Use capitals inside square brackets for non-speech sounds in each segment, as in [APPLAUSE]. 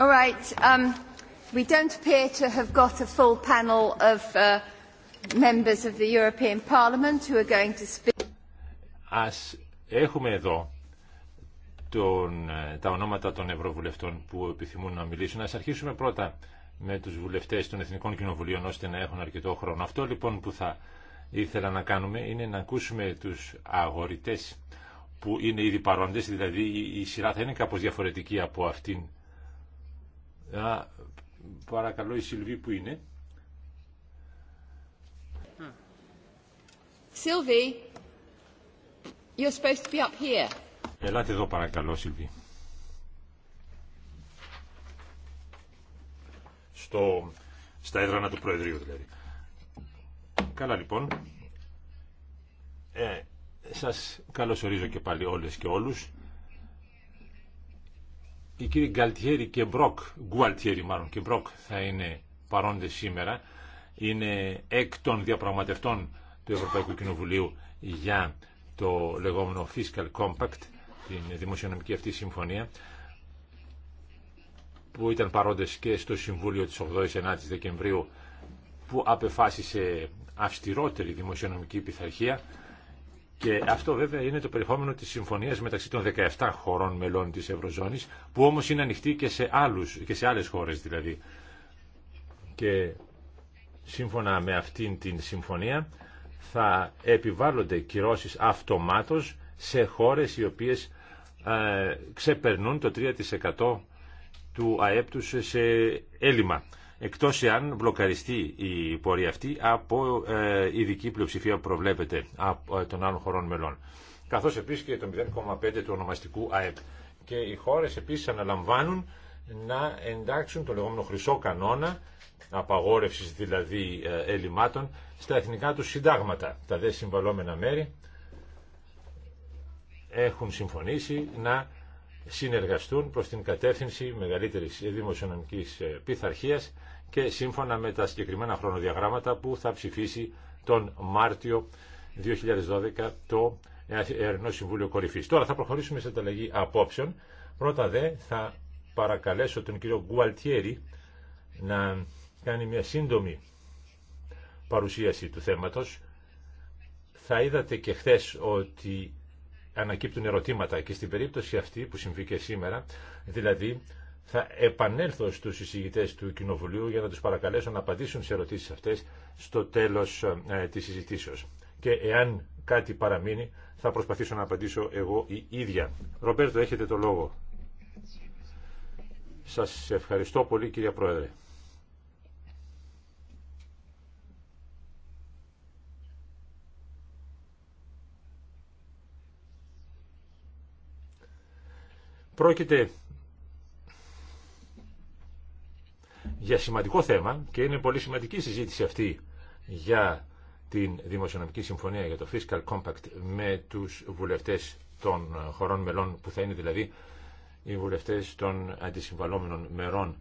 All right. Um, appear to have got a full panel of uh, members of the European Parliament who are going to speak. Ας έχουμε εδώ τον, ε, τα ονόματα των Ευρωβουλευτών που επιθυμούν να μιλήσουν. Ας αρχίσουμε πρώτα με τους βουλευτές των Εθνικών Κοινοβουλίων ώστε να έχουν αρκετό χρόνο. Αυτό λοιπόν που θα ήθελα να κάνουμε είναι να ακούσουμε τους αγορητές που είναι ήδη παρόντες, δηλαδή η σειρά θα είναι κάπως διαφορετική από αυτήν. Α, παρακαλώ η Σιλβί που είναι. Sylvie, you're supposed to be up here. Ελάτε εδώ παρακαλώ, Σιλβί. Στο, στα έδρανα του Προεδρείου δηλαδή. Καλά λοιπόν. Ε, σας καλωσορίζω και πάλι όλες και όλους. Οι κύριοι Γκαλτιέρη και Μπροκ, Γκουαλτιέρη μάλλον και Μπροκ θα είναι παρόντες σήμερα. Είναι εκ των διαπραγματευτών του Ευρωπαϊκού Κοινοβουλίου για το λεγόμενο Fiscal Compact, την δημοσιονομική αυτή συμφωνία, που ήταν παρόντες και στο Συμβούλιο της 8ης-9ης Δεκεμβρίου, που απεφάσισε αυστηρότερη δημοσιονομική πειθαρχία, και αυτό βέβαια είναι το περιεχόμενο της συμφωνίας μεταξύ των 17 χωρών μελών της Ευρωζώνης, που όμως είναι ανοιχτή και σε, άλλους, και σε άλλες χώρες δηλαδή. Και σύμφωνα με αυτήν την συμφωνία θα επιβάλλονται κυρώσεις αυτομάτως σε χώρες οι οποίες ε, ξεπερνούν το 3% του ΑΕΠ σε έλλειμμα εκτός εάν μπλοκαριστεί η πορεία αυτή από ε, ειδική πλειοψηφία που προβλέπεται από ε, των άλλων χωρών μελών. Καθώς επίσης και το 0,5 του ονομαστικού ΑΕΠ. Και οι χώρες επίσης αναλαμβάνουν να εντάξουν το λεγόμενο χρυσό κανόνα απαγόρευσης δηλαδή ε, ελλημάτων στα εθνικά τους συντάγματα. Τα δε συμβαλόμενα μέρη έχουν συμφωνήσει να συνεργαστούν προς την κατεύθυνση μεγαλύτερης δημοσιονομικής ε, πειθαρχία και σύμφωνα με τα συγκεκριμένα χρονοδιαγράμματα που θα ψηφίσει τον Μάρτιο 2012 το Ερνό Συμβούλιο Κορυφής. Τώρα θα προχωρήσουμε σε ανταλλαγή απόψεων. Πρώτα δε θα παρακαλέσω τον κύριο Γκουαλτιέρη να κάνει μια σύντομη παρουσίαση του θέματος. Θα είδατε και χθες ότι ανακύπτουν ερωτήματα και στην περίπτωση αυτή που συμβεί και σήμερα, δηλαδή θα επανέλθω στους συζητητές του Κοινοβουλίου για να τους παρακαλέσω να απαντήσουν σε ερωτήσεις αυτές στο τέλος ε, της συζητήσεως. Και εάν κάτι παραμείνει θα προσπαθήσω να απαντήσω εγώ η ίδια. Ρομπέρτο, έχετε το λόγο. Σας ευχαριστώ πολύ κύριε Πρόεδρε. Πρόκειται για σημαντικό θέμα και είναι πολύ σημαντική η συζήτηση αυτή για την Δημοσιονομική Συμφωνία για το Fiscal Compact με τους βουλευτές των χωρών μελών που θα είναι δηλαδή οι βουλευτές των αντισυμβαλόμενων μερών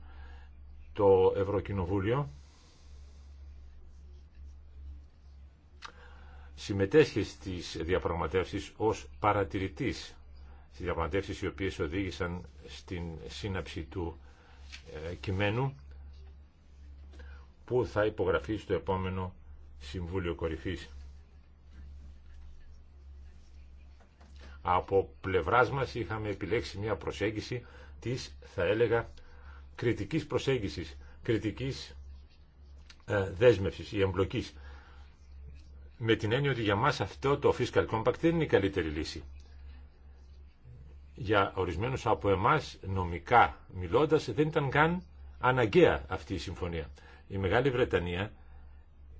το Ευρωκοινοβούλιο συμμετέχει στις διαπραγματεύσεις ως παρατηρητής στις διαπραγματεύσεις οι οποίες οδήγησαν στην σύναψη του ε, κειμένου που θα υπογραφεί στο επόμενο Συμβούλιο Κορυφής. Από πλευράς μας είχαμε επιλέξει μια προσέγγιση της, θα έλεγα, κριτικής προσέγγισης, κριτικής ε, δέσμευσης ή εμπλοκής. Με την έννοια ότι για μας αυτό το Fiscal Compact δεν είναι η καλύτερη λύση για ορισμένους από εμάς νομικά μιλώντας δεν ήταν καν αναγκαία αυτή η συμφωνία. Η Μεγάλη Βρετανία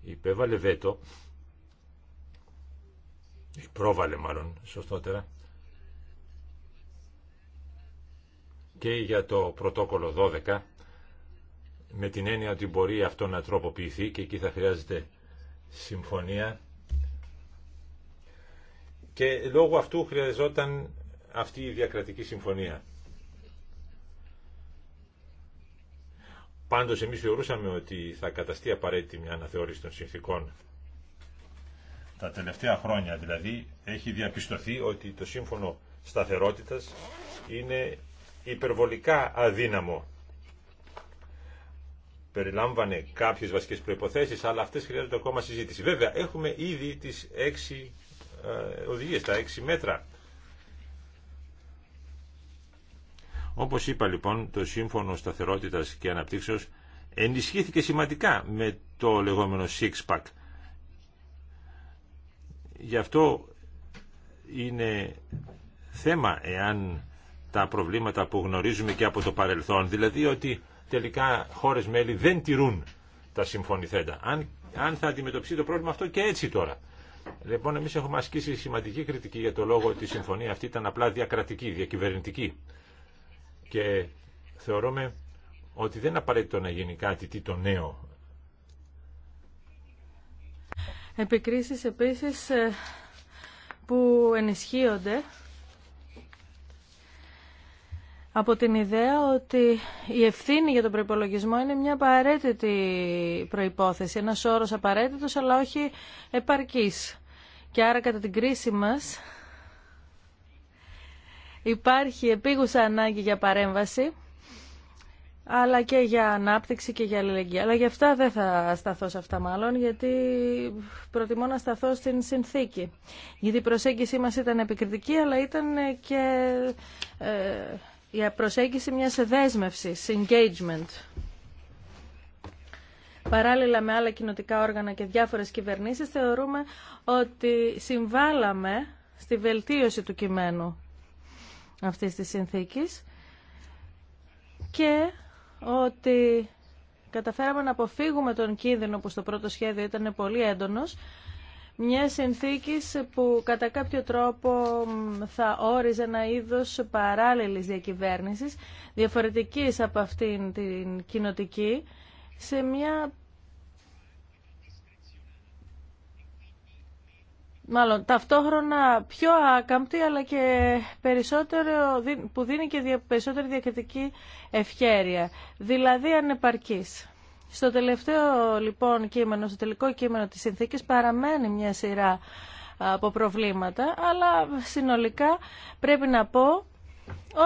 υπέβαλε βέτο ή πρόβαλε μάλλον σωστότερα και για το πρωτόκολλο 12 με την έννοια ότι μπορεί αυτό να τροποποιηθεί και εκεί θα χρειάζεται συμφωνία και λόγω αυτού χρειαζόταν αυτή η διακρατική συμφωνία. Πάντως εμείς θεωρούσαμε ότι θα καταστεί απαραίτητη μια αναθεώρηση των συνθήκων. Τα τελευταία χρόνια δηλαδή έχει διαπιστωθεί ότι το σύμφωνο σταθερότητας είναι υπερβολικά αδύναμο. Περιλάμβανε κάποιες βασικές προϋποθέσεις, αλλά αυτές χρειάζονται ακόμα συζήτηση. Βέβαια, έχουμε ήδη τις έξι ε, οδηγίες, τα έξι μέτρα Όπως είπα λοιπόν, το Σύμφωνο Σταθερότητας και Αναπτύξεως ενισχύθηκε σημαντικά με το λεγόμενο six-pack. Γι' αυτό είναι θέμα εάν τα προβλήματα που γνωρίζουμε και από το παρελθόν, δηλαδή ότι τελικά χώρες μέλη δεν τηρούν τα συμφωνηθέντα. Αν, αν θα αντιμετωπιστεί το πρόβλημα αυτό και έτσι τώρα. Λοιπόν, εμείς έχουμε ασκήσει σημαντική κριτική για το λόγο ότι η συμφωνία αυτή ήταν απλά διακρατική, διακυβερνητική και θεωρούμε ότι δεν είναι απαραίτητο να γίνει κάτι τι το νέο. Επικρίσεις επίσης ε, που ενισχύονται από την ιδέα ότι η ευθύνη για τον προϋπολογισμό είναι μια απαραίτητη προϋπόθεση, ένας όρος απαραίτητος αλλά όχι επαρκής. Και άρα κατά την κρίση μας υπάρχει επίγουσα ανάγκη για παρέμβαση αλλά και για ανάπτυξη και για αλληλεγγύη. Αλλά γι' αυτά δεν θα σταθώ σε αυτά μάλλον, γιατί προτιμώ να σταθώ στην συνθήκη. Γιατί η προσέγγιση μας ήταν επικριτική, αλλά ήταν και ε, η προσέγγιση μιας δέσμευσης, engagement. Παράλληλα με άλλα κοινοτικά όργανα και διάφορες κυβερνήσεις, θεωρούμε ότι συμβάλαμε στη βελτίωση του κειμένου αυτής της συνθήκης και ότι καταφέραμε να αποφύγουμε τον κίνδυνο που στο πρώτο σχέδιο ήταν πολύ έντονος μια συνθήκη που κατά κάποιο τρόπο θα όριζε ένα είδος παράλληλης διακυβέρνηση διαφορετικής από αυτήν την κοινοτική σε μια μάλλον ταυτόχρονα πιο άκαμπτη αλλά και περισσότερο, που δίνει και περισσότερη διακριτική ευχέρεια, δηλαδή ανεπαρκής. Στο τελευταίο λοιπόν κείμενο, στο τελικό κείμενο της συνθήκης παραμένει μια σειρά από προβλήματα, αλλά συνολικά πρέπει να πω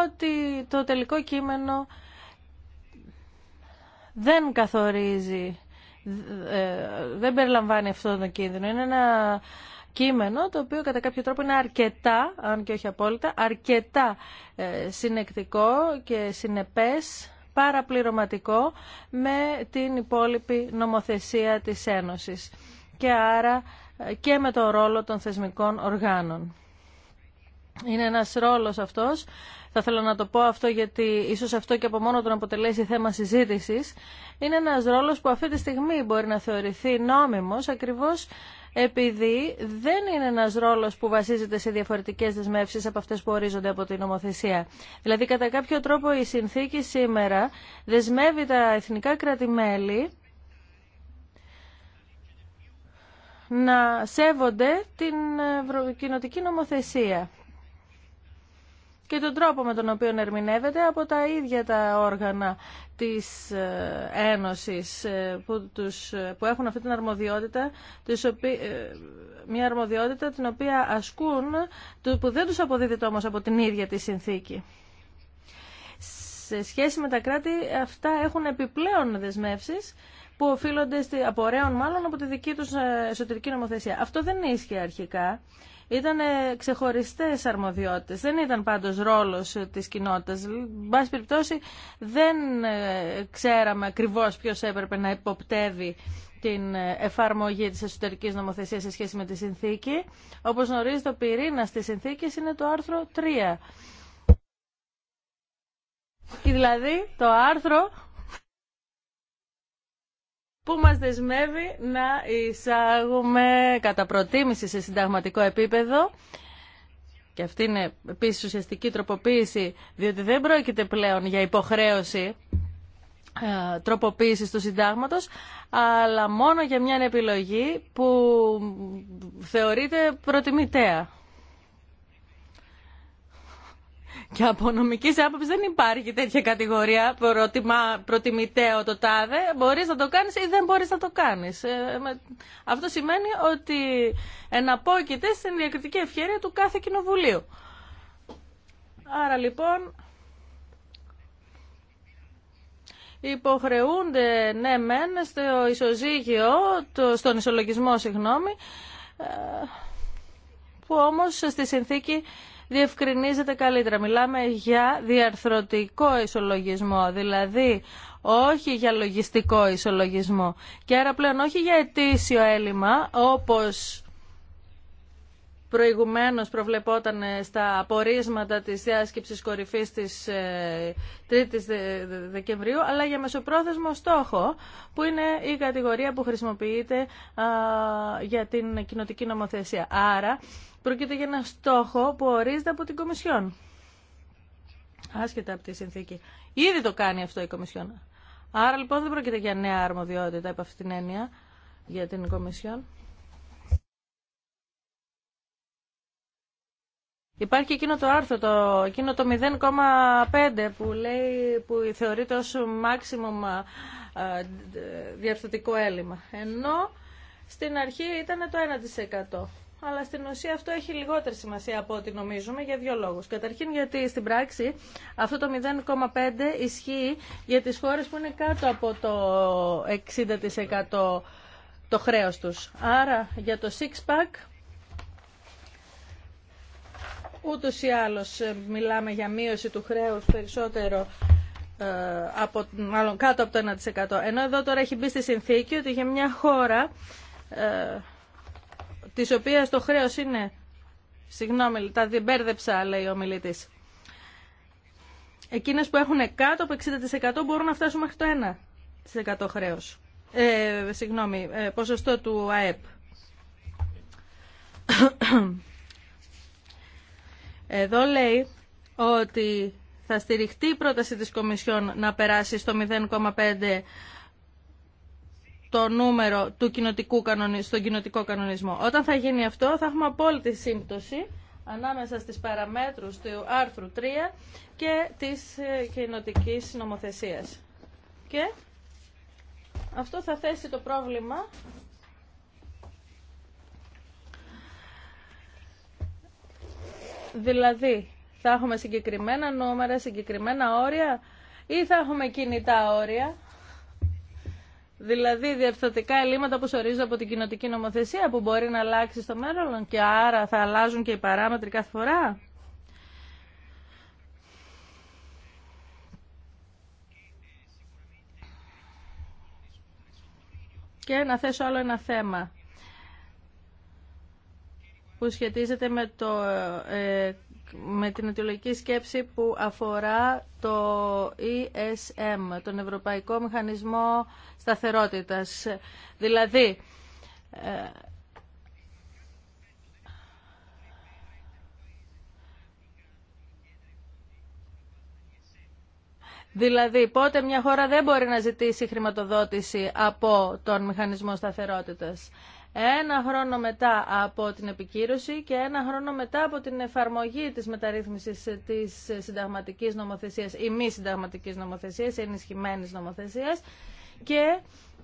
ότι το τελικό κείμενο δεν καθορίζει, ε, δεν περιλαμβάνει αυτό τον κίνδυνο. Είναι ένα κείμενο το οποίο κατά κάποιο τρόπο είναι αρκετά, αν και όχι απόλυτα, αρκετά ε, συνεκτικό και συνεπές παραπληρωματικό με την υπόλοιπη νομοθεσία της Ένωσης και άρα ε, και με το ρόλο των θεσμικών οργάνων. Είναι ένας ρόλος αυτός, θα θέλω να το πω αυτό γιατί ίσως αυτό και από μόνο τον αποτελέσει θέμα συζήτησης, είναι ένας ρόλος που αυτή τη στιγμή μπορεί να θεωρηθεί νόμιμος ακριβώς επειδή δεν είναι ένας ρόλος που βασίζεται σε διαφορετικές δεσμεύσεις από αυτές που ορίζονται από την νομοθεσία. Δηλαδή, κατά κάποιο τρόπο η συνθήκη σήμερα δεσμεύει τα εθνικά κράτη-μέλη να σέβονται την ε, κοινοτική νομοθεσία και τον τρόπο με τον οποίο ερμηνεύεται από τα ίδια τα όργανα της ε, Ένωσης ε, που, τους, ε, που έχουν αυτή την αρμοδιότητα μια αρμοδιότητα την οποία ασκούν που δεν τους αποδίδεται όμως από την ίδια τη συνθήκη. Σε σχέση με τα κράτη αυτά έχουν επιπλέον δεσμεύσεις που οφείλονται, απορρέων μάλλον από τη δική τους εσωτερική νομοθεσία. Αυτό δεν ίσχυε αρχικά ήταν ξεχωριστές αρμοδιότητες. Δεν ήταν πάντως ρόλος της κοινότητας. Μπάς περιπτώσει δεν ε, ξέραμε ακριβώ ποιο έπρεπε να υποπτεύει την ε, εφαρμογή της εσωτερικής νομοθεσίας σε σχέση με τη συνθήκη. Όπως γνωρίζετε, ο πυρήνα της συνθήκης είναι το άρθρο 3. δηλαδή το άρθρο που μας δεσμεύει να εισάγουμε κατά προτίμηση σε συνταγματικό επίπεδο και αυτή είναι επίσης ουσιαστική τροποποίηση διότι δεν πρόκειται πλέον για υποχρέωση ε, τροποποίησης του συντάγματος αλλά μόνο για μια επιλογή που θεωρείται προτιμητέα. Και από νομική άποψη δεν υπάρχει τέτοια κατηγορία προτιμά, προτιμητέο το τάδε. Μπορεί να το κάνει ή δεν μπορεί να το κάνει. Ε, αυτό σημαίνει ότι εναπόκειται στην διακριτική ευχαίρεια του κάθε κοινοβουλίου. Άρα λοιπόν υποχρεούνται ναι μεν στο ισοζύγιο, στον ισολογισμό συγγνώμη, ε, που όμως στη συνθήκη διευκρινίζεται καλύτερα. Μιλάμε για διαρθρωτικό ισολογισμό, δηλαδή όχι για λογιστικό ισολογισμό. Και άρα πλέον όχι για ετήσιο έλλειμμα, όπως προηγουμένως προβλεπόταν στα απορίσματα της διάσκεψης κορυφής της 3ης ε, Δεκεμβρίου, αλλά για μεσοπρόθεσμο στόχο, που είναι η κατηγορία που χρησιμοποιείται για την κοινοτική νομοθεσία. Άρα, Πρόκειται για ένα στόχο που ορίζεται από την Κομισιόν. Άσχετα από τη συνθήκη. Ήδη το κάνει αυτό η Κομισιόν. Άρα λοιπόν δεν πρόκειται για νέα αρμοδιότητα από αυτήν την έννοια για την Κομισιόν. Υπάρχει εκείνο το άρθρο, το, εκείνο το 0,5 που, που θεωρείται ως maximum διαρθωτικό έλλειμμα. Ενώ στην αρχή ήταν το 1% αλλά στην ουσία αυτό έχει λιγότερη σημασία από ό,τι νομίζουμε για δύο λόγους. Καταρχήν γιατί στην πράξη αυτό το 0,5 ισχύει για τις χώρε που είναι κάτω από το 60% το χρέο τους. Άρα για το six pack ούτως ή άλλως ε, μιλάμε για μείωση του χρέου περισσότερο ε, από, μάλλον κάτω από το 1%. Ενώ εδώ τώρα έχει μπει στη συνθήκη ότι για μια χώρα ε, Τη οποία το χρέο είναι... Συγγνώμη, τα διμπέρδεψα, λέει ο μιλήτης. Εκείνες που έχουν κάτω από 60% μπορούν να φτάσουν μέχρι το 1% χρέο. Ε, συγγνώμη, ε, ποσοστό του ΑΕΠ. Εδώ λέει ότι θα στηριχτεί η πρόταση της Κομισιόν να περάσει στο 0,5% το νούμερο του κοινοτικού στον κοινοτικό κανονισμό. Όταν θα γίνει αυτό θα έχουμε απόλυτη σύμπτωση ανάμεσα στις παραμέτρους του άρθρου 3 και της ε, κοινοτική νομοθεσίας. Και αυτό θα θέσει το πρόβλημα δηλαδή θα έχουμε συγκεκριμένα νούμερα, συγκεκριμένα όρια ή θα έχουμε κινητά όρια Δηλαδή διαρθωτικά ελλείμματα που ορίζονται από την κοινοτική νομοθεσία που μπορεί να αλλάξει στο μέλλον και άρα θα αλλάζουν και οι παράμετροι κάθε φορά. Και να θέσω άλλο ένα θέμα που σχετίζεται με το ε, με την αιτιολογική σκέψη που αφορά το ESM, τον Ευρωπαϊκό Μηχανισμό Σταθερότητας. Δηλαδή, ε, Δηλαδή, πότε μια χώρα δεν μπορεί να ζητήσει χρηματοδότηση από τον μηχανισμό σταθερότητας ένα χρόνο μετά από την επικύρωση και ένα χρόνο μετά από την εφαρμογή της μεταρρύθμισης της συνταγματικής νομοθεσίας ή μη συνταγματικής νομοθεσίας, ενισχυμένης νομοθεσίας και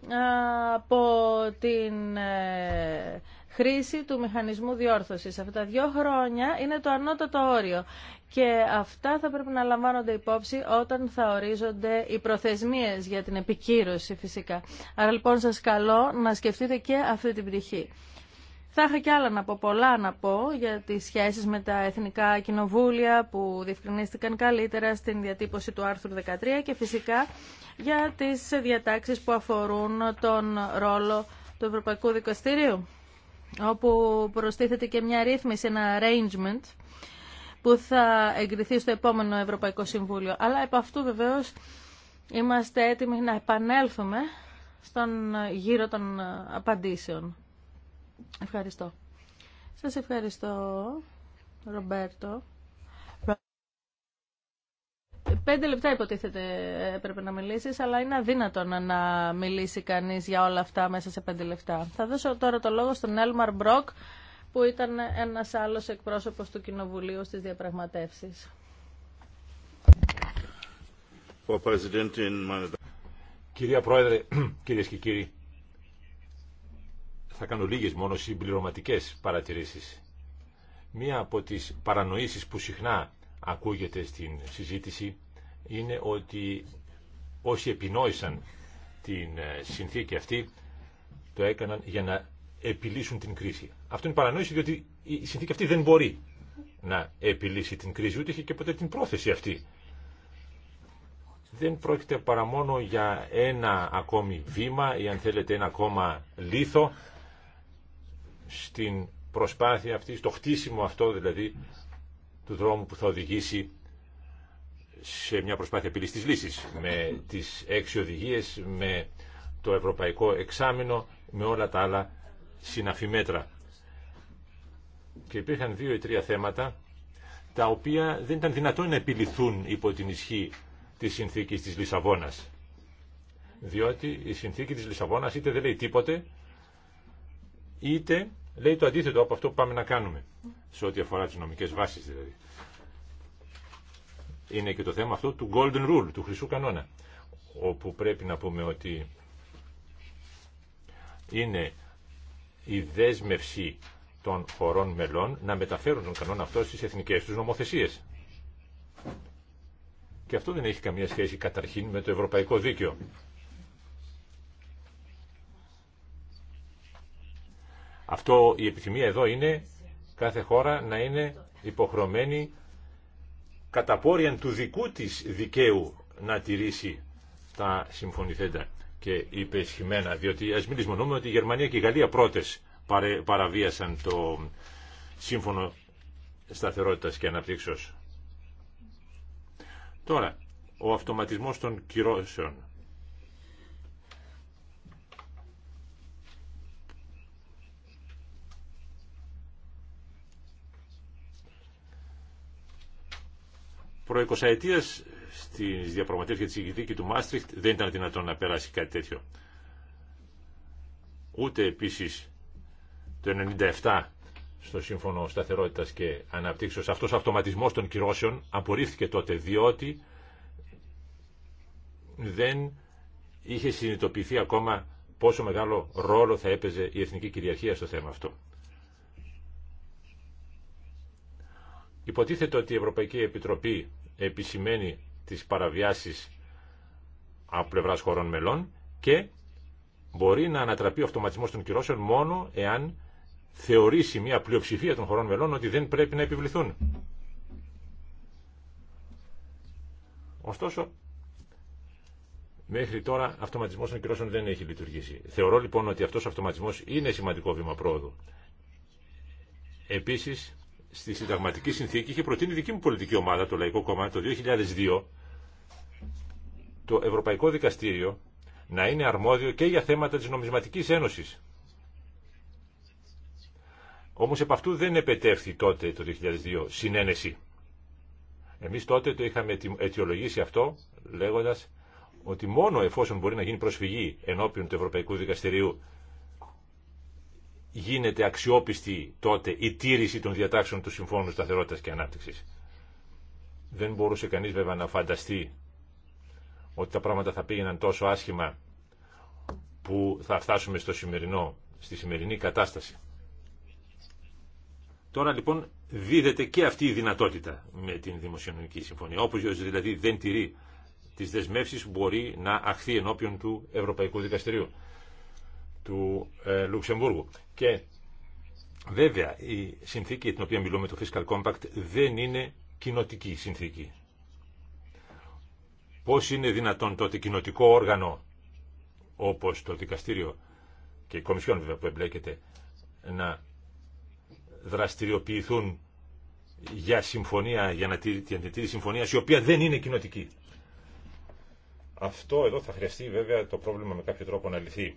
ε, από την ε, χρήση του μηχανισμού διόρθωσης. Αυτά τα δύο χρόνια είναι το ανώτατο όριο και αυτά θα πρέπει να λαμβάνονται υπόψη όταν θα ορίζονται οι προθεσμίες για την επικύρωση φυσικά. Άρα λοιπόν σας καλώ να σκεφτείτε και αυτή την πτυχή. Θα είχα κι άλλα να πω, πολλά να πω για τις σχέσεις με τα εθνικά κοινοβούλια που διευκρινίστηκαν καλύτερα στην διατύπωση του άρθρου 13 και φυσικά για τις διατάξεις που αφορούν τον ρόλο του Ευρωπαϊκού Δικαστηρίου όπου προστίθεται και μια ρύθμιση, ένα arrangement που θα εγκριθεί στο επόμενο Ευρωπαϊκό Συμβούλιο. Αλλά επ' αυτού βεβαίως είμαστε έτοιμοι να επανέλθουμε στον γύρο των απαντήσεων. Ευχαριστώ. Σας ευχαριστώ, Ρομπέρτο. Πέντε λεπτά υποτίθεται έπρεπε να μιλήσεις, αλλά είναι αδύνατο να μιλήσει κανείς για όλα αυτά μέσα σε πέντε λεπτά. Θα δώσω τώρα το λόγο στον Έλμαρ Μπροκ, που ήταν ένας άλλος εκπρόσωπος του Κοινοβουλίου στις διαπραγματεύσεις. Κυρία Πρόεδρε, [CLEARS THROAT] κυρίες και κύριοι, θα κάνω λίγες μόνο συμπληρωματικές παρατηρήσεις. Μία από τις παρανοήσεις που συχνά ακούγεται στην συζήτηση είναι ότι όσοι επινόησαν την ε, συνθήκη αυτή το έκαναν για να επιλύσουν την κρίση. Αυτό είναι παρανόηση διότι η συνθήκη αυτή δεν μπορεί να επιλύσει την κρίση ούτε είχε και ποτέ την πρόθεση αυτή. Δεν πρόκειται παρά μόνο για ένα ακόμη βήμα ή αν θέλετε ένα ακόμα λίθο στην προσπάθεια αυτή, στο χτίσιμο αυτό δηλαδή του δρόμου που θα οδηγήσει σε μια προσπάθεια πύλης της λύσης με τις έξι οδηγίες, με το ευρωπαϊκό εξάμεινο, με όλα τα άλλα συναφή μέτρα. Και υπήρχαν δύο ή τρία θέματα τα οποία δεν ήταν δυνατόν να επιληθούν υπό την ισχύ της συνθήκης της Λισαβόνας. Διότι η συνθήκη της Λισαβόνας είτε δεν λέει τίποτε, είτε λέει το αντίθετο από αυτό που πάμε να κάνουμε, σε ό,τι αφορά τις νομικές βάσεις δηλαδή. Είναι και το θέμα αυτό του golden rule, του χρυσού κανόνα, όπου πρέπει να πούμε ότι είναι η δέσμευση των χωρών μελών να μεταφέρουν τον κανόνα αυτό στις εθνικές τους νομοθεσίες. Και αυτό δεν έχει καμία σχέση καταρχήν με το ευρωπαϊκό δίκαιο. Αυτό η επιθυμία εδώ είναι κάθε χώρα να είναι υποχρεωμένη κατά πόριαν του δικού της δικαίου να τηρήσει τα συμφωνηθέντα και υπεσχημένα, διότι ας μην λησμονούμε ότι η Γερμανία και η Γαλλία πρώτες παραβίασαν το σύμφωνο σταθερότητας και αναπτύξεως. Τώρα, ο αυτοματισμός των κυρώσεων. Προεκοσαετία στι διαπραγματεύσει για τη συνθήκη του Μάστριχτ δεν ήταν δυνατόν να περάσει κάτι τέτοιο. Ούτε επίση το 1997 στο Σύμφωνο Σταθερότητας και Αναπτύξεως. Αυτός ο αυτοματισμός των κυρώσεων απορρίφθηκε τότε διότι δεν είχε συνειδητοποιηθεί ακόμα πόσο μεγάλο ρόλο θα έπαιζε η εθνική κυριαρχία στο θέμα αυτό. Υποτίθεται ότι η Ευρωπαϊκή Επιτροπή επισημαίνει τις παραβιάσεις από πλευράς χωρών μελών και μπορεί να ανατραπεί ο αυτοματισμός των κυρώσεων μόνο εάν θεωρήσει μια πλειοψηφία των χωρών μελών ότι δεν πρέπει να επιβληθούν. Ωστόσο, μέχρι τώρα αυτοματισμός των κυρώσεων δεν έχει λειτουργήσει. Θεωρώ λοιπόν ότι αυτός ο αυτοματισμός είναι σημαντικό βήμα πρόοδου. Επίσης, στη συνταγματική συνθήκη είχε προτείνει δική μου πολιτική ομάδα, το Λαϊκό Κόμμα, το 2002, το Ευρωπαϊκό Δικαστήριο να είναι αρμόδιο και για θέματα της νομισματικής ένωσης. Όμως επ' αυτού δεν επετεύθη τότε το 2002 συνένεση. Εμείς τότε το είχαμε αιτιολογήσει αυτό λέγοντας ότι μόνο εφόσον μπορεί να γίνει προσφυγή ενώπιον του Ευρωπαϊκού Δικαστηρίου γίνεται αξιόπιστη τότε η τήρηση των διατάξεων του Συμφώνου Σταθερότητας και Ανάπτυξης. Δεν μπορούσε κανείς βέβαια να φανταστεί ότι τα πράγματα θα πήγαιναν τόσο άσχημα που θα φτάσουμε στο σημερινό, στη σημερινή κατάσταση. Τώρα λοιπόν δίδεται και αυτή η δυνατότητα με την Δημοσιονομική Συμφωνία. Όπως δηλαδή δεν τηρεί τις δεσμεύσεις μπορεί να αχθεί ενώπιον του Ευρωπαϊκού Δικαστηρίου του ε, Λουξεμβούργου. Και βέβαια η συνθήκη την οποία μιλούμε, το Fiscal Compact, δεν είναι κοινοτική συνθήκη. Πώς είναι δυνατόν τότε κοινοτικό όργανο, όπως το δικαστήριο και η Κομισιόν βέβαια που εμπλέκεται, να δραστηριοποιηθούν για συμφωνία, για να τη, τη συμφωνία, η οποία δεν είναι κοινοτική. Αυτό εδώ θα χρειαστεί βέβαια το πρόβλημα με κάποιο τρόπο να λυθεί.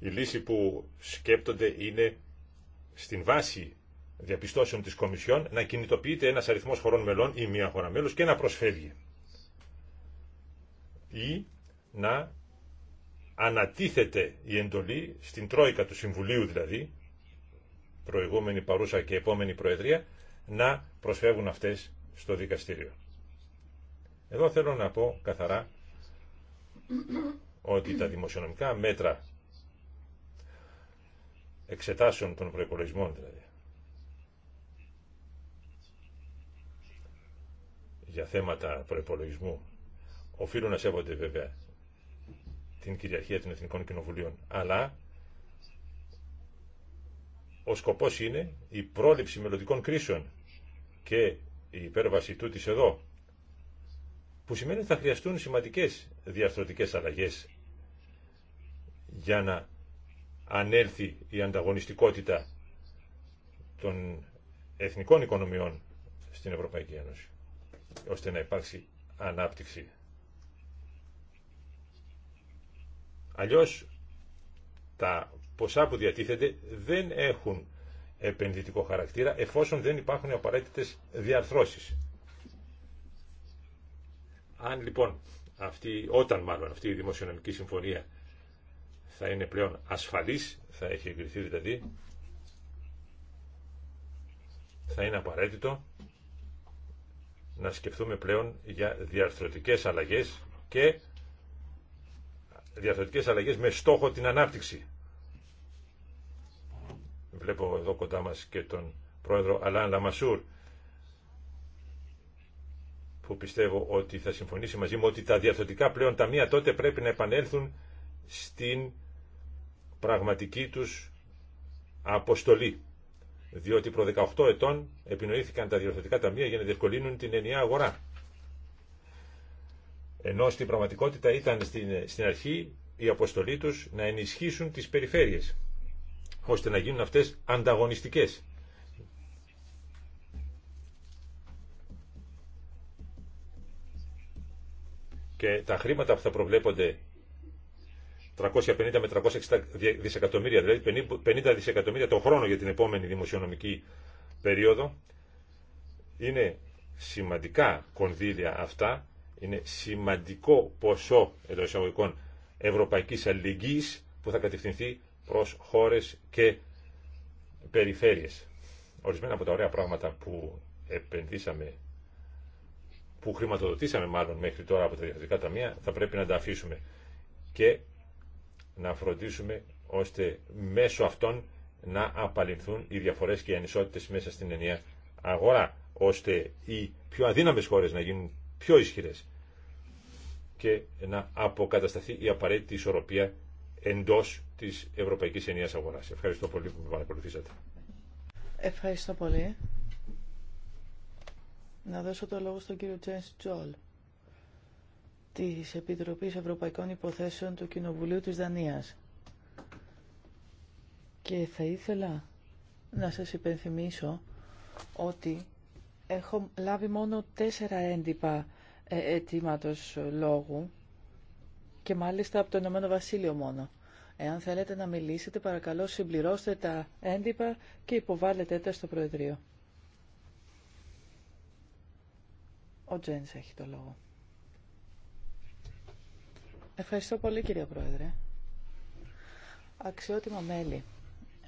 Η λύση που σκέπτονται είναι στην βάση διαπιστώσεων της Κομισιόν να κινητοποιείται ένας αριθμός χωρών μελών ή μία χώρα μέλος και να προσφεύγει. Ή να ανατίθεται η εντολή στην Τρόικα του Συμβουλίου δηλαδή, προηγούμενη παρούσα και επόμενη Προεδρία, να προσφεύγουν αυτές στο δικαστήριο. Εδώ θέλω να πω καθαρά ότι τα δημοσιονομικά μέτρα εξετάσεων των προϋπολογισμών δηλαδή. Για θέματα προϋπολογισμού οφείλουν να σέβονται βέβαια την κυριαρχία των Εθνικών Κοινοβουλίων, αλλά ο σκοπός είναι η πρόληψη μελλοντικών κρίσεων και η υπέρβαση τούτης εδώ, που σημαίνει ότι θα χρειαστούν σημαντικές διαρθρωτικές αλλαγές για να ανέλθει η ανταγωνιστικότητα των εθνικών οικονομιών στην Ευρωπαϊκή Ένωση, ώστε να υπάρξει ανάπτυξη. Αλλιώς τα ποσά που διατίθεται δεν έχουν επενδυτικό χαρακτήρα εφόσον δεν υπάρχουν απαραίτητες διαρθρώσεις. Αν λοιπόν αυτή, όταν μάλλον αυτή η δημοσιονομική συμφωνία θα είναι πλέον ασφαλής, θα έχει εγκριθεί δηλαδή, θα είναι απαραίτητο να σκεφτούμε πλέον για διαρθρωτικές αλλαγές και διαρθρωτικές αλλαγές με στόχο την ανάπτυξη. Βλέπω εδώ κοντά μας και τον πρόεδρο Αλάν Λαμασούρ που πιστεύω ότι θα συμφωνήσει μαζί μου ότι τα διαρθρωτικά πλέον ταμεία τότε πρέπει να επανέλθουν στην πραγματική τους αποστολή. Διότι προ 18 ετών επινοήθηκαν τα διορθωτικά ταμεία για να διευκολύνουν την ενιαία αγορά. Ενώ στην πραγματικότητα ήταν στην, στην αρχή η αποστολή τους να ενισχύσουν τις περιφέρειες, ώστε να γίνουν αυτές ανταγωνιστικές. Και τα χρήματα που θα προβλέπονται 350 με 360 δισεκατομμύρια, δηλαδή 50 δισεκατομμύρια το χρόνο για την επόμενη δημοσιονομική περίοδο. Είναι σημαντικά κονδύλια αυτά, είναι σημαντικό ποσό εντό εισαγωγικών ευρωπαϊκής αλληλεγγύης που θα κατευθυνθεί προς χώρες και περιφέρειες. Ορισμένα από τα ωραία πράγματα που επενδύσαμε, που χρηματοδοτήσαμε μάλλον μέχρι τώρα από τα διευθυντικά ταμεία, θα πρέπει να τα αφήσουμε. Και να φροντίσουμε ώστε μέσω αυτών να απαλληλθούν οι διαφορές και οι ανισότητες μέσα στην ενιαία αγορά, ώστε οι πιο αδύναμες χώρες να γίνουν πιο ισχυρές και να αποκατασταθεί η απαραίτητη ισορροπία εντός της Ευρωπαϊκής Ενιαίας Αγοράς. Ευχαριστώ πολύ που με παρακολουθήσατε. Ευχαριστώ πολύ. Να δώσω το λόγο στον κύριο Τζένς Τζόλ της Επιτροπής Ευρωπαϊκών Υποθέσεων του Κοινοβουλίου της Δανίας. Και θα ήθελα να σας υπενθυμίσω ότι έχω λάβει μόνο τέσσερα έντυπα ε, αιτήματος λόγου και μάλιστα από το Ηνωμένο Βασίλειο μόνο. Εάν θέλετε να μιλήσετε, παρακαλώ συμπληρώστε τα έντυπα και υποβάλλετε τα στο Προεδρείο. Ο Τζένς έχει το λόγο. Ευχαριστώ πολύ κύριε Πρόεδρε. Αξιότιμα μέλη,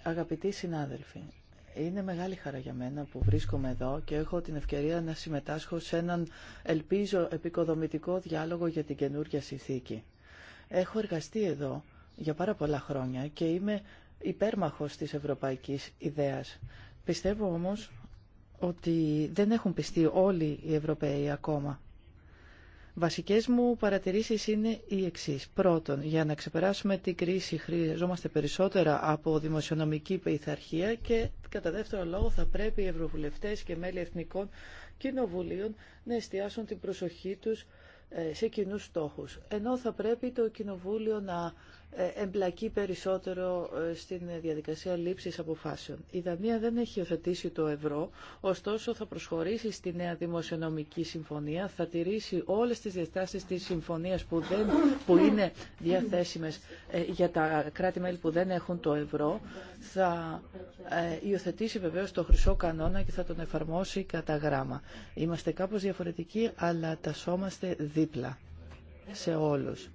αγαπητοί συνάδελφοι, είναι μεγάλη χαρά για μένα που βρίσκομαι εδώ και έχω την ευκαιρία να συμμετάσχω σε έναν, ελπίζω, επικοδομητικό διάλογο για την καινούργια συνθήκη. Έχω εργαστεί εδώ για πάρα πολλά χρόνια και είμαι υπέρμαχος της ευρωπαϊκής ιδέας. Πιστεύω όμως ότι δεν έχουν πιστεί όλοι οι Ευρωπαίοι ακόμα Βασικές μου παρατηρήσεις είναι οι εξής. Πρώτον, για να ξεπεράσουμε την κρίση χρειαζόμαστε περισσότερα από δημοσιονομική πειθαρχία και κατά δεύτερο λόγο θα πρέπει οι ευρωβουλευτές και μέλη εθνικών κοινοβουλίων να εστιάσουν την προσοχή τους ε, σε κοινούς στόχους. Ενώ θα πρέπει το Κοινοβούλιο να ε, εμπλακεί περισσότερο ε, στην διαδικασία λήψης αποφάσεων. Η Δανία δεν έχει υιοθετήσει το ευρώ, ωστόσο θα προσχωρήσει στη νέα δημοσιονομική συμφωνία, θα τηρήσει όλες τις διαστάσεις της συμφωνίας που, δεν, που είναι διαθέσιμες ε, για τα κράτη-μέλη που δεν έχουν το ευρώ, θα υιοθετήσει βεβαίως το χρυσό κανόνα και θα τον εφαρμόσει κατά γράμμα. Είμαστε κάπως διαφορετικοί, αλλά τασόμαστε δίπλα σε όλους.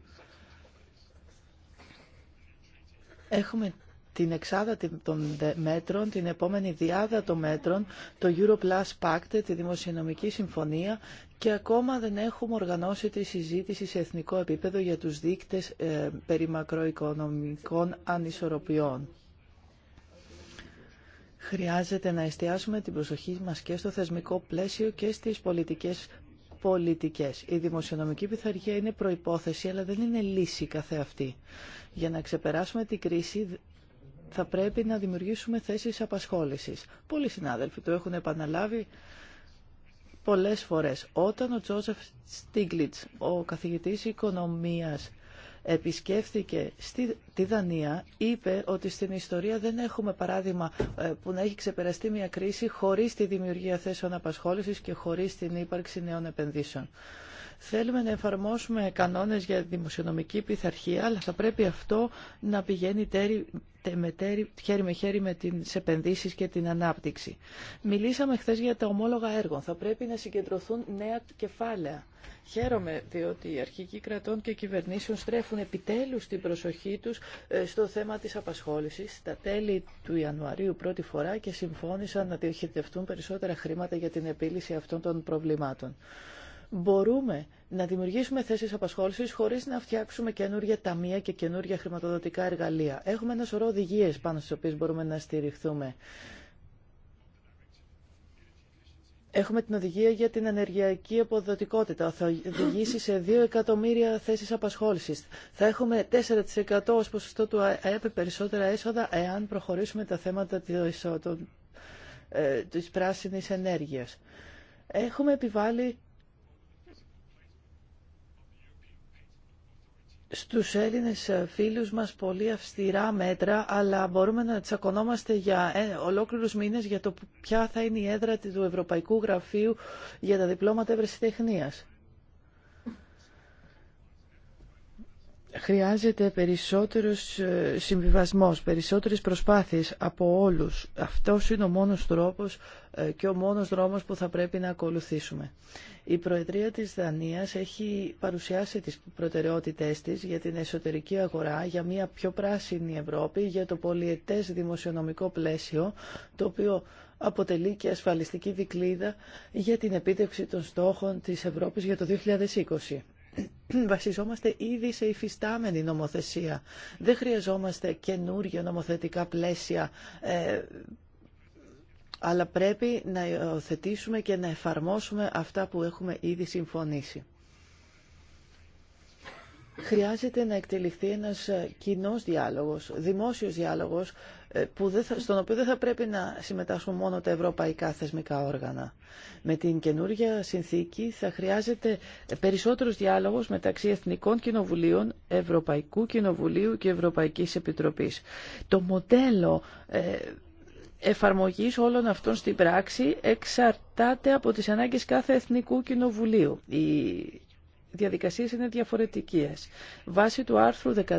Έχουμε την εξάδα των μέτρων, την επόμενη διάδα των μέτρων, το Europlus Pact, τη Δημοσιονομική Συμφωνία και ακόμα δεν έχουμε οργανώσει τη συζήτηση σε εθνικό επίπεδο για τους δείκτες ε, περί μακροοικονομικών ανισορροπιών. Χρειάζεται να εστιάσουμε την προσοχή μας και στο θεσμικό πλαίσιο και στις πολιτικές πολιτικές. Η δημοσιονομική πειθαρχία είναι προϋπόθεση, αλλά δεν είναι λύση αυτή. Για να ξεπεράσουμε την κρίση θα πρέπει να δημιουργήσουμε θέσεις απασχόλησης. Πολλοί συνάδελφοι το έχουν επαναλάβει πολλές φορές. Όταν ο Τζόσεφ Στίγκλιτς, ο καθηγητής οικονομίας επισκέφθηκε στη, τη Δανία είπε ότι στην ιστορία δεν έχουμε παράδειγμα ε, που να έχει ξεπεραστεί μια κρίση χωρίς τη δημιουργία θέσεων απασχόλησης και χωρίς την ύπαρξη νέων επενδύσεων. Θέλουμε να εφαρμόσουμε κανόνες για δημοσιονομική πειθαρχία, αλλά θα πρέπει αυτό να πηγαίνει τέρι, με τέρι, χέρι με χέρι με τις επενδύσεις και την ανάπτυξη. Μιλήσαμε χθε για τα ομόλογα έργων. Θα πρέπει να συγκεντρωθούν νέα κεφάλαια. Χαίρομαι διότι οι αρχικοί κρατών και κυβερνήσεων στρέφουν επιτέλους την προσοχή τους ε, στο θέμα της απασχόλησης. Στα τέλη του Ιανουαρίου πρώτη φορά και συμφώνησαν να διοχετευτούν περισσότερα χρήματα για την επίλυση αυτών των προβλημάτων μπορούμε να δημιουργήσουμε θέσεις απασχόλησης χωρίς να φτιάξουμε καινούργια ταμεία και καινούργια χρηματοδοτικά εργαλεία. Έχουμε ένα σωρό οδηγίε πάνω στις οποίες μπορούμε να στηριχθούμε. Έχουμε την οδηγία για την ενεργειακή αποδοτικότητα. Θα οδηγήσει σε 2 εκατομμύρια θέσεις απασχόλησης. Θα έχουμε 4% ως ποσοστό του ΑΕΠ περισσότερα έσοδα εάν προχωρήσουμε τα θέματα της ε, πράσινης ενέργειας. Έχουμε επιβάλει στους Έλληνες ε, φίλους μας πολύ αυστηρά μέτρα, αλλά μπορούμε να τσακωνόμαστε για ε, ολόκληρους μήνες για το ποια θα είναι η έδρα του Ευρωπαϊκού Γραφείου για τα διπλώματα ευρεσιτεχνίας. χρειάζεται περισσότερος ε, συμβιβασμός, περισσότερες προσπάθειες από όλους. Αυτός είναι ο μόνος τρόπος ε, και ο μόνος δρόμος που θα πρέπει να ακολουθήσουμε. Η Προεδρία της Δανίας έχει παρουσιάσει τις προτεραιότητές της για την εσωτερική αγορά, για μια πιο πράσινη Ευρώπη, για το πολιετές δημοσιονομικό πλαίσιο, το οποίο αποτελεί και ασφαλιστική δικλίδα για την επίτευξη των στόχων της Ευρώπης για το 2020 βασιζόμαστε ήδη σε υφιστάμενη νομοθεσία. Δεν χρειαζόμαστε καινούργια νομοθετικά πλαίσια ε, αλλά πρέπει να υιοθετήσουμε και να εφαρμόσουμε αυτά που έχουμε ήδη συμφωνήσει. Χρειάζεται να εκτελεχθεί ένας ε, κοινός διάλογος, δημόσιος διάλογος ε, που δεν στον οποίο δεν θα πρέπει να συμμετάσχουν μόνο τα ευρωπαϊκά θεσμικά όργανα. Με την καινούργια συνθήκη θα χρειάζεται περισσότερο διάλογο μεταξύ Εθνικών Κοινοβουλίων, Ευρωπαϊκού Κοινοβουλίου και Ευρωπαϊκής Επιτροπής. Το μοντέλο ε, εφαρμογής όλων αυτών στην πράξη εξαρτάται από τις ανάγκες κάθε Εθνικού Κοινοβουλίου. Οι διαδικασίες είναι διαφορετικές. Βάσει του άρθρου 13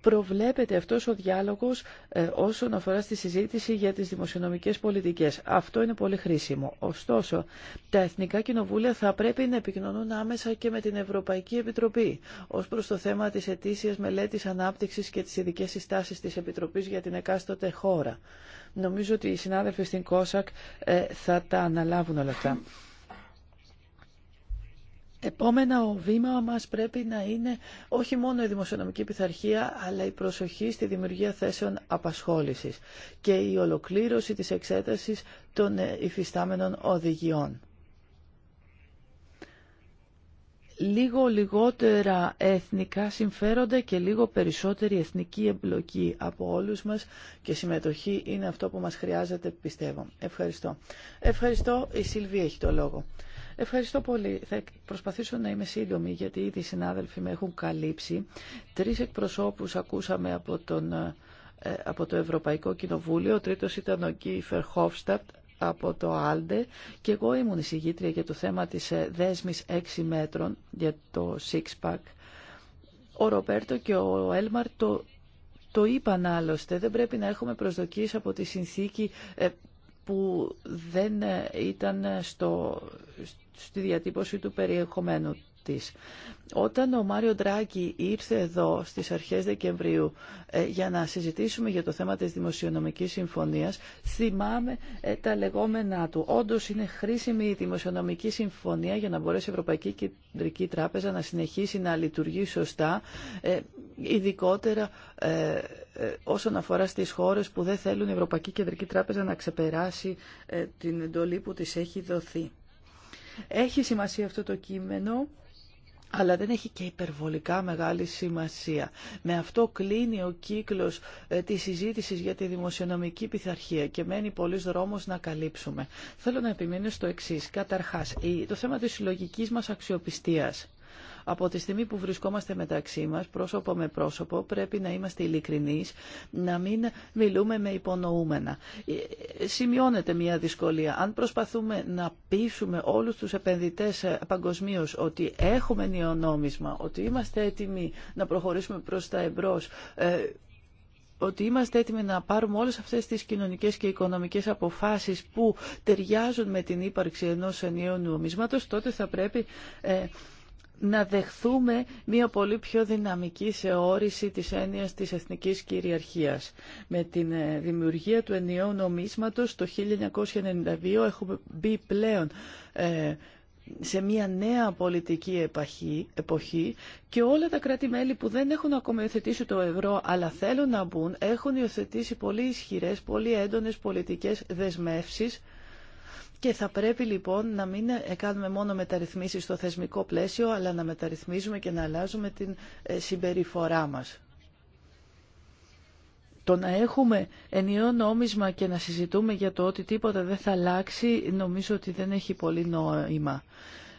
προβλέπεται αυτός ο διάλογος ε, όσον αφορά στη συζήτηση για τις δημοσιονομικές πολιτικές. Αυτό είναι πολύ χρήσιμο. Ωστόσο, τα Εθνικά Κοινοβούλια θα πρέπει να επικοινωνούν άμεσα και με την Ευρωπαϊκή Επιτροπή ως προς το θέμα της ετήσιας μελέτης ανάπτυξης και τις ειδικέ συστάσεις της Επιτροπής για την εκάστοτε χώρα. Νομίζω ότι οι συνάδελφοι στην ΚΟΣΑΚ ε, θα τα αναλάβουν όλα αυτά. Επόμενα ο βήμα μας πρέπει να είναι όχι μόνο η δημοσιονομική πειθαρχία, αλλά η προσοχή στη δημιουργία θέσεων απασχόλησης και η ολοκλήρωση της εξέτασης των ε, υφιστάμενων οδηγιών. Λίγο λιγότερα εθνικά συμφέροντα και λίγο περισσότερη εθνική εμπλοκή από όλους μας και συμμετοχή είναι αυτό που μας χρειάζεται, πιστεύω. Ευχαριστώ. Ευχαριστώ. Η Σιλβία έχει το λόγο. Ευχαριστώ πολύ. Θα προσπαθήσω να είμαι σύντομη γιατί ήδη οι συνάδελφοι με έχουν καλύψει. Τρεις εκπροσώπους ακούσαμε από, τον, ε, από το Ευρωπαϊκό Κοινοβούλιο. Ο τρίτος ήταν ο Κίφερ Χόφσταπτ από το Άλντε και εγώ ήμουν εισηγήτρια για το θέμα της ε, δέσμης 6 μέτρων για το six Ο Ροπέρτο και ο Έλμαρ το το είπαν άλλωστε, δεν πρέπει να έχουμε προσδοκίες από τη συνθήκη ε, που δεν ήταν στο, στη διατύπωση του περιεχομένου όταν ο Μάριο Ντράκη ήρθε εδώ στις αρχές Δεκεμβρίου ε, για να συζητήσουμε για το θέμα της Δημοσιονομικής Συμφωνίας, θυμάμαι ε, τα λεγόμενά του. Όντως είναι χρήσιμη η Δημοσιονομική Συμφωνία για να μπορέσει η Ευρωπαϊκή Κεντρική Τράπεζα να συνεχίσει να λειτουργεί σωστά, ε, ειδικότερα όσον αφορά στις χώρες που δεν θέλουν η Ευρωπαϊκή Κεντρική Τράπεζα να ξεπεράσει την εντολή που της έχει δοθεί. Έχει σημασία αυτό το κείμενο αλλά δεν έχει και υπερβολικά μεγάλη σημασία. Με αυτό κλείνει ο κύκλος ε, της συζήτησης για τη δημοσιονομική πειθαρχία και μένει πολλής δρόμος να καλύψουμε. Θέλω να επιμείνω στο εξής. Καταρχάς, το θέμα της συλλογική μας αξιοπιστίας. Από τη στιγμή που βρισκόμαστε μεταξύ μας, πρόσωπο με πρόσωπο, πρέπει να είμαστε ειλικρινείς, να μην μιλούμε με υπονοούμενα. Ε, σημειώνεται μια δυσκολία. Αν προσπαθούμε να πείσουμε όλους τους επενδυτές ε, παγκοσμίω ότι έχουμε νεονόμισμα, ότι είμαστε έτοιμοι να προχωρήσουμε προς τα εμπρός, ε, ότι είμαστε έτοιμοι να πάρουμε όλες αυτές τις κοινωνικές και οικονομικές αποφάσεις που ταιριάζουν με την ύπαρξη ενός ενιαίου νομίσματος, τότε θα πρέπει να δεχθούμε μια πολύ πιο δυναμική σε όριση της έννοιας της εθνικής κυριαρχίας. Με την ε, δημιουργία του ενιαίου νομίσματος το 1992 έχουμε μπει πλέον ε, σε μια νέα πολιτική εποχή και όλα τα κράτη-μέλη που δεν έχουν ακόμα υιοθετήσει το ευρώ αλλά θέλουν να μπουν έχουν υιοθετήσει πολύ ισχυρές, πολύ έντονες πολιτικές δεσμεύσεις και θα πρέπει λοιπόν να μην κάνουμε μόνο μεταρρυθμίσεις στο θεσμικό πλαίσιο, αλλά να μεταρρυθμίζουμε και να αλλάζουμε την ε, συμπεριφορά μας. Το να έχουμε ενιαίο νόμισμα και να συζητούμε για το ότι τίποτα δεν θα αλλάξει, νομίζω ότι δεν έχει πολύ νόημα.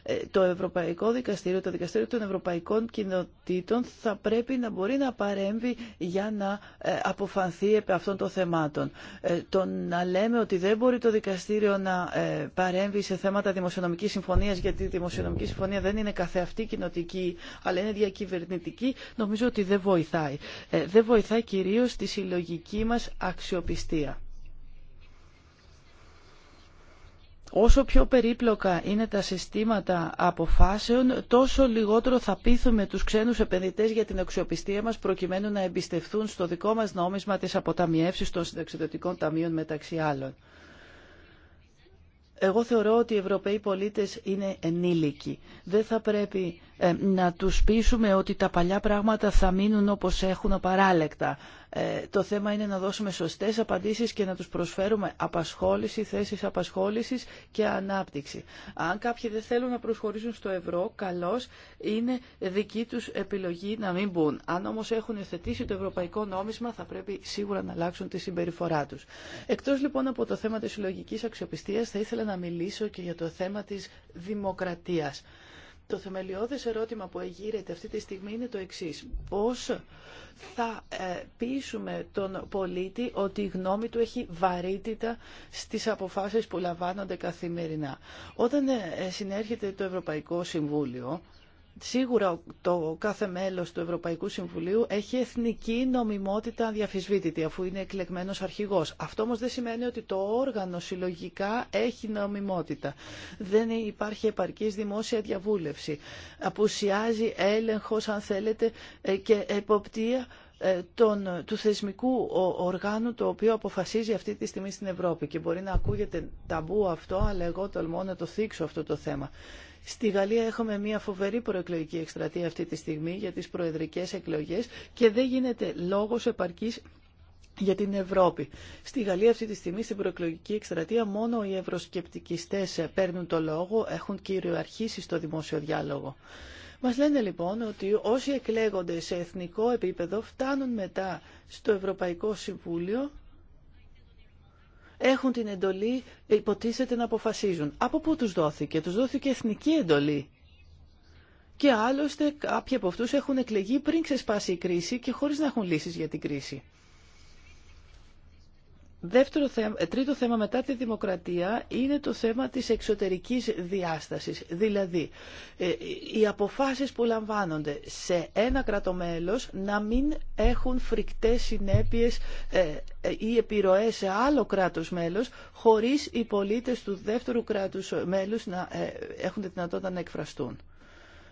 Ε, το Ευρωπαϊκό Δικαστήριο, το Δικαστήριο των Ευρωπαϊκών Κοινοτήτων θα πρέπει να μπορεί να παρέμβει για να ε, αποφανθεί επί αυτών των θεμάτων. Ε, το να λέμε ότι δεν μπορεί το Δικαστήριο να παρέμβει σε θέματα δημοσιονομικής συμφωνίας, γιατί η δημοσιονομική συμφωνία δεν είναι καθεαυτή κοινοτική, αλλά είναι διακυβερνητική, νομίζω ότι δεν βοηθάει. Δεν βοηθάει κυρίως τη συλλογική μας αξιοπιστία. Όσο πιο περίπλοκα είναι τα συστήματα αποφάσεων, τόσο λιγότερο θα πείθουμε τους ξένους επενδυτές για την αξιοπιστία μας προκειμένου να εμπιστευτούν στο δικό μας νόμισμα της αποταμιεύσης των συνταξιδοτικών ταμείων μεταξύ άλλων. Εγώ θεωρώ ότι οι Ευρωπαίοι πολίτες είναι ενήλικοι. Δεν θα πρέπει ε, να τους πείσουμε ότι τα παλιά πράγματα θα μείνουν όπως έχουν απαράλεκτα. Ε, το θέμα είναι να δώσουμε σωστές απαντήσεις και να τους προσφέρουμε απασχόληση, θέσεις απασχόλησης και ανάπτυξη. Αν κάποιοι δεν θέλουν να προσχωρήσουν στο ευρώ, καλώς είναι δική τους επιλογή να μην μπουν. Αν όμως έχουν εθετήσει το ευρωπαϊκό νόμισμα θα πρέπει σίγουρα να αλλάξουν τη συμπεριφορά τους. Εκτός λοιπόν από το θέμα της συλλογική αξιοπιστίας θα ήθελα να μιλήσω και για το θέμα της δημοκρατίας. Το θεμελιώδες ερώτημα που εγείρεται αυτή τη στιγμή είναι το εξής. Πώς θα ε, πείσουμε τον πολίτη ότι η γνώμη του έχει βαρύτητα στις αποφάσεις που λαμβάνονται καθημερινά. Όταν ε, συνέρχεται το Ευρωπαϊκό Συμβούλιο, Σίγουρα το κάθε μέλος του Ευρωπαϊκού Συμβουλίου έχει εθνική νομιμότητα αδιαφυσβήτητη αφού είναι εκλεγμένος αρχηγός. Αυτό όμως δεν σημαίνει ότι το όργανο συλλογικά έχει νομιμότητα. Δεν υπάρχει επαρκής δημόσια διαβούλευση. Απουσιάζει έλεγχος αν θέλετε ε, και εποπτεία ε, τον, του θεσμικού οργάνου το οποίο αποφασίζει αυτή τη στιγμή στην Ευρώπη. Και μπορεί να ακούγεται ταμπού αυτό, αλλά εγώ τολμώ να το θίξω αυτό το θέμα. Στη Γαλλία έχουμε μια φοβερή προεκλογική εκστρατεία αυτή τη στιγμή για τις προεδρικές εκλογές και δεν γίνεται λόγος επαρκής για την Ευρώπη. Στη Γαλλία αυτή τη στιγμή στην προεκλογική εκστρατεία μόνο οι ευρωσκεπτικιστές παίρνουν το λόγο, έχουν κυριοαρχήσει στο δημόσιο διάλογο. Μας λένε λοιπόν ότι όσοι εκλέγονται σε εθνικό επίπεδο φτάνουν μετά στο Ευρωπαϊκό Συμβούλιο έχουν την εντολή, υποτίθεται να αποφασίζουν. Από πού τους δόθηκε. Τους δόθηκε εθνική εντολή. Και άλλωστε κάποιοι από αυτούς έχουν εκλεγεί πριν ξεσπάσει η κρίση και χωρίς να έχουν λύσεις για την κρίση. Δεύτερο θέμα, ε, τρίτο θέμα μετά τη δημοκρατία είναι το θέμα της εξωτερικής διάστασης. Δηλαδή, ε, οι αποφάσεις που λαμβάνονται σε ένα κρατομέλος να μην έχουν φρικτές συνέπειες ε, ή επιρροές σε άλλο κράτος μέλος, χωρίς οι πολίτες του δεύτερου κράτους μέλους να έχουν τη δυνατότητα να εκφραστούν.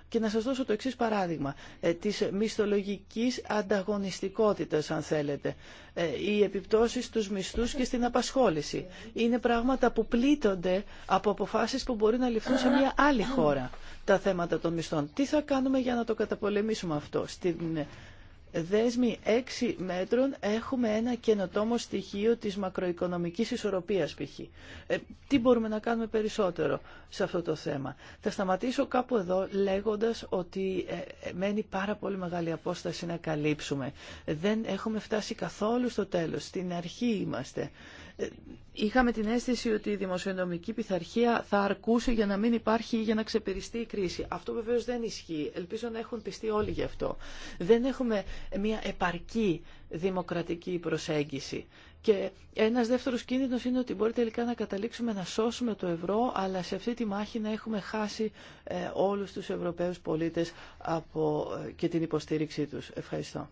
Και να σας δώσω το εξής παράδειγμα ε, της μισθολογικής ανταγωνιστικότητας, αν θέλετε. Ε, οι επιπτώσεις στους μισθούς και στην απασχόληση. Είναι πράγματα που πλήττονται από αποφάσεις που μπορεί να ληφθούν σε μια άλλη χώρα τα θέματα των μισθών. Τι θα κάνουμε για να το καταπολεμήσουμε αυτό. Στην δέσμη 6 μέτρων έχουμε ένα καινοτόμο στοιχείο της μακροοικονομικής ισορροπίας π.χ. Ε, τι μπορούμε να κάνουμε περισσότερο σε αυτό το θέμα. Θα σταματήσω κάπου εδώ λέγοντας ότι ε, ε, μένει πάρα πολύ μεγάλη απόσταση να καλύψουμε. Δεν έχουμε φτάσει καθόλου στο τέλος. Στην αρχή είμαστε είχαμε την αίσθηση ότι η δημοσιονομική πειθαρχία θα αρκούσε για να μην υπάρχει ή για να ξεπεριστεί η κρίση. Αυτό βεβαίως δεν ισχύει. Ελπίζω να έχουν πιστεί όλοι γι' αυτό. Δεν έχουμε μια επαρκή δημοκρατική προσέγγιση. Και ένας δεύτερος κίνδυνος είναι ότι μπορεί τελικά να καταλήξουμε να σώσουμε το ευρώ, αλλά σε αυτή τη μάχη να έχουμε χάσει ε, όλους τους Ευρωπαίους πολίτες από, ε, και την υποστήριξή τους. Ευχαριστώ.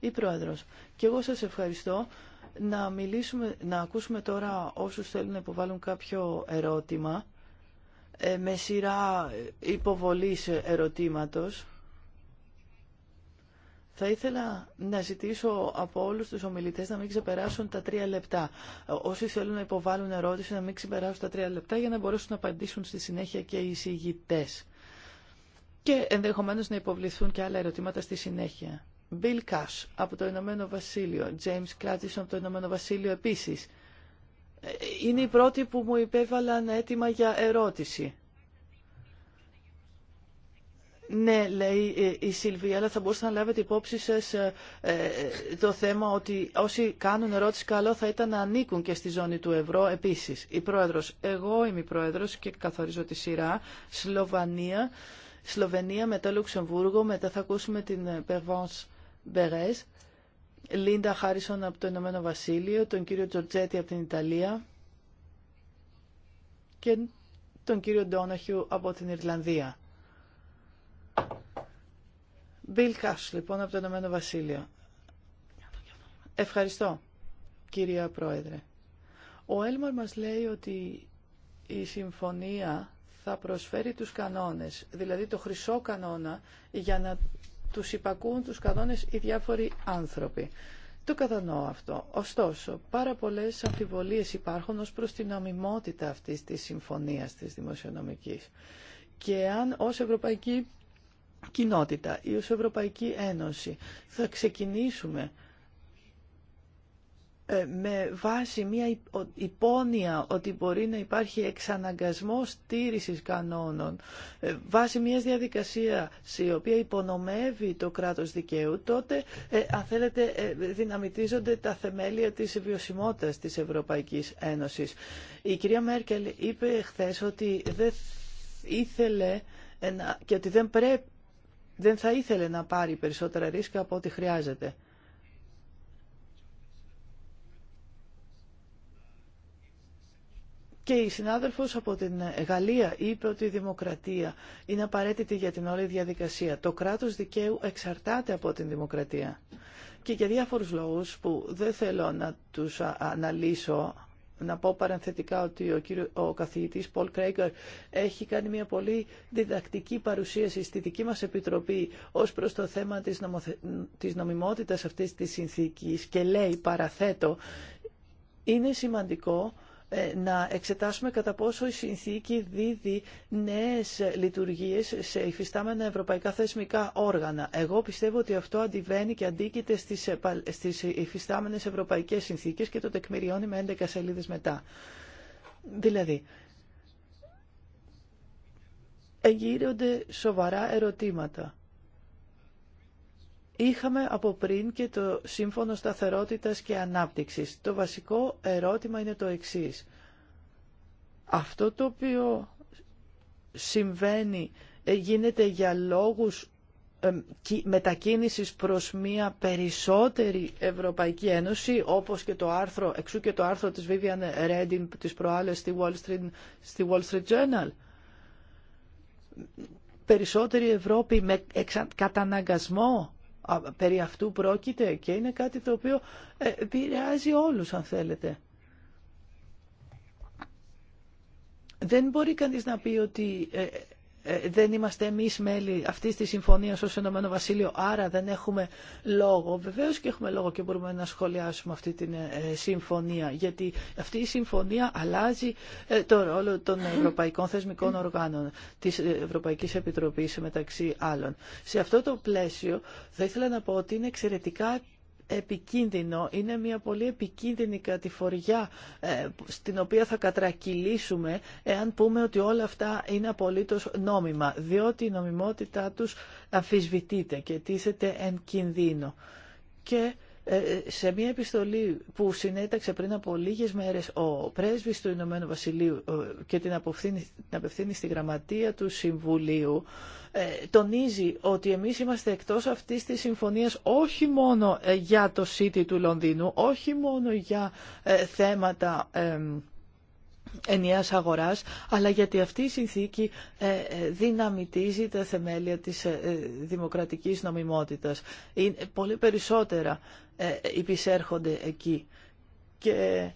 Η Πρόεδρος, και εγώ σας ευχαριστώ να, μιλήσουμε, να ακούσουμε τώρα όσους θέλουν να υποβάλουν κάποιο ερώτημα ε, με σειρά υποβολής ερωτήματος. Θα ήθελα να ζητήσω από όλους τους ομιλητές να μην ξεπεράσουν τα τρία λεπτά. Όσοι θέλουν να υποβάλουν ερώτηση να μην ξεπεράσουν τα τρία λεπτά για να μπορέσουν να απαντήσουν στη συνέχεια και οι εισηγητές. Και ενδεχομένως να υποβληθούν και άλλα ερωτήματα στη συνέχεια. Bill Cash από το Ηνωμένο Βασίλειο, James Clatison από το Ηνωμένο Βασίλειο επίσης. Ε, είναι οι πρώτοι που μου υπέβαλαν αίτημα για ερώτηση. Ναι, λέει ε, η Σιλβία, αλλά θα μπορούσατε να λάβετε υπόψη σας ε, το θέμα ότι όσοι κάνουν ερώτηση καλό θα ήταν να ανήκουν και στη ζώνη του ευρώ επίσης. Η πρόεδρος, εγώ είμαι η πρόεδρος και καθορίζω τη σειρά, Σλοβανία, Σλοβενία, μετά Λουξεμβούργο, μετά θα ακούσουμε την Περβάνς Μπερές, Λίντα Χάρισον από το Ηνωμένο Βασίλειο, τον κύριο Τζορτζέτη από την Ιταλία και τον κύριο Ντόναχιου από την Ιρλανδία. Μπιλ Κάσου, λοιπόν, από το Ηνωμένο Βασίλειο. Ευχαριστώ, κυρία Πρόεδρε. Ο Έλμαρ μας λέει ότι η συμφωνία θα προσφέρει τους κανόνες, δηλαδή το χρυσό κανόνα, για να τους υπακούν τους κανόνες οι διάφοροι άνθρωποι. Το κατανοώ αυτό. Ωστόσο, πάρα πολλές αμφιβολίες υπάρχουν ως προς την αμιμότητα αυτής της συμφωνίας της δημοσιονομικής. Και αν ως Ευρωπαϊκή Κοινότητα ή ως Ευρωπαϊκή Ένωση θα ξεκινήσουμε ε, με βάση μια υπόνοια ότι μπορεί να υπάρχει εξαναγκασμός τήρησης κανόνων, ε, βάση μιας διαδικασία η οποία υπονομεύει το κράτος δικαίου, τότε, ε, αν θέλετε, δυναμητίζονται τα θεμέλια της βιωσιμότητας της Ευρωπαϊκής Ένωσης. Η κυρία Μέρκελ είπε χθε ότι δεν ήθελε και ότι δεν, πρέπει, δεν θα ήθελε να πάρει περισσότερα ρίσκα από ό,τι χρειάζεται. Και η συνάδελφος από την Γαλλία είπε ότι η δημοκρατία είναι απαραίτητη για την όλη διαδικασία. Το κράτος δικαίου εξαρτάται από την δημοκρατία. Και για διάφορους λόγους που δεν θέλω να τους αναλύσω, να πω παρενθετικά ότι ο, κύριο, ο καθηγητής Πολ Κρέγκερ έχει κάνει μια πολύ διδακτική παρουσίαση στη δική μας Επιτροπή ως προς το θέμα της, νομοθε... της νομιμότητας αυτής της συνθήκης και λέει, παραθέτω, είναι σημαντικό ε, να εξετάσουμε κατά πόσο η συνθήκη δίδει νέες λειτουργίες σε υφιστάμενα ευρωπαϊκά θεσμικά όργανα. Εγώ πιστεύω ότι αυτό αντιβαίνει και αντίκειται στις υφιστάμενες ευρωπαϊκές συνθήκες και το τεκμηριώνει με 11 σελίδες μετά. Δηλαδή, εγείρονται σοβαρά ερωτήματα Είχαμε από πριν και το Σύμφωνο Σταθερότητας και Ανάπτυξης. Το βασικό ερώτημα είναι το εξής. Αυτό το οποίο συμβαίνει ε, γίνεται για λόγους ε, μετακίνησης προς μια περισσότερη Ευρωπαϊκή Ένωση όπως και το άρθρο, εξού και το άρθρο της Vivian Redding της προάλλες Wall Street, στη Wall Street Journal. Περισσότερη Ευρώπη με καταναγκασμό περί αυτού πρόκειται και είναι κάτι το οποίο ε, επηρεάζει όλους αν θέλετε. Δεν μπορεί κανείς να πει ότι ε, ε, δεν είμαστε εμείς μέλη αυτής της συμφωνίας ω Ενωμένο Βασίλειο, άρα δεν έχουμε λόγο. Βεβαίως και έχουμε λόγο και μπορούμε να σχολιάσουμε αυτή τη ε, συμφωνία, γιατί αυτή η συμφωνία αλλάζει ε, το ρόλο των ευρωπαϊκών θεσμικών οργάνων της Ευρωπαϊκής Επιτροπής μεταξύ άλλων. Σε αυτό το πλαίσιο θα ήθελα να πω ότι είναι εξαιρετικά επικίνδυνο, είναι μια πολύ επικίνδυνη κατηφοριά ε, στην οποία θα κατρακυλήσουμε εάν πούμε ότι όλα αυτά είναι απολύτως νόμιμα, διότι η νομιμότητά τους αμφισβητείται και τίθεται εν κινδύνο. Και ε, σε μια επιστολή που συνέταξε πριν από λίγες μέρες ο πρέσβης του Ηνωμένου Βασιλείου ε, και την, απευθύνει, την στη γραμματεία του Συμβουλίου ε, τονίζει ότι εμείς είμαστε εκτός αυτής της συμφωνίας όχι μόνο για το City του Λονδίνου, όχι μόνο για θέματα ενιαίας αγοράς, αλλά γιατί αυτή η συνθήκη ε, ε, δυναμητίζει τα θεμέλια της ε, δημοκρατικής νομιμότητας. Είναι πολύ περισσότερα υπησέρχονται εκεί. Και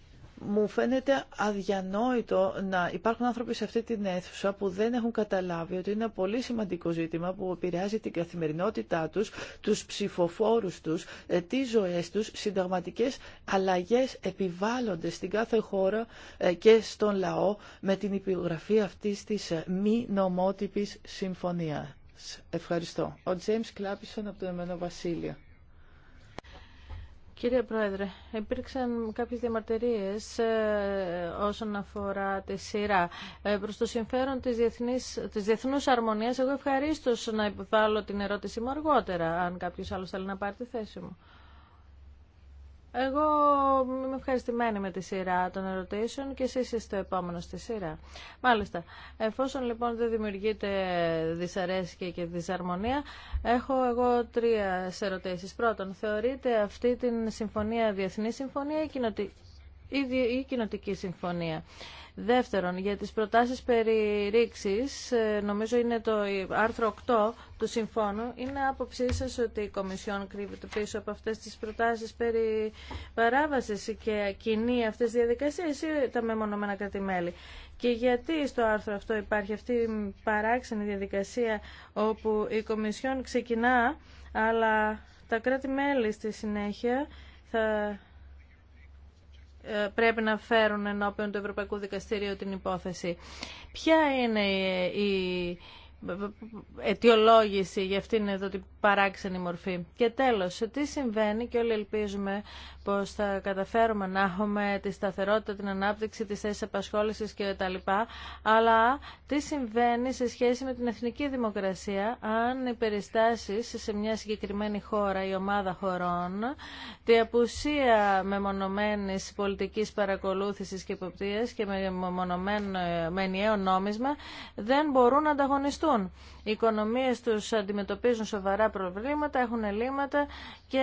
μου φαίνεται αδιανόητο να υπάρχουν άνθρωποι σε αυτή την αίθουσα που δεν έχουν καταλάβει ότι είναι ένα πολύ σημαντικό ζήτημα που επηρεάζει την καθημερινότητά τους, τους ψηφοφόρους τους, ε, τις ζωές τους, συνταγματικές αλλαγές επιβάλλονται στην κάθε χώρα ε, και στον λαό με την υπηγραφή αυτής της ε, μη νομότυπης συμφωνίας. Ευχαριστώ. Ο Τζέιμς Κλάπισον από το Εμένο Βασίλειο. Κύριε Πρόεδρε, υπήρξαν κάποιες διαμαρτυρίες ε, όσον αφορά τη σειρά. Ε, προς το συμφέρον της, διεθνής, της αρμονίας, εγώ ευχαρίστως να υποβάλω την ερώτηση μου αργότερα, αν κάποιος άλλος θέλει να πάρει τη θέση μου. Εγώ είμαι ευχαριστημένη με τη σειρά των ερωτήσεων και εσείς είστε ο επόμενος στη σειρά. Μάλιστα, εφόσον λοιπόν δεν δημιουργείται δυσαρέσκεια και δυσαρμονία, έχω εγώ τρία ερωτήσεις. Πρώτον, θεωρείτε αυτή την συμφωνία διεθνή συμφωνία ή κοινοτική συμφωνία. Δεύτερον, για τις προτάσεις περί ρήξης, ε, νομίζω είναι το άρθρο 8 του Συμφώνου, είναι άποψή σας ότι η Κομισιόν κρύβεται πίσω από αυτές τις προτάσεις περί παράβασης και κοινή αυτές διαδικασίες ή τα μεμονωμένα κρατημέλη. Και γιατί στο άρθρο αυτό υπάρχει αυτή η παράξενη διαδικασία όπου η Κομισιόν ξεκινά, αλλά τα κράτη-μέλη στη συνέχεια θα ε, πρέπει να φέρουν ενώπιον του Ευρωπαϊκού Δικαστηρίου την υπόθεση. Ποια είναι η αιτιολόγηση για αυτήν εδώ την παράξενη μορφή. Και τέλος, τι συμβαίνει και όλοι ελπίζουμε πως θα καταφέρουμε να έχουμε τη σταθερότητα, την ανάπτυξη, τις θέσεις απασχόλησης και τα λοιπά, αλλά τι συμβαίνει σε σχέση με την εθνική δημοκρασία αν οι περιστάσεις σε μια συγκεκριμένη χώρα ή ομάδα χωρών, τη απουσία μεμονωμένης πολιτικής παρακολούθησης και υποπτίας και μεμονωμένο με ενιαίο νόμισμα δεν μπορούν να ανταγωνιστούν. Οι οικονομίες τους αντιμετωπίζουν σοβαρά προβλήματα, έχουν ελλείμματα και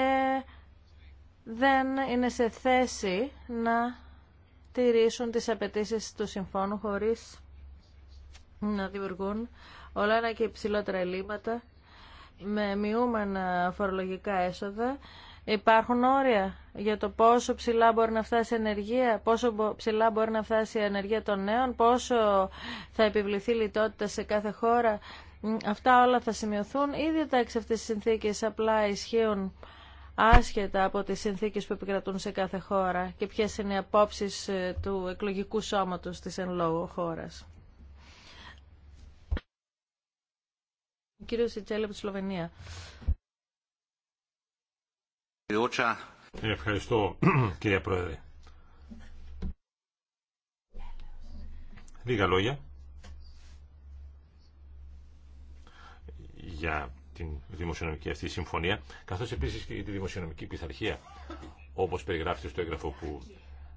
δεν είναι σε θέση να τηρήσουν τις απαιτήσει του συμφώνου χωρίς να δημιουργούν όλα ένα και υψηλότερα ελλείμματα με μειούμενα φορολογικά έσοδα. Υπάρχουν όρια για το πόσο ψηλά μπορεί να φτάσει η ενεργεία, πόσο ψηλά μπορεί να φτάσει η ενεργεία των νέων, πόσο θα επιβληθεί λιτότητα σε κάθε χώρα. Αυτά όλα θα σημειωθούν. Ήδη τα εξ απλά ισχύουν άσχετα από τις συνθήκες που επικρατούν σε κάθε χώρα και ποιες είναι οι απόψεις ε, του εκλογικού σώματος της εν λόγω χώρας. Ο κύριος Ιτσέλη από τη Σλοβενία. Ευχαριστώ [CLEARS THROAT] κύριε Πρόεδρε. Λίγα λόγια για την δημοσιονομική αυτή συμφωνία, καθώς επίσης και τη δημοσιονομική πειθαρχία, όπως περιγράφεται στο έγγραφο που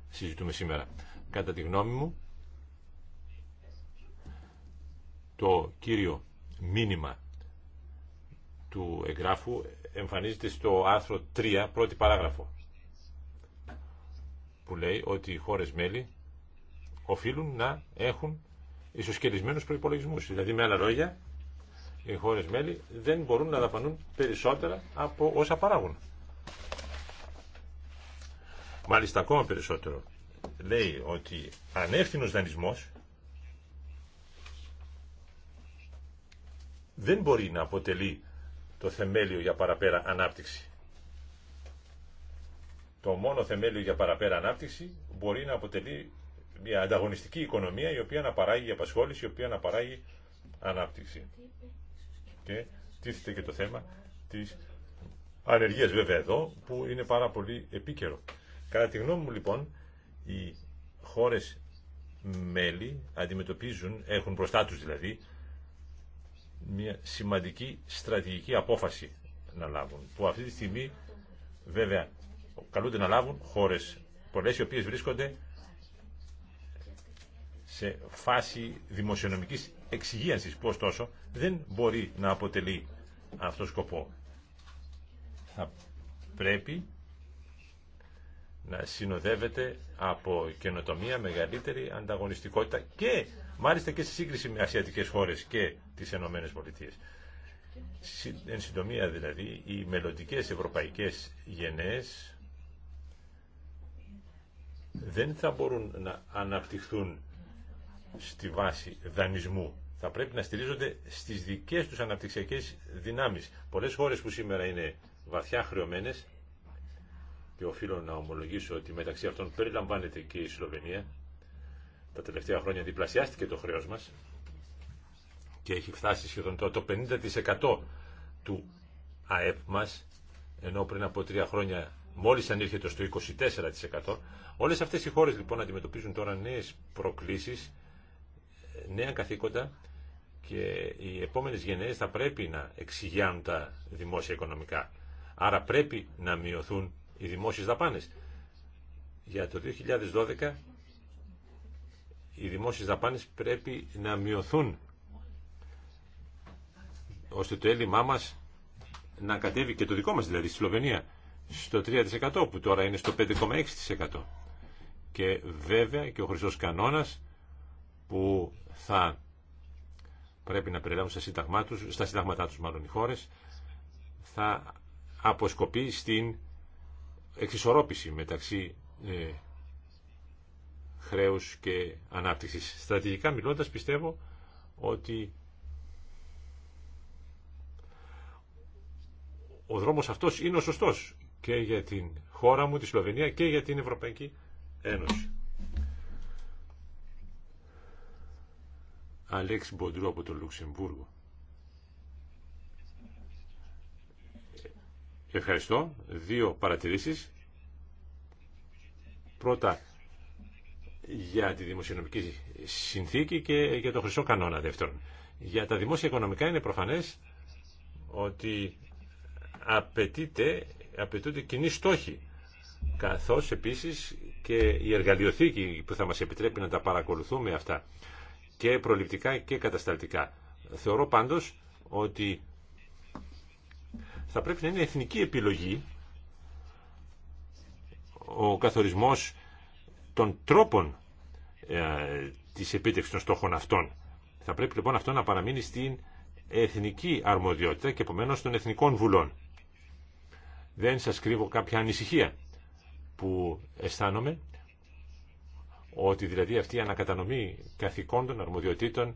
συζητούμε σήμερα. Κατά τη γνώμη μου, το κύριο μήνυμα του εγγράφου εμφανίζεται στο άρθρο 3, πρώτη παράγραφο, που λέει ότι οι χώρες μέλη οφείλουν να έχουν ισοσκελισμένους προϋπολογισμούς. Δηλαδή, με άλλα λόγια, οι χώρες μέλη δεν μπορούν να δαπανούν περισσότερα από όσα παράγουν. Μάλιστα ακόμα περισσότερο. Λέει ότι ανεύθυνος δανεισμός δεν μπορεί να αποτελεί το θεμέλιο για παραπέρα ανάπτυξη. Το μόνο θεμέλιο για παραπέρα ανάπτυξη μπορεί να αποτελεί μια ανταγωνιστική οικονομία η οποία να παράγει απασχόληση, η οποία να παράγει ανάπτυξη και τίθεται και το θέμα της ανεργίας βέβαια εδώ που είναι πάρα πολύ επίκαιρο. Κατά τη γνώμη μου λοιπόν οι χώρες μέλη αντιμετωπίζουν, έχουν μπροστά τους δηλαδή μια σημαντική στρατηγική απόφαση να λάβουν που αυτή τη στιγμή βέβαια καλούνται να λάβουν χώρες πολλές οι οποίες βρίσκονται σε φάση δημοσιονομικής εξυγίανσης πως τόσο δεν μπορεί να αποτελεί αυτό σκοπό. Θα πρέπει να συνοδεύεται από καινοτομία, μεγαλύτερη ανταγωνιστικότητα και μάλιστα και σε σύγκριση με ασιατικές χώρες και τις ενομένες Πολιτείες. Εν συντομία δηλαδή, οι μελλοντικέ ευρωπαϊκές γενναίες δεν θα μπορούν να αναπτυχθούν στη βάση δανεισμού. Θα πρέπει να στηρίζονται στις δικέ του αναπτυξιακέ δυνάμει. Πολλές χώρες που σήμερα είναι βαθιά χρεωμένε και οφείλω να ομολογήσω ότι μεταξύ αυτών περιλαμβάνεται και η Σλοβενία. Τα τελευταία χρόνια διπλασιάστηκε το χρέος μας και έχει φτάσει σχεδόν το 50% του ΑΕΠ μα, ενώ πριν από τρία χρόνια μόλις ανήρχεται στο 24%. Όλες αυτές οι χώρες λοιπόν αντιμετωπίζουν τώρα νέες προκλήσεις νέα καθήκοντα και οι επόμενες γενναίες θα πρέπει να εξηγιάνουν τα δημόσια οικονομικά. Άρα πρέπει να μειωθούν οι δημόσιες δαπάνες. Για το 2012 οι δημόσιες δαπάνες πρέπει να μειωθούν ώστε το έλλειμμά μας να κατέβει και το δικό μας δηλαδή στη Σλοβενία στο 3% που τώρα είναι στο 5,6% και βέβαια και ο χρυσός κανόνας που θα πρέπει να περιλάβουν στα, τους, στα συνταγματά τους μάλλον οι χώρες, θα αποσκοπεί στην εξισορρόπηση μεταξύ ε, χρέους και ανάπτυξης. Στρατηγικά μιλώντας πιστεύω ότι ο δρόμος αυτός είναι ο σωστός και για την χώρα μου, τη Σλοβενία και για την Ευρωπαϊκή Ένωση. Αλέξ Μποντρού από το Λουξεμβούργο. Ευχαριστώ. Δύο παρατηρήσεις. Πρώτα για τη δημοσιονομική συνθήκη και για το χρυσό κανόνα δεύτερον. Για τα δημόσια οικονομικά είναι προφανές ότι απαιτείται, απαιτούνται κοινή στόχοι καθώς επίσης και η εργαλειοθήκη που θα μας επιτρέπει να τα παρακολουθούμε αυτά και προληπτικά και κατασταλτικά. Θεωρώ πάντως ότι θα πρέπει να είναι εθνική επιλογή ο καθορισμός των τρόπων ε, της επίτευξης των στόχων αυτών. Θα πρέπει λοιπόν αυτό να παραμείνει στην εθνική αρμοδιότητα και επομένω των εθνικών βουλών. Δεν σας κρύβω κάποια ανησυχία που αισθάνομαι ότι δηλαδή αυτή η ανακατανομή καθηκόντων, αρμοδιοτήτων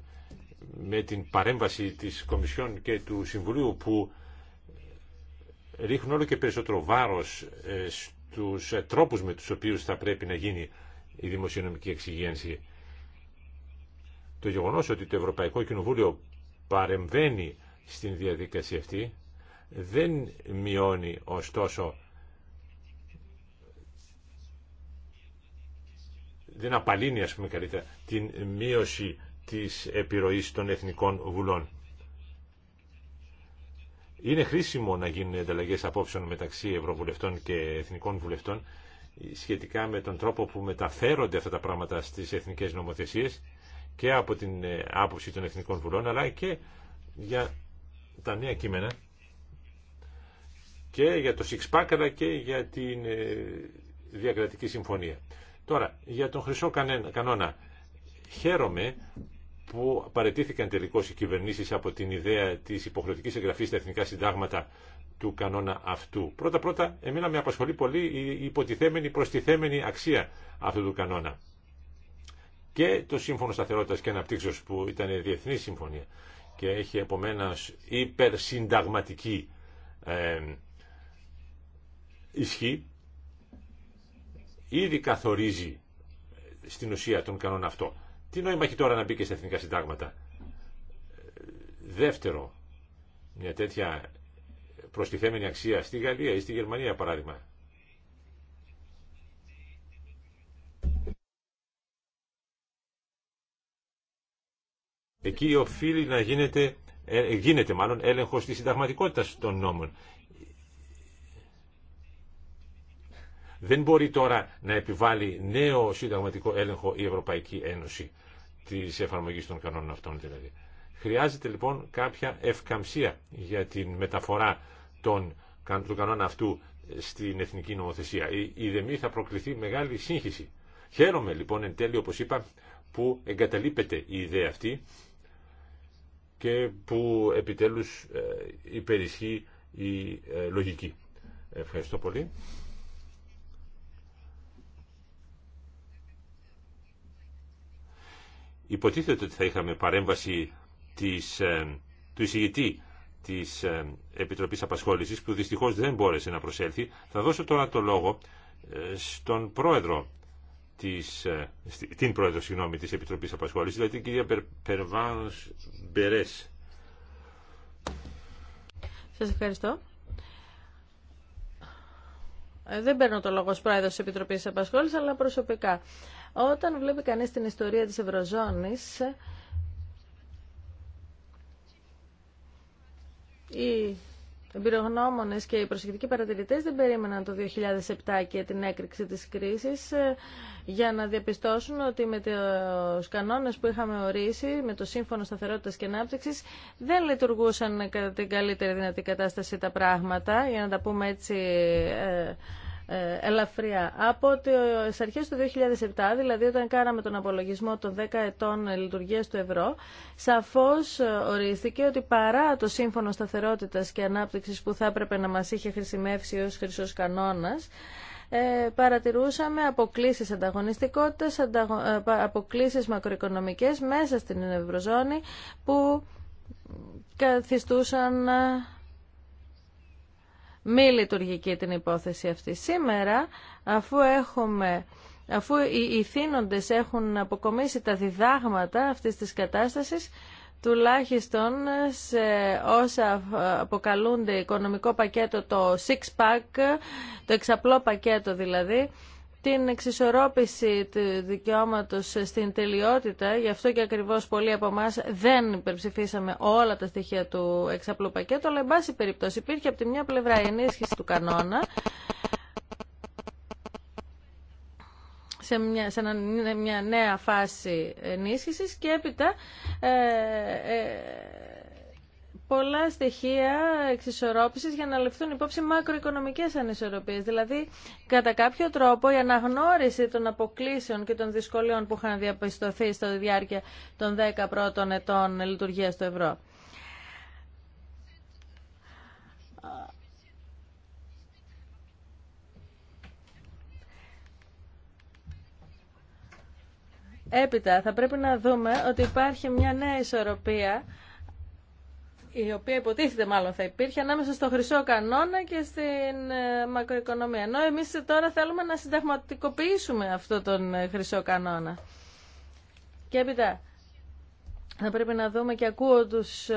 με την παρέμβαση της Κομισιόν και του Συμβουλίου που ρίχνουν όλο και περισσότερο βάρος ε, στους τρόπους με τους οποίους θα πρέπει να γίνει η δημοσιονομική εξυγένση. Το γεγονός ότι το Ευρωπαϊκό Κοινοβούλιο παρεμβαίνει στην διαδικασία αυτή δεν μειώνει ωστόσο δεν απαλύνει ας πούμε καλύτερα την μείωση της επιρροής των εθνικών βουλών. Είναι χρήσιμο να γίνουν ανταλλαγέ απόψεων μεταξύ Ευρωβουλευτών και Εθνικών Βουλευτών σχετικά με τον τρόπο που μεταφέρονται αυτά τα πράγματα στις εθνικές νομοθεσίες και από την ε, άποψη των Εθνικών Βουλών αλλά και για τα νέα κείμενα και για το ΣΥΚΣΠΑΚ αλλά και για την ε, Διακρατική Συμφωνία. Τώρα, για τον χρυσό κανόνα. Χαίρομαι που παρετήθηκαν τελικώ οι κυβερνήσει από την ιδέα τη υποχρεωτική εγγραφή στα εθνικά συντάγματα του κανόνα αυτού. Πρώτα-πρώτα, εμένα με απασχολεί πολύ η υποτιθέμενη, προστιθέμενη αξία αυτού του κανόνα. Και το Σύμφωνο Σταθερότητα και Αναπτύξεω που ήταν διεθνή συμφωνία και έχει επομένω υπερσυνταγματική ε, ισχύ ήδη καθορίζει στην ουσία τον κανόνα αυτό. Τι νόημα έχει τώρα να μπει και στα εθνικά συντάγματα. Δεύτερο, μια τέτοια προστιθέμενη αξία στη Γαλλία ή στη Γερμανία παράδειγμα. Εκεί οφείλει να γίνεται, ε, γίνεται μάλλον έλεγχος της συνταγματικότητας των νόμων. Δεν μπορεί τώρα να επιβάλλει νέο συνταγματικό έλεγχο η Ευρωπαϊκή Ένωση τη εφαρμογή των κανόνων αυτών δηλαδή. Χρειάζεται λοιπόν κάποια ευκαμψία για την μεταφορά των, του κανόνα αυτού στην εθνική νομοθεσία. Η, η θα προκληθεί μεγάλη σύγχυση. Χαίρομαι λοιπόν εν τέλει όπως είπα που εγκαταλείπεται η ιδέα αυτή και που επιτέλους ε, υπερισχύει η ε, λογική. Ευχαριστώ πολύ. Υποτίθεται ότι θα είχαμε παρέμβαση της, ε, του εισηγητή της ε, Επιτροπής Απασχόλησης που δυστυχώς δεν μπόρεσε να προσέλθει. Θα δώσω τώρα το λόγο ε, στον πρόεδρο της, την πρόεδρο συγγνώμη, της Επιτροπής Απασχόλησης, δηλαδή την κυρία Περβάνος Μπερές. Σας ευχαριστώ. Δεν παίρνω το λόγο ως πρόεδρος της Επιτροπής Απασχόλησης, αλλά προσωπικά. Όταν βλέπει κανείς την ιστορία της Ευρωζώνης, οι εμπειρογνώμονε και οι προσεκτικοί παρατηρητές δεν περίμεναν το 2007 και την έκρηξη της κρίσης ε, για να διαπιστώσουν ότι με τους κανόνες που είχαμε ορίσει, με το Σύμφωνο Σταθερότητας και Ανάπτυξη, δεν λειτουργούσαν κατά την καλύτερη δυνατή κατάσταση τα πράγματα, για να τα πούμε έτσι ε, ε, ελαφριά. Από τις αρχές του 2007, δηλαδή όταν κάναμε τον απολογισμό των 10 ετών λειτουργίας του ευρώ, σαφώς ε, ορίστηκε ότι παρά το Σύμφωνο Σταθερότητας και Ανάπτυξης που θα έπρεπε να μας είχε χρησιμεύσει ως χρυσός κανόνας, ε, παρατηρούσαμε αποκλίσεις ανταγωνιστικότητας, ανταγω... αποκλίσεις μακροοικονομικές μέσα στην Ευρωζώνη που καθιστούσαν μη λειτουργική την υπόθεση αυτή. Σήμερα, αφού έχουμε αφού οι θύνοντες έχουν αποκομίσει τα διδάγματα αυτής της κατάστασης, τουλάχιστον σε όσα αποκαλούνται οικονομικό πακέτο το six pack, το εξαπλό πακέτο δηλαδή, την εξισορρόπηση του δικαιώματος στην τελειότητα. Γι' αυτό και ακριβώς πολλοί από εμά δεν υπερψηφίσαμε όλα τα στοιχεία του εξαπλού πακέτου, αλλά εν πάση περιπτώσει υπήρχε από τη μια πλευρά η ενίσχυση του κανόνα, σε μια, σε μια νέα φάση ενίσχυσης και έπειτα ε, ε πολλά στοιχεία εξισορρόπησης για να ληφθούν υπόψη μακροοικονομικές ανισορροπίες. Δηλαδή, κατά κάποιο τρόπο, η αναγνώριση των αποκλήσεων και των δυσκολιών που είχαν διαπιστωθεί στο διάρκεια των 10 πρώτων ετών λειτουργίας του ευρώ. Έπειτα θα πρέπει να δούμε ότι υπάρχει μια νέα ισορροπία η οποία υποτίθεται μάλλον θα υπήρχε ανάμεσα στο χρυσό κανόνα και στην ε, μακροοικονομία. Ενώ εμείς τώρα θέλουμε να συνταγματικοποιήσουμε αυτό τον ε, χρυσό κανόνα. Και έπειτα, θα πρέπει να δούμε και ακούω τους ε,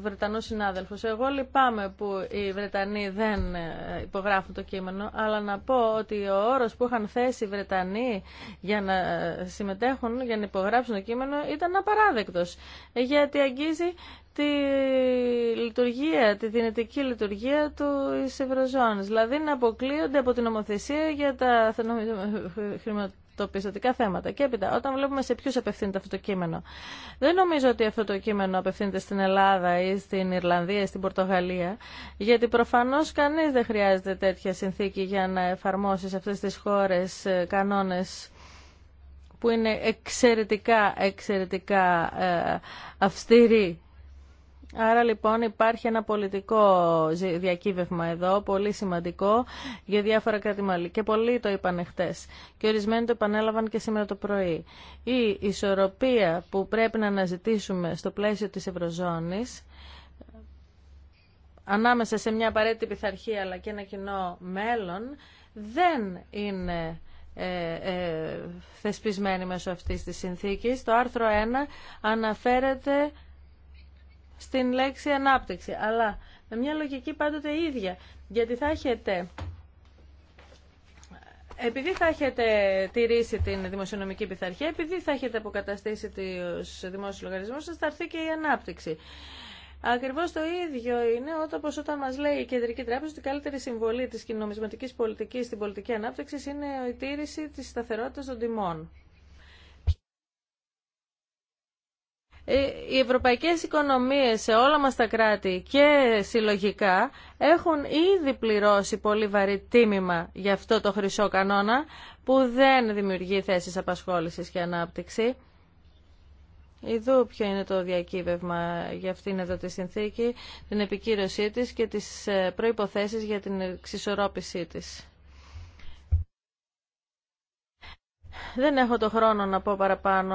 Βρετανούς συνάδελφους. Εγώ λυπάμαι που οι Βρετανοί δεν ε, υπογράφουν το κείμενο, αλλά να πω ότι ο όρος που είχαν θέσει οι Βρετανοί για να ε, συμμετέχουν, για να υπογράψουν το κείμενο, ήταν απαράδεκτος, γιατί αγγίζει τη λειτουργία, τη δυνητική λειτουργία του Ευρωζώνης. Δηλαδή να αποκλείονται από την νομοθεσία για τα πιστοτικά θέματα. Και έπειτα, όταν βλέπουμε σε ποιου απευθύνεται αυτό το κείμενο. Δεν νομίζω ότι αυτό το κείμενο απευθύνεται στην Ελλάδα ή στην Ιρλανδία ή στην Πορτογαλία, γιατί προφανώ κανεί δεν χρειάζεται τέτοια συνθήκη για να εφαρμόσει σε αυτέ τι χώρε κανόνε που είναι εξαιρετικά, εξαιρετικά ε, αυστηροί Άρα λοιπόν υπάρχει ένα πολιτικό διακύβευμα εδώ, πολύ σημαντικό για διάφορα Και πολλοί το είπαν χτε. Και ορισμένοι το επανέλαβαν και σήμερα το πρωί. Η ισορροπία που πρέπει να αναζητήσουμε στο πλαίσιο της Ευρωζώνης ανάμεσα σε μια απαραίτητη πειθαρχία αλλά και ένα κοινό μέλλον δεν είναι ε, ε θεσπισμένη μέσω αυτής της συνθήκης. Το άρθρο 1 αναφέρεται στην λέξη ανάπτυξη, αλλά με μια λογική πάντοτε ίδια, γιατί θα έχετε... Επειδή θα έχετε τηρήσει την δημοσιονομική πειθαρχία, επειδή θα έχετε αποκαταστήσει τους δημόσιους λογαριασμούς σας, θα έρθει και η ανάπτυξη. Ακριβώ το ίδιο είναι όπω όταν μα λέει η Κεντρική Τράπεζα ότι η καλύτερη συμβολή τη κοινωνισματική πολιτική στην πολιτική ανάπτυξη είναι η τήρηση τη σταθερότητα των τιμών. Ε, οι ευρωπαϊκές οικονομίες σε όλα μας τα κράτη και συλλογικά έχουν ήδη πληρώσει πολύ βαρύ τίμημα για αυτό το χρυσό κανόνα που δεν δημιουργεί θέσεις απασχόλησης και ανάπτυξη. Εδώ ποιο είναι το διακύβευμα για αυτήν εδώ τη συνθήκη, την επικύρωσή της και τις ε, προϋποθέσεις για την εξισορρόπησή της. Δεν έχω το χρόνο να πω παραπάνω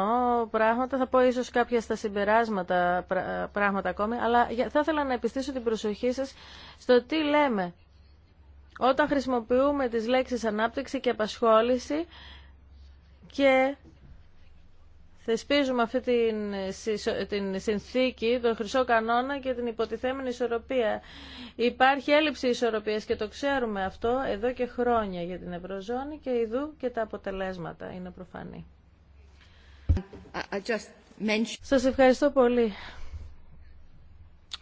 πράγματα, θα πω ίσως κάποια στα συμπεράσματα πράγματα ακόμη, αλλά θα ήθελα να επιστήσω την προσοχή σας στο τι λέμε. Όταν χρησιμοποιούμε τις λέξεις ανάπτυξη και απασχόληση και θεσπίζουμε αυτή την, την συνθήκη, τον χρυσό κανόνα και την υποτιθέμενη ισορροπία. Υπάρχει έλλειψη ισορροπίας και το ξέρουμε αυτό εδώ και χρόνια για την Ευρωζώνη και ειδού και τα αποτελέσματα είναι προφανή. Σας ευχαριστώ πολύ.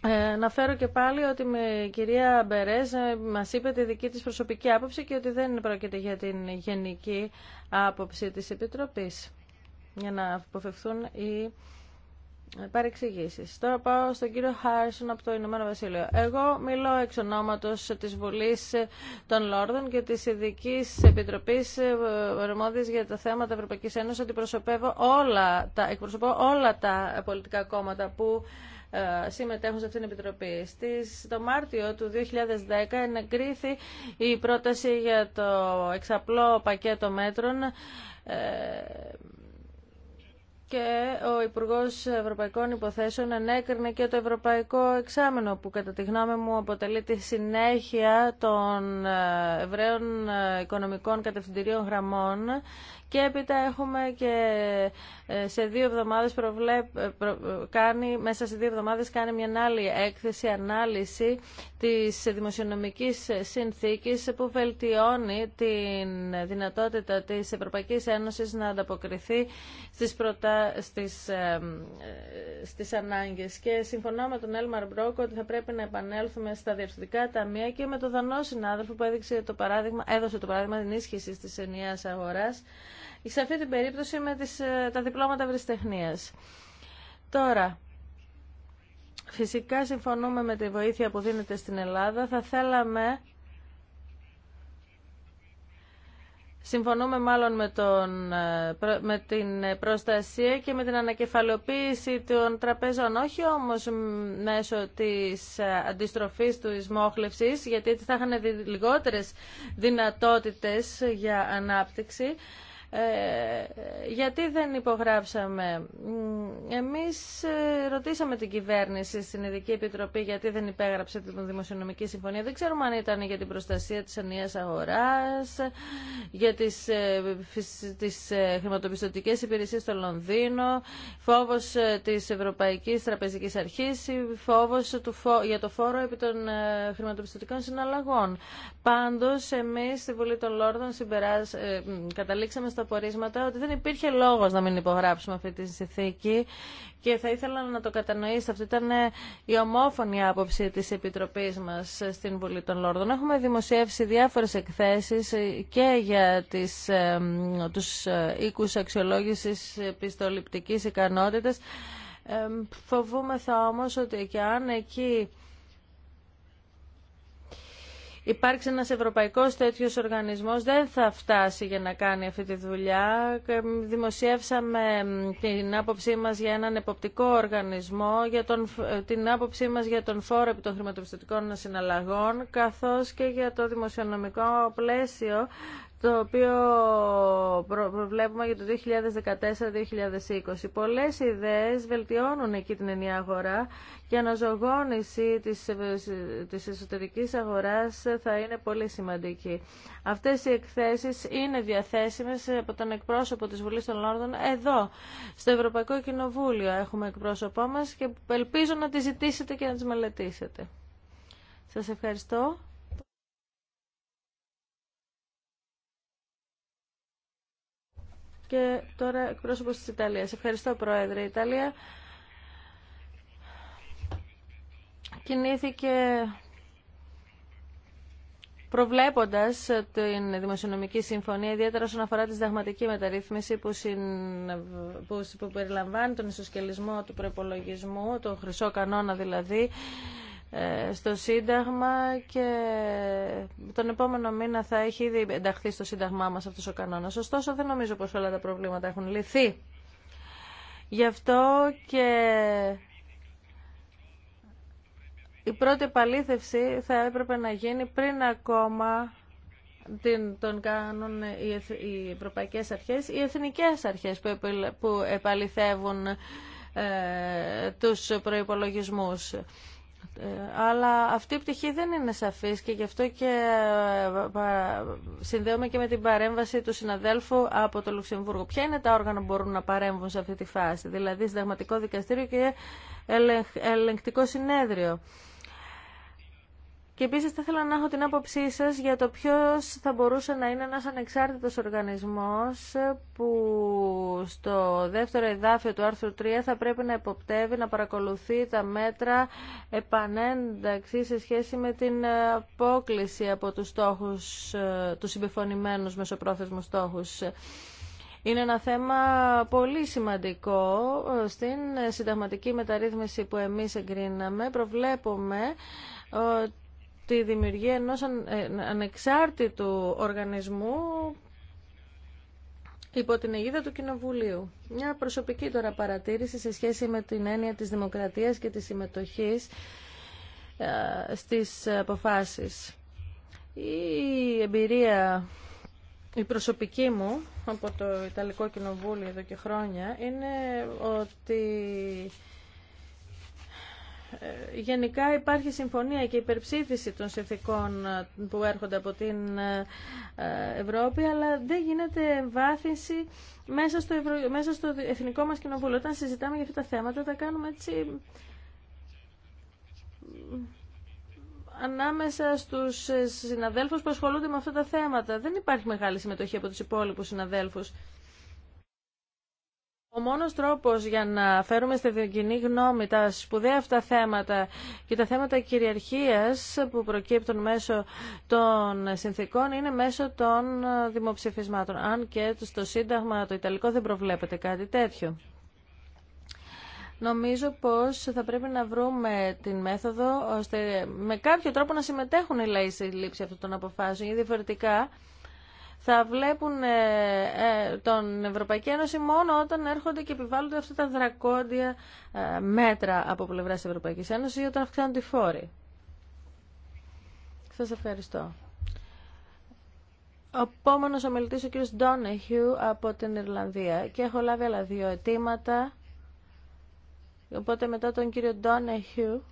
Ε, να φέρω και πάλι ότι η κυρία Μπερές ε, μας είπε τη δική της προσωπική άποψη και ότι δεν πρόκειται για την γενική άποψη της Επιτροπής για να αποφευθούν οι παρεξηγήσεις. Τώρα πάω στον κύριο Χάρισον από το Ηνωμένο Βασίλειο. Εγώ μιλώ εξ ονόματος τη Βουλής των Λόρδων και τη Ειδική Επιτροπής ε, Ρωμόδης για τα θέματα Ευρωπαϊκής Ένωσης Ότι όλα τα, εκπροσωπώ όλα τα πολιτικά κόμματα που ε, συμμετέχουν σε αυτήν την επιτροπή. Στις, το Μάρτιο του 2010 ενεγκρίθη η πρόταση για το εξαπλό πακέτο μέτρων ε, και ο Υπουργό Ευρωπαϊκών Υποθέσεων ανέκρινε και το Ευρωπαϊκό Εξάμενο που κατά τη γνώμη μου αποτελεί τη συνέχεια των Εβραίων ε, Οικονομικών Κατευθυντηρίων Γραμμών και έπειτα έχουμε και ε, σε δύο εβδομάδες ε, ε, μέσα σε δύο εβδομάδες κάνει μια άλλη έκθεση, ανάλυση της δημοσιονομικής συνθήκης που βελτιώνει την δυνατότητα της Ευρωπαϊκής Ένωσης να ανταποκριθεί στις, προτα... στις, στις ανάγκες. Και συμφωνώ με τον Έλμαρ Μπρόκ ότι θα πρέπει να επανέλθουμε στα διευθυντικά ταμεία και με τον Δανό συνάδελφο που έδειξε το παράδειγμα, έδωσε το παράδειγμα ενίσχυση της ενιαίας αγοράς σε αυτή την περίπτωση με τις, ε, τα διπλώματα ευρεσιτεχνίας. Τώρα, φυσικά συμφωνούμε με τη βοήθεια που δίνεται στην Ελλάδα. Θα θέλαμε Συμφωνούμε μάλλον με, τον, ε, με την προστασία και με την ανακεφαλοποίηση των τραπέζων, όχι όμως μέσω της ε, αντιστροφής του εισμόχλευσης, γιατί έτσι θα είχαν λιγότερες δυνατότητες για ανάπτυξη. Ε, γιατί δεν υπογράψαμε. Εμείς ε, ρωτήσαμε την κυβέρνηση στην Ειδική Επιτροπή γιατί δεν υπέγραψε την Δημοσιονομική Συμφωνία. Δεν ξέρουμε αν ήταν για την προστασία της ενιαίας αγοράς, για τις, ε, τις χρηματοπιστωτικές υπηρεσίες στο Λονδίνο, φόβος της Ευρωπαϊκής Τραπεζικής Αρχής, φόβος του, για το φόρο επί των χρηματοπιστωτικών συναλλαγών. Πάντως, εμείς στη Βουλή των Λόρδων καταλήξαμε στο πορίσματα ότι δεν υπήρχε λόγος να μην υπογράψουμε αυτή τη συνθήκη και θα ήθελα να το κατανοήσετε. Αυτή ήταν ε, η ομόφωνη άποψη της Επιτροπής μας ε, στην Βουλή των Λόρδων. Έχουμε δημοσιεύσει διάφορες εκθέσεις ε, και για τις, τους αξιολόγηση αξιολόγησης ικανότητα. ικανότητας. Φοβούμεθα όμως ότι και αν εκεί υπάρξει ένας ευρωπαϊκός τέτοιος οργανισμός δεν θα φτάσει για να κάνει αυτή τη δουλειά. Δημοσιεύσαμε την άποψή μας για έναν εποπτικό οργανισμό, για τον, ε, την άποψή μας για τον φόρο επί των χρηματοπιστωτικών συναλλαγών, καθώς και για το δημοσιονομικό πλαίσιο το οποίο προβλέπουμε για το 2014-2020. Πολλές ιδέες βελτιώνουν εκεί την ενιαία αγορά και αναζωογόνηση της, ε, της εσωτερικής αγοράς θα είναι πολύ σημαντική. Αυτές οι εκθέσεις είναι διαθέσιμες από τον εκπρόσωπο της Βουλής των Λόρδων εδώ, στο Ευρωπαϊκό Κοινοβούλιο έχουμε εκπρόσωπό μας και ελπίζω να τις ζητήσετε και να τις μελετήσετε. Σας ευχαριστώ. και τώρα εκπρόσωπος της Ιταλίας. Ευχαριστώ Πρόεδρε. Η Ιταλία κινήθηκε προβλέποντας την Δημοσιονομική Συμφωνία, ιδιαίτερα όσον αφορά τη συνταγματική μεταρρύθμιση που, συν, που, που περιλαμβάνει τον ισοσκελισμό του προπολογισμού, τον χρυσό κανόνα δηλαδή, ε, στο Σύνταγμα και τον επόμενο μήνα θα έχει ήδη ενταχθεί στο Σύνταγμά μας αυτός ο κανόνας. Ωστόσο δεν νομίζω πως όλα τα προβλήματα έχουν λυθεί. Γι' αυτό και η πρώτη επαλήθευση θα έπρεπε να γίνει πριν ακόμα την, τον κάνουν οι, οι ευρωπαϊκές αρχές, οι εθνικές αρχές που, επαληθεύουν ε, τους προϋπολογισμούς. Ε, αλλά αυτή η πτυχή δεν είναι σαφής και γι' αυτό και ε, συνδέομαι και με την παρέμβαση του συναδέλφου από το Λουξεμβούργο. Ποια είναι τα όργανα που μπορούν να παρέμβουν σε αυτή τη φάση, δηλαδή συνταγματικό δικαστήριο και ελεγκτικό συνέδριο. Και επίση θα ήθελα να έχω την άποψή σα για το ποιο θα μπορούσε να είναι ένα ανεξάρτητο οργανισμό που στο δεύτερο εδάφιο του άρθρου 3 θα πρέπει να υποπτεύει, να παρακολουθεί τα μέτρα επανένταξη σε σχέση με την απόκληση από του στόχου, του συμπεφωνημένου μεσοπρόθεσμου στόχου. Είναι ένα θέμα πολύ σημαντικό. Στην συνταγματική μεταρρύθμιση που εμείς εγκρίναμε προβλέπουμε τη δημιουργία ενός ε, ανεξάρτητου οργανισμού υπό την αιγίδα του Κοινοβουλίου. Μια προσωπική τώρα παρατήρηση σε σχέση με την έννοια της δημοκρατίας και της συμμετοχής ε, στις αποφάσεις. Η εμπειρία η προσωπική μου από το Ιταλικό Κοινοβούλιο εδώ και χρόνια είναι ότι ε, γενικά υπάρχει συμφωνία και υπερψήφιση των συνθηκών ε, που έρχονται από την ε, Ευρώπη, αλλά δεν γίνεται βάθυνση μέσα στο, μέσα στο Εθνικό μας Κοινοβούλιο. Όταν συζητάμε για αυτά τα θέματα, τα κάνουμε έτσι ανάμεσα στους συναδέλφους που ασχολούνται με αυτά τα θέματα. Δεν υπάρχει μεγάλη συμμετοχή από τους υπόλοιπους συναδέλφους. Ο μόνος τρόπος για να φέρουμε στη κοινή γνώμη τα σπουδαία αυτά θέματα και τα θέματα κυριαρχίας που προκύπτουν μέσω των συνθήκων είναι μέσω των δημοψηφισμάτων. Αν και στο Σύνταγμα το Ιταλικό δεν προβλέπεται κάτι τέτοιο. Νομίζω πως θα πρέπει να βρούμε την μέθοδο ώστε με κάποιο τρόπο να συμμετέχουν οι λαοί στη λήψη αυτών των αποφάσεων. Διαφορετικά, θα βλέπουν ε, ε, τον Ευρωπαϊκή Ένωση μόνο όταν έρχονται και επιβάλλονται αυτά τα δρακόντια ε, μέτρα από πλευρά τη Ευρωπαϊκή Ένωση ή όταν αυξάνουν τη φόρη. Σα ευχαριστώ. Ο επόμενο ομιλητή ο κ. Ντόνεχιου από την Ιρλανδία και έχω λάβει άλλα δύο αιτήματα. Οπότε μετά τον κύριο Ντόνεχιου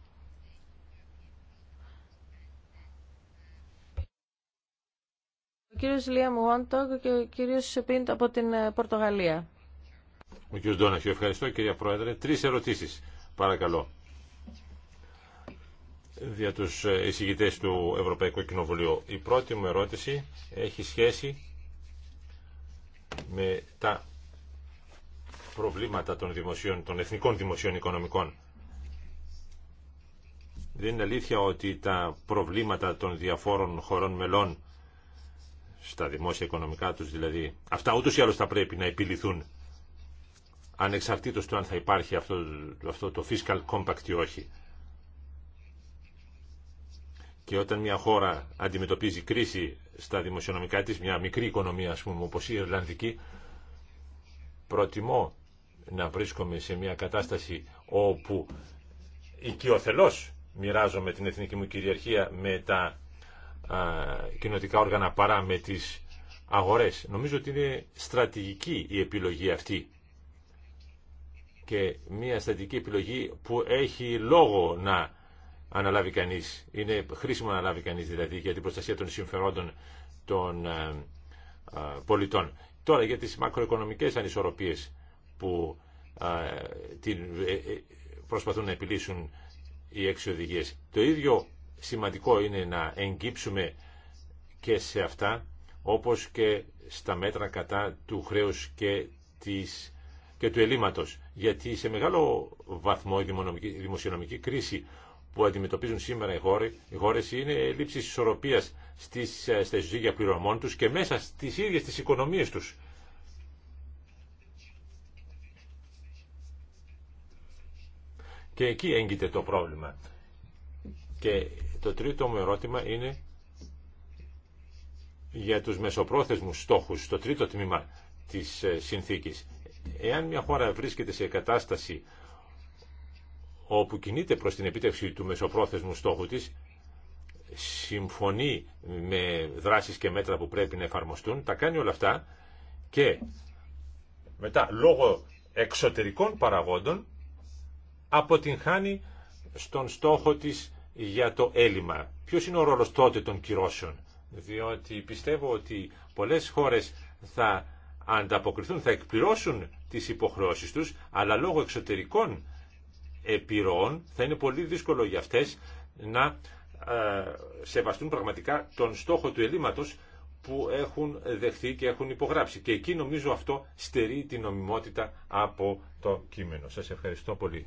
κύριος Λία Μουόντογκ και ο κύριος Πίντ από την ε, Πορτογαλία. Ο κύριος Ντόναχιο, ευχαριστώ κυρία Πρόεδρε. Τρεις ερωτήσεις, παρακαλώ για τους ε, εισηγητές του Ευρωπαϊκού Κοινοβουλίου. Η πρώτη μου ερώτηση έχει σχέση με τα προβλήματα των, δημοσίων, των εθνικών δημοσίων οικονομικών. Δεν είναι αλήθεια ότι τα προβλήματα των διαφόρων χωρών μελών στα δημόσια οικονομικά τους δηλαδή. Αυτά ούτως ή άλλως θα πρέπει να επιληθούν ανεξαρτήτως του αν θα υπάρχει αυτό, το fiscal compact ή όχι. Και όταν μια χώρα αντιμετωπίζει κρίση στα δημοσιονομικά της, μια μικρή οικονομία ας πούμε όπως η Ιρλανδική, προτιμώ να βρίσκομαι σε μια κατάσταση όπου οικειοθελώς μοιράζομαι την εθνική μου κυριαρχία με τα κοινοτικά όργανα παρά με τις αγορές. Νομίζω ότι είναι στρατηγική η επιλογή αυτή και μια στρατηγική επιλογή που έχει λόγο να αναλάβει κανείς. Είναι χρήσιμο να αναλάβει κανείς δηλαδή για την προστασία των συμφερόντων των πολιτών. Τώρα για τις μακροοικονομικές ανισορροπίες που ε, ε, προσπαθούν να επιλύσουν οι έξι οδηγίες. Το ίδιο σημαντικό είναι να εγκύψουμε και σε αυτά, όπως και στα μέτρα κατά του χρέους και, της, και του ελλείμματος. Γιατί σε μεγάλο βαθμό η δημοσιονομική κρίση που αντιμετωπίζουν σήμερα οι, χώρες, οι χώρες είναι λήψη ισορροπίας στις, στα ισοζύγια πληρωμών τους και μέσα στις ίδιες τις οικονομίες τους. Και εκεί έγκυται το πρόβλημα. Και το τρίτο μου ερώτημα είναι για τους μεσοπρόθεσμους στόχους, το τρίτο τμήμα της ε, συνθήκης. Εάν μια χώρα βρίσκεται σε κατάσταση όπου κινείται προς την επίτευξη του μεσοπρόθεσμου στόχου της, συμφωνεί με δράσεις και μέτρα που πρέπει να εφαρμοστούν, τα κάνει όλα αυτά και μετά λόγω εξωτερικών παραγόντων αποτυγχάνει στον στόχο της για το έλλειμμα. Ποιος είναι ο ρόλος τότε των κυρώσεων. Διότι πιστεύω ότι πολλές χώρες θα ανταποκριθούν, θα εκπληρώσουν τις υποχρεώσεις τους, αλλά λόγω εξωτερικών επιρροών θα είναι πολύ δύσκολο για αυτές να ε, σεβαστούν πραγματικά τον στόχο του ελλείμματος που έχουν δεχθεί και έχουν υπογράψει. Και εκεί νομίζω αυτό στερεί την νομιμότητα από το κείμενο. Σας ευχαριστώ πολύ.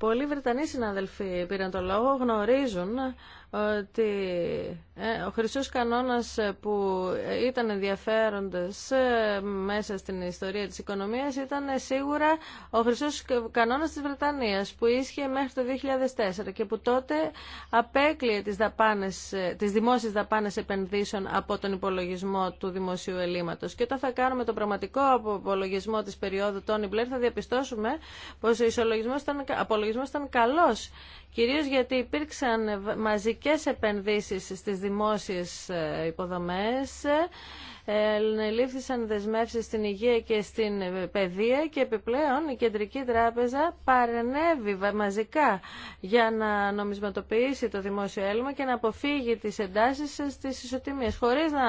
Πολλοί Βρετανοί συναδελφοί πήραν το λόγο, γνωρίζουν ότι ε, ο χρυσός κανόνας που ήταν ενδιαφέροντας ε, μέσα στην ιστορία της οικονομίας ήταν σίγουρα ο χρυσός κανόνας της Βρετανίας που ίσχυε μέχρι το 2004 και που τότε απέκλειε τις, δαπάνες, ε, τις δημόσιες δαπάνες επενδύσεων από τον υπολογισμό του δημοσίου ελλείμματος. Και όταν θα κάνουμε το πραγματικό απολογισμό της περίοδου Τόνι Μπλερ θα διαπιστώσουμε πως ο ισολογισμός ήταν, προπολογισμό ήταν καλός, κυρίως γιατί υπήρξαν μαζικές επενδύσει στι δημόσιε ε, υποδομές, ε, ελήφθησαν δεσμεύσεις στην υγεία και στην ε, παιδεία και επιπλέον η Κεντρική Τράπεζα παρενέβη μαζικά για να νομισματοποιήσει το δημόσιο έλλειμμα και να αποφύγει τι εντάσει στις ισοτιμίες, χωρίς να,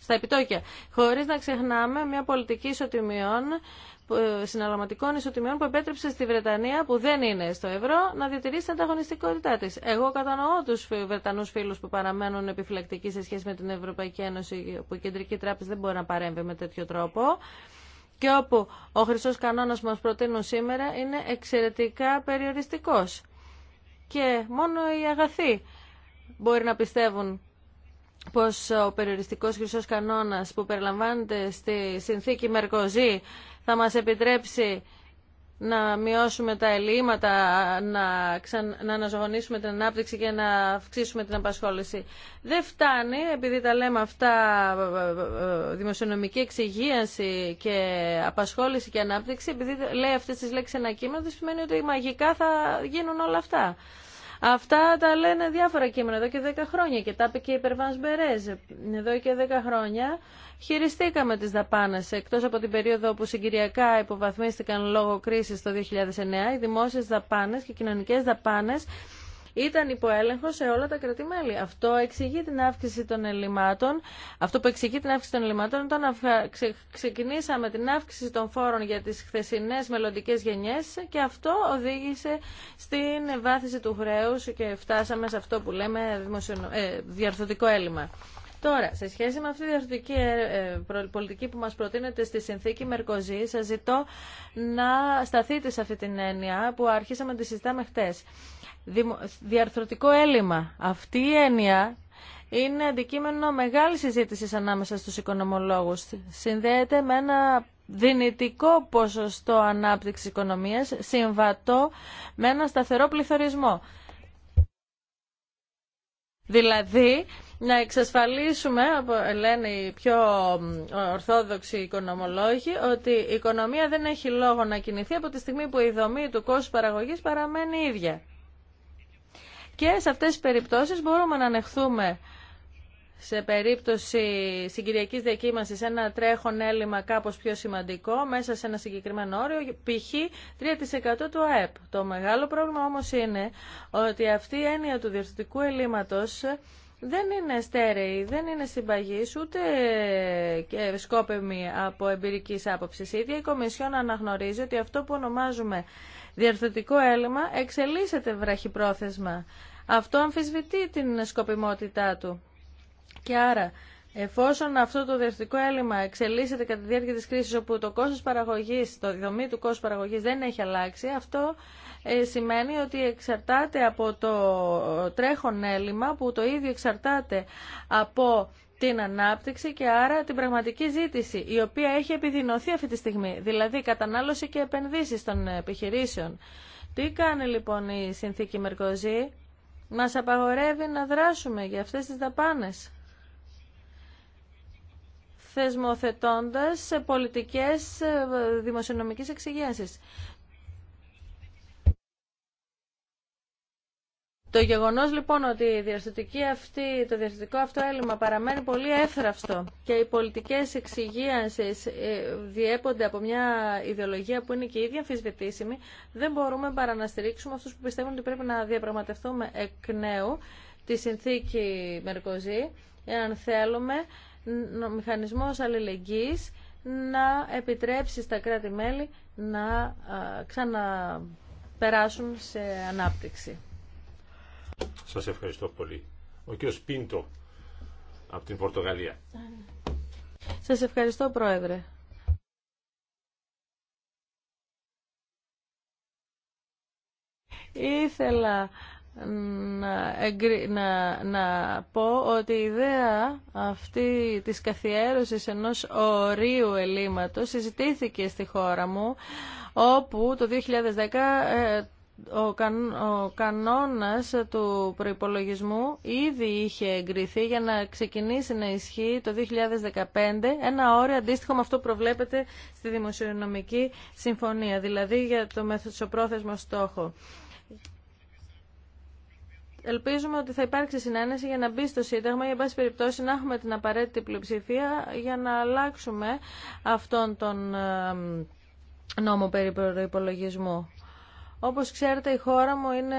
στα επιτόκια, χωρί να ξεχνάμε μια πολιτική ισοτιμιών ε, συναλλαγματικών ισοτιμιών που επέτρεψε στη Βρετανία, που δεν είναι στο ευρώ, να διατηρήσει την ανταγωνιστικότητά τη. Εγώ κατανοώ του Βρετανού φίλου που παραμένουν επιφυλακτικοί σε σχέση με την Ευρωπαϊκή Ένωση, που η Κεντρική Τράπεζα δεν μπορεί να παρέμβει με τέτοιο τρόπο. Και όπου ο χρυσό κανόνα που μα προτείνουν σήμερα είναι εξαιρετικά περιοριστικό. Και μόνο οι αγαθοί μπορεί να πιστεύουν πως ο περιοριστικός χρυσός κανόνας που περιλαμβάνεται στη συνθήκη Μερκοζή θα μας επιτρέψει να μειώσουμε τα ελλείμματα, να, ξαν... να αναζωογονήσουμε την ανάπτυξη και να αυξήσουμε την απασχόληση. Δεν φτάνει, επειδή τα λέμε αυτά δημοσιονομική εξυγίανση και απασχόληση και ανάπτυξη, επειδή λέει αυτές τις λέξεις ένα κείμενο, σημαίνει ότι μαγικά θα γίνουν όλα αυτά. Αυτά τα λένε διάφορα κείμενα εδώ και 10 χρόνια και τα είπε και η Περβάνς Μπερέζ. Εδώ και 10 χρόνια χειριστήκαμε τις δαπάνες. Εκτός από την περίοδο που συγκυριακά υποβαθμίστηκαν λόγω κρίσης το 2009, οι δημόσιες δαπάνες και οι κοινωνικές δαπάνες ήταν υπό σε όλα τα κρατημέλη. Αυτό εξηγεί την αύξηση των ελλημάτων. Αυτό που εξηγεί την αύξηση των ελλημάτων ήταν ξεκινήσαμε την αύξηση των φόρων για τις χθεσινές μελλοντικέ γενιές και αυτό οδήγησε στην βάθηση του χρέους και φτάσαμε σε αυτό που λέμε ε, διαρθωτικό έλλειμμα. Τώρα, σε σχέση με αυτή τη διαρθρωτική ε, ε, πολιτική που μας προτείνεται στη συνθήκη Μερκοζή, σας ζητώ να σταθείτε σε αυτή την έννοια που άρχισαμε να τη συζητάμε χτες. Διαρθρωτικό έλλειμμα. Αυτή η έννοια είναι αντικείμενο μεγάλη συζήτηση ανάμεσα στους οικονομολόγους. Συνδέεται με ένα δυνητικό ποσοστό ανάπτυξης οικονομίας, συμβατό με ένα σταθερό πληθωρισμό. Δηλαδή, να εξασφαλίσουμε, λένε οι πιο ορθόδοξοι οικονομολόγοι, ότι η οικονομία δεν έχει λόγο να κινηθεί από τη στιγμή που η δομή του κόστου παραγωγής παραμένει ίδια. Και σε αυτές τις περιπτώσεις μπορούμε να ανεχθούμε σε περίπτωση συγκυριακή διακύμανση ένα τρέχον έλλειμμα κάπω πιο σημαντικό μέσα σε ένα συγκεκριμένο όριο, π.χ. 3% του ΑΕΠ. Το μεγάλο πρόβλημα όμω είναι ότι αυτή η έννοια του διορθωτικού ελλείμματο δεν είναι στέρεη, δεν είναι συμπαγή, ούτε σκόπεμοι από εμπειρική άποψη, Η ίδια η Κομισιόν αναγνωρίζει ότι αυτό που ονομάζουμε διαρθρωτικό έλλειμμα εξελίσσεται βραχυπρόθεσμα. Αυτό αμφισβητεί την σκοπιμότητά του. Και άρα, εφόσον αυτό το διαρθρωτικό έλλειμμα εξελίσσεται κατά τη διάρκεια της κρίση, όπου το κόστος παραγωγής, το δομή του κόστος παραγωγής δεν έχει αλλάξει, αυτό ε, σημαίνει ότι εξαρτάται από το τρέχον έλλειμμα που το ίδιο εξαρτάται από την ανάπτυξη και άρα την πραγματική ζήτηση, η οποία έχει επιδεινωθεί αυτή τη στιγμή, δηλαδή κατανάλωση και επενδύσεις των επιχειρήσεων. Τι κάνει λοιπόν η συνθήκη Μερκοζή, μας απαγορεύει να δράσουμε για αυτές τις δαπάνες θεσμοθετώντας πολιτικές ε, δημοσιονομικής εξηγένσης. Το γεγονός λοιπόν ότι η αυτή, το διαστητικό αυτό έλλειμμα παραμένει πολύ εύθραυστο και οι πολιτικές εξυγίανσεις ε, διέπονται από μια ιδεολογία που είναι και η ίδια αμφισβητήσιμη, δεν μπορούμε παρά να στηρίξουμε αυτούς που πιστεύουν ότι πρέπει να διαπραγματευτούμε εκ νέου τη συνθήκη Μερκοζή, εάν θέλουμε ο μηχανισμός αλληλεγγύης να επιτρέψει στα κράτη-μέλη να ξαναπεράσουν σε ανάπτυξη. Σας ευχαριστώ πολύ. Ο κύριος Πίντο από την Πορτογαλία. Σας ευχαριστώ Πρόεδρε. Ήθελα να, να, να πω ότι η ιδέα αυτή της καθιέρωσης ενός ορίου ελλείμματος συζητήθηκε στη χώρα μου όπου το 2010 ο, καν, ο κανόνας του προϋπολογισμού ήδη είχε εγκριθεί για να ξεκινήσει να ισχύει το 2015 ένα όριο αντίστοιχο με αυτό που προβλέπεται στη Δημοσιονομική Συμφωνία, δηλαδή για το μεσοπρόθεσμο στόχο. Ελπίζουμε ότι θα υπάρξει συνένεση για να μπει στο Σύνταγμα, εν πάση περιπτώσει να έχουμε την απαραίτητη πλειοψηφία για να αλλάξουμε αυτόν τον ε, νόμο περί προϋπολογισμού. Όπως ξέρετε η χώρα μου είναι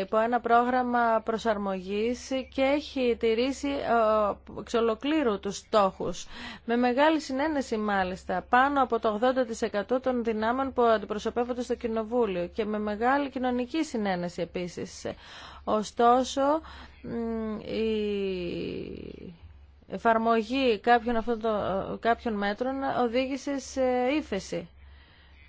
υπό ένα πρόγραμμα προσαρμογής και έχει τηρήσει ε, εξ ολοκλήρου τους στόχους. Με μεγάλη συνένεση μάλιστα, πάνω από το 80% των δυνάμεων που αντιπροσωπεύονται στο Κοινοβούλιο και με μεγάλη κοινωνική συνένεση επίσης. Ωστόσο, η εφαρμογή κάποιων, αυτών, κάποιων μέτρων οδήγησε σε ύφεση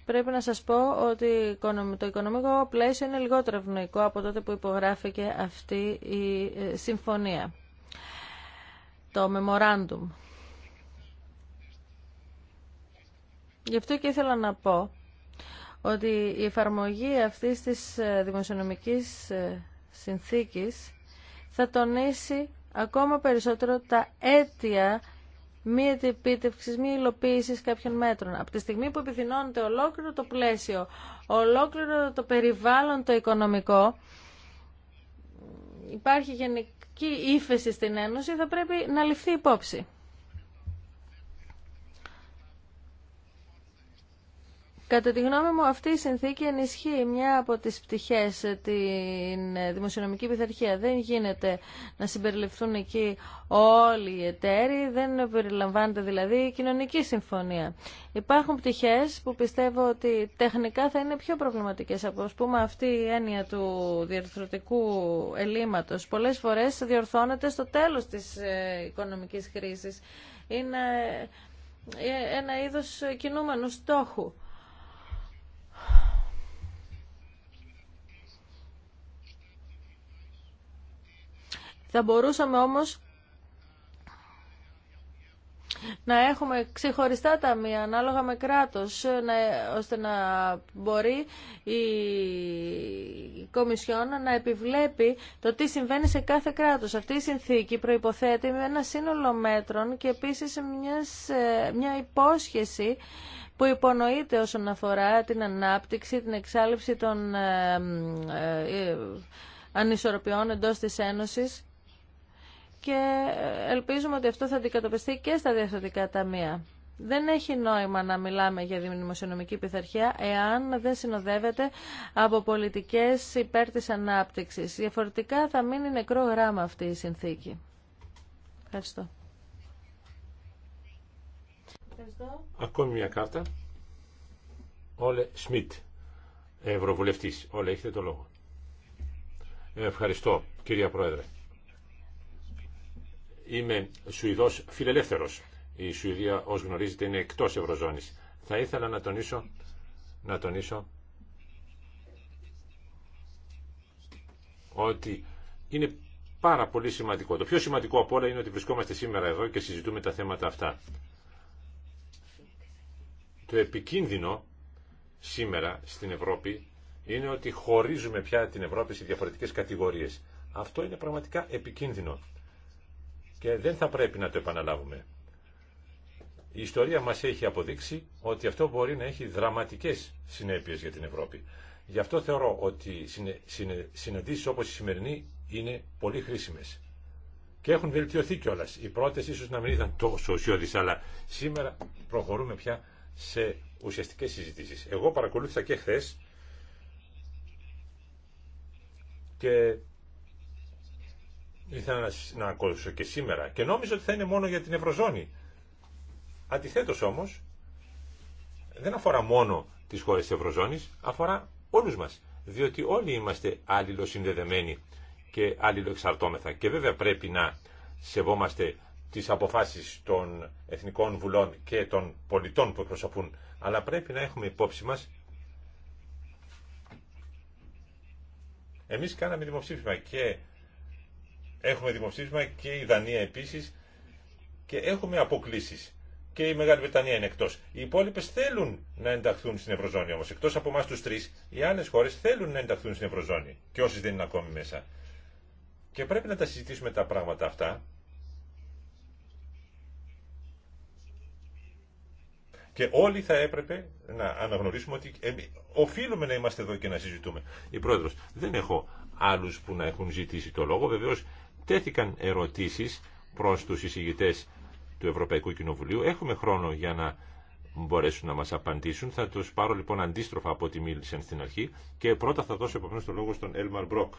πρέπει να σας πω ότι το οικονομικό πλαίσιο είναι λιγότερο ευνοϊκό από τότε που υπογράφηκε αυτή η ε, συμφωνία, το memorandum. Γι' αυτό και ήθελα να πω ότι η εφαρμογή αυτής της ε, δημοσιονομικής ε, συνθήκης θα τονίσει ακόμα περισσότερο τα αίτια Μία επίτευξη, μία υλοποίηση κάποιων μέτρων. Από τη στιγμή που επιθυνώνεται ολόκληρο το πλαίσιο, ολόκληρο το περιβάλλον το οικονομικό, υπάρχει γενική ύφεση στην Ένωση, θα πρέπει να ληφθεί υπόψη. Κατά τη γνώμη μου αυτή η συνθήκη ενισχύει μια από τις πτυχές ε, την ε, δημοσιονομική πειθαρχία. Δεν γίνεται να συμπεριληφθούν εκεί όλοι οι εταίροι, δεν περιλαμβάνεται δηλαδή η κοινωνική συμφωνία. Υπάρχουν πτυχές που πιστεύω ότι τεχνικά θα είναι πιο προβληματικές από ας πούμε αυτή η έννοια του διαρθρωτικού ελλείμματος. Πολλές φορές διορθώνεται στο τέλος της ε, οικονομικής χρήση. Είναι ένα είδος κινούμενου στόχου. Θα μπορούσαμε όμως να έχουμε ξεχωριστά ταμεία ανάλογα με κράτος να, ώστε να μπορεί η Κομισιόν να επιβλέπει το τι συμβαίνει σε κάθε κράτος. Αυτή η συνθήκη προϋποθέτει με ένα σύνολο μέτρων και επίσης μιας, ε, μια υπόσχεση που υπονοείται όσον αφορά την ανάπτυξη, την εξάλληψη των ε, ε, ανισορροπιών εντός της Ένωσης και ελπίζουμε ότι αυτό θα αντικατοπιστεί και στα διαστατικά ταμεία. Δεν έχει νόημα να μιλάμε για δημοσιονομική πειθαρχία εάν δεν συνοδεύεται από πολιτικές υπέρ της ανάπτυξης. Διαφορετικά θα μείνει νεκρό γράμμα αυτή η συνθήκη. Ευχαριστώ. Ακόμη μια κάρτα. Όλε Σμιτ, Ευρωβουλευτής. Όλε, έχετε το λόγο. Ευχαριστώ, κυρία Πρόεδρε. Είμαι Σουηδός φιλελεύθερος. Η Σουηδία, ως γνωρίζετε, είναι εκτός Ευρωζώνης. Θα ήθελα να τονίσω, να τονίσω ότι είναι πάρα πολύ σημαντικό. Το πιο σημαντικό από όλα είναι ότι βρισκόμαστε σήμερα εδώ και συζητούμε τα θέματα αυτά. Το επικίνδυνο σήμερα στην Ευρώπη είναι ότι χωρίζουμε πια την Ευρώπη σε διαφορετικές κατηγορίες. Αυτό είναι πραγματικά επικίνδυνο και δεν θα πρέπει να το επαναλάβουμε. Η ιστορία μας έχει αποδείξει ότι αυτό μπορεί να έχει δραματικές συνέπειες για την Ευρώπη. Γι' αυτό θεωρώ ότι συναντήσεις όπως η σημερινή είναι πολύ χρήσιμες. Και έχουν βελτιωθεί κιόλα. Οι πρώτε ίσω να μην ήταν τόσο ουσιώδει, αλλά σήμερα προχωρούμε πια σε ουσιαστικέ συζητήσει. Εγώ παρακολούθησα και χθε και ήθελα να, να και σήμερα και νόμιζα ότι θα είναι μόνο για την Ευρωζώνη. Αντιθέτω όμω, δεν αφορά μόνο τις χώρες τη Ευρωζώνης, αφορά όλους μας. Διότι όλοι είμαστε αλληλοσυνδεδεμένοι και αλληλοεξαρτώμεθα. Και βέβαια πρέπει να σεβόμαστε τις αποφάσεις των εθνικών βουλών και των πολιτών που εκπροσωπούν. Αλλά πρέπει να έχουμε υπόψη μα. Εμείς κάναμε δημοψήφισμα και Έχουμε δημοψήφισμα και η Δανία επίση και έχουμε αποκλήσει. Και η Μεγάλη Βρετανία είναι εκτό. Οι υπόλοιπε θέλουν να ενταχθούν στην Ευρωζώνη όμω. Εκτός από εμά του τρει. οι άλλε χώρε θέλουν να ενταχθούν στην Ευρωζώνη. Και όσε δεν είναι ακόμη μέσα. Και πρέπει να τα συζητήσουμε τα πράγματα αυτά. Και όλοι θα έπρεπε να αναγνωρίσουμε ότι οφείλουμε να είμαστε εδώ και να συζητούμε. Η Πρόεδρος, δεν έχω άλλους που να έχουν ζητήσει το λόγο. Βεβαίως τέθηκαν ερωτήσεις προς τους εισηγητές του Ευρωπαϊκού Κοινοβουλίου. Έχουμε χρόνο για να μπορέσουν να μας απαντήσουν. Θα τους πάρω λοιπόν αντίστροφα από ό,τι μίλησαν στην αρχή και πρώτα θα δώσω επομένως το λόγο στον Έλμαρ Μπρόκ.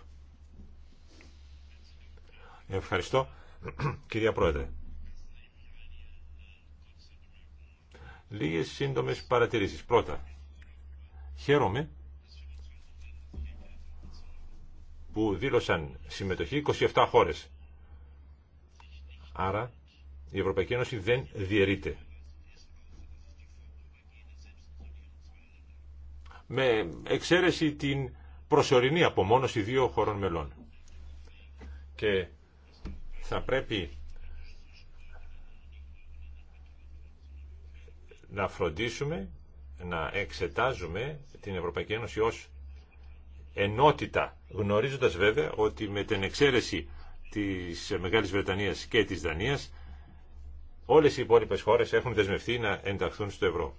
Ευχαριστώ. [CLEARS THROAT] Κυρία Πρόεδρε. Λίγες σύντομες παρατηρήσεις. Πρώτα, χαίρομαι που δήλωσαν συμμετοχή 27 χώρες. Άρα η Ευρωπαϊκή Ένωση δεν διαιρείται. Με εξαίρεση την προσωρινή απομόνωση δύο χωρών μελών. Και θα πρέπει να φροντίσουμε, να εξετάζουμε την Ευρωπαϊκή Ένωση ως ενότητα, γνωρίζοντας βέβαια ότι με την εξαίρεση της Μεγάλης Βρετανίας και της Δανίας όλες οι υπόλοιπες χώρες έχουν δεσμευτεί να ενταχθούν στο ευρώ.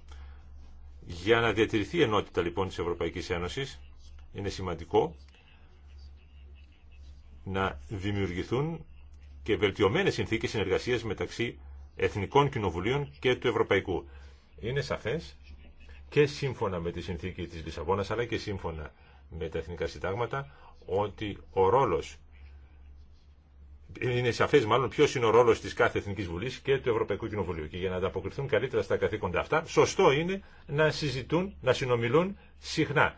Για να διατηρηθεί η ενότητα λοιπόν της Ευρωπαϊκής Ένωσης είναι σημαντικό να δημιουργηθούν και βελτιωμένες συνθήκες συνεργασίας μεταξύ Εθνικών Κοινοβουλίων και του Ευρωπαϊκού. Είναι σαφές και σύμφωνα με τη συνθήκη της Λισαβόνας αλλά και σύμφωνα με τα εθνικά συντάγματα ότι ο ρόλος είναι σαφέ μάλλον ποιο είναι ο ρόλο τη κάθε Εθνική Βουλή και του Ευρωπαϊκού Κοινοβουλίου. Και για να ανταποκριθούν καλύτερα στα καθήκοντα αυτά, σωστό είναι να συζητούν, να συνομιλούν συχνά.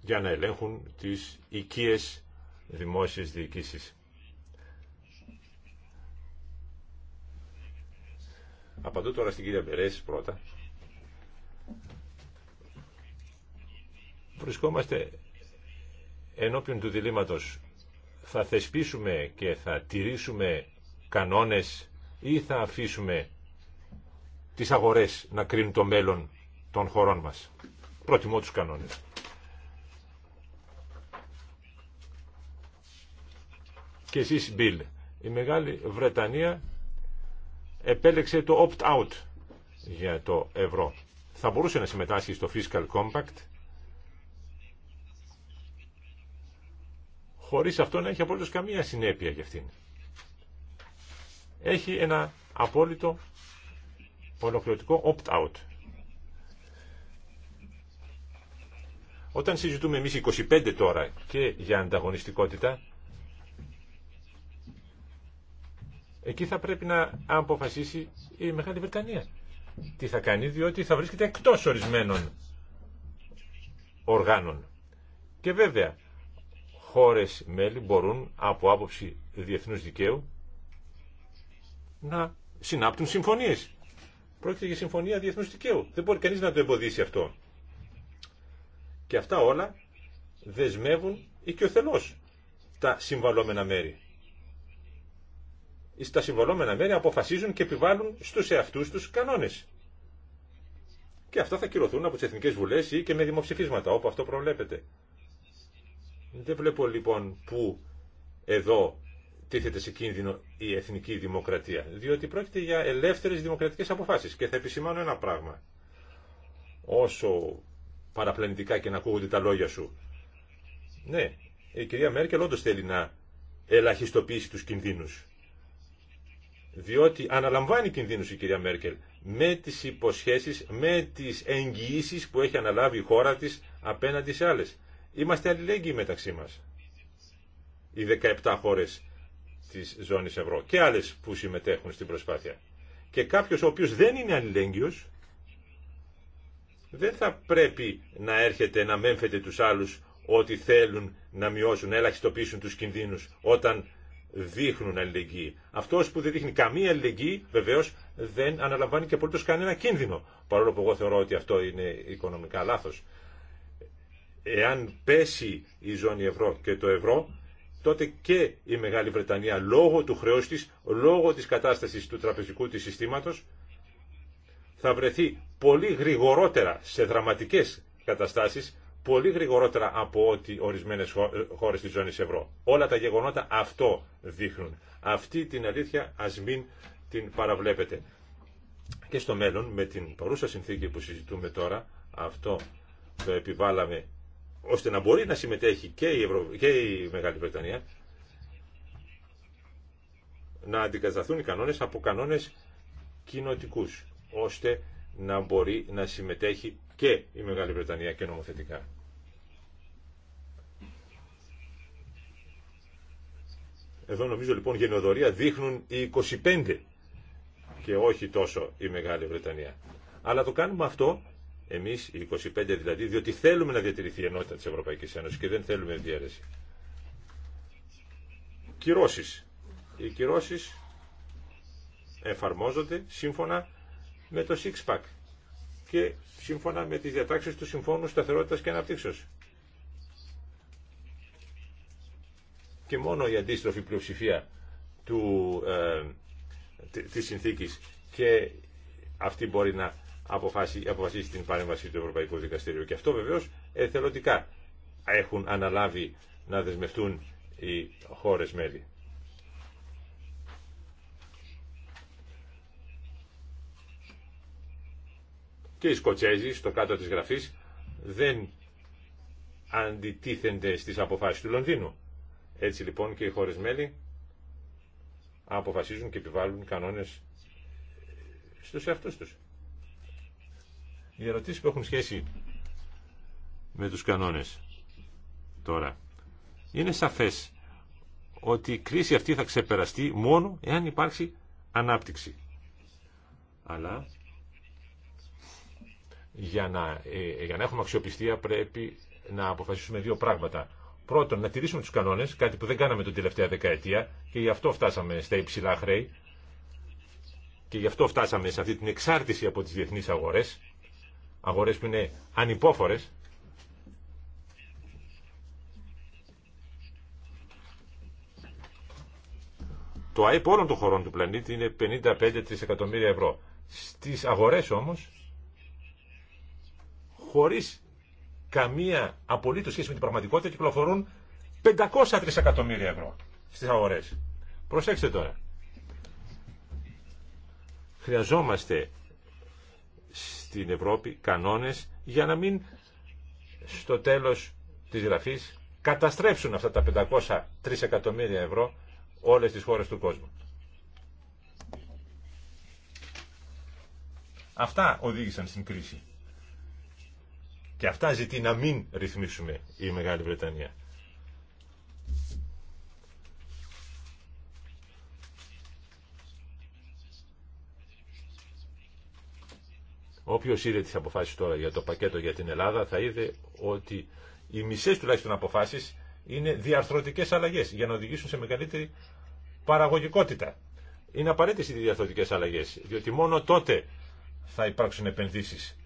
Για να ελέγχουν τι οικίε δημόσιε διοικήσει. Απαντώ τώρα στην κυρία Μπερέση πρώτα. βρισκόμαστε ενώπιον του διλήμματος θα θεσπίσουμε και θα τηρήσουμε κανόνες ή θα αφήσουμε τις αγορές να κρίνουν το μέλλον των χωρών μας. Προτιμώ τους κανόνες. Και εσείς, Μπιλ, η Μεγάλη Βρετανία επέλεξε το opt-out για το ευρώ. Θα μπορούσε να συμμετάσχει στο Fiscal Compact χωρίς αυτό να έχει απόλυτος καμία συνέπεια για αυτήν. Έχει ένα απόλυτο ολοκληρωτικό opt-out. Όταν συζητούμε εμείς 25 τώρα και για ανταγωνιστικότητα, εκεί θα πρέπει να αποφασίσει η Μεγάλη Βρετανία. Τι θα κάνει, διότι θα βρίσκεται εκτός ορισμένων οργάνων. Και βέβαια, χώρες μέλη μπορούν από άποψη διεθνούς δικαίου να συνάπτουν συμφωνίες. Πρόκειται για συμφωνία διεθνούς δικαίου. Δεν μπορεί κανείς να το εμποδίσει αυτό. Και αυτά όλα δεσμεύουν οικειοθελώς τα συμβαλόμενα μέρη. Τα συμβαλόμενα μέρη αποφασίζουν και επιβάλλουν στους εαυτούς τους κανόνες. Και αυτά θα κυρωθούν από τις Εθνικές Βουλές ή και με δημοψηφίσματα, όπου αυτό προβλέπεται. Δεν βλέπω λοιπόν που εδώ τίθεται σε κίνδυνο η εθνική δημοκρατία, διότι πρόκειται για ελεύθερες δημοκρατικές αποφάσεις και θα επισημάνω ένα πράγμα. Όσο παραπλανητικά και να ακούγονται τα λόγια σου. Ναι, η κυρία Μέρκελ όντως θέλει να ελαχιστοποιήσει τους κινδύνους. Διότι αναλαμβάνει κινδύνους η κυρία Μέρκελ με τις υποσχέσεις, με τις εγγυήσεις που έχει αναλάβει η χώρα της απέναντι σε άλλες. Είμαστε αλληλέγγυοι μεταξύ μα. Οι 17 χώρες τη ζώνη ευρώ και άλλε που συμμετέχουν στην προσπάθεια. Και κάποιο ο οποίο δεν είναι αλληλέγγυο, δεν θα πρέπει να έρχεται να μέμφεται τους άλλους ότι θέλουν να μειώσουν, να ελαχιστοποιήσουν τους κινδύνους όταν δείχνουν αλληλεγγύη. Αυτός που δεν δείχνει καμία αλληλεγγύη βεβαίω, δεν αναλαμβάνει και απολύτω κανένα κίνδυνο. Παρόλο που εγώ θεωρώ ότι αυτό είναι οικονομικά λάθο εάν πέσει η ζώνη ευρώ και το ευρώ, τότε και η Μεγάλη Βρετανία λόγω του χρέους της, λόγω της κατάστασης του τραπεζικού της συστήματος, θα βρεθεί πολύ γρηγορότερα σε δραματικές καταστάσεις, πολύ γρηγορότερα από ό,τι ορισμένες χώρες της ζώνης ευρώ. Όλα τα γεγονότα αυτό δείχνουν. Αυτή την αλήθεια ας μην την παραβλέπετε. Και στο μέλλον, με την παρούσα συνθήκη που συζητούμε τώρα, αυτό το επιβάλαμε ώστε να μπορεί να συμμετέχει και η, Ευρω... και η Μεγάλη Βρετανία να αντικατασταθούν οι κανόνες από κανόνες κοινοτικού, ώστε να μπορεί να συμμετέχει και η Μεγάλη Βρετανία και νομοθετικά. Εδώ νομίζω λοιπόν γενοδορία δείχνουν οι 25 και όχι τόσο η Μεγάλη Βρετανία. Αλλά το κάνουμε αυτό εμείς οι 25 δηλαδή, διότι θέλουμε να διατηρηθεί η ενότητα της Ευρωπαϊκής Ένωσης και δεν θέλουμε διαίρεση. Κυρώσεις. Οι κυρώσεις εφαρμόζονται σύμφωνα με το six και σύμφωνα με τις διατάξεις του Συμφώνου Σταθερότητας και Αναπτύξεως. Και μόνο η αντίστροφη πλειοψηφία του, ε, της συνθήκης και αυτή μπορεί να αποφασίσει την παρέμβαση του Ευρωπαϊκού Δικαστηρίου. Και αυτό βεβαίως εθελοντικά έχουν αναλάβει να δεσμευτούν οι χώρες μέλη. Και οι Σκοτσέζοι στο κάτω της γραφής δεν αντιτίθενται στις αποφάσεις του Λονδίνου. Έτσι λοιπόν και οι χώρες μέλη αποφασίζουν και επιβάλλουν κανόνες στους εαυτούς τους οι ερωτήσεις που έχουν σχέση με τους κανόνες τώρα. Είναι σαφές ότι η κρίση αυτή θα ξεπεραστεί μόνο εάν υπάρξει ανάπτυξη. Αλλά για να, ε, ε, για να έχουμε αξιοπιστία πρέπει να αποφασίσουμε δύο πράγματα. Πρώτον, να τηρήσουμε τους κανόνες, κάτι που δεν κάναμε την τελευταία δεκαετία και γι' αυτό φτάσαμε στα υψηλά χρέη και γι' αυτό φτάσαμε σε αυτή την εξάρτηση από τις διεθνείς αγορές αγορές που είναι ανυπόφορες, Το ΑΕΠ όλων των χωρών του πλανήτη είναι 55 τρισεκατομμύρια ευρώ. Στις αγορές όμως, χωρίς καμία απολύτως σχέση με την πραγματικότητα, κυκλοφορούν 500 τρισεκατομμύρια ευρώ στις αγορές. Προσέξτε τώρα. Χρειαζόμαστε στην Ευρώπη κανόνες για να μην στο τέλος της γραφής καταστρέψουν αυτά τα 503 εκατομμύρια ευρώ όλες τις χώρες του κόσμου. Αυτά οδήγησαν στην κρίση. Και αυτά ζητεί να μην ρυθμίσουμε η Μεγάλη Βρετανία. Όποιο είδε τι αποφάσει τώρα για το πακέτο για την Ελλάδα θα είδε ότι οι μισές τουλάχιστον αποφάσεις είναι διαρθρωτικές αλλαγέ για να οδηγήσουν σε μεγαλύτερη παραγωγικότητα. Είναι απαραίτητε οι διαρθρωτικές αλλαγέ, διότι μόνο τότε θα υπάρξουν επενδύσεις.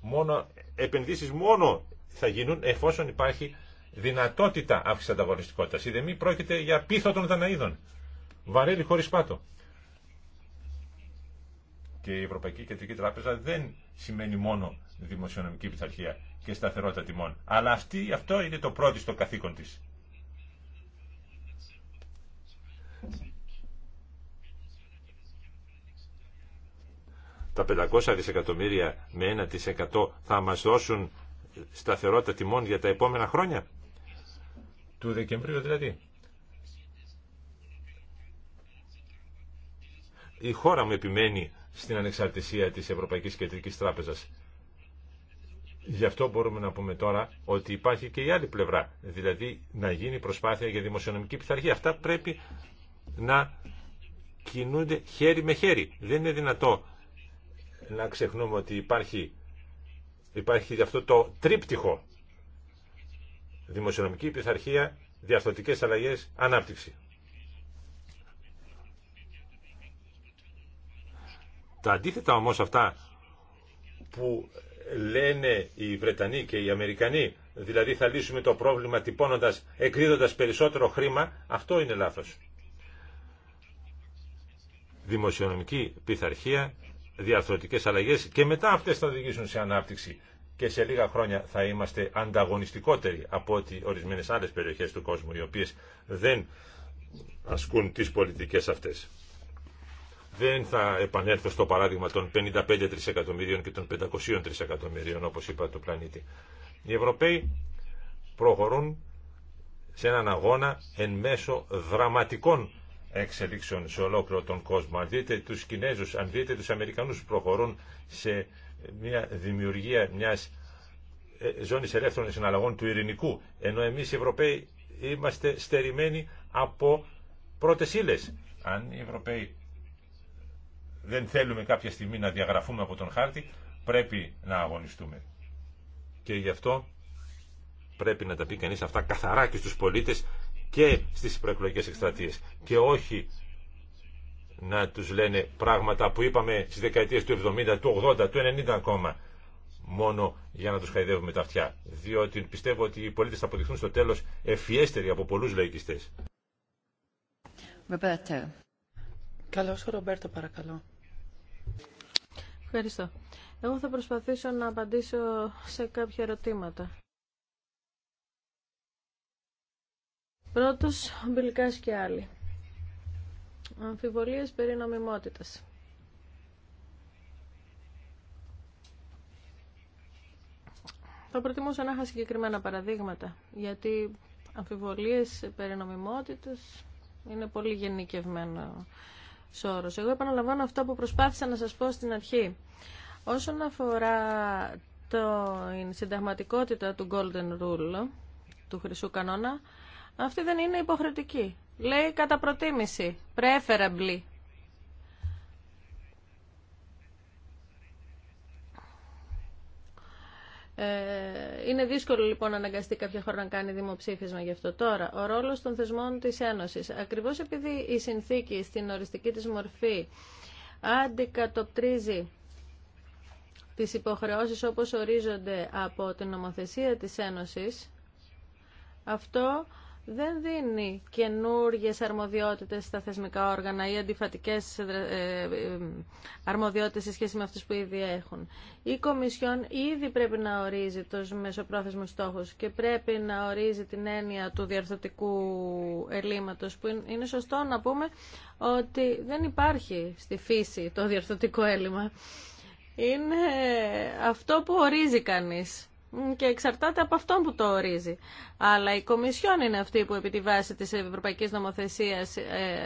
Μόνο, επενδύσεις μόνο θα γίνουν εφόσον υπάρχει δυνατότητα αύξηση ανταγωνιστικότητα. Η δεμή πρόκειται για πίθο των Δαναίδων. Βαρέλι χωρί πάτο και η Ευρωπαϊκή Κεντρική Τράπεζα δεν σημαίνει μόνο δημοσιονομική πειθαρχία και σταθερότητα τιμών. Αλλά αυτή, αυτό είναι το πρώτο στο καθήκον της. Τα 500 δισεκατομμύρια με 1% θα μας δώσουν σταθερότητα τιμών για τα επόμενα χρόνια. Του Δεκεμβρίου δηλαδή. Η χώρα μου επιμένει στην ανεξαρτησία της Ευρωπαϊκής Κεντρικής Τράπεζας. Γι' αυτό μπορούμε να πούμε τώρα ότι υπάρχει και η άλλη πλευρά, δηλαδή να γίνει προσπάθεια για δημοσιονομική πειθαρχία. Αυτά πρέπει να κινούνται χέρι με χέρι. Δεν είναι δυνατό να ξεχνούμε ότι υπάρχει, υπάρχει αυτό το τρίπτυχο δημοσιονομική πειθαρχία, διαφθορτικές αλλαγές, ανάπτυξη. Τα αντίθετα όμως αυτά που λένε οι Βρετανοί και οι Αμερικανοί, δηλαδή θα λύσουμε το πρόβλημα τυπώνοντας, εκδίδοντας περισσότερο χρήμα, αυτό είναι λάθος. Δημοσιονομική πειθαρχία, διαρθρωτικές αλλαγές και μετά αυτές θα οδηγήσουν σε ανάπτυξη και σε λίγα χρόνια θα είμαστε ανταγωνιστικότεροι από ότι ορισμένες άλλες περιοχές του κόσμου οι οποίες δεν ασκούν τις πολιτικές αυτές. Δεν θα επανέλθω στο παράδειγμα των 55 τρισεκατομμυρίων και των 500 τρισεκατομμυρίων, όπως είπα, του πλανήτη. Οι Ευρωπαίοι προχωρούν σε έναν αγώνα εν μέσω δραματικών εξελίξεων σε ολόκληρο τον κόσμο. Αν δείτε τους Κινέζους, αν δείτε τους Αμερικανούς προχωρούν σε μια δημιουργία μιας ε, ζώνης ελεύθερων συναλλαγών του ειρηνικού, ενώ εμείς οι Ευρωπαίοι είμαστε στερημένοι από πρώτες ύλες. Αν οι Ευρωπαίοι δεν θέλουμε κάποια στιγμή να διαγραφούμε από τον χάρτη, πρέπει να αγωνιστούμε. Και γι' αυτό πρέπει να τα πει κανείς αυτά καθαρά και στους πολίτες και στις προεκλογικές εκστρατείες και όχι να τους λένε πράγματα που είπαμε στις δεκαετίες του 70, του 80, του 90 ακόμα μόνο για να τους χαϊδεύουμε τα αυτιά διότι πιστεύω ότι οι πολίτες θα αποδειχθούν στο τέλος ευφιέστεροι από πολλούς λαϊκιστές Ρομπέρτο. Καλώς ο Ρομπέρτο παρακαλώ Ευχαριστώ. Εγώ θα προσπαθήσω να απαντήσω σε κάποια ερωτήματα. Πρώτος, ομπιλικάς και άλλοι. Αμφιβολίες περί νομιμότητας. Θα προτιμούσα να είχα συγκεκριμένα παραδείγματα, γιατί αμφιβολίες περί νομιμότητας είναι πολύ γενικευμένο Σόρος. Εγώ επαναλαμβάνω αυτό που προσπάθησα να σας πω στην αρχή. Όσον αφορά την συνταγματικότητα του Golden Rule, του χρυσού κανόνα, αυτή δεν είναι υποχρεωτική. Λέει κατά προτίμηση, preferably, Ε, είναι δύσκολο λοιπόν να αναγκαστεί κάποια χώρα να κάνει δημοψήφισμα γι' αυτό. Τώρα, ο ρόλο των θεσμών τη Ένωση. Ακριβώ επειδή η συνθήκη στην οριστική τη μορφή αντικατοπτρίζει τις υποχρεώσεις όπως ορίζονται από την νομοθεσία της Ένωσης, αυτό δεν δίνει καινούριε αρμοδιότητες στα θεσμικά όργανα ή αντιφατικές ε, ε, αρμοδιότητες σε σχέση με αυτούς που ήδη έχουν. Η Κομισιόν ήδη πρέπει να ορίζει τους μεσοπρόθεσμους στόχους και πρέπει να ορίζει την έννοια του διαρθωτικού ελλείμματος που είναι σωστό να πούμε ότι δεν υπάρχει στη φύση το διαρθωτικό έλλειμμα. Είναι αυτό που ορίζει κανείς και εξαρτάται από αυτόν που το ορίζει. Αλλά η Κομισιόν είναι αυτή που επί τη βάση της Ευρωπαϊκής Νομοθεσίας ε,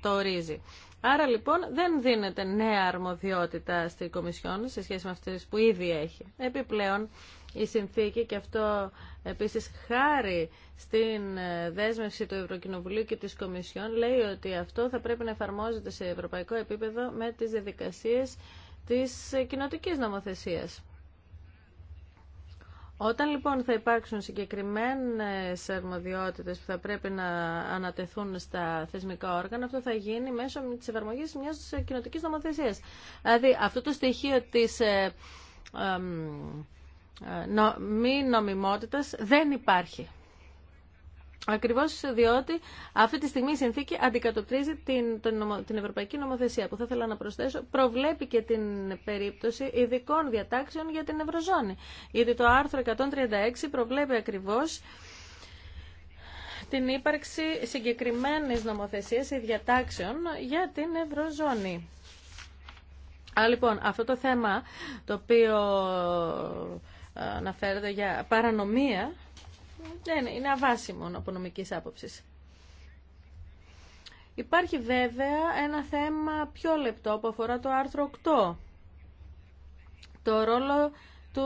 το ορίζει. Άρα λοιπόν δεν δίνεται νέα αρμοδιότητα στη Κομισιόν σε σχέση με αυτές που ήδη έχει. Επιπλέον η συνθήκη και αυτό επίσης χάρη στην ε, δέσμευση του Ευρωκοινοβουλίου και της Κομισιόν λέει ότι αυτό θα πρέπει να εφαρμόζεται σε ευρωπαϊκό επίπεδο με τις διαδικασίες της κοινοτικής νομοθεσίας. Όταν λοιπόν θα υπάρξουν συγκεκριμένες αρμοδιότητες που θα πρέπει να ανατεθούν στα θεσμικά όργανα, αυτό θα γίνει μέσω της εφαρμογής μιας κοινοτική νομοθεσίας. Δηλαδή αυτό το στοιχείο της ε, ε, μη νομιμότητας δεν υπάρχει. Ακριβώς διότι αυτή τη στιγμή η συνθήκη αντικατοπτρίζει την, την Ευρωπαϊκή Νομοθεσία που θα ήθελα να προσθέσω προβλέπει και την περίπτωση ειδικών διατάξεων για την Ευρωζώνη. Γιατί το άρθρο 136 προβλέπει ακριβώς την ύπαρξη συγκεκριμένη νομοθεσία ή διατάξεων για την Ευρωζώνη. Α, λοιπόν, αυτό το θέμα το οποίο ε, αναφέρεται για παρανομία δεν ναι, ναι, είναι αβάσιμο από νομικής άποψης. Υπάρχει βέβαια ένα θέμα πιο λεπτό που αφορά το άρθρο 8. Το ρόλο του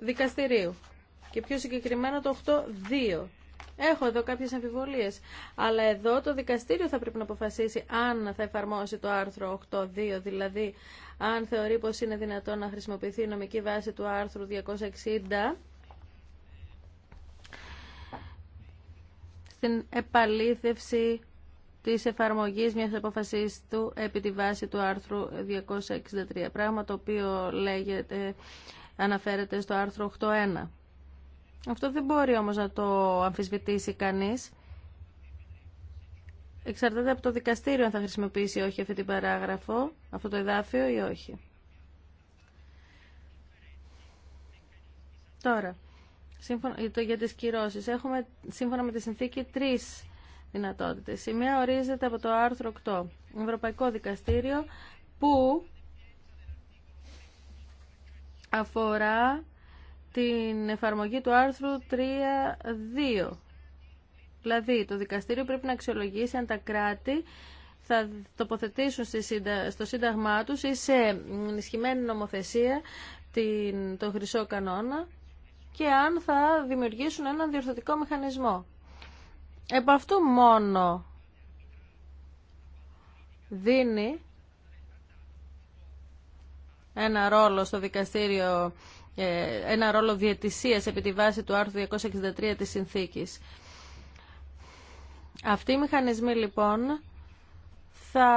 δικαστηρίου. Και πιο συγκεκριμένα το 8.2. Έχω εδώ κάποιες αμφιβολίες, αλλά εδώ το δικαστήριο θα πρέπει να αποφασίσει αν θα εφαρμόσει το άρθρο 8.2, δηλαδή αν θεωρεί πως είναι δυνατόν να χρησιμοποιηθεί η νομική βάση του άρθρου 260 στην επαλήθευση της εφαρμογής μιας απόφασης του επί τη βάση του άρθρου 263, πράγμα το οποίο λέγεται, αναφέρεται στο άρθρο 8.1. Αυτό δεν μπορεί όμως να το αμφισβητήσει κανείς εξαρτάται από το δικαστήριο αν θα χρησιμοποιήσει ή όχι αυτή την παράγραφο, αυτό το εδάφιο ή όχι. Τώρα, για τις κυρώσεις, έχουμε σύμφωνα με τη συνθήκη τρεις δυνατότητες. Η μία ορίζεται από το άρθρο 8, Ευρωπαϊκό Δικαστήριο, που αφορά την εφαρμογή του άρθρου 3.2 Δηλαδή, το δικαστήριο πρέπει να αξιολογήσει αν τα κράτη θα τοποθετήσουν στο σύνταγμά τους ή σε ενισχυμένη νομοθεσία την, το χρυσό κανόνα και αν θα δημιουργήσουν έναν διορθωτικό μηχανισμό. Επ' αυτού μόνο δίνει ένα ρόλο στο δικαστήριο, ε, ένα ρόλο διαιτησίας επί τη βάση του άρθρου 263 της συνθήκης. Αυτοί οι μηχανισμοί λοιπόν θα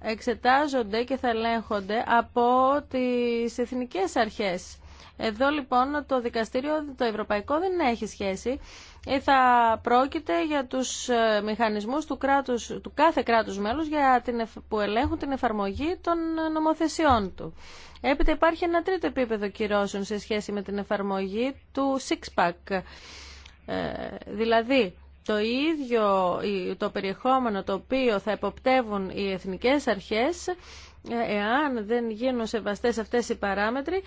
εξετάζονται και θα ελέγχονται από τις εθνικές αρχές. Εδώ λοιπόν το δικαστήριο, το ευρωπαϊκό δεν έχει σχέση. Ε, θα πρόκειται για τους ε, μηχανισμούς του, κράτους, του κάθε κράτους μέλους για την, που ελέγχουν την εφαρμογή των ε, νομοθεσιών του. Έπειτα υπάρχει ένα τρίτο επίπεδο κυρώσεων σε σχέση με την εφαρμογή του six δηλαδή, το ίδιο το περιεχόμενο το οποίο θα εποπτεύουν οι εθνικές αρχές ε, εάν δεν γίνουν σεβαστές αυτές οι παράμετροι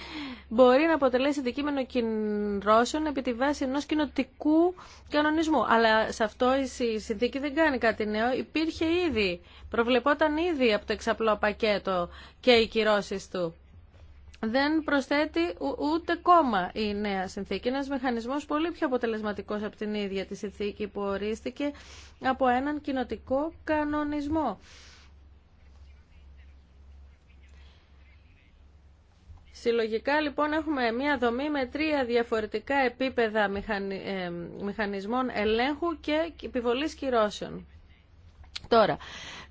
μπορεί να αποτελέσει αντικείμενο κυρώσεων επί τη βάση ενός κοινοτικού κανονισμού. Αλλά σε αυτό η συνθήκη δεν κάνει κάτι νέο. Υπήρχε ήδη, προβλεπόταν ήδη από το εξαπλό πακέτο και οι κυρώσεις του δεν προσθέτει ούτε κόμμα η νέα συνθήκη. Ένα μηχανισμός πολύ πιο αποτελεσματικός από την ίδια τη συνθήκη που ορίστηκε από έναν κοινοτικό κανονισμό. Συλλογικά λοιπόν έχουμε μια δομή με τρία διαφορετικά επίπεδα ε, μηχανισμών ελέγχου και επιβολής κυρώσεων. Τώρα,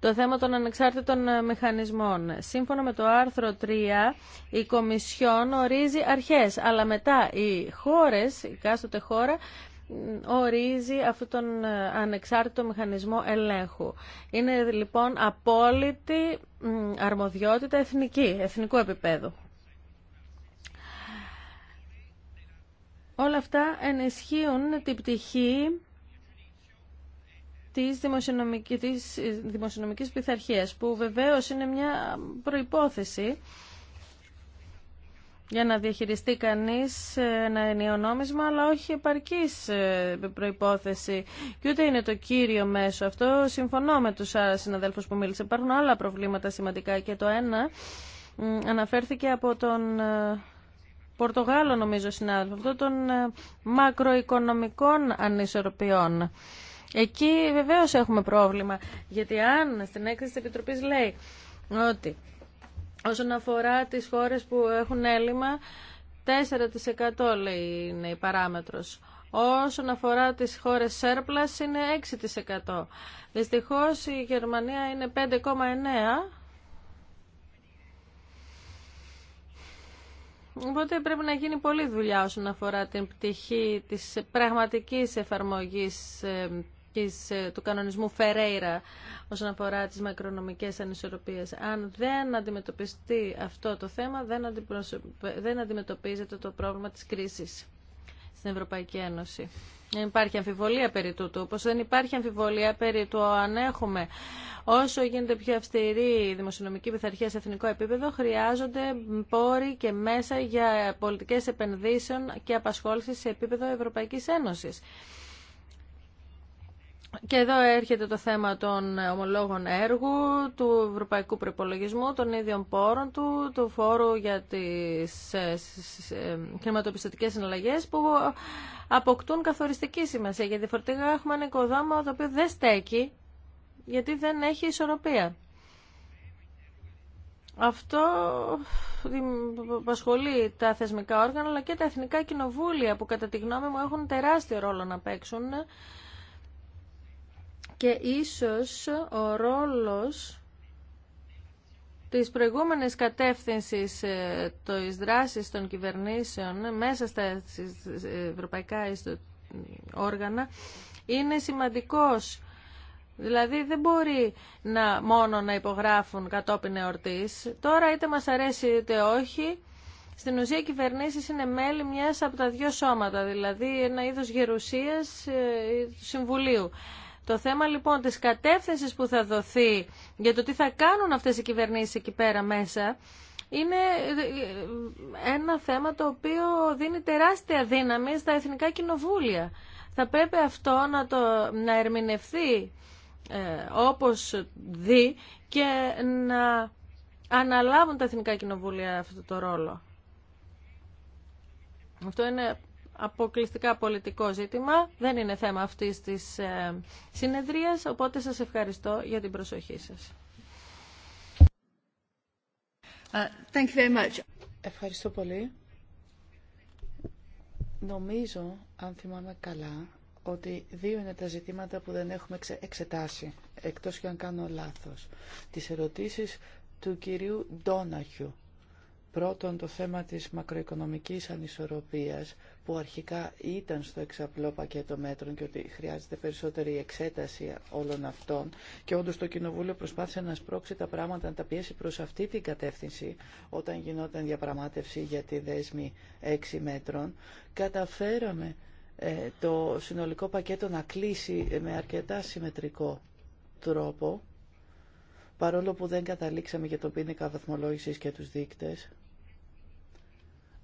το θέμα των ανεξάρτητων ε, μηχανισμών. Σύμφωνα με το άρθρο 3, η Κομισιόν ορίζει αρχές, αλλά μετά οι χώρες, η κάστοτε χώρα, ορίζει αυτόν τον ε, ανεξάρτητο μηχανισμό ελέγχου. Είναι λοιπόν απόλυτη αρμοδιότητα εθνική, εθνικού επίπεδου. Όλα αυτά ενισχύουν την πτυχή της δημοσιονομικής, ε, δημοσιονομικής πειθαρχίας, που βεβαίως είναι μια προϋπόθεση για να διαχειριστεί κανείς ε, ένα ενιαίο νόμισμα, αλλά όχι επαρκής ε, προϋπόθεση. Και ούτε είναι το κύριο μέσο αυτό. Συμφωνώ με τους συναδέλφους που μίλησε. Υπάρχουν άλλα προβλήματα σημαντικά και το ένα αναφέρθηκε από τον Πορτογάλο, νομίζω, συνάδελφο, αυτό των μακροοικονομικών ανισορροπιών. Εκεί βεβαίω έχουμε πρόβλημα, γιατί αν στην έκθεση τη Επιτροπής λέει ότι όσον αφορά τις χώρες που έχουν έλλειμμα, 4% λέει είναι η παράμετρο. Όσον αφορά τις χώρες Σέρπλας είναι 6%. Δυστυχώ η Γερμανία είναι 5,9%. Οπότε πρέπει να γίνει πολλή δουλειά όσον αφορά την πτυχή της πραγματικής εφαρμογής ε, ε, του κανονισμού Φερέιρα όσον αφορά τις μακρονομικές ανισορροπίες. Αν δεν αντιμετωπιστεί αυτό το θέμα, δεν αντιμετωπίζεται το πρόβλημα της κρίσης στην Ευρωπαϊκή Ένωση. Δεν υπάρχει αμφιβολία περί τούτου, όπως δεν υπάρχει αμφιβολία περί του αν έχουμε όσο γίνεται πιο αυστηρή η δημοσιονομική πειθαρχία σε εθνικό επίπεδο, χρειάζονται πόροι και μέσα για πολιτικές επενδύσεων και απασχόληση σε επίπεδο Ευρωπαϊκής Ένωσης. Και εδώ έρχεται το θέμα των ομολόγων έργου, του ευρωπαϊκού προπολογισμού, των ίδιων πόρων του, του φόρου για τις ε, ε, χρηματοπιστωτικές συναλλαγές που αποκτούν καθοριστική σημασία. Γιατί φορτίγα έχουμε ένα οικοδόμα το οποίο δεν στέκει γιατί δεν έχει ισορροπία. Αυτό απασχολεί τα θεσμικά όργανα αλλά και τα εθνικά κοινοβούλια που κατά τη γνώμη μου έχουν τεράστιο ρόλο να παίξουν και ίσως ο ρόλος της προηγούμενης κατεύθυνσης ε, το δράση των κυβερνήσεων μέσα στα ευρωπαϊκά όργανα είναι σημαντικός. Δηλαδή δεν μπορεί να, μόνο να υπογράφουν κατόπιν εορτής. Τώρα είτε μας αρέσει είτε όχι, στην ουσία οι κυβερνήσεις είναι μέλη μιας από τα δύο σώματα, δηλαδή ένα είδος γερουσίας του ε, Συμβουλίου. Το θέμα λοιπόν της κατεύθυνσης που θα δοθεί για το τι θα κάνουν αυτές οι κυβερνήσεις εκεί πέρα μέσα είναι ε, ένα θέμα το οποίο δίνει τεράστια δύναμη στα εθνικά κοινοβούλια. Θα πρέπει αυτό να, το, να ερμηνευθεί ε, όπως δει και να αναλάβουν τα εθνικά κοινοβούλια αυτό το ρόλο. Αυτό είναι αποκλειστικά πολιτικό ζήτημα. Δεν είναι θέμα αυτής της ε, συνεδρίας, οπότε σας ευχαριστώ για την προσοχή σας. Ε, ευχαριστώ πολύ. Νομίζω, αν θυμάμαι καλά, ότι δύο είναι τα ζητήματα που δεν έχουμε εξετάσει, εκτός και αν κάνω λάθος. Τις ερωτήσεις του κυρίου Ντόναχιου Πρώτον, το θέμα της μακροοικονομικής ανισορροπίας που αρχικά ήταν στο εξαπλό πακέτο μέτρων και ότι χρειάζεται περισσότερη εξέταση όλων αυτών και όντως το Κοινοβούλιο προσπάθησε να σπρώξει τα πράγματα, να τα πιέσει προς αυτή την κατεύθυνση όταν γινόταν διαπραγμάτευση για τη δέσμη έξι μέτρων. Καταφέραμε ε, το συνολικό πακέτο να κλείσει ε, με αρκετά συμμετρικό τρόπο παρόλο που δεν καταλήξαμε για το πίνακα βαθμολόγησης και τους δείκτες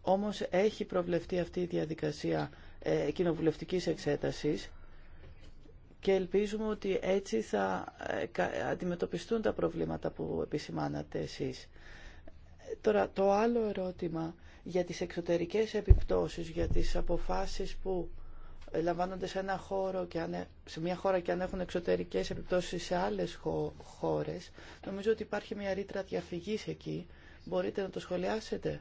όμως έχει προβλεφτεί αυτή η διαδικασία ε, κοινοβουλευτικής εξέτασης και ελπίζουμε ότι έτσι θα ε, αντιμετωπιστούν τα προβλήματα που επισημάνατε εσείς. Τώρα, το άλλο ερώτημα για τις εξωτερικές επιπτώσεις, για τις αποφάσεις που ε, λαμβάνονται σε, ένα χώρο και ε, σε μια χώρα και αν έχουν εξωτερικές επιπτώσεις σε άλλες χώρες, νομίζω ότι υπάρχει μια ρήτρα διαφυγής εκεί. Μπορείτε να το σχολιάσετε.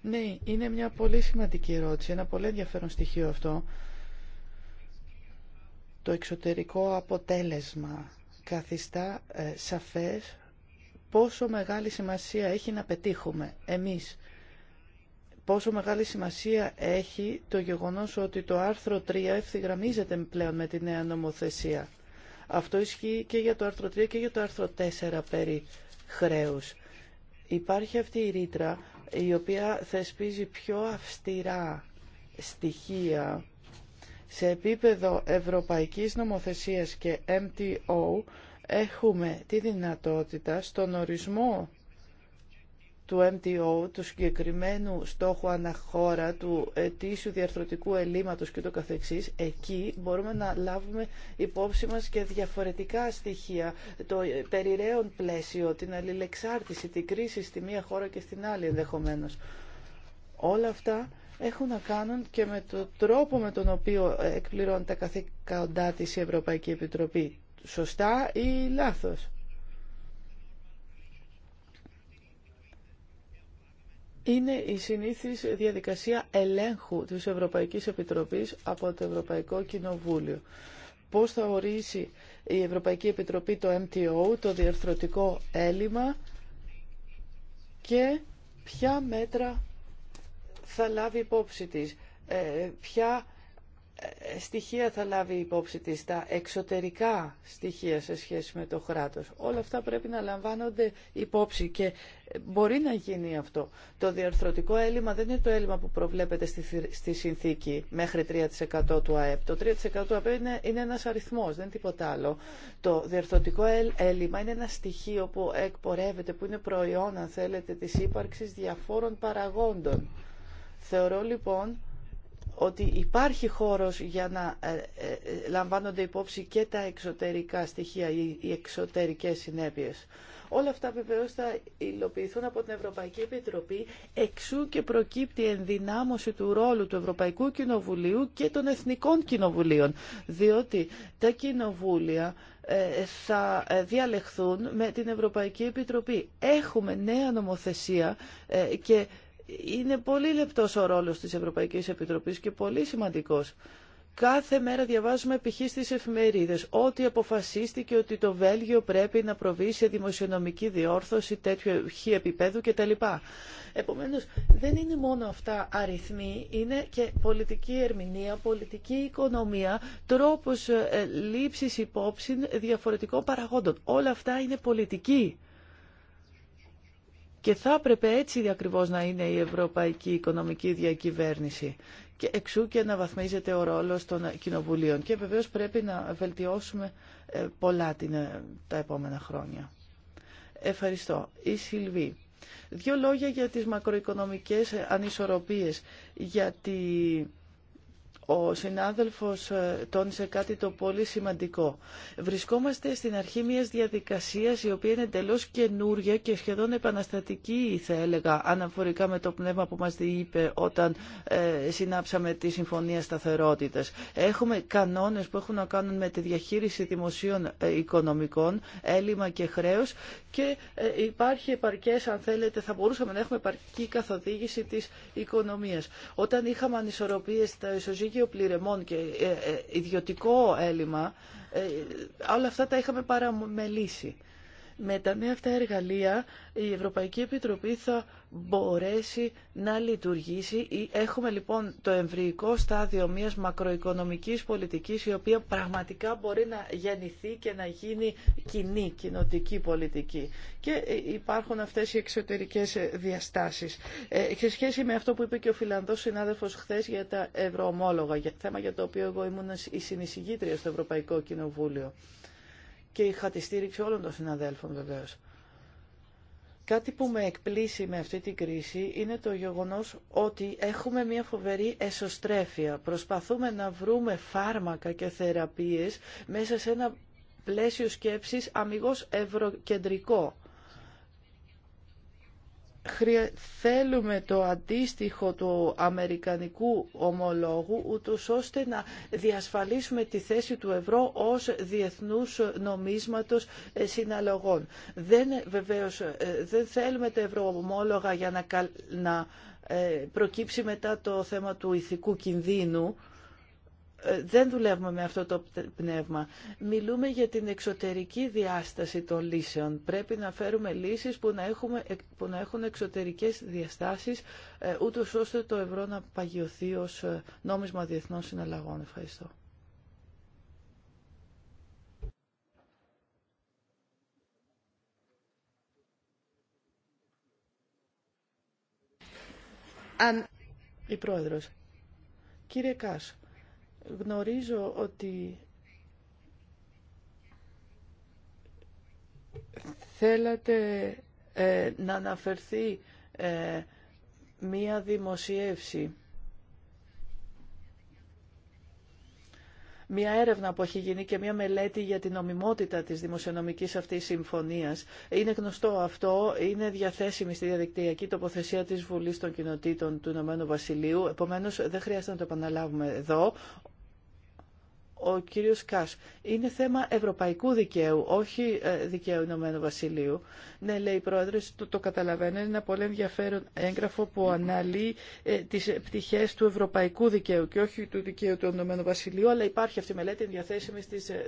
Ναι, είναι μια πολύ σημαντική ερώτηση, ένα πολύ ενδιαφέρον στοιχείο αυτό. Το εξωτερικό αποτέλεσμα καθιστά ε, σαφές πόσο μεγάλη σημασία έχει να πετύχουμε εμείς. Πόσο μεγάλη σημασία έχει το γεγονός ότι το άρθρο 3 ευθυγραμμίζεται πλέον με τη νέα νομοθεσία. Αυτό ισχύει και για το άρθρο 3 και για το άρθρο 4 περί χρέους. Υπάρχει αυτή η ρήτρα η οποία θεσπίζει πιο αυστηρά στοιχεία σε επίπεδο ευρωπαϊκής νομοθεσίας και MTO έχουμε τη δυνατότητα στον ορισμό του MTO, του συγκεκριμένου στόχου αναχώρα, του ετήσιου διαρθρωτικού ελλείμματος και το καθεξής, εκεί μπορούμε να λάβουμε υπόψη μας και διαφορετικά στοιχεία, το περιραίον πλαίσιο, την αλληλεξάρτηση, την κρίση στη μία χώρα και στην άλλη ενδεχομένω. Όλα αυτά έχουν να κάνουν και με τον τρόπο με τον οποίο εκπληρώνει τα καθήκοντά της η Ευρωπαϊκή Επιτροπή. Σωστά ή λάθος. είναι η συνήθις διαδικασία ελέγχου της Ευρωπαϊκής Επιτροπής από το Ευρωπαϊκό Κοινοβούλιο. Πώς θα ορίσει η Ευρωπαϊκή Επιτροπή το MTO, το διαρθρωτικό έλλειμμα και ποια μέτρα θα λάβει υπόψη της, ε, ποια στοιχεία θα λάβει υπόψη της, τα εξωτερικά στοιχεία σε σχέση με το κράτος. Όλα αυτά πρέπει να λαμβάνονται υπόψη και μπορεί να γίνει αυτό. Το διαρθρωτικό έλλειμμα δεν είναι το έλλειμμα που προβλέπεται στη συνθήκη μέχρι 3% του ΑΕΠ. Το 3% του ΑΕΠ είναι, είναι ένας αριθμός, δεν είναι τίποτα άλλο. Το διαρθρωτικό έλλειμμα είναι ένα στοιχείο που εκπορεύεται, που είναι προϊόν, αν θέλετε, της ύπαρξης διαφόρων παραγόντων. Θεωρώ λοιπόν ότι υπάρχει χώρος για να ε, ε, λαμβάνονται υπόψη και τα εξωτερικά στοιχεία, οι εξωτερικές συνέπειες. Όλα αυτά βεβαίω θα υλοποιηθούν από την Ευρωπαϊκή Επιτροπή, εξού και προκύπτει ενδυνάμωση του ρόλου του Ευρωπαϊκού Κοινοβουλίου και των Εθνικών Κοινοβουλίων, διότι τα κοινοβούλια ε, θα διαλεχθούν με την Ευρωπαϊκή Επιτροπή. Έχουμε νέα νομοθεσία και είναι πολύ λεπτός ο ρόλος της Ευρωπαϊκής Επιτροπής και πολύ σημαντικός. Κάθε μέρα διαβάζουμε π.χ. στις εφημερίδες ότι αποφασίστηκε ότι το Βέλγιο πρέπει να προβεί σε δημοσιονομική διόρθωση τέτοιου χι επίπεδου κτλ. Επομένως, δεν είναι μόνο αυτά αριθμοί, είναι και πολιτική ερμηνεία, πολιτική οικονομία, τρόπος ε, λήψης υπόψη διαφορετικών παραγόντων. Όλα αυτά είναι πολιτική και θα έπρεπε έτσι ακριβώς να είναι η ευρωπαϊκή οικονομική διακυβέρνηση. Και εξού και να βαθμίζεται ο ρόλος των κοινοβουλίων. Και βεβαίως πρέπει να βελτιώσουμε ε, πολλά ε, τα επόμενα χρόνια. Ευχαριστώ. Η Σιλβή. Δύο λόγια για τις μακροοικονομικές ε, ανισορροπίες. Γιατί ο συνάδελφος ε, τόνισε κάτι το πολύ σημαντικό. Βρισκόμαστε στην αρχή μιας διαδικασίας η οποία είναι εντελώ καινούρια και σχεδόν επαναστατική θα έλεγα αναφορικά με το πνεύμα που μας διείπε όταν ε, συνάψαμε τη Συμφωνία Σταθερότητας. Έχουμε κανόνες που έχουν να κάνουν με τη διαχείριση δημοσίων ε, οικονομικών, έλλειμμα και χρέος και ε, υπάρχει επαρκές, αν θέλετε, θα μπορούσαμε να έχουμε επαρκή καθοδήγηση της οικονομίας. Όταν είχαμε ανισορροπίες στα ισοζύγια πληρεμών και ε, ε, ιδιωτικό έλλειμμα, ε, όλα αυτά τα είχαμε παραμελήσει. Με τα νέα αυτά εργαλεία η Ευρωπαϊκή Επιτροπή θα μπορέσει να λειτουργήσει. Έχουμε λοιπόν το εμβρυϊκό στάδιο μιας μακροοικονομικής πολιτικής η οποία πραγματικά μπορεί να γεννηθεί και να γίνει κοινή κοινοτική πολιτική. Και ε, υπάρχουν αυτές οι εξωτερικές ε, διαστάσεις. Ε, σε σχέση με αυτό που είπε και ο Φιλανδός συνάδελφος χθε για τα ευρωομόλογα, θέμα για το οποίο εγώ ήμουν η συνεισηγήτρια στο Ευρωπαϊκό Κοινοβούλιο και είχα τη στήριξη όλων των συναδέλφων βεβαίω. Κάτι που με εκπλήσει με αυτή την κρίση είναι το γεγονός ότι έχουμε μια φοβερή εσωστρέφεια. Προσπαθούμε να βρούμε φάρμακα και θεραπείες μέσα σε ένα πλαίσιο σκέψης αμυγός ευρωκεντρικό θέλουμε το αντίστοιχο του αμερικανικού ομολόγου ούτως ώστε να διασφαλίσουμε τη θέση του ευρώ ως διεθνούς νομίσματος ε, συναλλογών. Δεν, βεβαίως, ε, δεν θέλουμε τα ευρωομόλογα για να, να ε, προκύψει μετά το θέμα του ηθικού κινδύνου ε, δεν δουλεύουμε με αυτό το πνεύμα. Μιλούμε για την εξωτερική διάσταση των λύσεων. Πρέπει να φέρουμε λύσεις που να, ε, έχουν εξωτερικές διαστάσεις, ε, ούτω ώστε το ευρώ να παγιωθεί ως νόμισμα διεθνών συναλλαγών. Ευχαριστώ. Η Πρόεδρος. Κύριε Κάσο, Γνωρίζω ότι θέλατε ε, να αναφερθεί ε, μία δημοσίευση, μία έρευνα που έχει γίνει και μία μελέτη για την νομιμότητα της δημοσιονομικής αυτής συμφωνίας. Είναι γνωστό αυτό, είναι διαθέσιμη στη διαδικτυακή τοποθεσία της Βουλής των Κοινοτήτων του Ηνωμένου Βασιλείου, επομένως δεν χρειάζεται να το επαναλάβουμε εδώ ο κύριος Κάσ. Είναι θέμα ευρωπαϊκού δικαίου, όχι ε, δικαίου Ηνωμένου Βασιλείου. Ναι, λέει η Πρόεδρος, το, το καταλαβαίνω, είναι ένα πολύ ενδιαφέρον έγγραφο που αναλύει ε, τις πτυχές του ευρωπαϊκού δικαίου και όχι του δικαίου του Ηνωμένου Βασιλείου, αλλά υπάρχει αυτή η μελέτη διαθέσιμη στις, ε,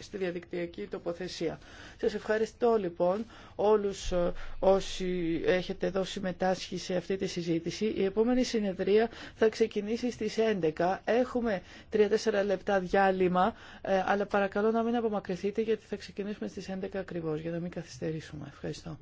στη διαδικτυακή τοποθεσία. Σας ευχαριστώ λοιπόν όλους ε, όσοι έχετε δώσει συμμετάσχει σε αυτή τη συζήτηση. Η επόμενη συνεδρία θα ξεκινήσει στις 11. Έχουμε 3-4 λεπτά διάρκεια διάλειμμα, ε, αλλά παρακαλώ να μην απομακρυνθείτε γιατί θα ξεκινήσουμε στις 11 ακριβώς για να μην καθυστερήσουμε. Ευχαριστώ.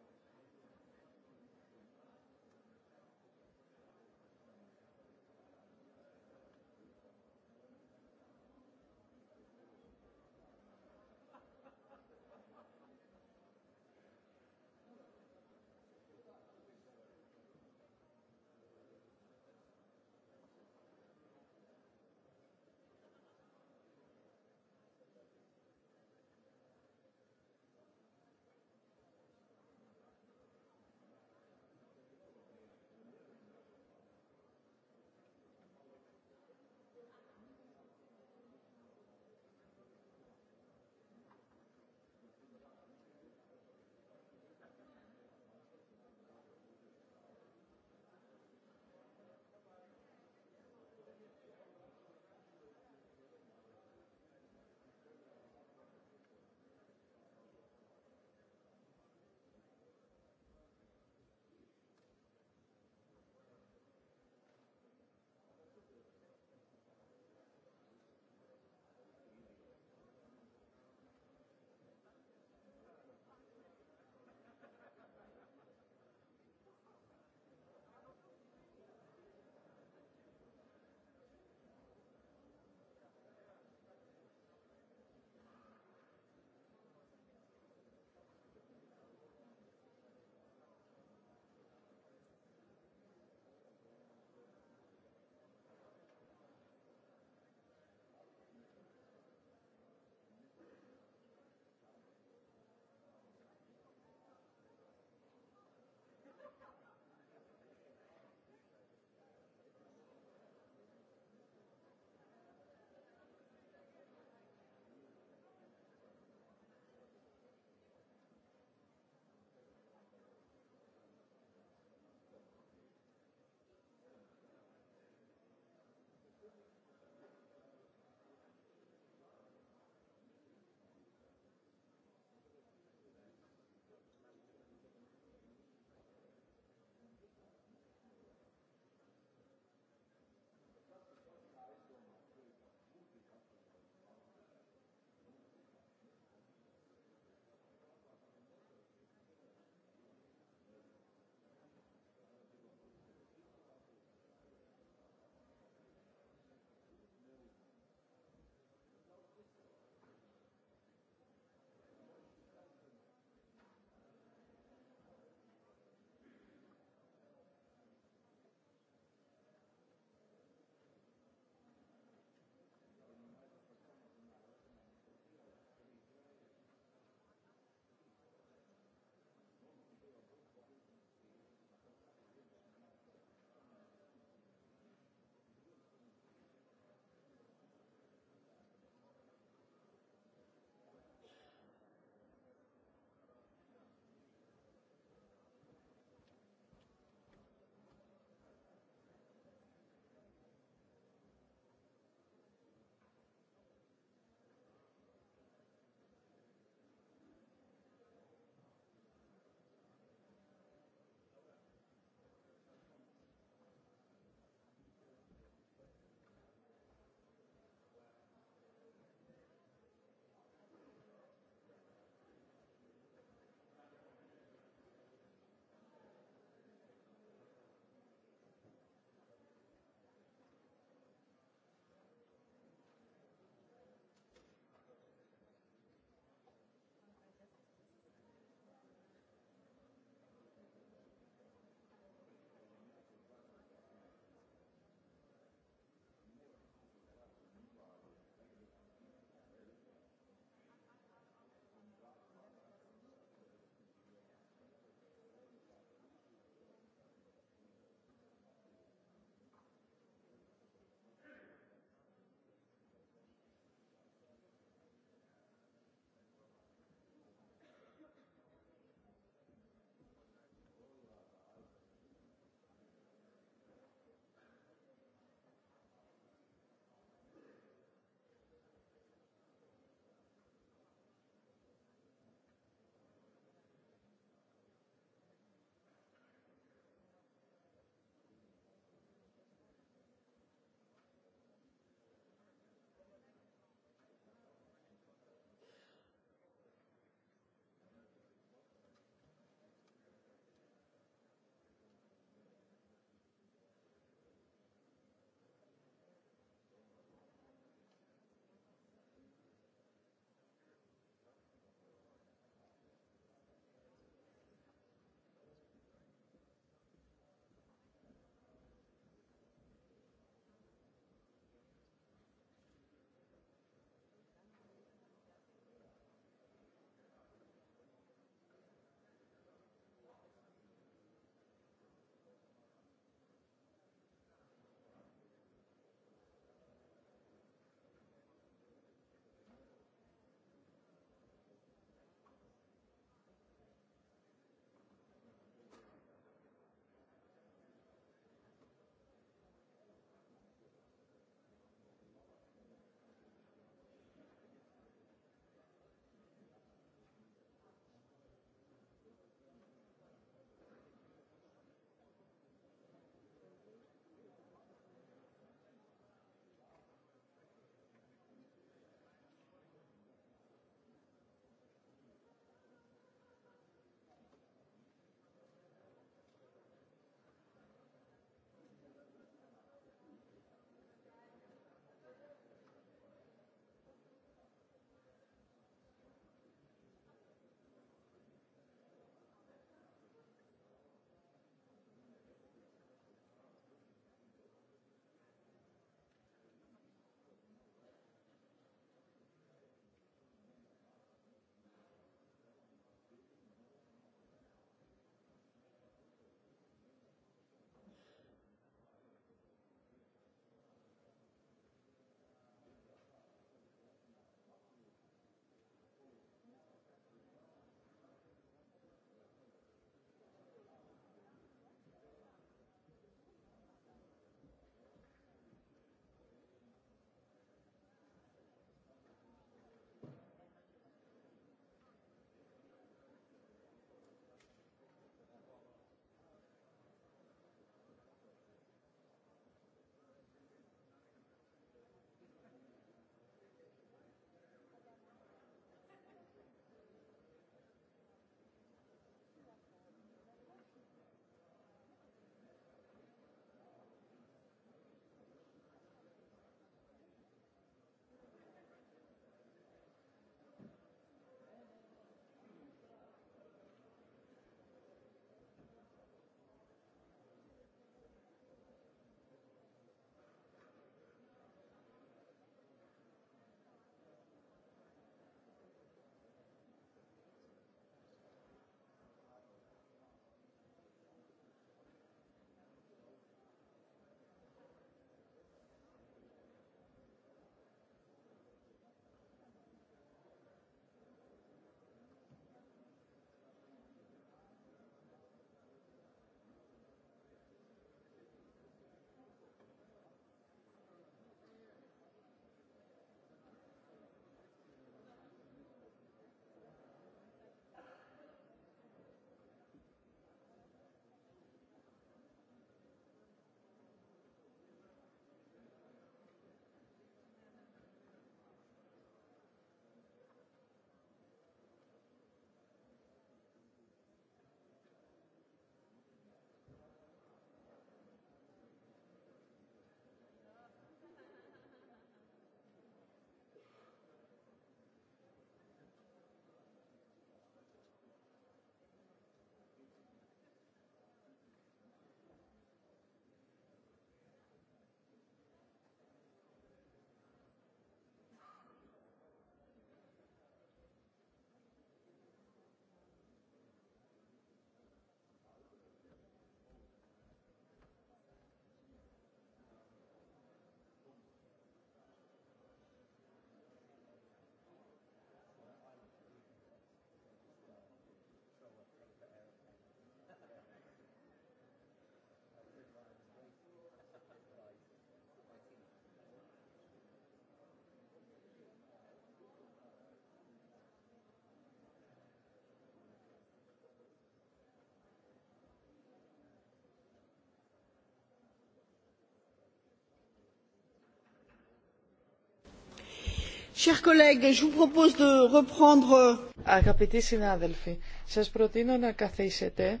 Chers collègues, je vous propose euh, Αγαπητοί συνάδελφοι, σας προτείνω να καθίσετε.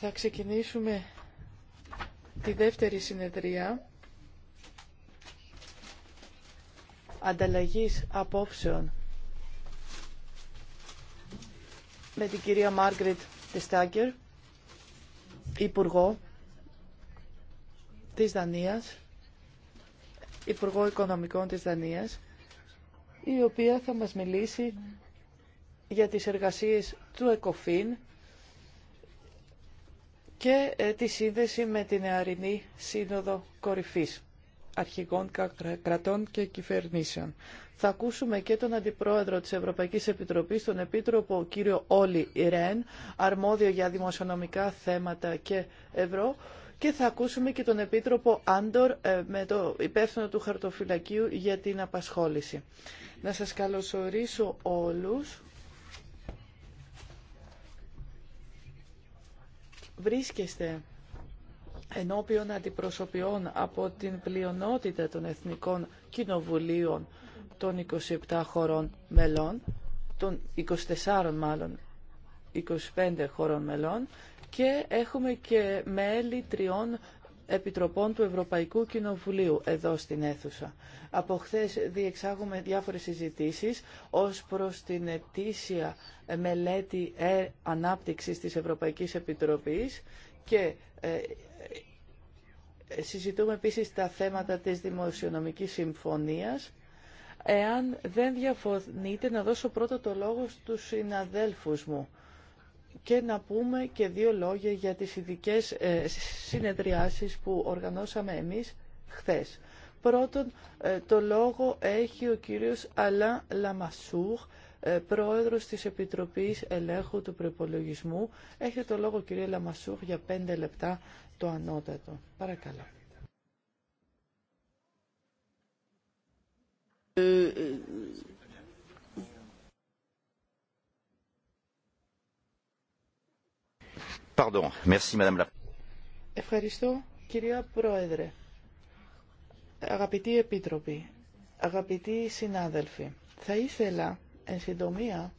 Θα ξεκινήσουμε τη δεύτερη συνεδρία ανταλλαγής απόψεων με την κυρία Μάργκριτ Τεστάγκερ, Υπουργό της Δανίας, Υπουργό Οικονομικών της Δανίας, η οποία θα μας μιλήσει για τις εργασίες του ΕΚΟΦΗΝ και ε, τη σύνδεση με την νεαρινή Σύνοδο Κορυφής αρχηγών κρατών και κυβερνήσεων. Θα ακούσουμε και τον Αντιπρόεδρο της Ευρωπαϊκής Επιτροπής, τον Επίτροπο κύριο Όλι Ρεν, αρμόδιο για δημοσιονομικά θέματα και ευρώ, και θα ακούσουμε και τον Επίτροπο Άντορ ε, με το υπεύθυνο του χαρτοφυλακίου για την απασχόληση. Να σας καλωσορίσω όλους. Βρίσκεστε ενώπιον αντιπροσωπιών από την πλειονότητα των Εθνικών Κοινοβουλίων των 27 χωρών μελών, των 24 μάλλον 25 χωρών μελών και έχουμε και μέλη τριών Επιτροπών του Ευρωπαϊκού Κοινοβουλίου εδώ στην αίθουσα. Από χθε διεξάγουμε διάφορες συζητήσεις ως προς την ετήσια μελέτη ε, ανάπτυξης της Ευρωπαϊκής Επιτροπής και ε, ε, συζητούμε επίσης τα θέματα της Δημοσιονομικής Συμφωνίας. Εάν δεν διαφωνείτε, να δώσω πρώτο το λόγο στους συναδέλφους μου και να πούμε και δύο λόγια για τις ειδικέ ε, συνεδριάσεις που οργανώσαμε εμείς χθες. Πρώτον, ε, το λόγο έχει ο κύριος Αλά Λαμασούχ, ε, πρόεδρος της Επιτροπής Ελέγχου του Προπολογισμού. Έχετε το λόγο κύριε Λαμασούχ, για πέντε λεπτά το ανώτατο. Παρακαλώ. Ευχαριστώ, κυρία Πρόεδρε. Αγαπητοί Επίτροποι, αγαπητοί συνάδελφοι, θα ήθελα, εν συντομία,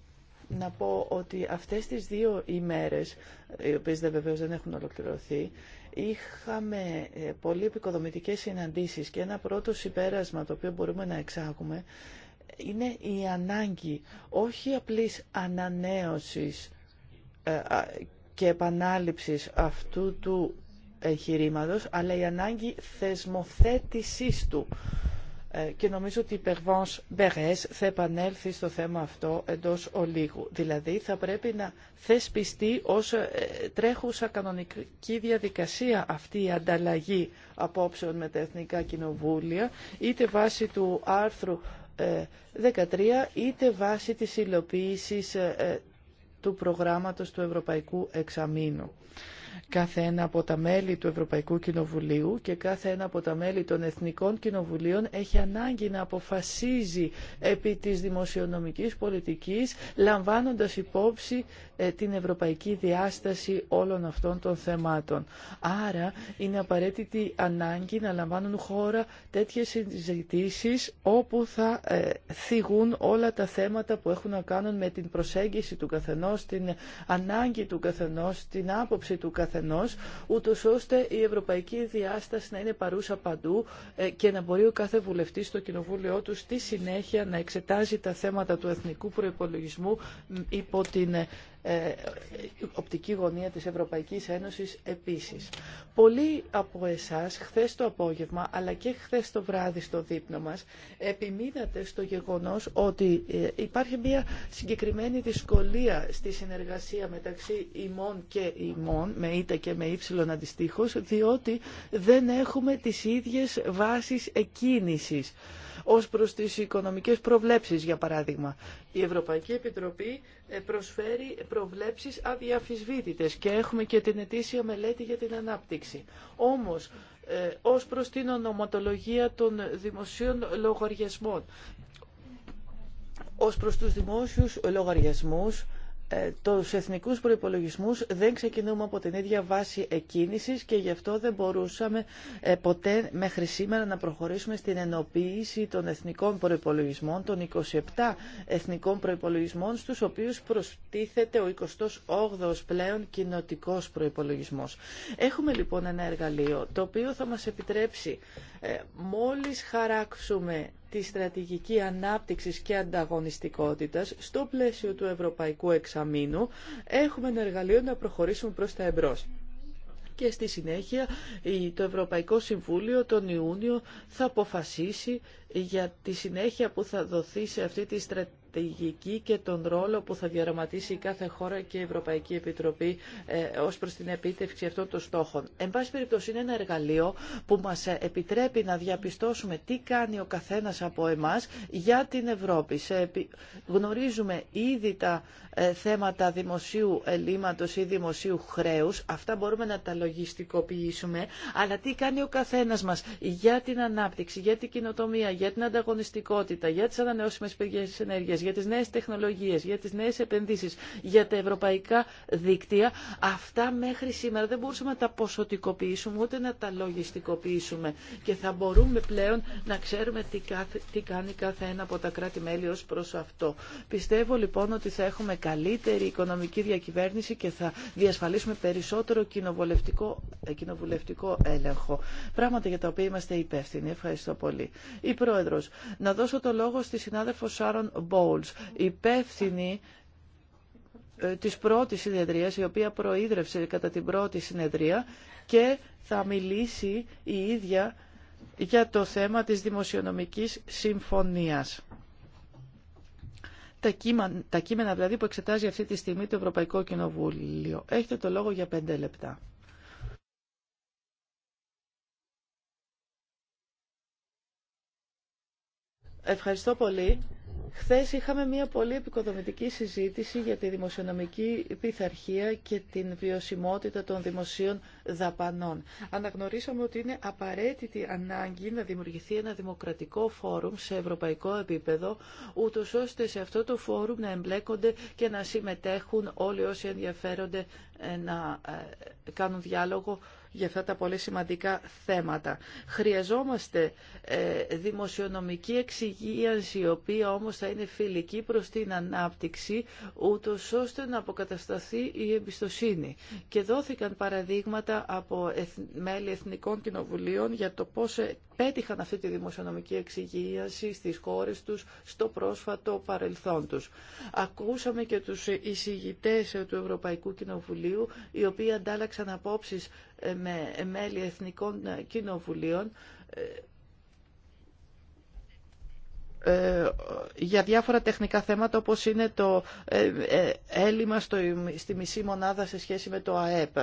να πω ότι αυτές τις δύο ημέρες, οι οποίες δε βεβαίως δεν έχουν ολοκληρωθεί, είχαμε ε, πολύ επικοδομητικές συναντήσεις και ένα πρώτο συμπέρασμα το οποίο μπορούμε να εξάγουμε είναι η ανάγκη όχι απλής ανανέωσης ε, και επανάληψης αυτού του εγχειρήματο, αλλά η ανάγκη θεσμοθέτησής του. Ε, και νομίζω ότι η Περβάνς Μπερές θα επανέλθει στο θέμα αυτό εντός ολίγου. Δηλαδή θα πρέπει να θεσπιστεί ως ε, τρέχουσα κανονική διαδικασία αυτή η ανταλλαγή απόψεων με τα Εθνικά Κοινοβούλια, είτε βάσει του άρθρου 13, ε, είτε βάσει της υλοποίησης του προγράμματος του Ευρωπαϊκού Εξαμήνου κάθε ένα από τα μέλη του Ευρωπαϊκού Κοινοβουλίου και κάθε ένα από τα μέλη των Εθνικών Κοινοβουλίων έχει ανάγκη να αποφασίζει επί της δημοσιονομικής πολιτικής λαμβάνοντας υπόψη ε, την ευρωπαϊκή διάσταση όλων αυτών των θεμάτων. Άρα είναι απαραίτητη ανάγκη να λαμβάνουν χώρα τέτοιες συζητήσεις όπου θα ε, θυγούν όλα τα θέματα που έχουν να κάνουν με την προσέγγιση του καθενός, την ανάγκη του καθενός, την άποψη του καθενός, ούτως ώστε η ευρωπαϊκή διάσταση να είναι παρούσα παντού ε, και να μπορεί ο κάθε βουλευτής στο κοινοβούλιο του στη συνέχεια να εξετάζει τα θέματα του εθνικού προπολογισμού υπό την ε, ε, οπτική γωνία της Ευρωπαϊκής Ένωσης επίσης. Πολλοί από εσάς χθες το απόγευμα αλλά και χθες το βράδυ στο δείπνο μας επιμείνατε στο γεγονός ότι ε, υπάρχει μια συγκεκριμένη δυσκολία στη συνεργασία μεταξύ ημών και ημών με ήττα και με ύψιλον αντιστοίχως διότι δεν έχουμε τις ίδιες βάσεις εκκίνησης ως προς τις οικονομικές προβλέψεις, για παράδειγμα. Η Ευρωπαϊκή Επιτροπή ε, προσφέρει προβλέψεις αδιαφυσβήτητες και έχουμε και την ετήσια μελέτη για την ανάπτυξη. Όμως, ε, ως προς την ονοματολογία των δημοσίων λογαριασμών, ως προς τους δημόσιους λογαριασμούς, ε, τους εθνικούς προϋπολογισμούς δεν ξεκινούμε από την ίδια βάση εκκίνησης και γι' αυτό δεν μπορούσαμε ε, ποτέ μέχρι σήμερα να προχωρήσουμε στην ενοποίηση των εθνικών προϋπολογισμών, των 27 εθνικών προϋπολογισμών, στους οποίους προστίθεται ο 28ος πλέον κοινοτικός προϋπολογισμός. Έχουμε λοιπόν ένα εργαλείο το οποίο θα μας επιτρέψει ε, μόλις χαράξουμε τη στρατηγική ανάπτυξης και ανταγωνιστικότητας στο πλαίσιο του Ευρωπαϊκού Εξαμήνου έχουμε ένα εργαλείο να προχωρήσουμε προς τα εμπρός και στη συνέχεια το Ευρωπαϊκό Συμβούλιο τον Ιούνιο θα αποφασίσει για τη συνέχεια που θα δοθεί σε αυτή τη στρατηγική στρατηγική και τον ρόλο που θα η κάθε χώρα και η Ευρωπαϊκή Επιτροπή ε, ως προς την επίτευξη αυτών των στόχων. Εν πάση περιπτώσει είναι ένα εργαλείο που μας ε, επιτρέπει να διαπιστώσουμε τι κάνει ο καθένας από εμάς για την Ευρώπη. Σε Γνωρίζουμε ήδη τα ε, θέματα δημοσίου ελλείμματος ή δημοσίου χρέους. Αυτά μπορούμε να τα λογιστικοποιήσουμε. Αλλά τι κάνει ο καθένας μας για την ανάπτυξη, για την κοινοτομία, για την ανταγωνιστικότητα, για τις ανανεώσιμε πηγέ ενέργεια για τις νέες τεχνολογίες, για τις νέες επενδύσεις, για τα ευρωπαϊκά δίκτυα, αυτά μέχρι σήμερα δεν μπορούσαμε να τα ποσοτικοποιήσουμε ούτε να τα λογιστικοποιήσουμε και θα μπορούμε πλέον να ξέρουμε τι κάνει κάθε ένα από τα κράτη-μέλη ως προς αυτό. Πιστεύω λοιπόν ότι θα έχουμε καλύτερη οικονομική διακυβέρνηση και θα διασφαλίσουμε περισσότερο κοινοβουλευτικό, ε, κοινοβουλευτικό έλεγχο. Πράγματα για τα οποία είμαστε υπεύθυνοι. Ευχαριστώ πολύ. Η Πρόεδρος, να δώσω το λόγο στη συνάδελφο Σάρων Μπόου η υπεύθυνη ε, της πρώτης συνεδρίας, η οποία προείδρευσε κατά την πρώτη συνεδρία και θα μιλήσει η ίδια για το θέμα της δημοσιονομικής συμφωνίας. Τα κείμενα, τα κείμενα δηλαδή που εξετάζει αυτή τη στιγμή το Ευρωπαϊκό Κοινοβούλιο. Έχετε το λόγο για πέντε λεπτά. Ευχαριστώ πολύ. Χθες είχαμε μια πολύ επικοδομητική συζήτηση για τη δημοσιονομική πειθαρχία και την βιωσιμότητα των δημοσίων δαπανών. Αναγνωρίσαμε ότι είναι απαραίτητη ανάγκη να δημιουργηθεί ένα δημοκρατικό φόρουμ σε ευρωπαϊκό επίπεδο, ούτω ώστε σε αυτό το φόρουμ να εμπλέκονται και να συμμετέχουν όλοι όσοι ενδιαφέρονται να ε, κάνουν διάλογο για αυτά τα πολύ σημαντικά θέματα. Χρειαζόμαστε ε, δημοσιονομική εξυγίανση, η οποία όμως θα είναι φιλική προς την ανάπτυξη, ούτω ώστε να αποκατασταθεί η εμπιστοσύνη. Και δόθηκαν παραδείγματα από μέλη εθνικών κοινοβουλίων για το πώς πέτυχαν αυτή τη δημοσιονομική εξυγίαση στις χώρες τους στο πρόσφατο παρελθόν τους. Ακούσαμε και τους εισηγητές του Ευρωπαϊκού Κοινοβουλίου, οι οποίοι αντάλλαξαν απόψεις με μέλη εθνικών κοινοβουλίων ε, ε, για διάφορα τεχνικά θέματα όπως είναι το ε, έλλειμμα στη μισή μονάδα σε σχέση με το ΑΕΠ.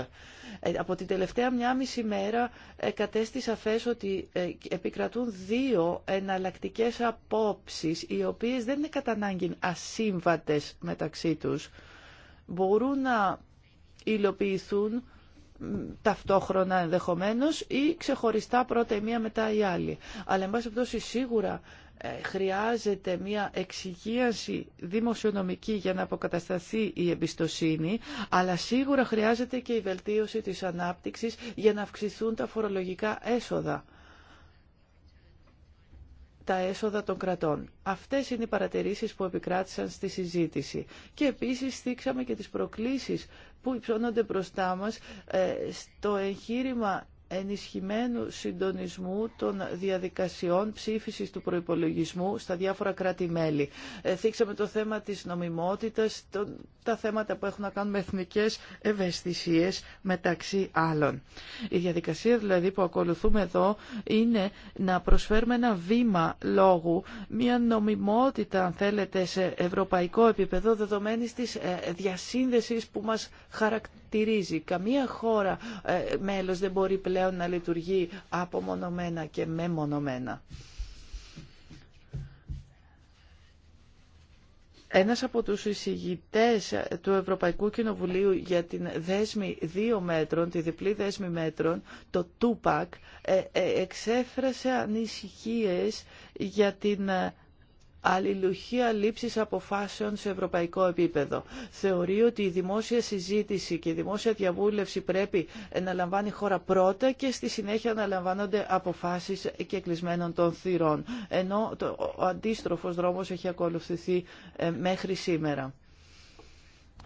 Από την τελευταία μια μισή μέρα κατέστησα σαφές ότι επικρατούν δύο εναλλακτικές απόψεις οι οποίες δεν είναι κατά ανάγκη ασύμβατες μεταξύ τους. Μπορούν να υλοποιηθούν ταυτόχρονα ενδεχομένως ξεχωριστά πρώτε μία μετά η μία μετά η άλλη. Αλλά εν πάση πτώση σίγουρα ε, χρειάζεται μια εξυγίανση δημοσιονομική για να αποκατασταθεί η εμπιστοσύνη, αλλά σίγουρα χρειάζεται και η βελτίωση της ανάπτυξης για να αυξηθούν τα φορολογικά έσοδα τα έσοδα των κρατών. Αυτές είναι οι παρατηρήσεις που επικράτησαν στη συζήτηση. Και επίσης στήξαμε και τις προκλήσεις που υψώνονται μπροστά μας ε, στο εγχείρημα ενισχυμένου συντονισμού των διαδικασιών ψήφισης του προϋπολογισμού στα διάφορα κράτη-μέλη. Ε, θίξαμε το θέμα της νομιμότητας, τα θέματα που έχουν να κάνουν με εθνικές ευαισθησίες μεταξύ άλλων. Η διαδικασία δηλαδή που ακολουθούμε εδώ είναι να προσφέρουμε ένα βήμα λόγου, μια νομιμότητα αν θέλετε σε ευρωπαϊκό επίπεδο δεδομένης της ε, διασύνδεσης που μας χαρακτηρίζει Καμία χώρα ε, μέλος δεν μπορεί πλέον να λειτουργεί απομονωμένα και μεμονωμένα. Ένας από τους εισηγητές ε, του Ευρωπαϊκού Κοινοβουλίου για την δέσμη δύο μέτρων, τη διπλή δέσμη μέτρων, το Τούπακ, ε, εξέφρασε ανησυχίες για την αλληλουχία λήψης αποφάσεων σε ευρωπαϊκό επίπεδο. Θεωρεί ότι η δημόσια συζήτηση και η δημόσια διαβούλευση πρέπει να λαμβάνει χώρα πρώτα και στη συνέχεια να λαμβάνονται αποφάσεις και κλεισμένων των θυρών. Ενώ ο αντίστροφος δρόμος έχει ακολουθηθεί ε, μέχρι σήμερα.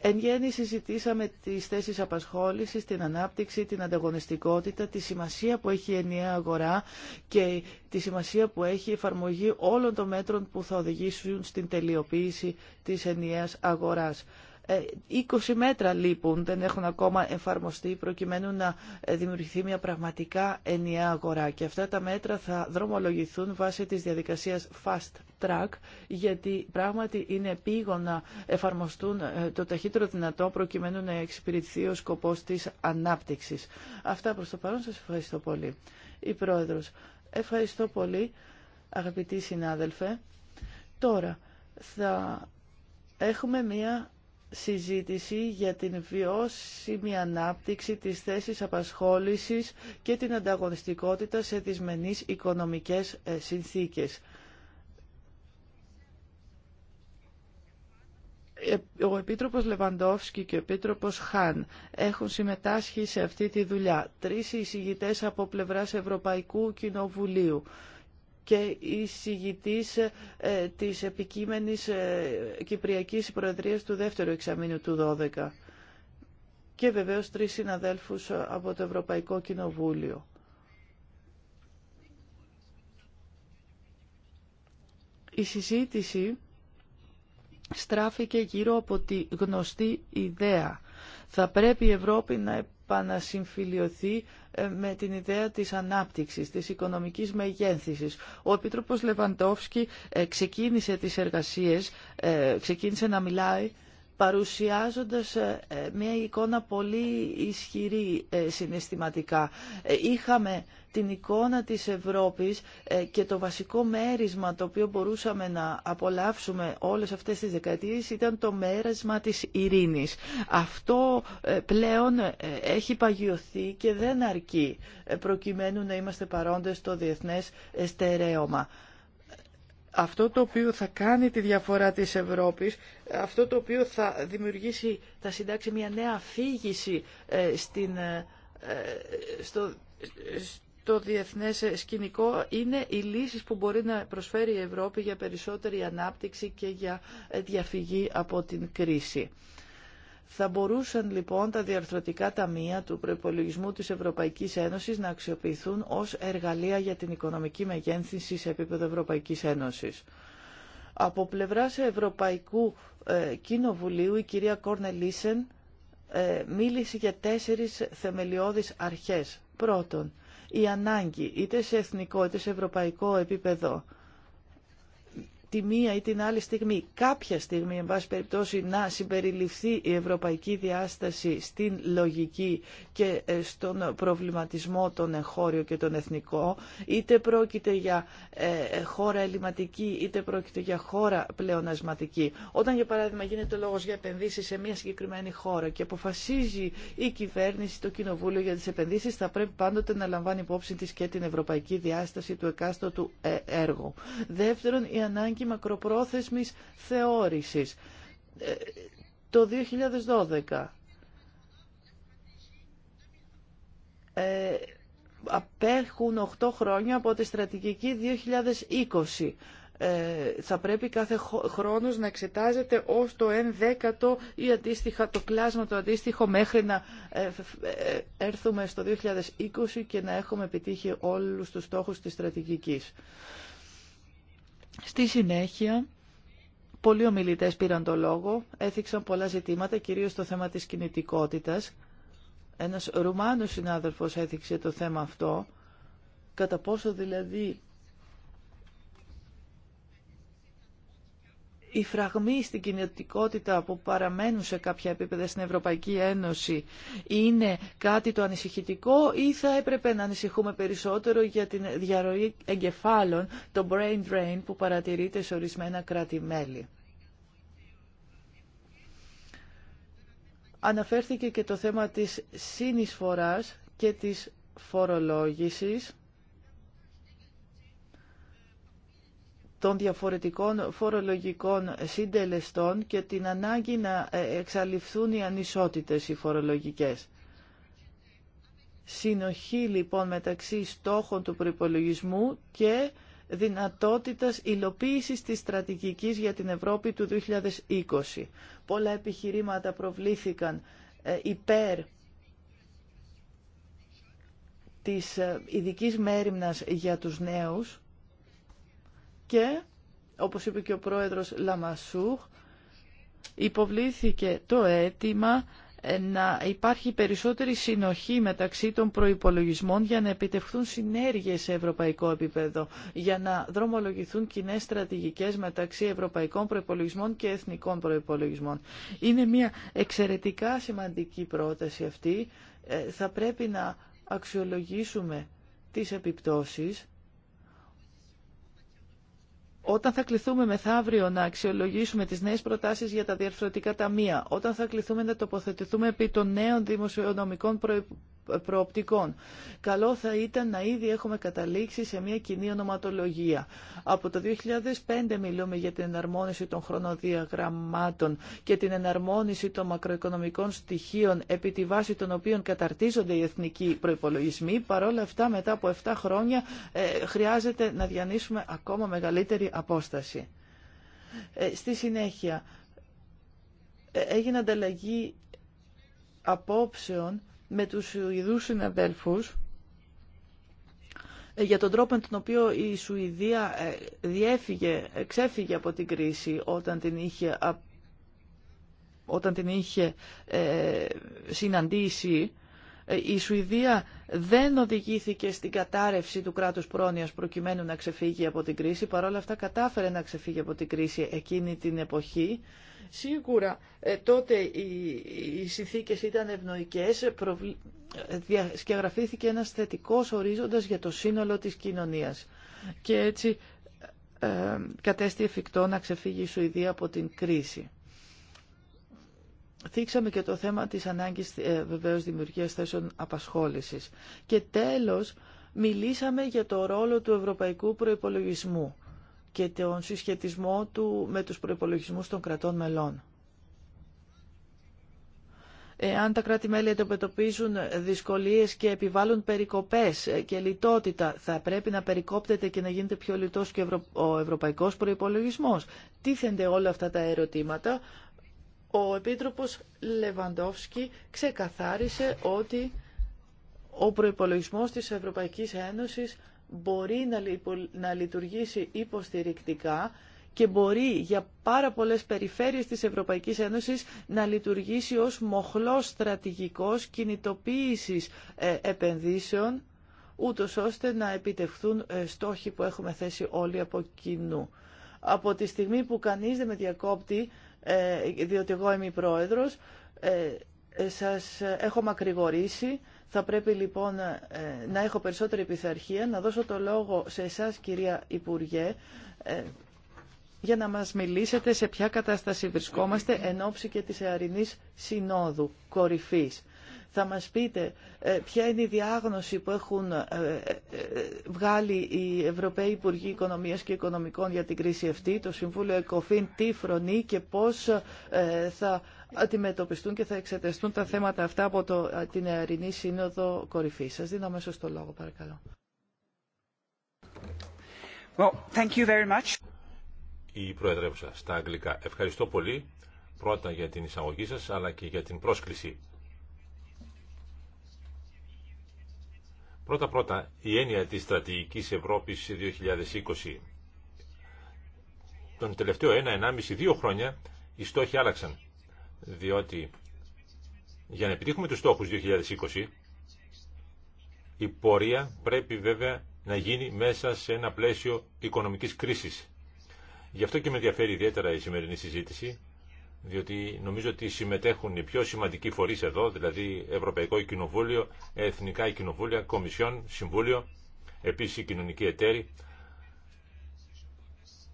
Εν γέννη συζητήσαμε τις θέσεις απασχόλησης, την ανάπτυξη, την ανταγωνιστικότητα, τη σημασία που έχει η ενιαία αγορά και τη σημασία που έχει η εφαρμογή όλων των μέτρων που θα οδηγήσουν στην τελειοποίηση της ενιαίας αγοράς. 20 ε, μέτρα λείπουν, δεν έχουν ακόμα εφαρμοστεί προκειμένου να ε, δημιουργηθεί μια πραγματικά ενιαία αγορά και αυτά τα μέτρα θα δρομολογηθούν βάσει της διαδικασίας fast track γιατί πράγματι είναι πήγον να εφαρμοστούν ε, το ταχύτερο δυνατό προκειμένου να εξυπηρετηθεί ο σκοπός της ανάπτυξης. Αυτά προς το παρόν σας ευχαριστώ πολύ. Η Πρόεδρος, ευχαριστώ πολύ αγαπητοί συνάδελφε. Τώρα θα έχουμε μία συζήτηση για την βιώσιμη ανάπτυξη της θέσης απασχόλησης και την ανταγωνιστικότητα σε δυσμενείς οικονομικές ε, συνθήκες. Ε, ο Επίτροπος Λεβαντόφσκι και ο Επίτροπος Χάν έχουν συμμετάσχει σε αυτή τη δουλειά. Τρεις εισηγητές από πλευράς Ευρωπαϊκού Κοινοβουλίου και η ε, της επικείμενης ε, κυπριακή Προεδρία του δεύτερου εξαμήνου του 12 και βεβαίως τρεις συναδέλφους ε, από το Ευρωπαϊκό Κοινοβούλιο. Η συζήτηση στράφηκε γύρω από τη γνωστή ιδέα. Θα πρέπει η Ευρώπη να επανασυμφιλειωθεί ε, με την ιδέα της ανάπτυξης, της οικονομικής μεγένθησης. Ο Επίτροπος Λεβαντόφσκι ε, ξεκίνησε τις εργασίες, ε, ξεκίνησε να μιλάει παρουσιάζοντας ε, ε, μια εικόνα πολύ ισχυρή ε, συναισθηματικά. Είχαμε την εικόνα της Ευρώπης και το βασικό μέρισμα το οποίο μπορούσαμε να απολαύσουμε όλες αυτές τις δεκαετίες ήταν το μέρισμα της ειρήνης. Αυτό πλέον έχει παγιωθεί και δεν αρκεί προκειμένου να είμαστε παρόντες στο διεθνές στερέωμα αυτό το οποίο θα κάνει τη διαφορά της Ευρώπης, αυτό το οποίο θα δημιουργήσει, θα συντάξει μια νέα αφήγηση ε, στην, ε, ε, στο, το διεθνές σκηνικό είναι οι λύσεις που μπορεί να προσφέρει η Ευρώπη για περισσότερη ανάπτυξη και για διαφυγή από την κρίση. Θα μπορούσαν λοιπόν τα διαρθρωτικά ταμεία του προπολογισμού της Ευρωπαϊκής Ένωσης να αξιοποιηθούν ως εργαλεία για την οικονομική μεγένθυνση σε επίπεδο Ευρωπαϊκής Ένωσης. Από πλευράς Ευρωπαϊκού ε, Κοινοβουλίου η κυρία Κόρνελίσεν ε, μίλησε για τέσσερις θεμελιώδεις αρχές. Πρώτον, η ανάγκη είτε σε εθνικό είτε σε ευρωπαϊκό επίπεδο τη μία ή την άλλη στιγμή, κάποια στιγμή, εν πάση περιπτώσει, να συμπεριληφθεί η ευρωπαϊκή διάσταση στην λογική και ε, στον προβληματισμό των εγχώριων και των εθνικό, είτε πρόκειται για ε, χώρα ελληματική, είτε πρόκειται για χώρα πλεονασματική. Όταν, για παράδειγμα, γίνεται λόγο για επενδύσει σε μια συγκεκριμένη χώρα και αποφασίζει η κυβέρνηση, το κοινοβούλιο για τι επενδύσει, θα πρέπει πάντοτε να λαμβάνει υπόψη τη και την ευρωπαϊκή διάσταση του εκάστοτου ε, έργου. Δεύτερον, η ανάγκη Μακροπρόθεσμη μακροπρόθεσμης θεώρησης. Ε, το 2012 ε, απέχουν 8 χρόνια από τη στρατηγική 2020. Ε, θα πρέπει κάθε χρόνος να εξετάζεται ως το 1 ή αντίστοιχα το κλάσμα το αντίστοιχο μέχρι να ε, έρθουμε στο 2020 και να έχουμε επιτύχει όλους τους στόχους της στρατηγικής. Στη συνέχεια, πολλοί ομιλητές πήραν το λόγο, έθιξαν πολλά ζητήματα, κυρίως το θέμα της κινητικότητας. Ένας Ρουμάνος συνάδελφος έθιξε το θέμα αυτό, κατά πόσο δηλαδή οι φραγμοί στην κινητικότητα που παραμένουν σε κάποια επίπεδα στην Ευρωπαϊκή Ένωση είναι κάτι το ανησυχητικό ή θα έπρεπε να ανησυχούμε περισσότερο για την διαρροή εγκεφάλων, το brain drain που παρατηρείται σε ορισμένα κράτη-μέλη. Αναφέρθηκε και το θέμα της συνεισφοράς και της φορολόγησης των διαφορετικών φορολογικών συντελεστών και την ανάγκη να εξαλειφθούν οι ανισότητες οι φορολογικές. Συνοχή λοιπόν μεταξύ στόχων του προϋπολογισμού και δυνατότητας υλοποίησης της στρατηγικής για την Ευρώπη του 2020. Πολλά επιχειρήματα προβλήθηκαν ε, υπέρ της ε, ειδικής μέρημνας για τους νέους και, όπως είπε και ο πρόεδρος Λαμασούχ, υποβλήθηκε το αίτημα ε, να υπάρχει περισσότερη συνοχή μεταξύ των προϋπολογισμών για να επιτευχθούν συνέργειες σε ευρωπαϊκό επίπεδο, για να δρομολογηθούν κοινέ στρατηγικές μεταξύ ευρωπαϊκών προϋπολογισμών και εθνικών προϋπολογισμών. Είναι μια εξαιρετικά σημαντική πρόταση αυτή. Ε, θα πρέπει να αξιολογήσουμε τις επιπτώσεις όταν θα κληθούμε μεθαύριο να αξιολογήσουμε τις νέες προτάσεις για τα διαρθρωτικά ταμεία, όταν θα κληθούμε να τοποθετηθούμε επί των νέων δημοσιονομικών προοπτικών. Καλό θα ήταν να ήδη έχουμε καταλήξει σε μια κοινή ονοματολογία. Από το 2005 μιλούμε για την εναρμόνιση των χρονοδιαγραμμάτων και την εναρμόνιση των μακροοικονομικών στοιχείων επί τη βάση των οποίων καταρτίζονται οι εθνικοί προπολογισμοί. Παρόλα αυτά, μετά από 7 χρόνια ε, χρειάζεται να διανύσουμε ακόμα μεγαλύτερη απόσταση. Ε, στη συνέχεια, ε, έγινε ανταλλαγή απόψεων με τους Σουηδούς συναδέλφους ε, για τον τρόπο με τον οποίο η Σουηδία ε, διέφυγε, ε, ξέφυγε από την κρίση όταν την είχε, όταν την είχε συναντήσει. Η Σουηδία δεν οδηγήθηκε στην κατάρρευση του κράτους πρόνοιας προκειμένου να ξεφύγει από την κρίση. παρόλα όλα αυτά κατάφερε να ξεφύγει από την κρίση εκείνη την εποχή Σίγουρα ε, τότε οι συνθήκες ήταν ευνοϊκές, ε, διασκεγραφήθηκε ένας θετικός ορίζοντας για το σύνολο της κοινωνίας. Και έτσι ε, κατέστη εφικτό να ξεφύγει η Σουηδία από την κρίση. Θίξαμε και το θέμα της ανάγκης βεβαίως δημιουργίας θέσεων απασχόλησης. Και τέλος, μιλήσαμε για το ρόλο του ευρωπαϊκού προϋπολογισμού και τον συσχετισμό του με τους προϋπολογισμούς των κρατών μελών. Εάν τα κράτη-μέλη αντιμετωπίζουν δυσκολίες και επιβάλλουν περικοπές και λιτότητα, θα πρέπει να περικόπτεται και να γίνεται πιο λιτός και ο ευρωπαϊκός προϋπολογισμός. Τίθενται όλα αυτά τα ερωτήματα. Ο Επίτροπος Λεβαντόφσκι ξεκαθάρισε ότι ο προϋπολογισμός της Ευρωπαϊκής Ένωσης μπορεί να λειτουργήσει υποστηρικτικά και μπορεί για πάρα πολλές περιφέρειες της Ευρωπαϊκής Ένωσης να λειτουργήσει ως μοχλός στρατηγικός κινητοποίησης ε, επενδύσεων, ούτως ώστε να επιτευχθούν ε, στόχοι που έχουμε θέσει όλοι από κοινού. Από τη στιγμή που κανείς δεν με διακόπτει, ε, διότι εγώ είμαι η πρόεδρος, σας έχω μακρηγορήσει. Θα πρέπει λοιπόν ε, να έχω περισσότερη πειθαρχία να δώσω το λόγο σε εσάς κυρία Υπουργέ, ε, για να μας μιλήσετε σε ποια κατάσταση βρισκόμαστε εν ώψη και της Εαρινής Συνόδου Κορυφής. Θα μας πείτε ε, ποια είναι η διάγνωση που έχουν βγάλει οι Ευρωπαίοι Υπουργοί Οικονομίας και Οικονομικών για την κρίση αυτή, το Συμβούλιο ΕΚΟΦΗΝ, τι φρονεί και πώς θα αντιμετωπιστούν και θα εξεταστούν τα θέματα αυτά από την ειρηνή Σύνοδο Κορυφή. Σας δίνω μέσω το λόγο, παρακαλώ. Well, thank you very much. Η Προεδρεύουσα στα αγγλικά. Ευχαριστώ πολύ πρώτα για την εισαγωγή σας αλλά και για την πρόσκληση. Πρώτα-πρώτα η έννοια της στρατηγικής Ευρώπης 2020. Τον τελευταίο ένα, ενάμιση, δύο χρόνια οι στόχοι άλλαξαν διότι για να επιτύχουμε τους στόχους 2020 η πορεία πρέπει βέβαια να γίνει μέσα σε ένα πλαίσιο οικονομικής κρίσης. Γι' αυτό και με ενδιαφέρει ιδιαίτερα η σημερινή συζήτηση, διότι νομίζω ότι συμμετέχουν οι πιο σημαντικοί φορείς εδώ, δηλαδή Ευρωπαϊκό Κοινοβούλιο, Εθνικά Κοινοβούλια, Κομισιόν, Συμβούλιο, επίσης οι κοινωνικοί εταίροι.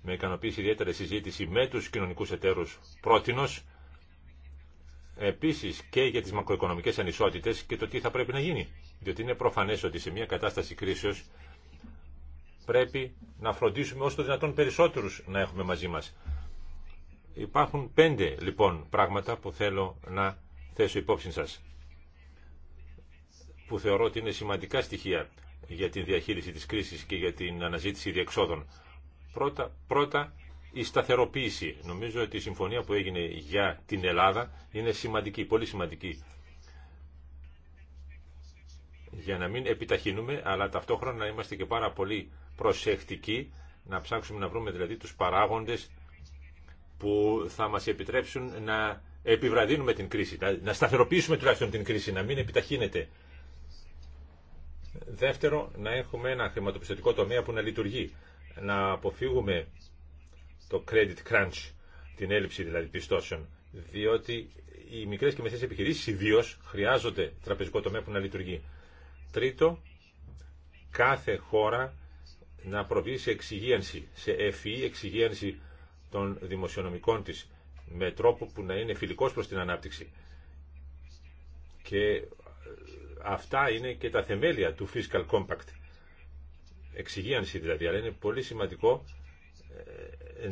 Με ικανοποίηση ιδιαίτερα συζήτηση με τους κοινωνικούς εταίρους πρότινος, Επίσης και για τις μακροοικονομικές ανισότητες και το τι θα πρέπει να γίνει. Διότι είναι προφανές ότι σε μια κατάσταση κρίσεως πρέπει να φροντίσουμε όσο το δυνατόν περισσότερους να έχουμε μαζί μας. Υπάρχουν πέντε λοιπόν πράγματα που θέλω να θέσω υπόψη σας που θεωρώ ότι είναι σημαντικά στοιχεία για την διαχείριση της κρίσης και για την αναζήτηση διεξόδων. Πρώτα, πρώτα η σταθεροποίηση. Νομίζω ότι η συμφωνία που έγινε για την Ελλάδα είναι σημαντική, πολύ σημαντική. Για να μην επιταχύνουμε, αλλά ταυτόχρονα να είμαστε και πάρα πολύ προσεκτικοί, να ψάξουμε να βρούμε δηλαδή τους παράγοντες που θα μας επιτρέψουν να επιβραδύνουμε την κρίση, να σταθεροποιήσουμε τουλάχιστον την κρίση, να μην επιταχύνεται. Δεύτερο, να έχουμε ένα χρηματοπιστωτικό τομέα που να λειτουργεί. Να αποφύγουμε το credit crunch, την έλλειψη δηλαδή πιστώσεων, διότι οι μικρές και μεσαίες επιχειρήσεις ιδίω χρειάζονται τραπεζικό τομέα που να λειτουργεί. Τρίτο, κάθε χώρα να προβεί σε εξυγίανση, σε ευφυή εξυγίανση των δημοσιονομικών της με τρόπο που να είναι φιλικός προς την ανάπτυξη. Και ε, αυτά είναι και τα θεμέλια του Fiscal Compact. Εξυγίανση δηλαδή, αλλά είναι πολύ σημαντικό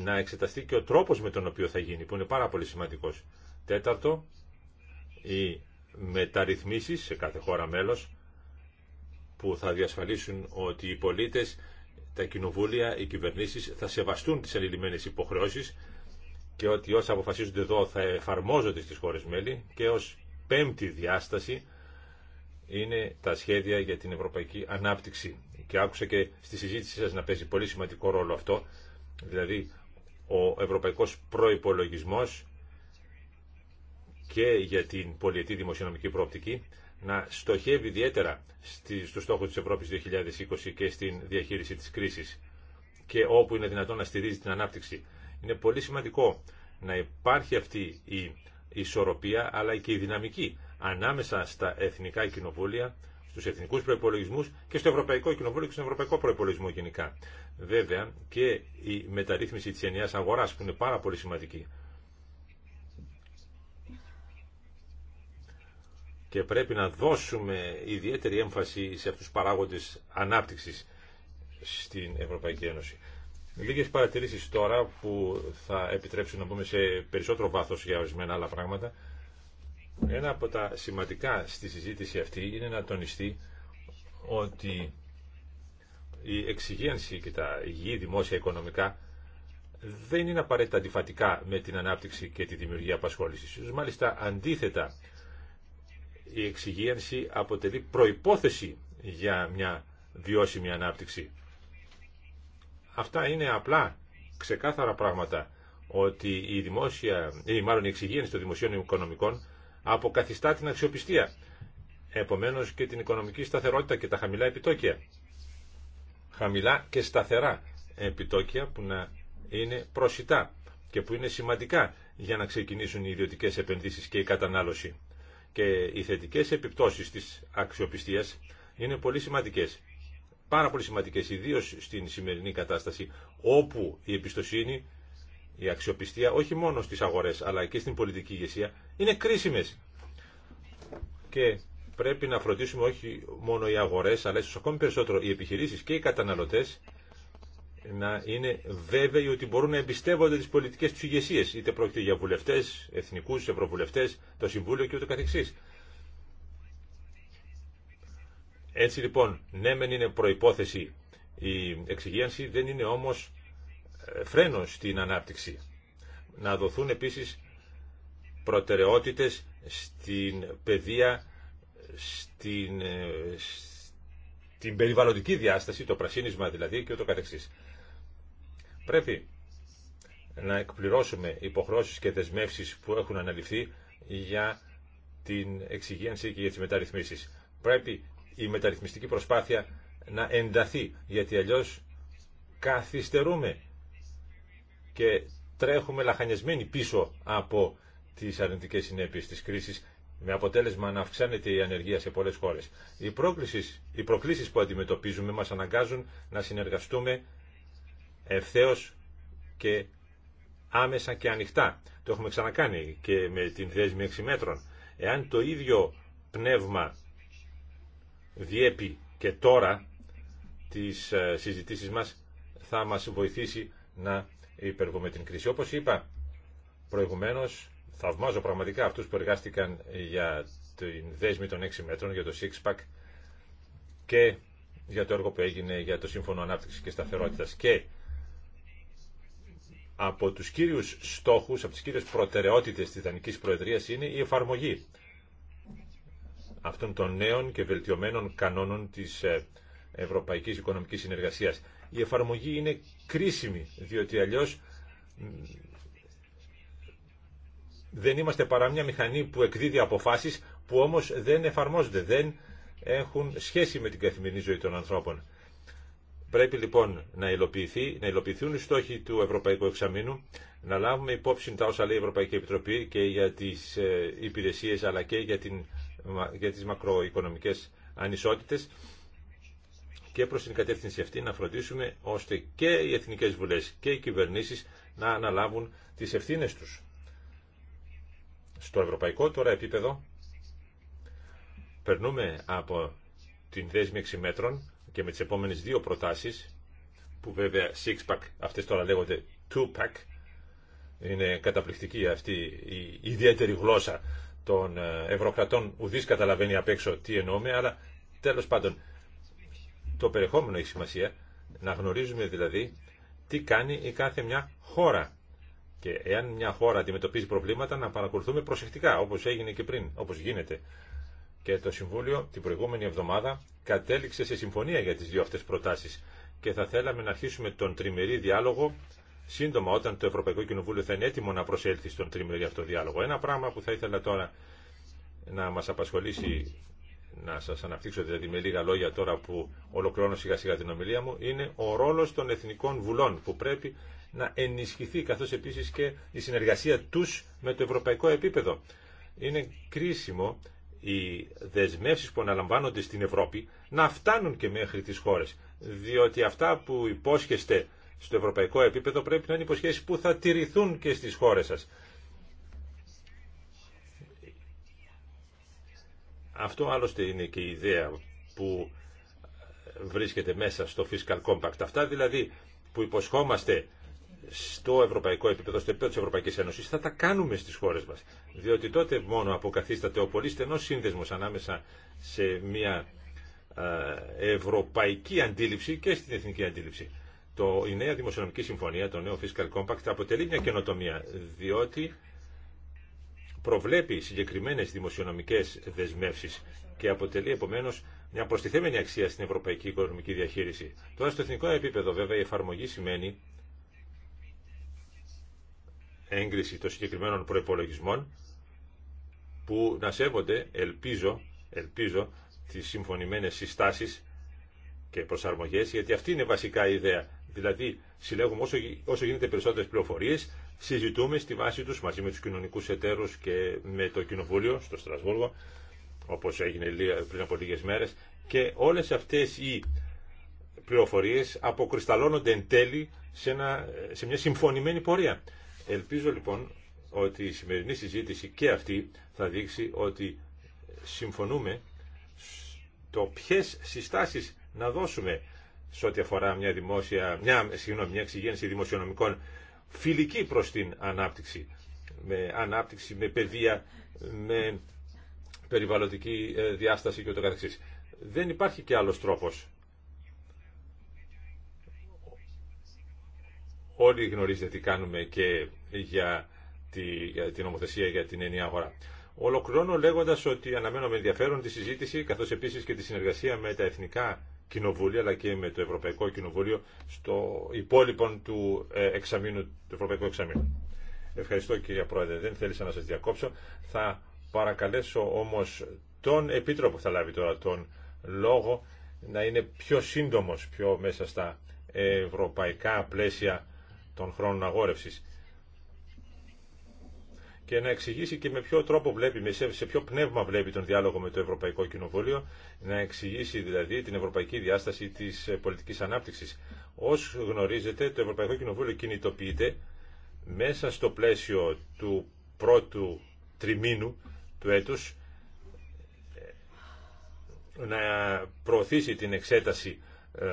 να εξεταστεί και ο τρόπος με τον οποίο θα γίνει, που είναι πάρα πολύ σημαντικός. Τέταρτο, οι μεταρρυθμίσεις σε κάθε χώρα μέλος που θα διασφαλίσουν ότι οι πολίτες, τα κοινοβούλια, οι κυβερνήσεις θα σεβαστούν τις αλληλημένες υποχρεώσεις και ότι όσα αποφασίζονται εδώ θα εφαρμόζονται στις χώρες μέλη και ως πέμπτη διάσταση είναι τα σχέδια για την ευρωπαϊκή ανάπτυξη. Και άκουσα και στη συζήτησή σας να παίζει πολύ σημαντικό ρόλο αυτό δηλαδή ο ευρωπαϊκός προϋπολογισμός και για την πολιετή δημοσιονομική προοπτική να στοχεύει ιδιαίτερα στους στόχους της Ευρώπης 2020 και στην διαχείριση της κρίσης και όπου είναι δυνατόν να στηρίζει την ανάπτυξη. Είναι πολύ σημαντικό να υπάρχει αυτή η ισορροπία αλλά και η δυναμική ανάμεσα στα εθνικά κοινοβούλια στου εθνικού προπολογισμού και στο Ευρωπαϊκό Κοινοβούλιο και στον Ευρωπαϊκό Προπολογισμό γενικά. Βέβαια και η μεταρρύθμιση τη ενιαία αγορά που είναι πάρα πολύ σημαντική. Και πρέπει να δώσουμε ιδιαίτερη έμφαση σε αυτούς τους παράγοντες ανάπτυξης στην Ευρωπαϊκή Ένωση. Λίγες παρατηρήσεις τώρα που θα επιτρέψουν να πούμε σε περισσότερο βάθος για ορισμένα άλλα πράγματα. Ένα από τα σημαντικά στη συζήτηση αυτή είναι να τονιστεί ότι η εξυγένση και τα υγιή δημόσια οικονομικά δεν είναι απαραίτητα αντιφατικά με την ανάπτυξη και τη δημιουργία απασχόλησης. Μάλιστα αντίθετα, η εξυγίανση αποτελεί προϋπόθεση για μια βιώσιμη ανάπτυξη. Αυτά είναι απλά ξεκάθαρα πράγματα ότι η δημόσια, ή μάλλον εξυγίανση των δημοσίων οικονομικών αποκαθιστά την αξιοπιστία. Επομένως και την οικονομική σταθερότητα και τα χαμηλά επιτόκια. Χαμηλά και σταθερά επιτόκια που να είναι προσιτά και που είναι σημαντικά για να ξεκινήσουν οι ιδιωτικές επενδύσεις και η κατανάλωση. Και οι θετικές επιπτώσεις της αξιοπιστίας είναι πολύ σημαντικές. Πάρα πολύ σημαντικές, ιδίως στην σημερινή κατάσταση, όπου η εμπιστοσύνη η αξιοπιστία όχι μόνο στις αγορές αλλά και στην πολιτική ηγεσία είναι κρίσιμες. Και πρέπει να φροντίσουμε όχι μόνο οι αγορές αλλά ίσως ακόμη περισσότερο οι επιχειρήσεις και οι καταναλωτές να είναι βέβαιοι ότι μπορούν να εμπιστεύονται τις πολιτικές τους ηγεσίε, είτε πρόκειται για βουλευτές, εθνικούς, ευρωβουλευτές, το Συμβούλιο και ούτω καθεξής. Έτσι λοιπόν, ναι μεν είναι προϋπόθεση η εξυγίανση, δεν είναι όμως φρένο στην ανάπτυξη. Να δοθούν επίσης προτεραιότητες στην παιδεία, στην, ε, στην περιβαλλοντική διάσταση, το πρασίνισμα δηλαδή και ούτω καθεξής. Πρέπει να εκπληρώσουμε υποχρώσεις και δεσμεύσεις που έχουν αναλυθεί για την εξυγένση και για τις μεταρρυθμίσεις. Πρέπει η μεταρρυθμιστική προσπάθεια να ενταθεί, γιατί αλλιώς καθυστερούμε και τρέχουμε λαχανιασμένοι πίσω από τις αρνητικές συνέπειες της κρίσης με αποτέλεσμα να αυξάνεται η ανεργία σε πολλές χώρες. Οι, πρόκλησεις, που αντιμετωπίζουμε μας αναγκάζουν να συνεργαστούμε ευθέως και άμεσα και ανοιχτά. Το έχουμε ξανακάνει και με την δέσμη 6 μέτρων. Εάν το ίδιο πνεύμα διέπει και τώρα τις ε, συζητήσεις μας θα μας βοηθήσει να υπερβούμε την κρίση. Όπως είπα προηγουμένως, θαυμάζω πραγματικά αυτούς που εργάστηκαν για την δέσμη των 6 μέτρων, για το six pack και για το έργο που έγινε για το Σύμφωνο Ανάπτυξης και Σταθερότητας και από τους κύριους στόχους, από τις κύριες προτεραιότητες της Δανικής Προεδρίας είναι η εφαρμογή αυτών των νέων και βελτιωμένων κανόνων της ε, Ευρωπαϊκής Οικονομικής Συνεργασίας η εφαρμογή είναι κρίσιμη, διότι αλλιώς δεν είμαστε παρά μια μηχανή που εκδίδει αποφάσεις που όμως δεν εφαρμόζονται, δεν έχουν σχέση με την καθημερινή ζωή των ανθρώπων. Πρέπει λοιπόν να, υλοποιηθεί, να υλοποιηθούν οι στόχοι του Ευρωπαϊκού Εξαμήνου, να λάβουμε υπόψη τα όσα λέει η Ευρωπαϊκή Επιτροπή και για τις ε, υπηρεσίες αλλά και για, την, για τις μακροοικονομικές ανισότητες και προς την κατεύθυνση αυτή να φροντίσουμε ώστε και οι εθνικές βουλές και οι κυβερνήσεις να αναλάβουν τις ευθύνες τους. Στο ευρωπαϊκό τώρα επίπεδο περνούμε από την δέσμη 6 μέτρων και με τις επόμενες δύο προτάσεις που βεβαια six 6-pack αυτές τώρα λεγονται two 2-pack είναι καταπληκτική αυτή η ιδιαίτερη γλώσσα των ε, ευρωκρατών ουδής καταλαβαίνει απ' έξω τι εννοούμε αλλά τέλος πάντων το περιεχόμενο έχει σημασία, να γνωρίζουμε δηλαδή τι κάνει η κάθε μια χώρα. Και εάν μια χώρα αντιμετωπίζει προβλήματα, να παρακολουθούμε προσεκτικά, όπως έγινε και πριν, όπως γίνεται. Και το Συμβούλιο την προηγούμενη εβδομάδα κατέληξε σε συμφωνία για τις δύο αυτές προτάσεις και θα θέλαμε να αρχίσουμε τον τριμερή διάλογο σύντομα όταν το Ευρωπαϊκό Κοινοβούλιο θα είναι έτοιμο να προσέλθει στον τριμερή αυτό διάλογο. Ένα πράγμα που θα ήθελα τώρα να μας απασχολήσει να σας αναπτύξω δηλαδή με λίγα λόγια τώρα που ολοκληρώνω σιγά σιγά την ομιλία μου είναι ο ρόλος των εθνικών βουλών που πρέπει να ενισχυθεί καθώς επίσης και η συνεργασία τους με το ευρωπαϊκό επίπεδο. Είναι κρίσιμο οι δεσμεύσεις που αναλαμβάνονται στην Ευρώπη να φτάνουν και μέχρι τις χώρες διότι αυτά που υπόσχεστε στο ευρωπαϊκό επίπεδο πρέπει να είναι υποσχέσεις που θα τηρηθούν και στις χώρες σας. Αυτό άλλωστε είναι και η ιδέα που βρίσκεται μέσα στο Fiscal Compact. Αυτά δηλαδή που υποσχόμαστε στο ευρωπαϊκό επίπεδο, στο επίπεδο τη Ευρωπαϊκή Ένωση, θα τα κάνουμε στις χώρες μας. Διότι τότε μόνο αποκαθίσταται ο πολύ στενό σύνδεσμος ανάμεσα σε μια ε, ευρωπαϊκή αντίληψη και στην εθνική αντίληψη. Το, η νέα Δημοσιονομική Συμφωνία, το νέο Fiscal Compact, αποτελεί μια καινοτομία, διότι προβλέπει συγκεκριμένες δημοσιονομικές δεσμεύσεις και αποτελεί επομένως μια προστιθέμενη αξία στην ευρωπαϊκή οικονομική διαχείριση. Τώρα στο εθνικό επίπεδο βέβαια η εφαρμογή σημαίνει έγκριση των συγκεκριμένων προπολογισμών που να σέβονται, ελπίζω, ελπίζω τις συμφωνημένες συστάσεις και προσαρμογές, γιατί αυτή είναι βασικά η ιδέα. Δηλαδή, συλλέγουμε όσο, όσο γίνεται περισσότερες πληροφορίες, συζητούμε στη βάση τους μαζί με τους κοινωνικούς εταίρους και με το Κοινοβούλιο στο Στρασβούργο, όπως έγινε πριν από λίγες μέρες, και όλες αυτές οι πληροφορίες αποκρισταλώνονται εν τέλει σε, σε μια συμφωνημένη πορεία. Ελπίζω λοιπόν ότι η σημερινή συζήτηση και αυτή θα δείξει ότι συμφωνούμε το ποιε συστάσεις να δώσουμε σε ό,τι αφορά μια, δημόσια, μια, μια δημοσιονομικών φιλική προς την ανάπτυξη, με ανάπτυξη, με παιδεία, με περιβαλλοντική ε, διάσταση και ούτω καθεξής. Δεν υπάρχει και άλλος τρόπος. Όλοι γνωρίζετε τι κάνουμε και για την νομοθεσία για την ενιαία αγορά. Ολοκληρώνω λέγοντας ότι αναμένω με ενδιαφέρον τη συζήτηση καθώς επίσης και τη συνεργασία με τα εθνικά Κοινοβούλιο αλλά και με το Ευρωπαϊκό Κοινοβούλιο στο υπόλοιπο του, ε, εξαμήνου, του Ευρωπαϊκού Εξαμήνου. Ευχαριστώ κύριε Πρόεδρε, δεν θέλησα να σας διακόψω. Θα παρακαλέσω όμως τον Επίτροπο που θα λάβει τώρα τον λόγο να είναι πιο σύντομος, πιο μέσα στα ευρωπαϊκά πλαίσια των χρόνων αγόρευσης και να εξηγήσει και με ποιο τρόπο βλέπει, σε ποιο πνεύμα βλέπει τον διάλογο με το Ευρωπαϊκό Κοινοβούλιο, να εξηγήσει δηλαδή την ευρωπαϊκή διάσταση της ε, πολιτικής ανάπτυξης. Ως γνωρίζετε, το Ευρωπαϊκό Κοινοβούλιο κινητοποιείται μέσα στο πλαίσιο του πρώτου τριμήνου του έτους ε, να προωθήσει την εξέταση ε,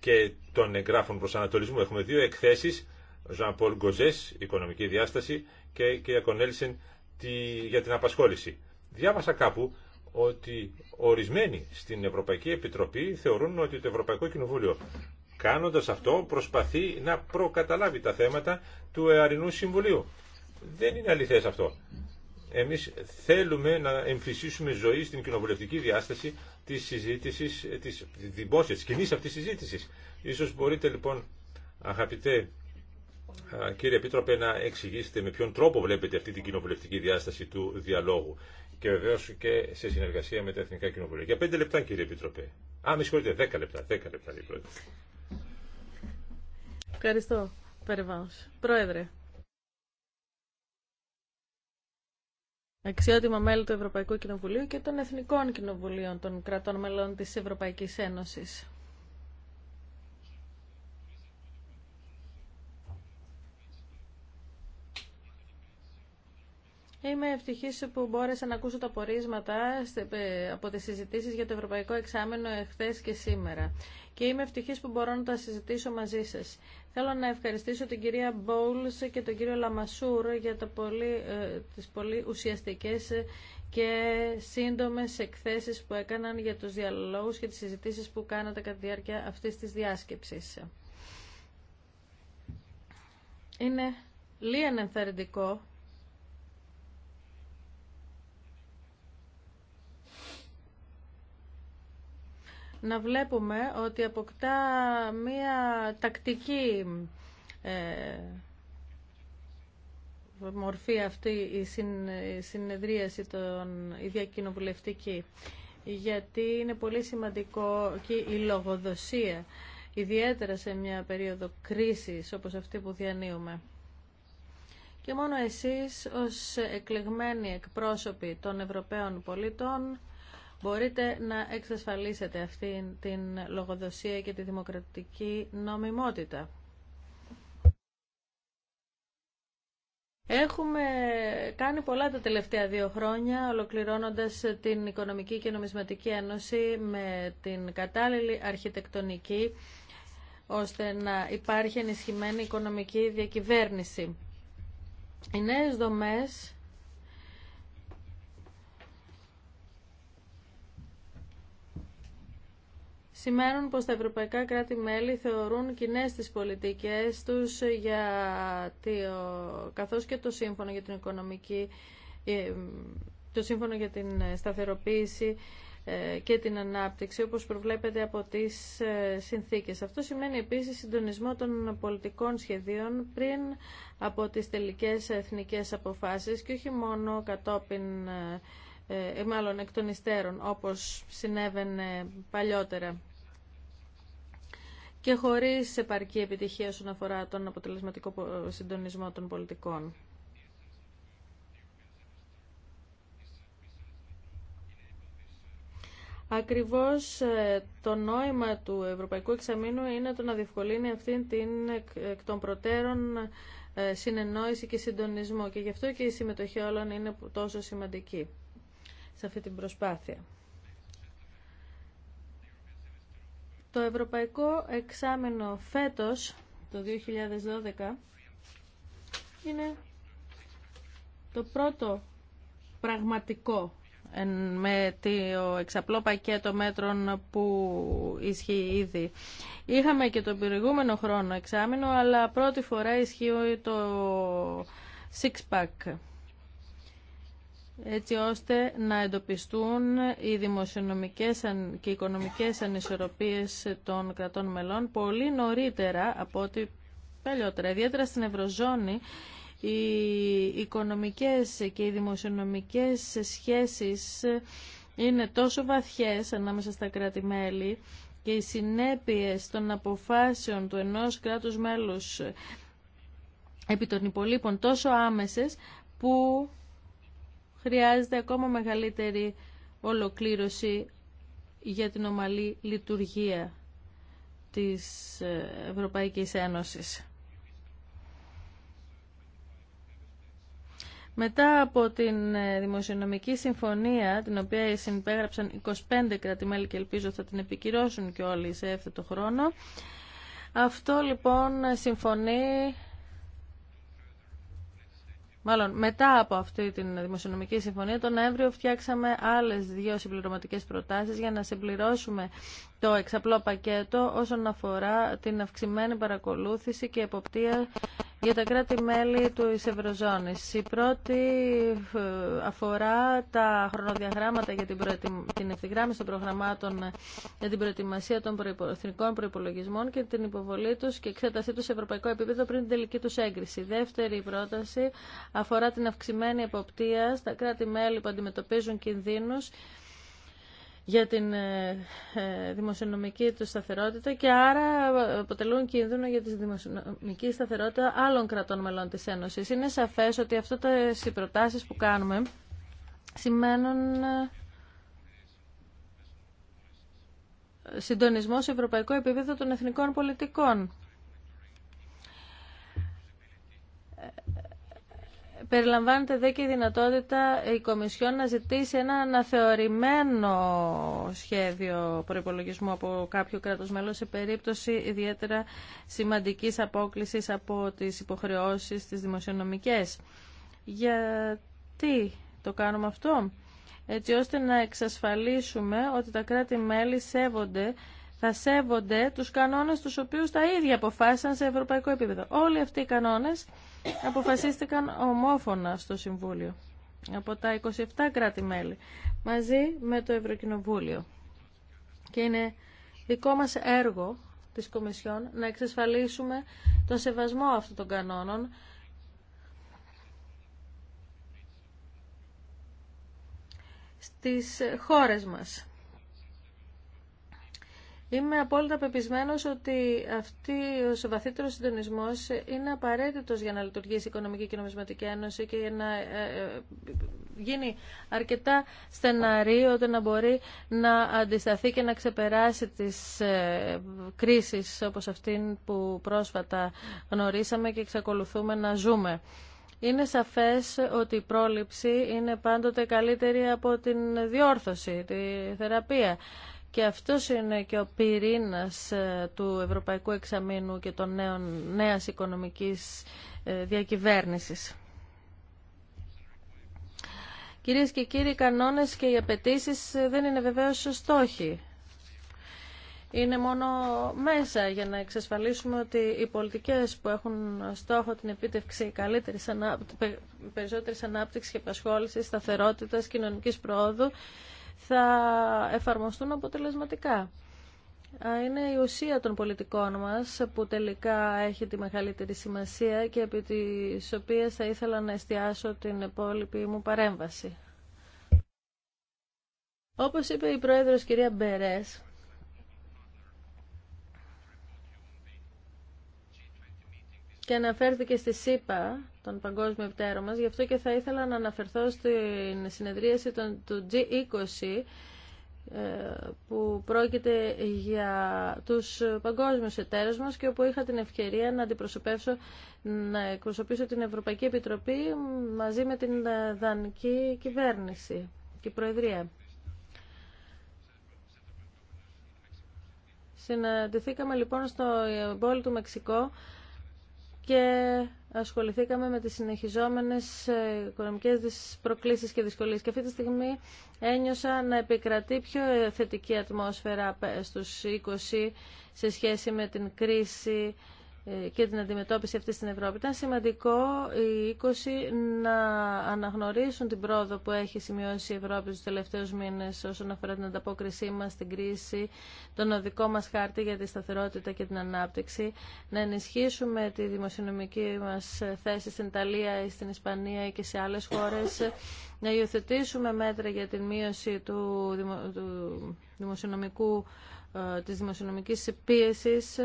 και των εγγράφων προς ανατολισμού. Έχουμε δύο εκθέσεις, Jean-Paul Gauzès, Οικονομική Διάσταση, και η κυρία Κονέλσεν για την απασχόληση. Διάβασα κάπου ότι ορισμένοι στην Ευρωπαϊκή Επιτροπή θεωρούν ότι το Ευρωπαϊκό Κοινοβούλιο κάνοντας αυτό προσπαθεί να προκαταλάβει τα θέματα του Εαρινού Συμβουλίου. Δεν είναι αληθές αυτό. Εμείς θέλουμε να εμφυσίσουμε ζωή στην κοινοβουλευτική διάσταση της συζήτησης, της δημόσιας, της κοινής αυτής συζήτησης. Ίσως μπορείτε λοιπόν αγαπητέ κύριε Επίτροπε, να εξηγήσετε με ποιον τρόπο βλέπετε αυτή την κοινοβουλευτική διάσταση του διαλόγου και βεβαίω και σε συνεργασία με τα Εθνικά Κοινοβούλια. Για πέντε λεπτά, κύριε Επίτροπε. Α, με συγχωρείτε, δέκα λεπτά. Δέκα λεπτά, Ευχαριστώ, Περιβάλλον. Πρόεδρε. Αξιότιμα μέλη του Ευρωπαϊκού Κοινοβουλίου και των Εθνικών Κοινοβουλίων των κρατών μελών της Ευρωπαϊκής Ένωσης. Είμαι ευτυχής που μπόρεσα να ακούσω τα πορίσματα από τις συζητήσεις για το Ευρωπαϊκό Εξάμενο εχθές και σήμερα. Και είμαι ευτυχής που μπορώ να τα συζητήσω μαζί σας. Θέλω να ευχαριστήσω την κυρία Μπόουλ και τον κύριο Λαμασούρ για τι πολύ, ε, τις πολύ ουσιαστικές και σύντομες εκθέσει που έκαναν για τους διαλόγους και τις συζητήσει που κάνατε κατά τη διάρκεια αυτή τη διάσκεψης. Είναι λίγαν ενθαρρυντικό να βλέπουμε ότι αποκτά μία τακτική ε, μορφή αυτή η συνεδρίαση των, η διακοινοβουλευτική γιατί είναι πολύ σημαντικό και η λογοδοσία ιδιαίτερα σε μια περίοδο κρίσης όπως αυτή που διανύουμε. Και μόνο εσείς ως εκλεγμένοι εκπρόσωποι των Ευρωπαίων πολιτών μπορείτε να εξασφαλίσετε αυτή την λογοδοσία και τη δημοκρατική νομιμότητα. Έχουμε κάνει πολλά τα τελευταία δύο χρόνια, ολοκληρώνοντας την Οικονομική και Νομισματική Ένωση με την κατάλληλη αρχιτεκτονική, ώστε να υπάρχει ενισχυμένη οικονομική διακυβέρνηση. Οι νέες δομές σημαίνουν πως τα ευρωπαϊκά κράτη-μέλη θεωρούν κοινέ τις πολιτικές τους για το, καθώς και το σύμφωνο για την οικονομική ε, το σύμφωνο για την σταθεροποίηση ε, και την ανάπτυξη όπως προβλέπεται από τις ε, συνθήκες. Αυτό σημαίνει επίσης συντονισμό των πολιτικών σχεδίων πριν από τις τελικές εθνικές αποφάσεις και όχι μόνο κατόπιν μάλλον εκ των υστέρων όπως συνέβαινε παλιότερα και χωρίς επαρκή επιτυχία όσον αφορά τον αποτελεσματικό συντονισμό των πολιτικών. Ακριβώς ε, το νόημα του Ευρωπαϊκού Εξαμήνου είναι το να διευκολύνει αυτήν την εκ των προτέρων ε, συνεννόηση και συντονισμό και γι' αυτό και η συμμετοχή όλων είναι τόσο σημαντική σε αυτή την προσπάθεια. Το ευρωπαϊκό εξάμενο φέτος, το 2012, είναι το πρώτο πραγματικό με το εξαπλό πακέτο μέτρων που ισχύει ήδη. Είχαμε και τον προηγούμενο χρόνο εξάμεινο, αλλά πρώτη φορά ισχύει το six-pack έτσι ώστε να εντοπιστούν οι δημοσιονομικές και οικονομικές ανισορροπίες των κρατών μελών πολύ νωρίτερα από ό,τι παλιότερα. Ιδιαίτερα στην Ευρωζώνη οι οικονομικές και οι δημοσιονομικές σχέσεις είναι τόσο βαθιές ανάμεσα στα κράτη-μέλη και οι συνέπειες των αποφάσεων του ενός κράτους μέλους επί των υπολείπων τόσο άμεσες που χρειάζεται ακόμα μεγαλύτερη ολοκλήρωση για την ομαλή λειτουργία της ε, Ευρωπαϊκής Ένωσης. Μετά από την ε, Δημοσιονομική Συμφωνία, την οποία συνυπέγραψαν 25 κράτη-μέλη και ελπίζω θα την επικυρώσουν και όλοι σε αυτό το χρόνο, αυτό λοιπόν συμφωνεί Μάλλον μετά από αυτή τη δημοσιονομική συμφωνία, τον Νοέμβριο φτιάξαμε άλλε δύο συμπληρωματικέ προτάσεις για να συμπληρώσουμε το εξαπλό πακέτο όσον αφορά την αυξημένη παρακολούθηση και εποπτεία για τα κράτη-μέλη του Ευρωζώνης. Η πρώτη ε, αφορά τα χρονοδιαγράμματα για την, την ευθυγράμμιση των προγραμμάτων για την προετοιμασία των προϋπο... εθνικών προϋπολογισμών και την υποβολή τους και εξέτασή τους σε ευρωπαϊκό επίπεδο πριν την τελική τους έγκριση. Η δεύτερη πρόταση αφορά την αυξημένη εποπτεία στα κράτη-μέλη που αντιμετωπίζουν κινδύνους για την ε, ε, δημοσιονομική του σταθερότητα και άρα αποτελούν κίνδυνο για τη δημοσιονομική σταθερότητα άλλων κρατών μελών της Ένωσης. Είναι σαφές ότι αυτές οι προτάσεις που κάνουμε σημαίνουν ε, συντονισμό σε ευρωπαϊκό επίπεδο των εθνικών πολιτικών. περιλαμβάνεται δε και η δυνατότητα ε, η Κομισιόν να ζητήσει ένα αναθεωρημένο σχέδιο προπολογισμού από κάποιο κράτος μέλος σε περίπτωση ιδιαίτερα σημαντικής απόκλησης από τις υποχρεώσεις τις δημοσιονομικές. Γιατί το κάνουμε αυτό? Έτσι ώστε να εξασφαλίσουμε ότι τα κράτη-μέλη σέβονται θα σέβονται τους κανόνες τους οποίους τα ίδια αποφάσισαν σε ευρωπαϊκό επίπεδο. Όλοι αυτοί οι κανόνες αποφασίστηκαν ομόφωνα στο Συμβούλιο από τα 27 κράτη-μέλη μαζί με το Ευρωκοινοβούλιο. Και είναι δικό μας έργο της Κομισιόν να εξασφαλίσουμε τον σεβασμό αυτών των κανόνων στις χώρες μας. Είμαι απόλυτα πεπισμένος ότι αυτή ο βαθύτερο συντονισμό είναι απαραίτητο για να λειτουργήσει η Οικονομική και Νομισματική Ένωση και να ε, ε, γίνει αρκετά στεναρή ώστε να μπορεί να αντισταθεί και να ξεπεράσει τις ε, κρίσεις όπως αυτήν που πρόσφατα γνωρίσαμε και εξακολουθούμε να ζούμε. Είναι σαφές ότι η πρόληψη είναι πάντοτε καλύτερη από την διόρθωση, τη θεραπεία. Και αυτός είναι και ο πυρήνας ε, του Ευρωπαϊκού Εξαμήνου και των νέων, νέας οικονομικής ε, διακυβέρνησης. Κυρίες και κύριοι, οι κανόνες και οι απαιτήσει ε, δεν είναι βεβαίως στόχοι. Είναι μόνο μέσα για να εξασφαλίσουμε ότι οι πολιτικές που έχουν στόχο την επίτευξη καλύτερης ανάπτυξης, περισσότερης ανάπτυξης και επασχόλησης, σταθερότητας, κοινωνικής προόδου θα εφαρμοστούν αποτελεσματικά. Είναι η ουσία των πολιτικών μας που τελικά έχει τη μεγαλύτερη σημασία και επί της οποίας θα ήθελα να εστιάσω την υπόλοιπη μου παρέμβαση. Όπως είπε η Πρόεδρος κυρία Μπερές, και αναφέρθηκε στη ΣΥΠΑ, τον παγκόσμιο πτέρο μας, γι' αυτό και θα ήθελα να αναφερθώ στην συνεδρίαση του G20 ε, που πρόκειται για τους παγκόσμιους εταίρους μας και όπου είχα την ευκαιρία να αντιπροσωπεύσω, να εκπροσωπήσω την Ευρωπαϊκή Επιτροπή μαζί με την ε, δανική κυβέρνηση και προεδρία. Συναντηθήκαμε λοιπόν στο πόλη του Μεξικό και ασχοληθήκαμε με τις συνεχιζόμενες ε, οικονομικές προκλήσεις και δυσκολίες. Και αυτή τη στιγμή ένιωσα να επικρατεί πιο ε, θετική ατμόσφαιρα στους 20 σε σχέση με την κρίση ε, και την αντιμετώπιση αυτή στην Ευρώπη. Ήταν σημαντικό οι 20 να αναγνωρίσουν την πρόοδο που έχει σημειώσει η Ευρώπη τους τελευταίους μήνες όσον αφορά την ανταπόκρισή μας στην κρίση, τον οδικό μας χάρτη για τη σταθερότητα και την ανάπτυξη, να ενισχύσουμε τη δημοσιονομική μας θέση στην Ιταλία ή στην Ισπανία ή και σε άλλες χώρες, να υιοθετήσουμε μέτρα για την μείωση του, δημοσιονομικού, ε, της δημοσιονομικής πίεσης,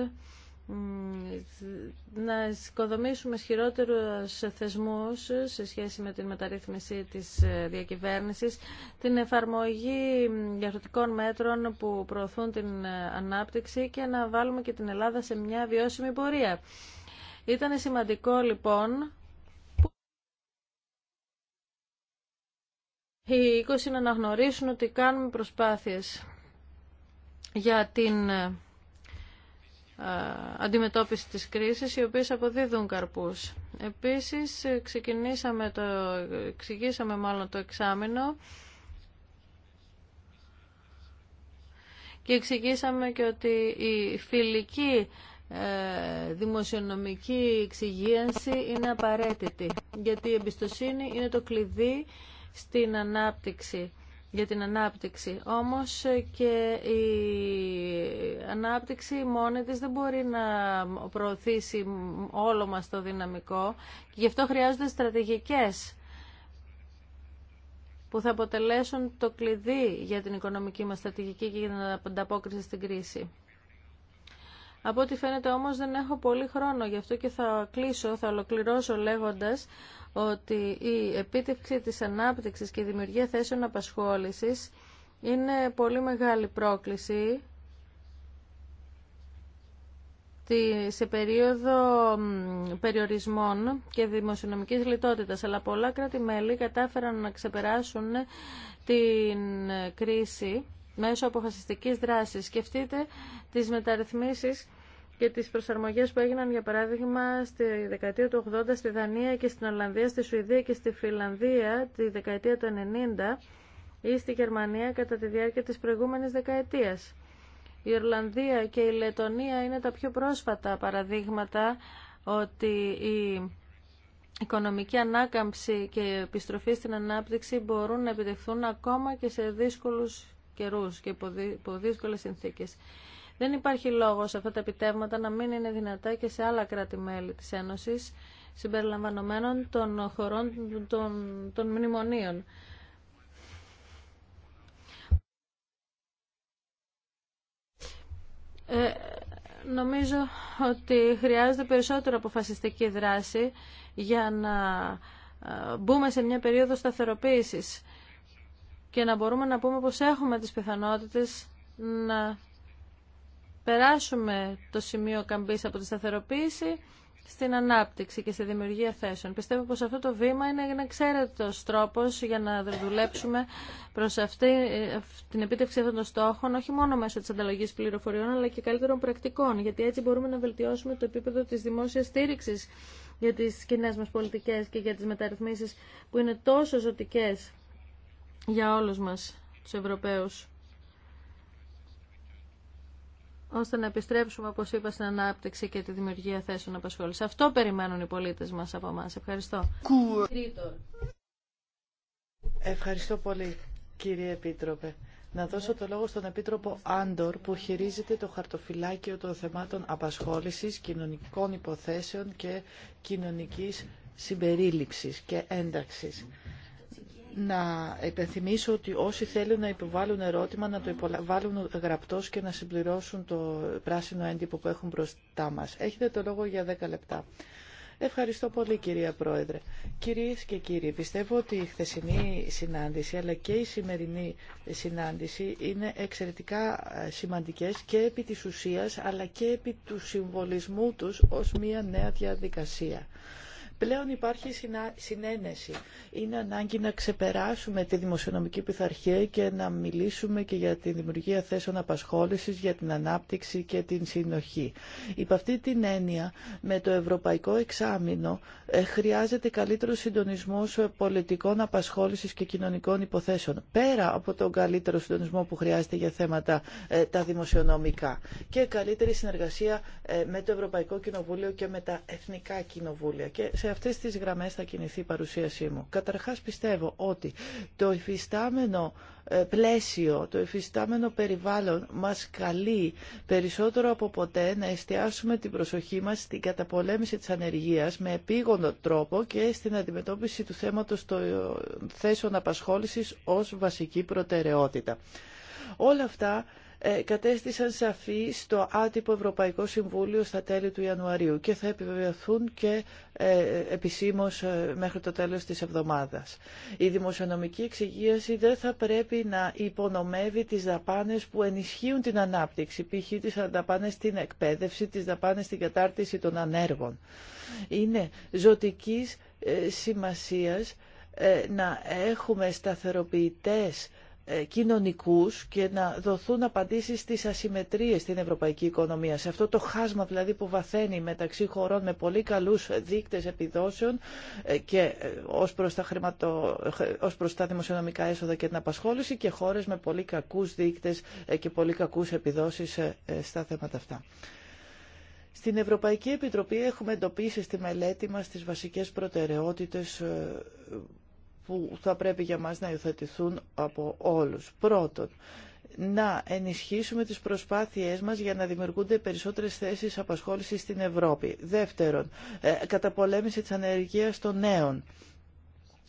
να οικοδομήσουμε ισχυρότερου θεσμούς σε σχέση με την μεταρρύθμιση της ε, διακυβέρνησης, την εφαρμογή διαρθρωτικών μέτρων που προωθούν την ε, ανάπτυξη και να βάλουμε και την Ελλάδα σε μια βιώσιμη πορεία. Ήταν σημαντικό λοιπόν οι 20 να αναγνωρίσουν ότι κάνουμε προσπάθειες για την ε, αντιμετώπιση της κρίσης, οι οποίες αποδίδουν καρπούς. Επίσης, ξεκινήσαμε το, εξηγήσαμε μάλλον το εξάμεινο και εξηγήσαμε και ότι η φιλική ε, δημοσιονομική εξυγίανση είναι απαραίτητη, γιατί η εμπιστοσύνη είναι το κλειδί στην ανάπτυξη για την ανάπτυξη. Όμως και η ανάπτυξη μόνη της δεν μπορεί να προωθήσει όλο μας το δυναμικό και γι' αυτό χρειάζονται στρατηγικές που θα αποτελέσουν το κλειδί για την οικονομική μας στρατηγική και για την ανταπόκριση στην κρίση. Από ό,τι φαίνεται όμως δεν έχω πολύ χρόνο, γι' αυτό και θα κλείσω, θα ολοκληρώσω λέγοντας ότι η επίτευξη της ανάπτυξης και η δημιουργία θέσεων απασχόλησης είναι πολύ μεγάλη πρόκληση σε περίοδο περιορισμών και δημοσιονομικής λιτότητας, αλλά πολλά κράτη-μέλη κατάφεραν να ξεπεράσουν την κρίση μέσω αποφασιστικής δράσης. Σκεφτείτε τις μεταρρυθμίσεις και τις προσαρμογές που έγιναν για παράδειγμα στη δεκαετία του 80 στη Δανία και στην Ολλανδία, στη Σουηδία και στη Φιλανδία τη δεκαετία του 90 ή στη Γερμανία κατά τη διάρκεια της προηγούμενης δεκαετίας. Η Ιρλανδία και η Λετωνία είναι τα πιο πρόσφατα παραδείγματα ότι η οικονομική ανάκαμψη και η επιστροφή στην ανάπτυξη μπορούν να επιτευχθούν ακόμα και σε δύσκολους καιρούς και υπό δύσκολες συνθήκες. Δεν υπάρχει λόγος αυτά τα επιτεύγματα να μην είναι δυνατά και σε άλλα κράτη-μέλη της Ένωσης, συμπεριλαμβανομένων των χωρών των, των μνημονίων. Ε, νομίζω ότι χρειάζεται περισσότερο αποφασιστική δράση για να ε, μπούμε σε μια περίοδο σταθεροποίησης και να μπορούμε να πούμε πως έχουμε τις πιθανότητες να περάσουμε το σημείο καμπής από τη σταθεροποίηση στην ανάπτυξη και στη δημιουργία θέσεων. Πιστεύω πως αυτό το βήμα είναι ένα εξαίρετος τρόπος για να δουλέψουμε προς αυτή, την επίτευξη αυτών των στόχων, όχι μόνο μέσω της ανταλλαγής πληροφοριών, αλλά και καλύτερων πρακτικών, γιατί έτσι μπορούμε να βελτιώσουμε το επίπεδο της δημόσιας στήριξης για τις κοινέ μας πολιτικές και για τις μεταρρυθμίσεις που είναι τόσο ζωτικές για όλους μας τους Ευρωπαίους ώστε να επιστρέψουμε, όπως είπα, στην ανάπτυξη και τη δημιουργία θέσεων απασχόλησης. Αυτό περιμένουν οι πολίτες μας από εμά. Ευχαριστώ. Ευχαριστώ πολύ, κύριε Επίτροπε. Να δώσω το λόγο στον Επίτροπο Άντορ που χειρίζεται το χαρτοφυλάκιο των θεμάτων απασχόλησης, κοινωνικών υποθέσεων και κοινωνικής συμπερίληψης και ένταξης να επενθυμίσω ότι όσοι θέλουν να υποβάλουν ερώτημα να το υποβάλουν γραπτός και να συμπληρώσουν το πράσινο έντυπο που έχουν μπροστά μας. Έχετε το λόγο για 10 λεπτά. Ευχαριστώ πολύ κυρία Πρόεδρε. Κυρίες και κύριοι, πιστεύω ότι η χθεσινή συνάντηση αλλά και η σημερινή συνάντηση είναι εξαιρετικά ε, σημαντικές και επί της ουσίας αλλά και επί του συμβολισμού τους ως μια νέα διαδικασία. Πλέον υπάρχει συνένεση. Είναι ανάγκη να ξεπεράσουμε τη δημοσιονομική πειθαρχία και να μιλήσουμε και για τη δημιουργία θέσεων απασχόλησης, για την ανάπτυξη και την συνοχή. Υπ' αυτή την έννοια, με το Ευρωπαϊκό Εξάμεινο ε, χρειάζεται καλύτερο συντονισμό πολιτικών απασχόλησης και κοινωνικών υποθέσεων. Πέρα από τον καλύτερο συντονισμό που χρειάζεται για θέματα ε, τα δημοσιονομικά και καλύτερη συνεργασία ε, με το Ευρωπαϊκό Κοινοβούλιο και με τα Εθνικά Κοινοβούλια. Και σε αυτές τις γραμμές θα κινηθεί η παρουσίασή μου. Καταρχάς πιστεύω ότι το υφιστάμενο ε, πλαίσιο, το υφιστάμενο περιβάλλον μας καλεί περισσότερο από ποτέ να εστιάσουμε την προσοχή μας στην καταπολέμηση της ανεργίας με επίγοντο τρόπο και στην αντιμετώπιση του θέματος των θέσεων απασχόλησης ως βασική προτεραιότητα. Όλα αυτά ε, κατέστησαν σαφή στο άτυπο Ευρωπαϊκό Συμβούλιο στα τέλη του Ιανουαρίου και θα επιβεβαιωθούν και ε, επισήμως ε, μέχρι το τέλος της εβδομάδας. Η δημοσιονομική εξυγίαση δεν θα πρέπει να υπονομεύει τις δαπάνες που ενισχύουν την ανάπτυξη, π.χ. τις δαπάνες στην εκπαίδευση, τις δαπάνε στην κατάρτιση των ανέργων. Είναι ζωτικής σημασίας να έχουμε σταθεροποιητές ε, κοινωνικούς και να δοθούν απαντήσεις στις ασυμμετρίες στην ευρωπαϊκή οικονομία. Σε αυτό το χάσμα δηλαδή που βαθαίνει μεταξύ χωρών με πολύ καλούς δείκτες επιδόσεων ε, και ε, ως προς τα, χρηματο... ως προς τα δημοσιονομικά έσοδα και την απασχόληση και χώρες με πολύ κακούς δείκτες και πολύ κακούς επιδόσεις στα θέματα αυτά. Στην Ευρωπαϊκή Επιτροπή έχουμε εντοπίσει στη μελέτη μας τις βασικές προτεραιότητες που θα πρέπει για μας να υιοθετηθούν από όλους. Πρώτον, να ενισχύσουμε τις προσπάθειές μας για να δημιουργούνται περισσότερες θέσεις απασχόλησης στην Ευρώπη. Δεύτερον, ε, καταπολέμηση της ανεργίας των νέων.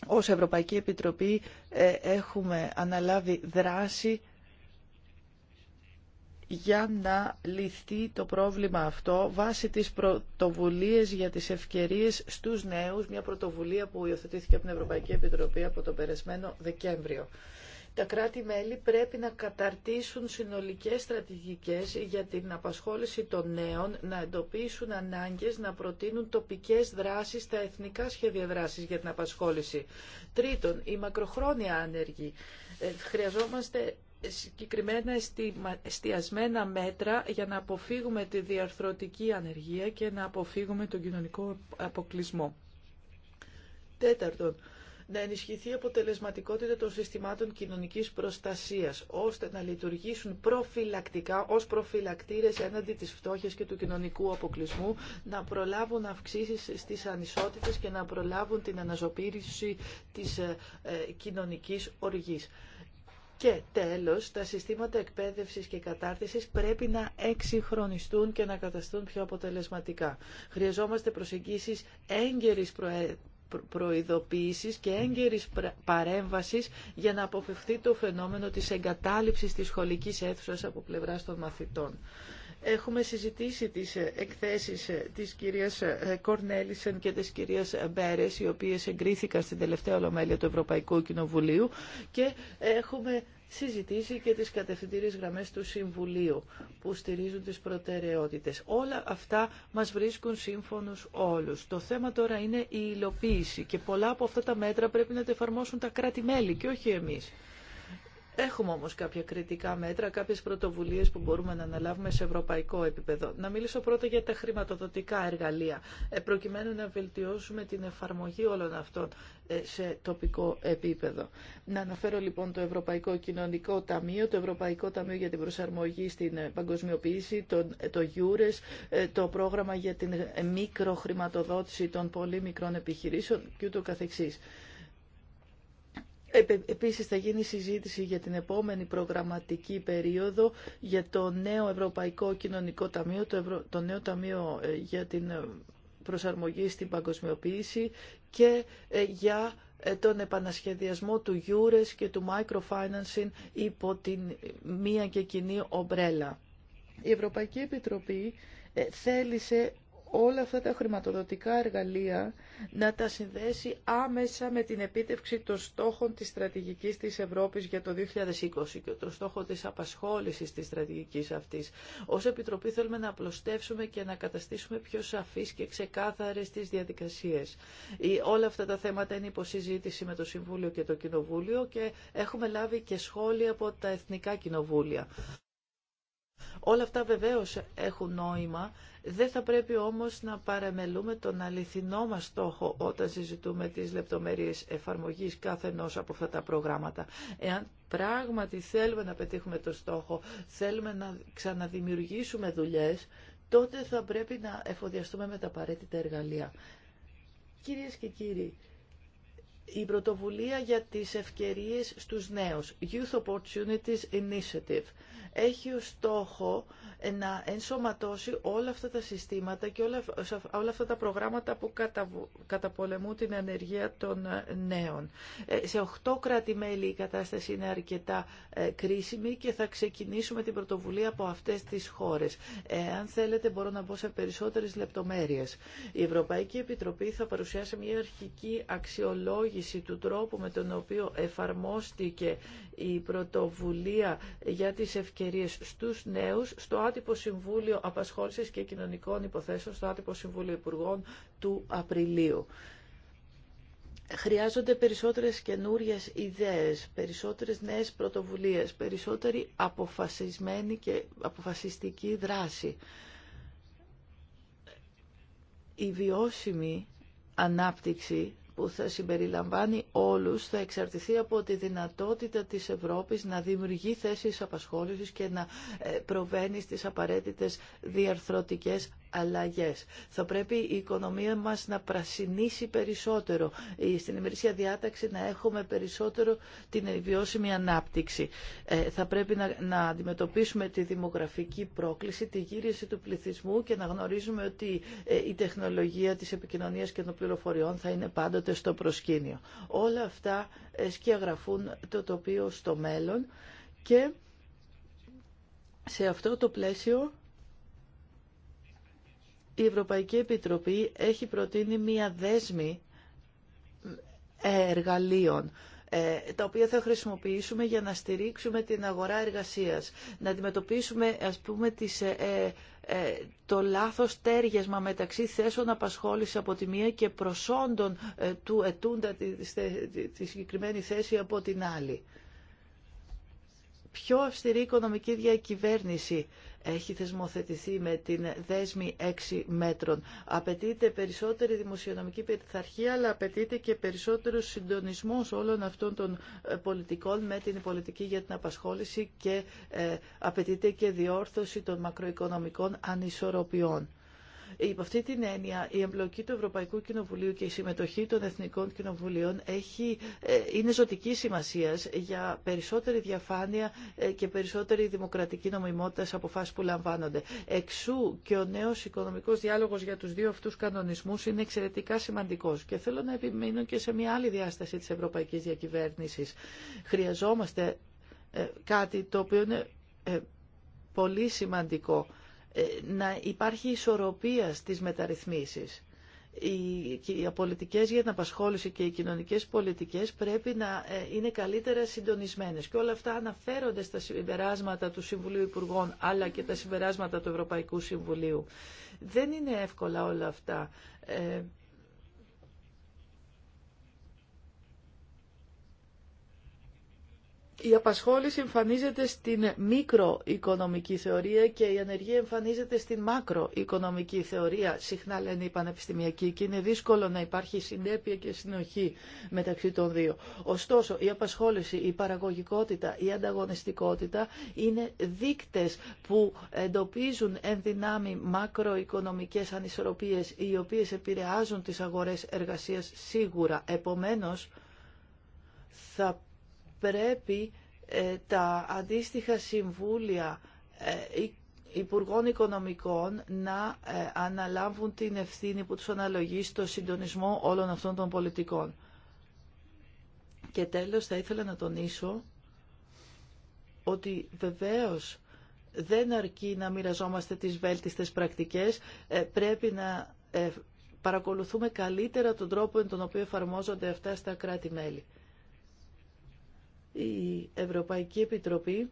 Ως Ευρωπαϊκή Επιτροπή ε, έχουμε αναλάβει δράση για να λυθεί το πρόβλημα αυτό βάσει της πρωτοβουλίες για τις ευκαιρίες στους νέους, μια πρωτοβουλία που υιοθετήθηκε από την Ευρωπαϊκή Επιτροπή από τον περασμένο Δεκέμβριο. Τα κράτη-μέλη πρέπει να καταρτήσουν συνολικές στρατηγικές για την απασχόληση των νέων, να εντοπίσουν ανάγκες, να προτείνουν τοπικές δράσεις στα εθνικά σχέδια δράσης για την απασχόληση. Τρίτον, η μακροχρόνια άνεργη. Ε, χρειαζόμαστε συγκεκριμένα εστιασμένα μέτρα για να αποφύγουμε τη διαρθρωτική ανεργία και να αποφύγουμε τον κοινωνικό αποκλεισμό. Τέταρτον, να ενισχυθεί η αποτελεσματικότητα των συστημάτων κοινωνικής προστασίας, ώστε να λειτουργήσουν προφυλακτικά ως προφυλακτήρες έναντι της φτώχειας και του κοινωνικού αποκλεισμού, να προλάβουν αυξήσεις στις ανισότητες και να προλάβουν την αναζωπήρηση της ε, ε, κοινωνικής οργής. Και τέλος, τα συστήματα εκπαίδευσης και κατάρτισης πρέπει να εξυγχρονιστούν και να καταστούν πιο αποτελεσματικά. Χρειαζόμαστε προσεγγίσεις έγκαιρης προέ προειδοποίησης και έγκαιρης παρέμβασης για να αποφευθεί το φαινόμενο της εγκατάλειψης της σχολικής αίθουσας από πλευράς των μαθητών. Έχουμε συζητήσει τις ε, εκθέσεις ε, της κυρίας ε, Κορνέλισεν και της κυρίας Μπέρες, οι οποίες εγκρίθηκαν στην τελευταία ολομέλεια του Ευρωπαϊκού Κοινοβουλίου και έχουμε συζητήσει και τις κατευθυντήριες γραμμές του Συμβουλίου που στηρίζουν τις προτεραιότητες. Όλα αυτά μας βρίσκουν σύμφωνους όλους. Το θέμα τώρα είναι η υλοποίηση και πολλά από αυτά τα μέτρα πρέπει να τα εφαρμόσουν τα κράτη-μέλη και όχι εμείς. Έχουμε όμως κάποια κριτικά μέτρα, κάποιες πρωτοβουλίες που μπορούμε να αναλάβουμε σε ευρωπαϊκό επίπεδο. Να μιλήσω πρώτα για τα χρηματοδοτικά εργαλεία, ε, προκειμένου να βελτιώσουμε την εφαρμογή όλων αυτών ε, σε τοπικό επίπεδο. Να αναφέρω λοιπόν το Ευρωπαϊκό Κοινωνικό Ταμείο, το Ευρωπαϊκό Ταμείο για την Προσαρμογή στην ε, Παγκοσμιοποίηση, το, το το πρόγραμμα για την μικροχρηματοδότηση των πολύ μικρών επιχειρήσεων κ.ο.κ. Ε, ε, επίσης θα γίνει συζήτηση για την επόμενη προγραμματική περίοδο για το νέο Ευρωπαϊκό Κοινωνικό Ταμείο, το, το νέο Ταμείο ε, για την προσαρμογή στην παγκοσμιοποίηση και για τον επανασχεδιασμό του Eures και του Microfinancing υπό την μία και κοινή ομπρέλα. Η Ευρωπαϊκή Επιτροπή θέλησε όλα αυτά τα χρηματοδοτικά εργαλεία να τα συνδέσει άμεσα με την επίτευξη των στόχων της στρατηγικής της Ευρώπης για το 2020 και των στόχων της απασχόλησης της στρατηγικής αυτής. Ως Επιτροπή θέλουμε να απλωστεύσουμε και να καταστήσουμε πιο σαφείς και ξεκάθαρες τις διαδικασίες. Όλα αυτά τα θέματα είναι υποσυζήτηση με το Συμβούλιο και το Κοινοβούλιο και έχουμε λάβει και σχόλια από τα Εθνικά Κοινοβούλια. Όλα αυτά βεβαίως έχουν νόημα, δεν θα πρέπει όμως να παραμελούμε τον αληθινό μας στόχο όταν συζητούμε τις λεπτομέρειες εφαρμογής κάθε ενός από αυτά τα προγράμματα. Εάν πράγματι θέλουμε να πετύχουμε το στόχο, θέλουμε να ξαναδημιουργήσουμε δουλειές, τότε θα πρέπει να εφοδιαστούμε με τα απαραίτητα εργαλεία. Κυρίες και κύριοι, η πρωτοβουλία για τις ευκαιρίες στους νέους, Youth Opportunities Initiative, έχει ως στόχο να ενσωματώσει όλα αυτά τα συστήματα και όλα, αυτά τα προγράμματα που καταπολεμούν την ανεργία των ε, νέων. Ε, σε οχτω κράτη-μέλη η κατάσταση είναι αρκετά ε, κρίσιμη και θα ξεκινήσουμε την πρωτοβουλία από αυτές τις χώρες. Αν θέλετε μπορώ να μπω σε περισσότερες λεπτομέρειες. Η Ευρωπαϊκή Επιτροπή θα παρουσιάσει μια αρχική αξιολόγηση του τρόπου με τον οποίο εφαρμόστηκε η πρωτοβουλία για τις ευκαιρίες στους νέους στο άτυπο Συμβούλιο Απασχόληση και Κοινωνικών Υποθέσεων, στο άτυπο Συμβούλιο Υπουργών του Απριλίου. Χρειάζονται περισσότερες καινούριες ιδέες, περισσότερες νέες πρωτοβουλίες, περισσότερη αποφασισμένη και αποφασιστική δράση. Η βιώσιμη ανάπτυξη που θα συμπεριλαμβάνει όλους θα εξαρτηθεί από τη δυνατότητα της Ευρώπης να δημιουργεί θέσεις απασχόλησης και να ε, προβαίνει στις απαραίτητες διαρθρωτικές αλλαγές. Θα πρέπει η οικονομία μας να πρασινίσει περισσότερο, ε, στην ημερησία διάταξη να έχουμε περισσότερο την βιώσιμη ανάπτυξη. Ε, θα πρέπει να, να αντιμετωπίσουμε τη δημογραφική πρόκληση, τη γύριση του πληθυσμού και να γνωρίζουμε ότι ε, η τεχνολογία της επικοινωνίας και των πληροφοριών θα είναι πάντοτε στο προσκήνιο. Όλα αυτά σκιαγραφούν το τοπίο στο μέλλον και σε αυτό το πλαίσιο η Ευρωπαϊκή Επιτροπή έχει προτείνει μία δέσμη εργαλείων ε, τα οποία θα χρησιμοποιήσουμε για να στηρίξουμε την αγορά εργασίας, να αντιμετωπίσουμε ας πούμε τις, ε, ε, το λάθος τέριασμα μεταξύ θέσεων απασχόλησης από τη μία και προσόντων του ετούντα τη, τη συγκεκριμένη θέση από την άλλη πιο αυστηρή οικονομική διακυβέρνηση έχει θεσμοθετηθεί με την δέσμη 6 μέτρων. Απαιτείται περισσότερη δημοσιονομική πειθαρχία, αλλά απαιτείται και περισσότερο συντονισμό όλων αυτών των ε, πολιτικών με την πολιτική για την απασχόληση και ε, απαιτείται και διόρθωση των μακροοικονομικών ανισορροπιών. Υπό αυτή την έννοια, η εμπλοκή του Ευρωπαϊκού Κοινοβουλίου και η συμμετοχή των Εθνικών Κοινοβουλίων έχει, ε, είναι ζωτική σημασία για περισσότερη διαφάνεια ε, και περισσότερη δημοκρατική νομιμότητα σε αποφάσει που λαμβάνονται. Εξού και ο νέο οικονομικό διάλογο για του δύο αυτού κανονισμού είναι εξαιρετικά σημαντικό. Και θέλω να επιμείνω και σε μια άλλη διάσταση τη ευρωπαϊκή διακυβέρνηση. Χρειαζόμαστε ε, κάτι το οποίο είναι πολύ σημαντικό ε, να υπάρχει ισορροπία στις μεταρρυθμίσεις. Οι πολιτικές για την απασχόληση και οι κοινωνικές πολιτικές πρέπει να ε, είναι καλύτερα συντονισμένες. Και όλα αυτά αναφέρονται στα συμπεράσματα του Συμβουλίου Υπουργών αλλά και τα συμπεράσματα του Ευρωπαϊκού Συμβουλίου. Δεν είναι εύκολα όλα αυτά. Ε, η απασχόληση εμφανίζεται στην μικροοικονομική θεωρία και η ανεργία εμφανίζεται στην μακροοικονομική θεωρία. Συχνά λένε οι πανεπιστημιακοί και είναι δύσκολο να υπάρχει συνέπεια και συνοχή μεταξύ των δύο. Ωστόσο, η απασχόληση, η παραγωγικότητα, η ανταγωνιστικότητα είναι δείκτες που εντοπίζουν εν δυνάμει μακροοικονομικές ανισορροπίες οι οποίες επηρεάζουν τις αγορές εργασίας σίγουρα. Επομένως, πρέπει ε, τα αντίστοιχα συμβούλια ε, Υπουργών Οικονομικών να ε, αναλάβουν την ευθύνη που τους αναλογεί στο συντονισμό όλων αυτών των πολιτικών. Και τέλος θα ήθελα να τονίσω ότι βεβαίως δεν αρκεί να μοιραζόμαστε τις βέλτιστες πρακτικές, πρέπει να παρακολουθούμε καλύτερα τον τρόπο εν τον οποίο εφαρμόζονται αυτά στα κράτη-μέλη η Ευρωπαϊκή Επιτροπή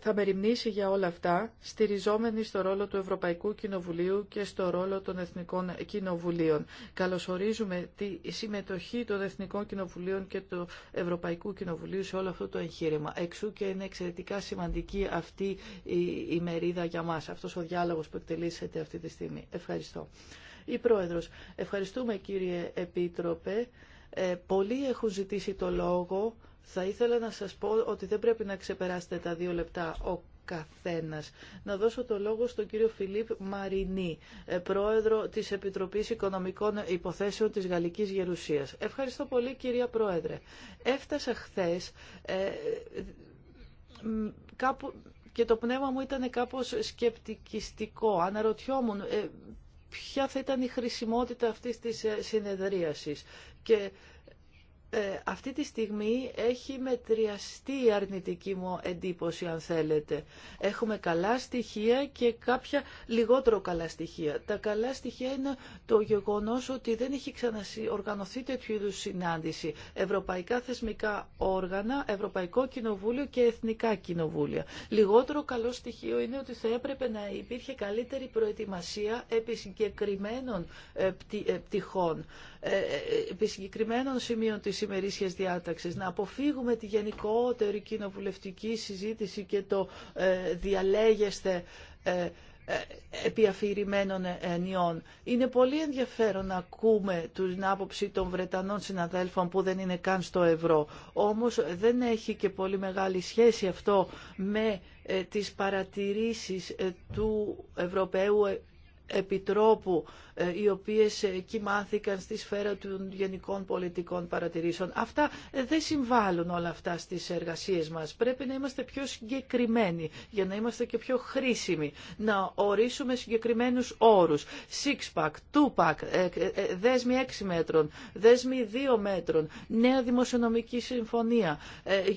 θα μεριμνήσει για όλα αυτά, στηριζόμενη στο ρόλο του Ευρωπαϊκού Κοινοβουλίου και στο ρόλο των Εθνικών Κοινοβουλίων. Καλωσορίζουμε τη συμμετοχή των Εθνικών Κοινοβουλίων και του Ευρωπαϊκού Κοινοβουλίου σε όλο αυτό το εγχείρημα. Εξού και είναι εξαιρετικά σημαντική αυτή η μερίδα για μας, αυτός ο διάλογος που εκτελήσετε αυτή τη στιγμή. Ευχαριστώ. Η Πρόεδρος, ευχαριστούμε κύριε Επίτροπε. Ε, πολλοί έχουν ζητήσει το λόγο. Θα ήθελα να σας πω ότι δεν πρέπει να ξεπεράσετε τα δύο λεπτά ο καθένας. Να δώσω το λόγο στον κύριο Φιλίπ Μαρινή, ε, πρόεδρο της Επιτροπής Οικονομικών Υποθέσεων της Γαλλικής Γερουσίας. Ευχαριστώ πολύ κυρία Πρόεδρε. Έφτασα χθες ε, κάπου, και το πνεύμα μου ήταν κάπως σκεπτικιστικό. Αναρωτιόμουν ε, ποια θα ήταν η χρησιμότητα αυτής της ε, συνεδρίασης. Και ε, αυτή τη στιγμή έχει μετριαστεί η αρνητική μου εντύπωση, αν θέλετε. Έχουμε καλά στοιχεία και κάποια λιγότερο καλά στοιχεία. Τα καλά στοιχεία είναι το γεγονός ότι δεν έχει ξαναοργανωθεί τέτοιου είδου συνάντηση. Ευρωπαϊκά θεσμικά όργανα, Ευρωπαϊκό Κοινοβούλιο και Εθνικά Κοινοβούλια. Λιγότερο καλό στοιχείο είναι ότι θα έπρεπε να υπήρχε καλύτερη προετοιμασία επί συγκεκριμένων ε, ε, πτυχών. Ε, ε, επί συγκεκριμένων σημείων της ημερήσιας διάταξης, να αποφύγουμε τη γενικότερη κοινοβουλευτική συζήτηση και το ε, διαλέγεστε επί αφηρημένων ενιών. Είναι πολύ ενδιαφέρον να ακούμε την άποψη των Βρετανών συναδέλφων που δεν είναι καν στο ευρώ. Όμως δεν έχει και πολύ μεγάλη σχέση αυτό με τις παρατηρήσεις του Ευρωπαίου Επιτρόπου ε, οι οποίες ε, κοιμάθηκαν στη σφαίρα των γενικών πολιτικών παρατηρήσεων. Αυτά ε, δεν συμβάλλουν όλα αυτά στις εργασίες μας. Πρέπει να είμαστε πιο συγκεκριμένοι για να είμαστε και πιο χρήσιμοι. Να ορίσουμε συγκεκριμένους όρους. Six pack, two pack, δέσμοι 6 μέτρων, δέσμοι 2 μέτρων, νέα δημοσιονομική συμφωνία,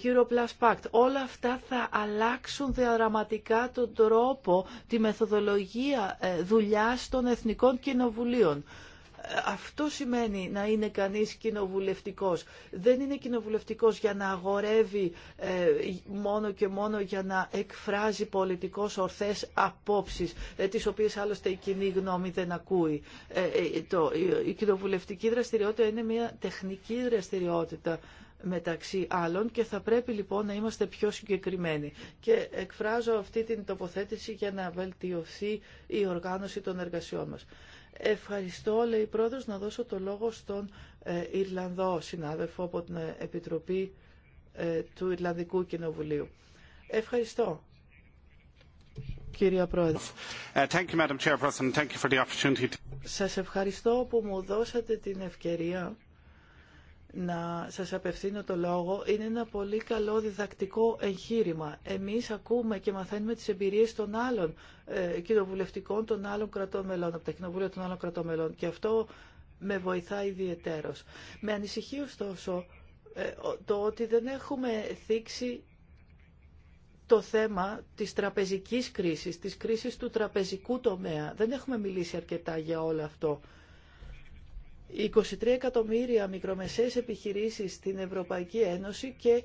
Europlus Pact. Όλα αυτά θα αλλάξουν δραματικά τον τρόπο, τη μεθοδολογία δουλειά των εθνικών κοινοβουλίων κοινοβουλίων. Ε, αυτό σημαίνει να είναι κανείς κοινοβουλευτικός. Δεν είναι κοινοβουλευτικός για να αγορεύει ε, μόνο και μόνο για να εκφράζει πολιτικώς ορθές απόψεις, ε, τις οποίες άλλωστε η κοινή γνώμη δεν ακούει. Η κοινοβουλευτική δραστηριότητα είναι μια τεχνική δραστηριότητα μεταξύ άλλων και θα πρέπει λοιπόν να είμαστε πιο συγκεκριμένοι. Και εκφράζω αυτή την τοποθέτηση για να βελτιωθεί η οργάνωση των εργασιών μας. Ευχαριστώ, λέει η πρόεδρος, να δώσω το λόγο στον ε, Ιρλανδό συνάδελφο από την ε, Επιτροπή ε, του Ιρλανδικού Κοινοβουλίου. Ευχαριστώ. Κυρία Πρόεδρε. Thank you, Madam Thank you for the opportunity. Σας ευχαριστώ που μου δώσατε την ευκαιρία να σας απευθύνω το λόγο είναι ένα πολύ καλό διδακτικό εγχείρημα. Εμείς ακούμε και μαθαίνουμε τις εμπειρίες των άλλων ε, κοινοβουλευτικών των άλλων κρατών μελών, από τα κοινοβούλια των άλλων κρατών μελών και αυτό με βοηθάει ιδιαιτέρως. Με ανησυχεί ωστόσο ε, το ότι δεν έχουμε θίξει το θέμα της τραπεζικής κρίσης, της κρίσης του τραπεζικού τομέα. Δεν έχουμε μιλήσει αρκετά για όλο αυτό. 23 εκατομμύρια μικρομεσαίες επιχειρήσεις στην Ευρωπαϊκή Ένωση και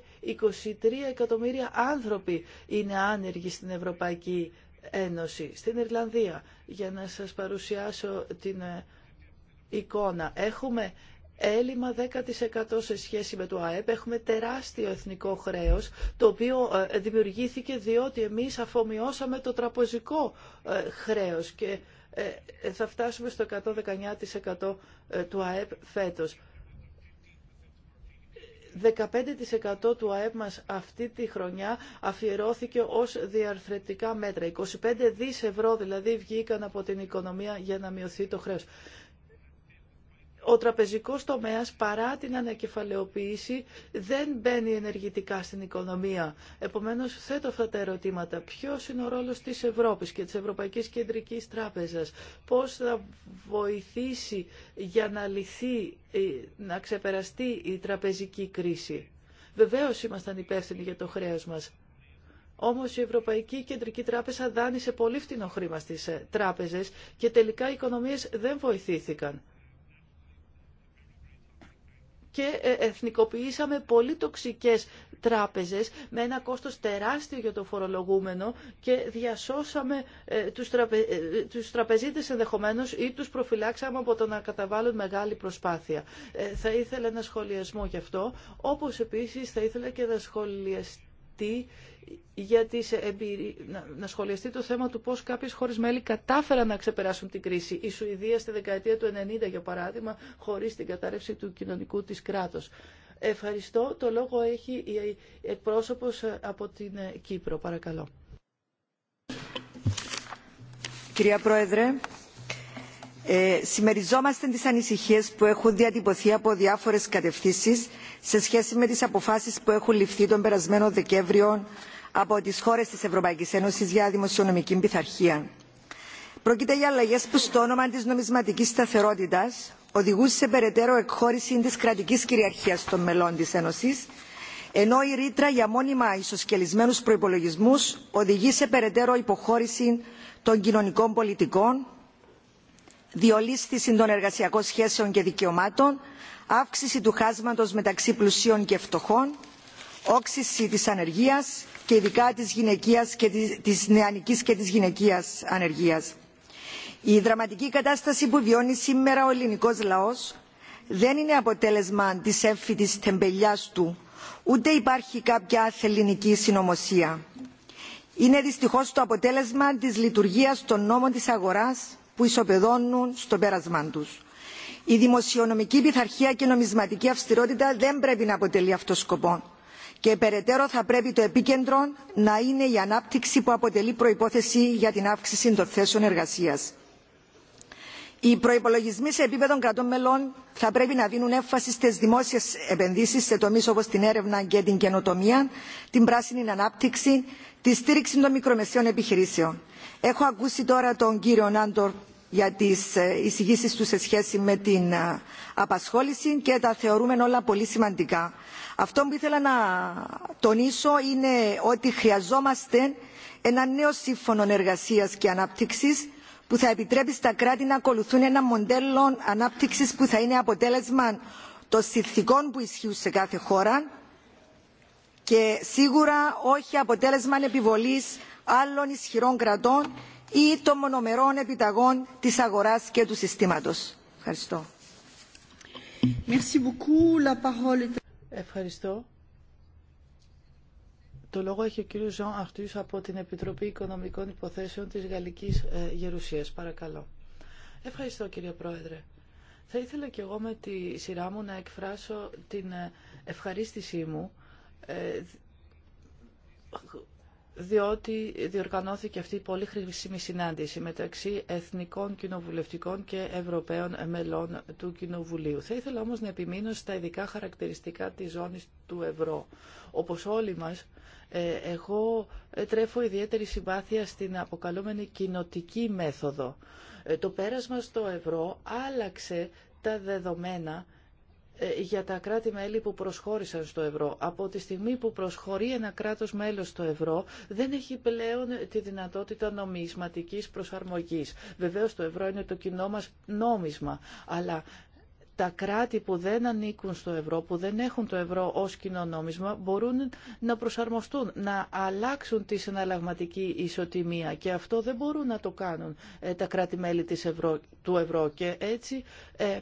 23 εκατομμύρια άνθρωποι είναι άνεργοι στην Ευρωπαϊκή Ένωση. Στην Ιρλανδία, για να σας παρουσιάσω την ε, εικόνα, έχουμε έλλειμμα 10% σε σχέση με το ΑΕΠ. Έχουμε τεράστιο εθνικό χρέος, το οποίο ε, δημιουργήθηκε διότι εμείς αφομοιώσαμε το τραπεζικό ε, χρέος και ε, θα φτάσουμε στο 119% ε, του ΑΕΠ φέτος. 15% του ΑΕΠ μας αυτή τη χρονιά αφιερώθηκε ως διαρθρετικά μέτρα. 25 δις ευρώ δηλαδή βγήκαν από την οικονομία για να μειωθεί το χρέος ο τραπεζικός τομέας παρά την ανακεφαλαιοποίηση δεν μπαίνει ενεργητικά στην οικονομία. Επομένως θέτω αυτά τα ερωτήματα. Ποιος είναι ο ρόλος της Ευρώπης και της Ευρωπαϊκής Κεντρικής Τράπεζας. Πώς θα βοηθήσει για να λυθεί, ε, να ξεπεραστεί η τραπεζική κρίση. Βεβαίως ήμασταν υπεύθυνοι για το χρέος μας. Όμω η Ευρωπαϊκή Κεντρική Τράπεζα δάνεισε πολύ φτηνό χρήμα στι ε, τράπεζε και τελικά οι οικονομίε δεν βοηθήθηκαν και ε, εθνικοποιήσαμε πολύ τοξικές τράπεζες με ένα κόστος τεράστιο για το φορολογούμενο και διασώσαμε ε, τους, τραπε... Ε, τους τραπεζίτες ενδεχομένως ή τους προφυλάξαμε από το να καταβάλουν μεγάλη προσπάθεια. θα ήθελα ένα σχολιασμό γι' αυτό, όπως επίσης θα ήθελα και να σχολιαστεί γιατί για σε να σχολιαστεί το θέμα του πώς κάποιες χώρες μέλη κατάφεραν να ξεπεράσουν την κρίση. Η Σουηδία στη δεκαετία του 90, για παράδειγμα, χωρίς την κατάρρευση του κοινωνικού της κράτος. Ευχαριστώ. Το λόγο έχει η εκπρόσωπος από την Κύπρο. Παρακαλώ. Κυρία Πρόεδρε, ε, συμμεριζόμαστε τις ανησυχίες που έχουν διατυπωθεί από διάφορες κατευθύνσεις σε σχέση με τις αποφάσεις που έχουν ληφθεί τον περασμένο Δεκέμβριο από τις χώρες της Ευρωπαϊκής Ένωσης για δημοσιονομική πειθαρχία. Πρόκειται για αλλαγές που στο όνομα της νομισματικής σταθερότητας οδηγούν σε περαιτέρω εκχώρηση της κρατικής κυριαρχίας των μελών της Ένωσης ενώ η ρήτρα για μόνιμα ισοσκελισμένους προϋπολογισμούς οδηγεί σε περαιτέρω υποχώρηση των κοινωνικών πολιτικών διολίσθηση των εργασιακών σχέσεων και δικαιωμάτων, αύξηση του χάσματος μεταξύ πλουσίων και φτωχών, όξιση της ανεργίας και ειδικά της, γυναικείας και της, νεανικής και της γυναικείας ανεργίας. Η δραματική κατάσταση που βιώνει σήμερα ο ελληνικός λαός δεν είναι αποτέλεσμα της έμφυτης τεμπελιάς του, ούτε υπάρχει κάποια αθεληνική συνωμοσία. Είναι δυστυχώς το αποτέλεσμα της λειτουργίας των νόμων της αγοράς, που ισοπεδώνουν στο πέρασμά τους. Η δημοσιονομική πειθαρχία και νομισματική αυστηρότητα δεν πρέπει να αποτελεί αυτό σκοπό και περαιτέρω θα πρέπει το επίκεντρο να είναι η ανάπτυξη που αποτελεί προϋπόθεση για την αύξηση των θέσεων εργασίας. Οι προπολογισμοί σε επίπεδο κρατών μελών θα πρέπει να δίνουν έμφαση στι δημόσιε επενδύσει σε τομεί όπω την έρευνα και την καινοτομία, την πράσινη ανάπτυξη, τη στήριξη των μικρομεσαίων επιχειρήσεων. Έχω ακούσει τώρα τον κύριο Νάντορ για τις ε, εισηγήσεις του σε σχέση με την ε, απασχόληση και τα θεωρούμε όλα πολύ σημαντικά. Αυτό που ήθελα να τονίσω είναι ότι χρειαζόμαστε ένα νέο σύμφωνο εργασίας και ανάπτυξης που θα επιτρέπει στα κράτη να ακολουθούν ένα μοντέλο ανάπτυξης που θα είναι αποτέλεσμα των συνθηκών που ισχύουν σε κάθε χώρα και σίγουρα όχι αποτέλεσμα επιβολή άλλων ισχυρών κρατών ή των μονομερών επιταγών της αγοράς και του συστήματος. Ευχαριστώ. Ευχαριστώ. Το λόγο έχει ο κύριος Ζων Αρτούς από την Επιτροπή Οικονομικών Υποθέσεων της Γαλλικής ε, Γερουσίας. Παρακαλώ. Ευχαριστώ κύριε Πρόεδρε. Θα ήθελα και εγώ με τη σειρά μου να εκφράσω την ε, ευχαρίστησή μου ε, διότι διοργανώθηκε αυτή η πολύ χρήσιμη συνάντηση μεταξύ εθνικών κοινοβουλευτικών και ευρωπαίων μελών του Κοινοβουλίου. Θα ήθελα όμως να επιμείνω στα ειδικά χαρακτηριστικά της ζώνης του ευρώ. Όπως όλοι μας, ε, εγώ τρέφω ιδιαίτερη συμπάθεια στην αποκαλούμενη κοινοτική μέθοδο. Ε, το πέρασμα στο ευρώ άλλαξε τα δεδομένα ε, για τα κράτη-μέλη που προσχώρησαν στο ευρώ. Από τη στιγμή που προσχωρεί ένα κράτος μέλος στο ευρώ, δεν έχει πλέον τη δυνατότητα νομισματικής προσαρμογής. Βεβαίως το ευρώ είναι το κοινό μας νόμισμα, αλλά τα κράτη που δεν ανήκουν στο ευρώ, που δεν έχουν το ευρώ ως κοινό νόμισμα, μπορούν να προσαρμοστούν, να αλλάξουν τη συναλλαγματική ισοτιμία και αυτό δεν μπορούν να το κάνουν ε, τα κράτη-μέλη του ευρώ και έτσι... Ε,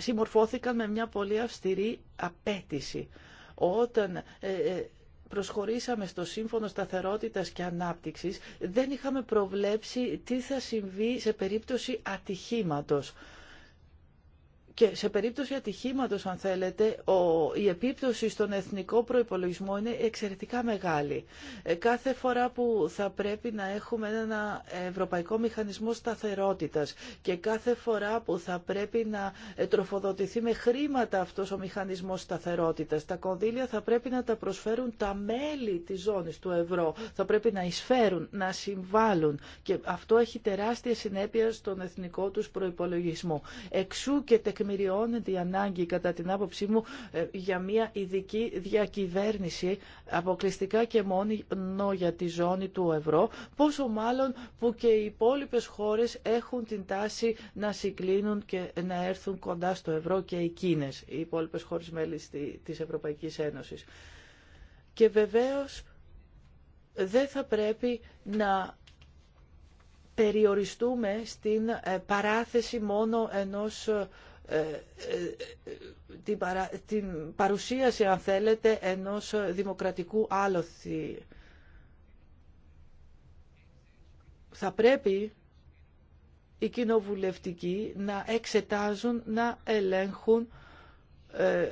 συμμορφώθηκαν με μια πολύ αυστηρή απέτηση. Όταν ε, ε, προσχωρήσαμε στο Σύμφωνο Σταθερότητας και Ανάπτυξης, δεν είχαμε προβλέψει τι θα συμβεί σε περίπτωση ατυχήματος. Και σε περίπτωση ατυχήματο, αν θέλετε, η επίπτωση στον εθνικό προπολογισμό είναι εξαιρετικά μεγάλη. Ε, κάθε φορά που θα πρέπει να έχουμε ένα ευρωπαϊκό μηχανισμό σταθερότητα. και κάθε φορά που θα πρέπει να τροφοδοτηθεί με χρήματα αυτό ο μηχανισμό σταθερότητα, τα κονδύλια θα πρέπει να τα προσφέρουν τα μέλη τη ζώνη του ευρώ, θα πρέπει να εισφέρουν, να συμβάλλουν και αυτό έχει τεράστια συνέπεια στον εθνικό του προπολογισμό. Εξού και τεκμηριώνεται η ανάγκη, κατά την άποψή μου, ε, για μια ειδική διακυβέρνηση αποκλειστικά και μόνο για τη ζώνη του ευρώ, πόσο μάλλον που και οι υπόλοιπε χώρες έχουν την τάση να συγκλίνουν και να έρθουν κοντά στο ευρώ και οι Κίνες, οι υπόλοιπε χώρες μέλη της Ευρωπαϊκής Ένωσης. Και βεβαίως δεν θα πρέπει να περιοριστούμε στην ε, παράθεση μόνο ενός ε, ε, ε, την παρουσίαση, αν θέλετε, ενός δημοκρατικού άλοθη. Θα πρέπει οι κοινοβουλευτικοί να εξετάζουν, να ελέγχουν ε,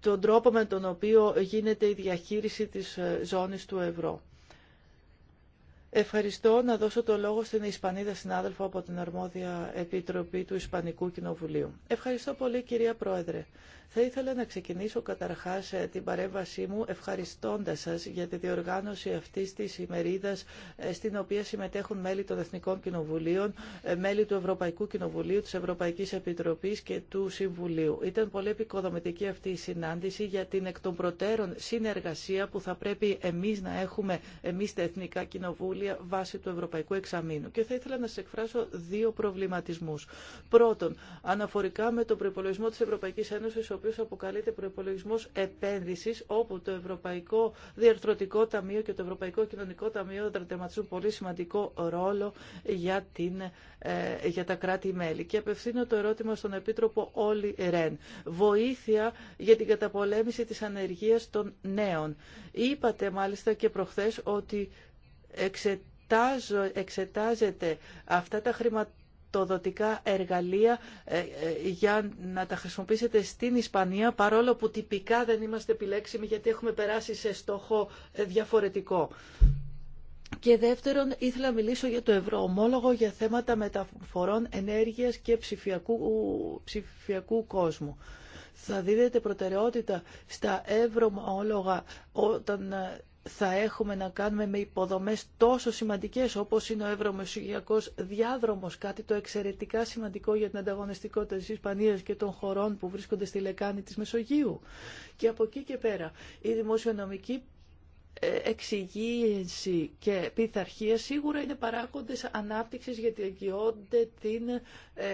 τον τρόπο με τον οποίο γίνεται η διαχείριση της ζώνης του ευρώ. Ευχαριστώ να δώσω το λόγο στην Ισπανίδα συνάδελφο από την Αρμόδια Επιτροπή του Ισπανικού Κοινοβουλίου. Ευχαριστώ πολύ κυρία Πρόεδρε. Θα ήθελα να ξεκινήσω καταρχάς ε, την παρέμβασή μου ευχαριστώντας σας για τη διοργάνωση αυτής της ημερίδας ε, στην οποία συμμετέχουν μέλη των Εθνικών Κοινοβουλίων, ε, μέλη του Ευρωπαϊκού Κοινοβουλίου, της Ευρωπαϊκής Επιτροπής και του Συμβουλίου. Ήταν πολύ επικοδομητική αυτή η συνάντηση για την εκ των προτέρων συνεργασία που θα πρέπει εμείς να έχουμε εμείς τα Εθνικά Κοινοβούλια βάσει του Ευρωπαϊκού Εξαμήνου. Και θα ήθελα να σας εκφράσω δύο προβληματισμούς. Πρώτον, αναφορικά με τον προπολογισμό της Ευρωπαϊκής Ένωσης οποίος αποκαλείται προϋπολογισμός επένδυσης, όπου το Ευρωπαϊκό Διαρθρωτικό Ταμείο και το Ευρωπαϊκό Κοινωνικό Ταμείο τρατεματίζουν πολύ σημαντικό ρόλο για, την, ε, για τα κράτη-μέλη. Και απευθύνω το ερώτημα στον Επίτροπο Όλη Ρεν. Βοήθεια για την καταπολέμηση της ανεργίας των νέων. Είπατε μάλιστα και προχθές ότι εξετάζεται αυτά τα χρηματικά δοτικά εργαλεία ε, ε, για να τα χρησιμοποιήσετε στην Ισπανία, παρόλο που τυπικά δεν είμαστε επιλέξιμοι γιατί έχουμε περάσει σε στόχο ε, διαφορετικό. Και δεύτερον, ήθελα να μιλήσω για το ευρωομόλογο για θέματα μεταφορών ενέργειας και ψηφιακού, ψηφιακού κόσμου. Θα δίδεται προτεραιότητα στα ευρωομόλογα όταν θα έχουμε να κάνουμε με υποδομές τόσο σημαντικές όπως είναι ο ευρωμεσογειακός διάδρομος, κάτι το εξαιρετικά σημαντικό για την ανταγωνιστικότητα της Ισπανίας και των χωρών που βρίσκονται στη λεκάνη της Μεσογείου. Και από εκεί και πέρα, η δημοσιονομική ε, εξυγίανση και πειθαρχία σίγουρα είναι παράγοντες ανάπτυξης γιατί εγγυώνται την ε,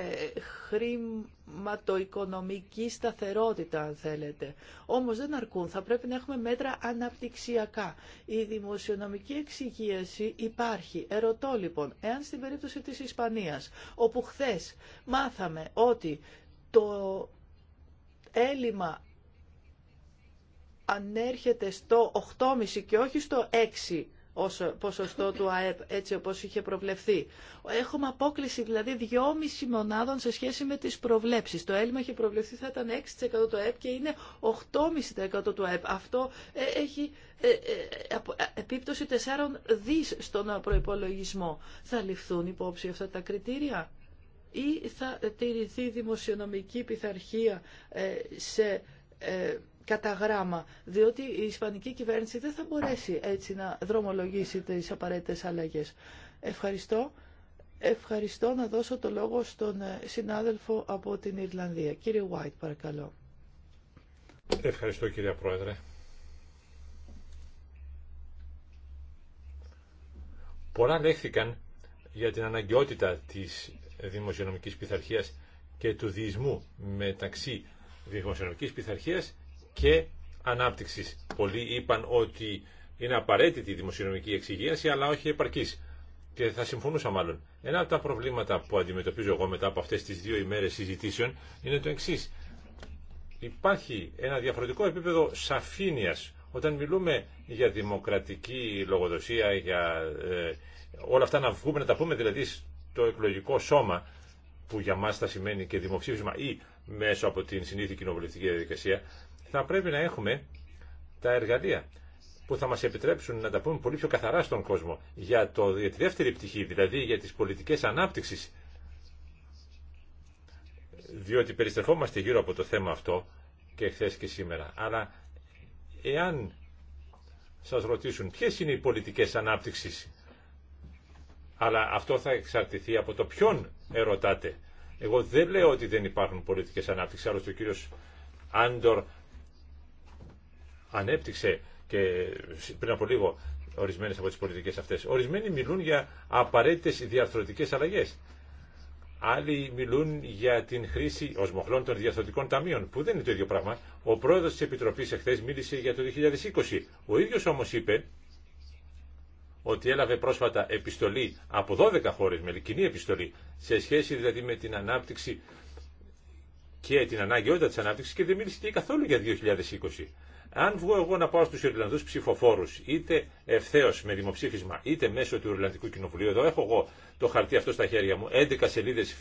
χρηματοοικονομική σταθερότητα αν θέλετε. Όμως δεν αρκούν, θα πρέπει να έχουμε μέτρα αναπτυξιακά. Η δημοσιονομική εξυγίαση υπάρχει. Ερωτώ λοιπόν, εάν στην περίπτωση της Ισπανίας, όπου χθες μάθαμε ότι το έλλειμμα ανέρχεται στο 8,5 και όχι στο 6 ως ποσοστό του ΑΕΠ, έτσι όπως είχε προβλεφθεί. Έχουμε απόκληση δηλαδή 2,5 μονάδων σε σχέση με τις προβλέψεις. Το έλλειμμα είχε προβλεφθεί θα ήταν 6% του ΑΕΠ και είναι 8,5% του ΑΕΠ. Αυτό ε, έχει ε, ε, επίπτωση 4 δις στον προϋπολογισμό. Θα ληφθούν υπόψη αυτά τα κριτήρια ή θα τηρηθεί δημοσιονομική πειθαρχία σε κατά γράμμα, διότι η Ισπανική κυβέρνηση δεν θα μπορέσει έτσι να δρομολογήσει τις απαραίτητες αλλαγές. Ευχαριστώ. Ευχαριστώ να δώσω το λόγο στον ε, συνάδελφο από την Ιρλανδία. Κύριε White, παρακαλώ. Ευχαριστώ κύριε Πρόεδρε. Πολλά λέχθηκαν για την αναγκαιότητα της δημοσιονομικής πειθαρχίας και του διεισμού μεταξύ δημοσιονομικής πειθαρχίας και ανάπτυξη. Πολλοί είπαν ότι είναι απαραίτητη η δημοσιονομική εξυγίαση αλλά όχι επαρκή. Και θα συμφωνούσα μάλλον. Ένα από τα προβλήματα που αντιμετωπίζω εγώ μετά από αυτέ τι δύο ημέρε συζητήσεων είναι το εξή. Υπάρχει ένα διαφορετικό επίπεδο σαφήνεια όταν μιλούμε για δημοκρατική λογοδοσία, για ε, όλα αυτά να βγούμε, να τα πούμε δηλαδή στο εκλογικό σώμα, που για μας θα σημαίνει και δημοψήφισμα ή μέσω από την συνήθη κοινοβουλευτική διαδικασία, θα πρέπει να έχουμε τα εργαλεία που θα μας επιτρέψουν να τα πούμε πολύ πιο καθαρά στον κόσμο για, το, για τη δεύτερη πτυχή, δηλαδή για τις πολιτικές ανάπτυξης. Διότι περιστρεφόμαστε γύρω από το θέμα αυτό και χθε και σήμερα. Αλλά εάν σας ρωτήσουν ποιες είναι οι πολιτικές ανάπτυξης, αλλά αυτό θα εξαρτηθεί από το ποιον ερωτάτε. Εγώ δεν λέω ότι δεν υπάρχουν πολιτικές ανάπτυξης, άλλωστε ο κύριος Άντορ ανέπτυξε και πριν από λίγο ορισμένες από τις πολιτικές αυτές. Ορισμένοι μιλούν για απαραίτητες διαρθρωτικές αλλαγές. Άλλοι μιλούν για την χρήση οσμοχλών των διαρθρωτικών ταμείων, που δεν είναι το ίδιο πράγμα. Ο πρόεδρος τη Επιτροπή εχθές μίλησε για το 2020. Ο ίδιος όμως είπε ότι έλαβε πρόσφατα επιστολή από 12 χώρες με κοινή επιστολή, σε σχέση δηλαδή με την ανάπτυξη και την αναγκαιότητα τη ανάπτυξη και δεν μίλησε και καθόλου για 2020. Αν βγω εγώ να πάω στους Ιρλανδούς ψηφοφόρους, είτε ευθέως με δημοψήφισμα, είτε μέσω του Ιρλανδικού Κοινοβουλίου, εδώ έχω εγώ το χαρτί αυτό στα χέρια μου, 11 σελίδες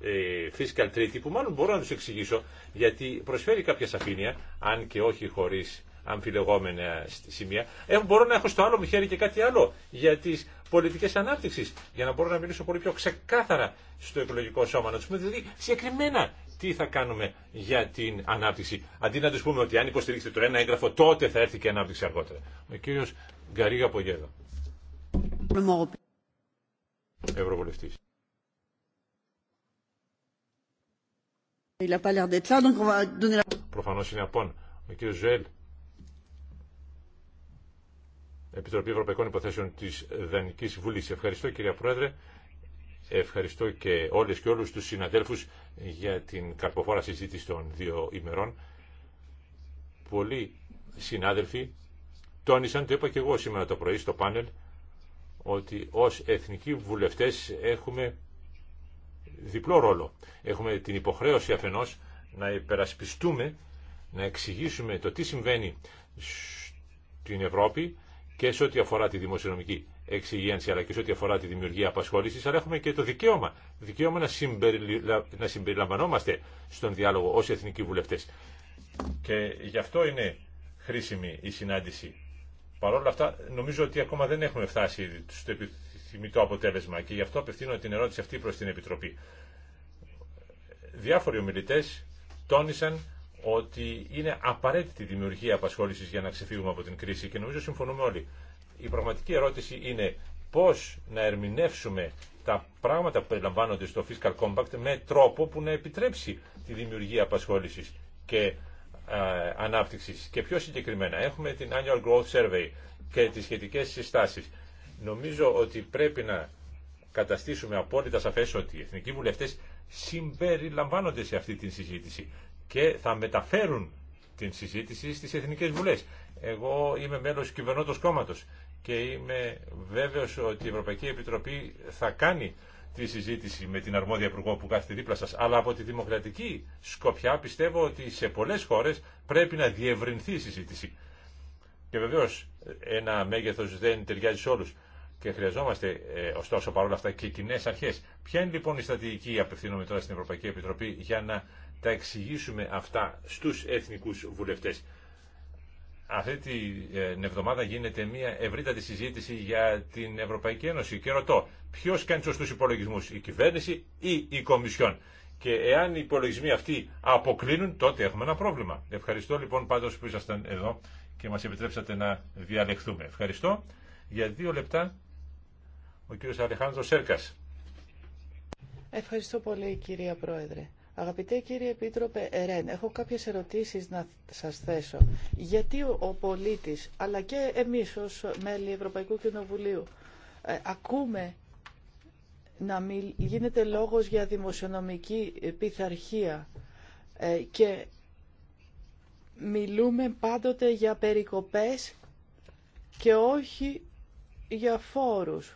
ε, fiscal treaty, που μάλλον μπορώ να τους εξηγήσω, γιατί προσφέρει κάποια σαφήνεια, αν και όχι χωρίς αμφιλεγόμενα σημεία. Έχω, ε, μπορώ να έχω στο άλλο μου χέρι και κάτι άλλο για τις πολιτικές ανάπτυξεις για να μπορώ να μιλήσω πολύ πιο ξεκάθαρα στο εκλογικό σώμα, να τους πούμε δηλαδή συγκεκριμένα τι θα κάνουμε για την ανάπτυξη. Αντί να του πούμε ότι αν υποστηρίξετε το ένα έγγραφο, τότε θα έρθει και η ανάπτυξη αργότερα. Ο κύριο Γκαρίγα Πογέδο. Ευρωβουλευτή. Προφανώ είναι απόν. Ο κύριο Ζουέλ. Επιτροπή Ευρωπαϊκών Υποθέσεων τη Δανική Βουλή. Ευχαριστώ κύριε Πρόεδρε. Ευχαριστώ και όλες και όλους τους συναδέλφους για την καρποφόρα συζήτηση των δύο ημερών. Πολλοί συνάδελφοι τόνισαν, το είπα και εγώ σήμερα το πρωί στο πάνελ, ότι ως εθνικοί βουλευτές έχουμε διπλό ρόλο. Έχουμε την υποχρέωση αφενός να υπερασπιστούμε, να εξηγήσουμε το τι συμβαίνει στην Ευρώπη και σε ό,τι αφορά τη δημοσιονομική εξυγίανση αλλά και σε ό,τι αφορά τη δημιουργία απασχόληση, αλλά έχουμε και το δικαίωμα. Δικαίωμα να, συμπεριλα... να συμπεριλαμβανόμαστε στον διάλογο ω εθνικοί βουλευτέ. Και γι' αυτό είναι χρήσιμη η συνάντηση. Παρ' όλα αυτά, νομίζω ότι ακόμα δεν έχουμε φτάσει στο επιθυμητό αποτέλεσμα και γι' αυτό απευθύνω την ερώτηση αυτή προ την Επιτροπή. Διάφοροι ομιλητέ τόνισαν ότι είναι απαραίτητη η δημιουργία απασχόληση για να ξεφύγουμε από την κρίση και νομίζω συμφωνούμε όλοι. Η πραγματική ερώτηση είναι πώς να ερμηνεύσουμε τα πράγματα που περιλαμβάνονται στο Fiscal Compact με τρόπο που να επιτρέψει τη δημιουργία απασχόλησης και ε, ανάπτυξης. Και πιο συγκεκριμένα έχουμε την Annual Growth Survey και τις σχετικές συστάσεις. Νομίζω ότι πρέπει να καταστήσουμε απόλυτα σαφές ότι οι εθνικοί βουλευτές συμπεριλαμβάνονται σε αυτή τη συζήτηση και θα μεταφέρουν την συζήτηση στις εθνικές βουλές. Εγώ είμαι μέλος κυβερνότος κόμματος και είμαι βέβαιος ότι η Ευρωπαϊκή Επιτροπή θα κάνει τη συζήτηση με την αρμόδια υπουργό που κάθεται δίπλα σας, αλλά από τη δημοκρατική σκοπιά πιστεύω ότι σε πολλές χώρες πρέπει να διευρυνθεί η συζήτηση. Και βεβαίως ένα μέγεθος δεν ταιριάζει σε όλους και χρειαζόμαστε ε, ωστόσο παρόλα αυτά και κοινέ αρχές. Ποια είναι λοιπόν η στρατηγική απευθύνομαι τώρα στην Ευρωπαϊκή Επιτροπή για να τα εξηγήσουμε αυτά στους εθνικούς βουλευτές. Αυτή ε, την εβδομάδα γίνεται μια ευρύτατη συζήτηση για την Ευρωπαϊκή Ένωση και ρωτώ ποιος κάνει σωστούς υπολογισμούς, η κυβέρνηση ή η Κομισιόν. Και εάν οι υπολογισμοί αυτοί αποκλίνουν, τότε έχουμε ένα πρόβλημα. Ευχαριστώ λοιπόν πάντως που ήσασταν εδώ και μας επιτρέψατε να διαλεχθούμε. Ευχαριστώ. Για δύο λεπτά ο κύριος Αλεχάνδρος Σέρκας. Ευχαριστώ πολύ κυρία Πρόεδρε. Αγαπητέ κύριε Επίτροπε Ερέν, έχω κάποιες ερωτήσεις να σας θέσω. Γιατί ο πολίτης, αλλά και εμείς ως μέλη Ευρωπαϊκού Κοινοβουλίου, ε, ακούμε να γίνεται λόγος για δημοσιονομική πειθαρχία ε, και μιλούμε πάντοτε για περικοπές και όχι για φόρους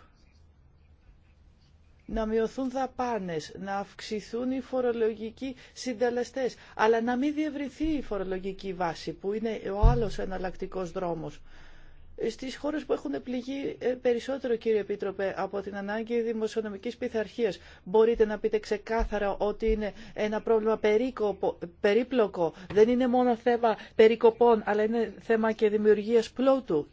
να μειωθούν δαπάνες, να αυξηθούν οι φορολογικοί συντελεστές, αλλά να μην διευρυνθεί η φορολογική βάση που είναι ο άλλος εναλλακτικό δρόμος. Στις χώρες που έχουν πληγεί ε, περισσότερο, κύριε Επίτροπε, από την ανάγκη δημοσιονομικής πειθαρχίας, μπορείτε να πείτε ξεκάθαρα ότι είναι ένα πρόβλημα περίκοπο, περίπλοκο. Δεν είναι μόνο θέμα περικοπών, αλλά είναι θέμα και δημιουργίας πλότου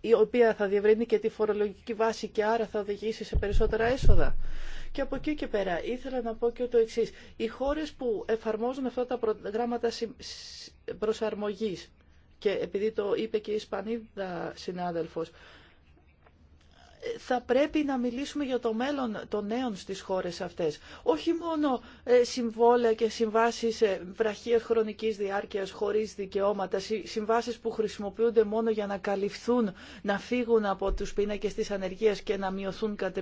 η οποία θα διευρύνει και τη φορολογική βάση και άρα θα οδηγήσει σε περισσότερα έσοδα. Και από εκεί και πέρα ήθελα να πω και το εξή. Οι χώρε που εφαρμόζουν αυτά τα προγράμματα προσαρμογή και επειδή το είπε και η Ισπανίδα συνάδελφος, θα πρέπει να μιλήσουμε για το μέλλον των νέων στις χώρες αυτές. Όχι μόνο ε, συμβόλαια και συμβάσεις ε, βραχίας χρονικής διάρκειας χωρίς δικαιώματα, συμβάσεις που χρησιμοποιούνται μόνο για να καλυφθούν, να φύγουν από τους πίνακες της ανεργίας και να μειωθούν κατ'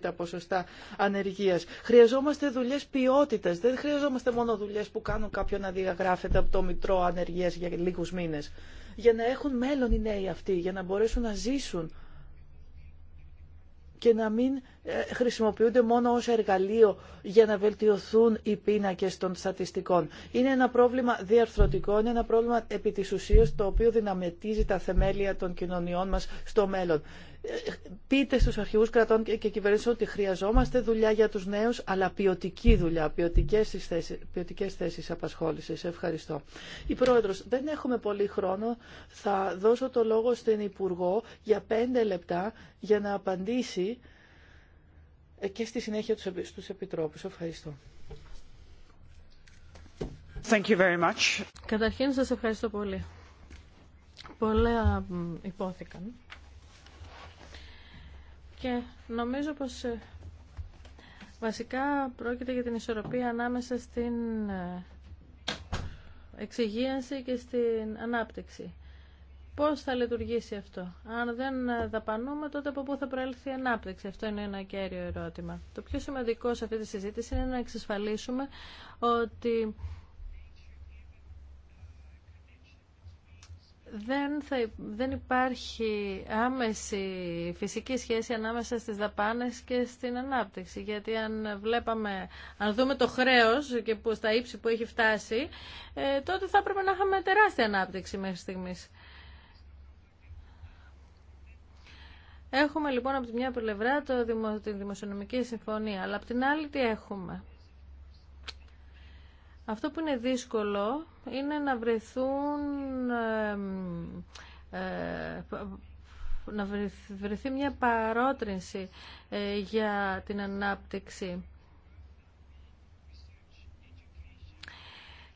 τα ποσοστά ανεργίας. Χρειαζόμαστε δουλειές ποιότητας, δεν χρειαζόμαστε μόνο δουλειές που κάνουν κάποιον να διαγράφεται από το Μητρό Ανεργίας για λίγους μήνες για να έχουν μέλλον οι νέοι αυτοί, για να μπορέσουν να ζήσουν και να μην ε, χρησιμοποιούνται μόνο ως εργαλείο για να βελτιωθούν οι πίνακες των στατιστικών. Είναι ένα πρόβλημα διαρθρωτικό, είναι ένα πρόβλημα επί της ουσίας το οποίο δυναμετίζει τα θεμέλια των κοινωνιών μας στο μέλλον. Ε, πείτε στους αρχηγούς κρατών και κυβερνήσεων ότι χρειαζόμαστε δουλειά για τους νέους, αλλά ποιοτική δουλειά, ποιοτικές θέσεις, ποιοτικές θέσεις απασχόλησης. Ευχαριστώ. Η Πρόεδρος, δεν έχουμε πολύ χρόνο. Θα δώσω το λόγο στην Υπουργό για πέντε λεπτά για να απαντήσει ε, και στη συνέχεια στους επιτρόπους. Ευχαριστώ. Thank you very Καταρχήν σας ευχαριστώ πολύ. Πολλά υπόθηκαν. Και νομίζω πως ε, βασικά πρόκειται για την ισορροπία ανάμεσα στην ε, εξυγίανση και στην ανάπτυξη. Πώς θα λειτουργήσει αυτό. Αν δεν δαπανούμε, τότε από πού θα προέλθει η ανάπτυξη. Αυτό είναι ένα κέριο ερώτημα. Το πιο σημαντικό σε αυτή τη συζήτηση είναι να εξασφαλίσουμε ότι δεν, δεν υπάρχει άμεση φυσική σχέση ανάμεσα στις δαπάνες και στην ανάπτυξη. Γιατί αν, βλέπαμε, αν δούμε το χρέος και που, στα ύψη που έχει φτάσει, ε, τότε θα έπρεπε να είχαμε τεράστια ανάπτυξη μέχρι στιγμής. Έχουμε λοιπόν από τη μια πλευρά το, τη δημοσιονομική συμφωνία, αλλά από την άλλη τι έχουμε. Αυτό που είναι δύσκολο είναι να βρεθούν ε, να βρεθεί μια παρότρινση ε, για την ανάπτυξη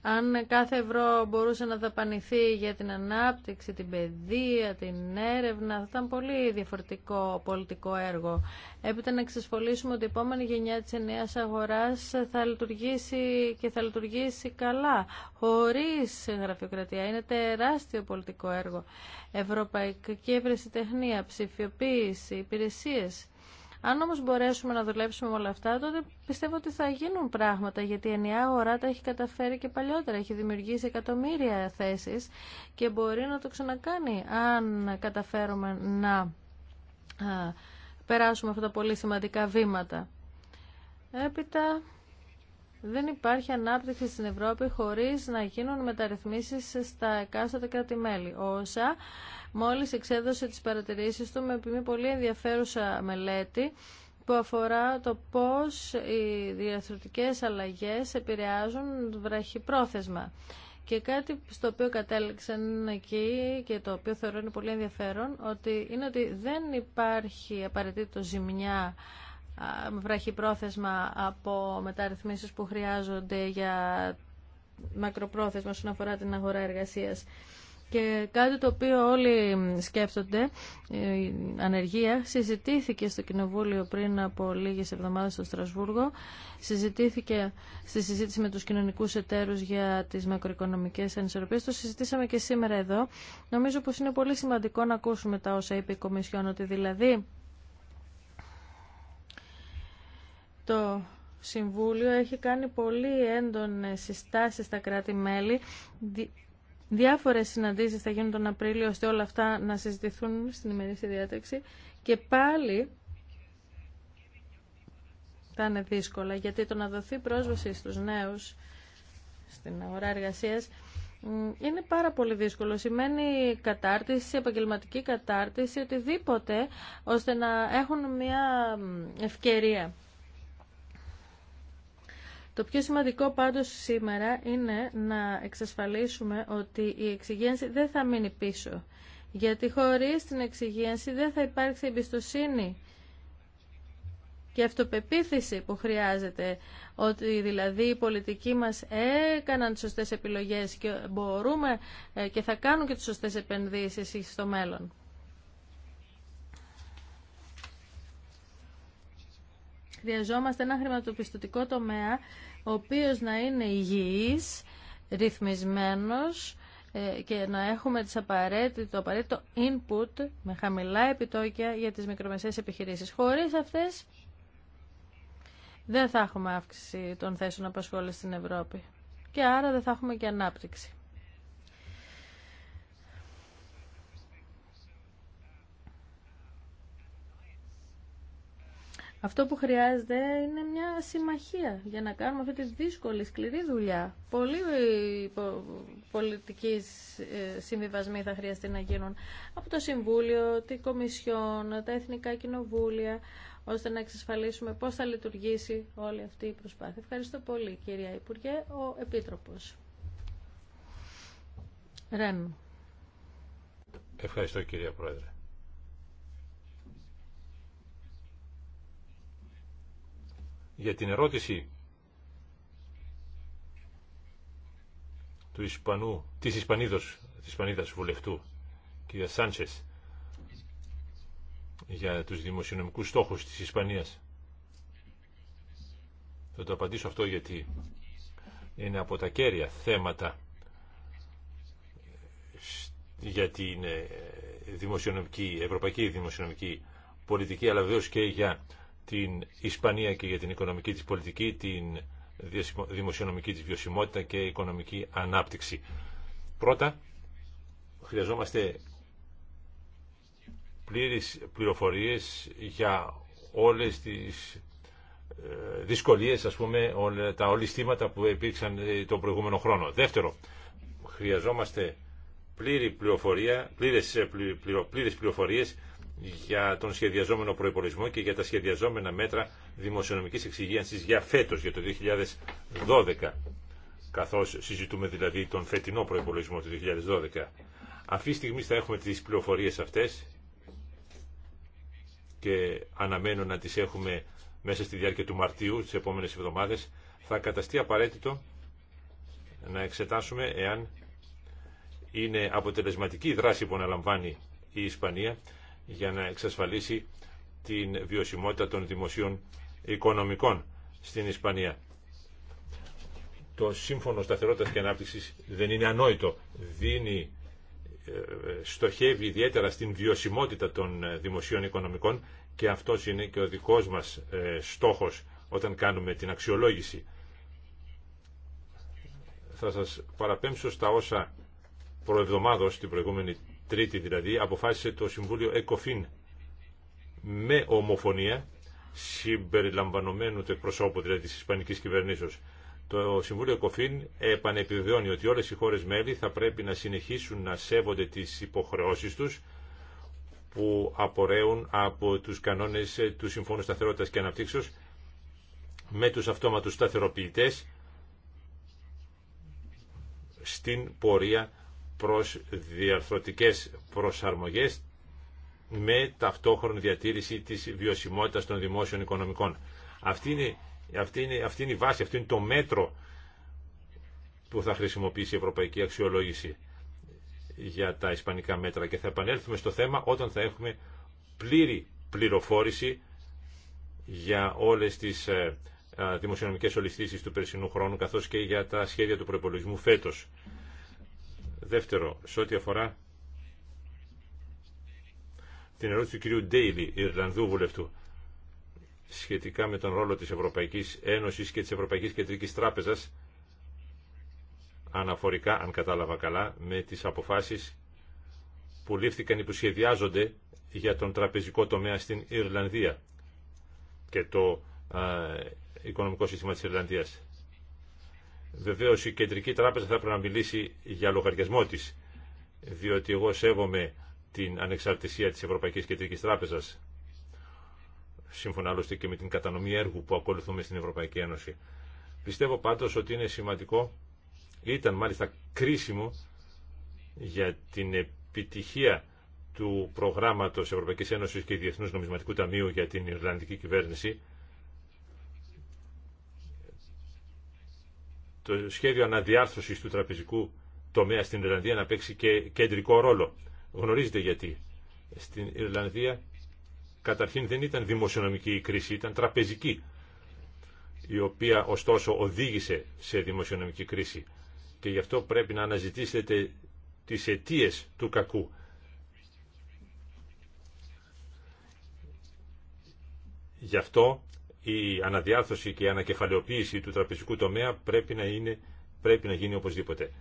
Αν κάθε ευρώ μπορούσε να δαπανηθεί για την ανάπτυξη, την παιδεία, την έρευνα, θα ήταν πολύ διαφορετικό πολιτικό έργο. Έπειτα να εξασφαλίσουμε ότι η επόμενη γενιά της αγοράς θα λειτουργήσει και θα λειτουργήσει καλά, χωρίς γραφειοκρατία. Είναι τεράστιο πολιτικό έργο. Ευρωπαϊκή ευρεσιτεχνία, ψηφιοποίηση, υπηρεσίες. Αν όμως μπορέσουμε να δουλέψουμε με όλα αυτά, τότε πιστεύω ότι θα γίνουν πράγματα, γιατί η ενιαία αγορά τα έχει καταφέρει και παλιότερα. Έχει δημιουργήσει εκατομμύρια θέσεις και μπορεί να το ξανακάνει, αν καταφέρουμε να περάσουμε αυτά τα πολύ σημαντικά βήματα. Έπειτα... Δεν υπάρχει ανάπτυξη στην Ευρώπη χωρίς να γίνουν μεταρρυθμίσεις στα εκάστοτε κράτη-μέλη. Όσα μόλις εξέδωσε τις παρατηρήσεις του με μια πολύ ενδιαφέρουσα μελέτη που αφορά το πώς οι διαθροτικές αλλαγές επηρεάζουν βραχυπρόθεσμα. Και κάτι στο οποίο κατέληξαν εκεί και το οποίο θεωρώ είναι πολύ ενδιαφέρον ότι είναι ότι δεν υπάρχει απαραίτητο ζημιά βραχυπρόθεσμα από μεταρρυθμίσεις που χρειάζονται για μακροπρόθεσμα όσον αφορά την αγορά εργασίας. Και κάτι το οποίο όλοι σκέφτονται, η ανεργία, συζητήθηκε στο Κοινοβούλιο πριν από λίγες εβδομάδες στο Στρασβούργο. Συζητήθηκε στη συζήτηση με τους κοινωνικούς εταίρους για τις μακροοικονομικές ανισορροπίες. Το συζητήσαμε και σήμερα εδώ. Νομίζω πως είναι πολύ σημαντικό να ακούσουμε τα όσα είπε η Κομισιόν, ότι δηλαδή το Συμβούλιο έχει κάνει πολύ έντονες συστάσεις στα κράτη-μέλη Διάφορε συναντήσεις θα γίνουν τον Απρίλιο ώστε όλα αυτά να συζητηθούν στην ημερήσια διάταξη και πάλι θα είναι δύσκολα γιατί το να δοθεί πρόσβαση στους νέους στην αγορά εργασία είναι πάρα πολύ δύσκολο. Σημαίνει κατάρτιση, επαγγελματική κατάρτιση, οτιδήποτε, ώστε να έχουν μια ευκαιρία. Το πιο σημαντικό πάντως σήμερα είναι να εξασφαλίσουμε ότι η εξυγένση δεν θα μείνει πίσω. Γιατί χωρίς την εξυγένση δεν θα υπάρξει εμπιστοσύνη και αυτοπεποίθηση που χρειάζεται ότι δηλαδή οι πολιτικοί μας έκαναν τις σωστές επιλογές και μπορούμε ε, και θα κάνουν και τις σωστές επενδύσεις στο μέλλον. Χρειαζόμαστε ένα χρηματοπιστωτικό τομέα, ο οποίος να είναι υγιής, ρυθμισμένος ε, και να έχουμε τις απαραίτητες, το απαραίτητο input με χαμηλά επιτόκια για τις μικρομεσαίες επιχειρήσεις. Χωρίς αυτές δεν θα έχουμε αύξηση των θέσεων απασχόλησης στην Ευρώπη και άρα δεν θα έχουμε και ανάπτυξη. Αυτό που χρειάζεται είναι μια συμμαχία για να κάνουμε αυτή τη δύσκολη, σκληρή δουλειά. Πολλοί ε, πολιτικοί ε, συμβιβασμοί θα χρειαστεί να γίνουν από το Συμβούλιο, την Κομισιόν, τα Εθνικά Κοινοβούλια, ώστε να εξασφαλίσουμε πώς θα λειτουργήσει όλη αυτή η προσπάθεια. Ευχαριστώ πολύ, κυρία Υπουργέ, ο Επίτροπος. Ευχαριστώ, κυρία Πρόεδρε. για την ερώτηση του Ισπανού, της Ισπανίδος, της Ισπανίδας βουλευτού, κυρία Σάντσες, για τους δημοσιονομικούς στόχους της Ισπανίας. Θα το απαντήσω αυτό γιατί είναι από τα κέρια θέματα για την ε, δημοσιονομική, ευρωπαϊκή δημοσιονομική πολιτική, αλλά βεβαίω και για την Ισπανία και για την οικονομική της πολιτική, την δημοσιονομική της βιωσιμότητα και οικονομική ανάπτυξη. Πρώτα, χρειαζόμαστε πλήρες πληροφορίες για όλες τις ε, δυσκολίες, ας πούμε, όλα τα ολιστήματα που υπήρξαν ε, τον προηγούμενο χρόνο. Δεύτερο, χρειαζόμαστε πλήρη πληροφορία, πλήρες, ε, πλήρες πληροφορίες για τον σχεδιαζόμενο προϋπολογισμό και για τα σχεδιαζόμενα μέτρα δημοσιονομικής εξυγίανσης για φέτος, για το 2012, καθώς συζητούμε δηλαδή τον φετινό προϋπολογισμό του 2012. Αυτή τη στιγμή θα έχουμε τις πληροφορίες αυτές και αναμένω να τις έχουμε μέσα στη διάρκεια του Μαρτίου, τις επόμενες εβδομάδες, θα καταστεί απαραίτητο να εξετάσουμε εάν είναι αποτελεσματική η δράση που αναλαμβάνει η Ισπανία για να εξασφαλίσει την βιωσιμότητα των δημοσίων οικονομικών στην Ισπανία. Το Σύμφωνο Σταθερότητας και Ανάπτυξης δεν είναι ανόητο. Δίνει, ε, ε, στοχεύει ιδιαίτερα στην βιωσιμότητα των ε, δημοσίων οικονομικών και αυτός είναι και ο δικός μας στόχος όταν κάνουμε την αξιολόγηση. Θα σας παραπέμψω στα όσα προεβδομάδος την προηγούμενη Τρίτη δηλαδή, αποφάσισε το Συμβούλιο ΕΚΟΦΗΝ με ομοφωνία συμπεριλαμβανομένου του εκπροσώπου δηλαδή της Ισπανικής κυβερνήσεως. Το Συμβούλιο ΕΚΟΦΗΝ επανεπιβεβαιώνει ότι όλες οι χώρες μέλη θα πρέπει να συνεχίσουν να σέβονται τις υποχρεώσεις τους που απορρέουν από τους κανόνες του Συμφώνου Σταθερότητας και Αναπτύξεως με τους αυτόματους σταθεροποιητές στην πορεία προς διαρθρωτικές προσαρμογές με ταυτόχρονη διατήρηση της βιωσιμότητας των δημόσιων οικονομικών. Αυτή είναι, αυτή, αυτή η βάση, αυτό είναι το μέτρο που θα χρησιμοποιήσει η Ευρωπαϊκή Αξιολόγηση για τα ισπανικά μέτρα και θα επανέλθουμε στο θέμα όταν θα έχουμε πλήρη πληροφόρηση για όλες τις ε, ε, δημοσιονομικές ολιστήσεις του περσινού χρόνου καθώς και για τα σχέδια του προπολογισμού φέτος. Δεύτερο, σε ό,τι αφορά την ερώτηση του κυρίου Ντέιλι, Ιρλανδού βουλευτού, σχετικά με τον ρόλο της Ευρωπαϊκής Ένωσης και της Ευρωπαϊκής Κεντρικής Τράπεζας, αναφορικά, αν κατάλαβα καλά, με τις αποφάσεις που λήφθηκαν ή που σχεδιάζονται για τον τραπεζικό τομέα στην Ιρλανδία και το οικονομικό σύστημα της Ιρλανδίας. Βεβαίω η Κεντρική Τράπεζα θα έπρεπε να μιλήσει για λογαριασμό της, διότι εγώ σέβομαι την ανεξαρτησία της Ευρωπαϊκής Κεντρικής Τράπεζας, σύμφωνα άλλωστε και με την κατανομή έργου που ακολουθούμε στην Ευρωπαϊκή Ένωση. Πιστεύω πάντως ότι είναι σημαντικό, ήταν μάλιστα κρίσιμο για την επιτυχία του προγράμματος Ευρωπαϊκής Ένωσης και διεθνού Νομισματικού Ταμείου για την Ιρλανδική Κυβέρνηση, το σχέδιο αναδιάρθρωσης του τραπεζικού τομέα στην Ιρλανδία να παίξει και κεντρικό ρόλο. Γνωρίζετε γιατί. Στην Ιρλανδία καταρχήν δεν ήταν δημοσιονομική η κρίση, ήταν τραπεζική, η οποία ωστόσο οδήγησε σε δημοσιονομική κρίση. Και γι' αυτό πρέπει να αναζητήσετε τις αιτίε του κακού. Γι' αυτό η αναδιάρθρωση και η ανακεφαλαιοποίηση του τραπεζικού τομέα πρέπει να, είναι, πρέπει να γίνει οπωσδήποτε.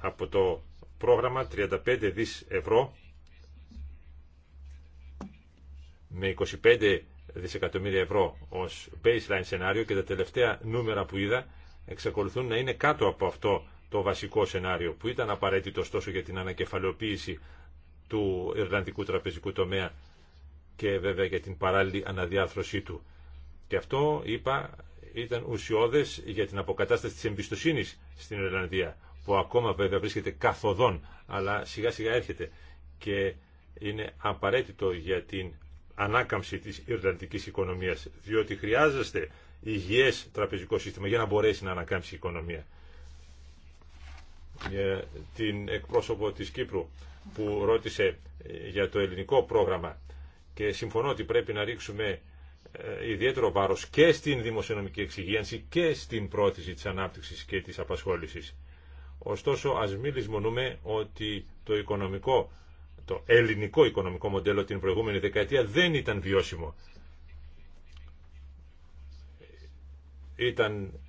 Από το πρόγραμμα 35 δις ευρώ με 25 δισεκατομμύρια ευρώ ως baseline σενάριο και τα τελευταία νούμερα που είδα εξακολουθούν να είναι κάτω από αυτό το βασικό σενάριο που ήταν απαραίτητο τόσο για την ανακεφαλαιοποίηση του Ιρλανδικού τραπεζικού τομέα και βέβαια για την παράλληλη αναδιάρθρωσή του. Και αυτό, είπα, ήταν ουσιώδες για την αποκατάσταση της εμπιστοσύνης στην Ιρλανδία, που ακόμα βέβαια βρίσκεται καθοδόν, αλλά σιγά σιγά έρχεται και είναι απαραίτητο για την ανάκαμψη της Ιρλανδικής οικονομίας, διότι χρειάζεστε υγιές τραπεζικό σύστημα για να μπορέσει να ανακάμψει η οικονομία. Για την εκπρόσωπο της Κύπρου που ρώτησε για το ελληνικό πρόγραμμα και συμφωνώ ότι πρέπει να ρίξουμε ε, ιδιαίτερο βάρο και στην δημοσιονομική εξυγίανση και στην πρόθεση της ανάπτυξης και της απασχόλησης. Ωστόσο, α μην λησμονούμε ότι το οικονομικό, το ελληνικό οικονομικό μοντέλο την προηγούμενη δεκαετία δεν ήταν βιώσιμο. Ήταν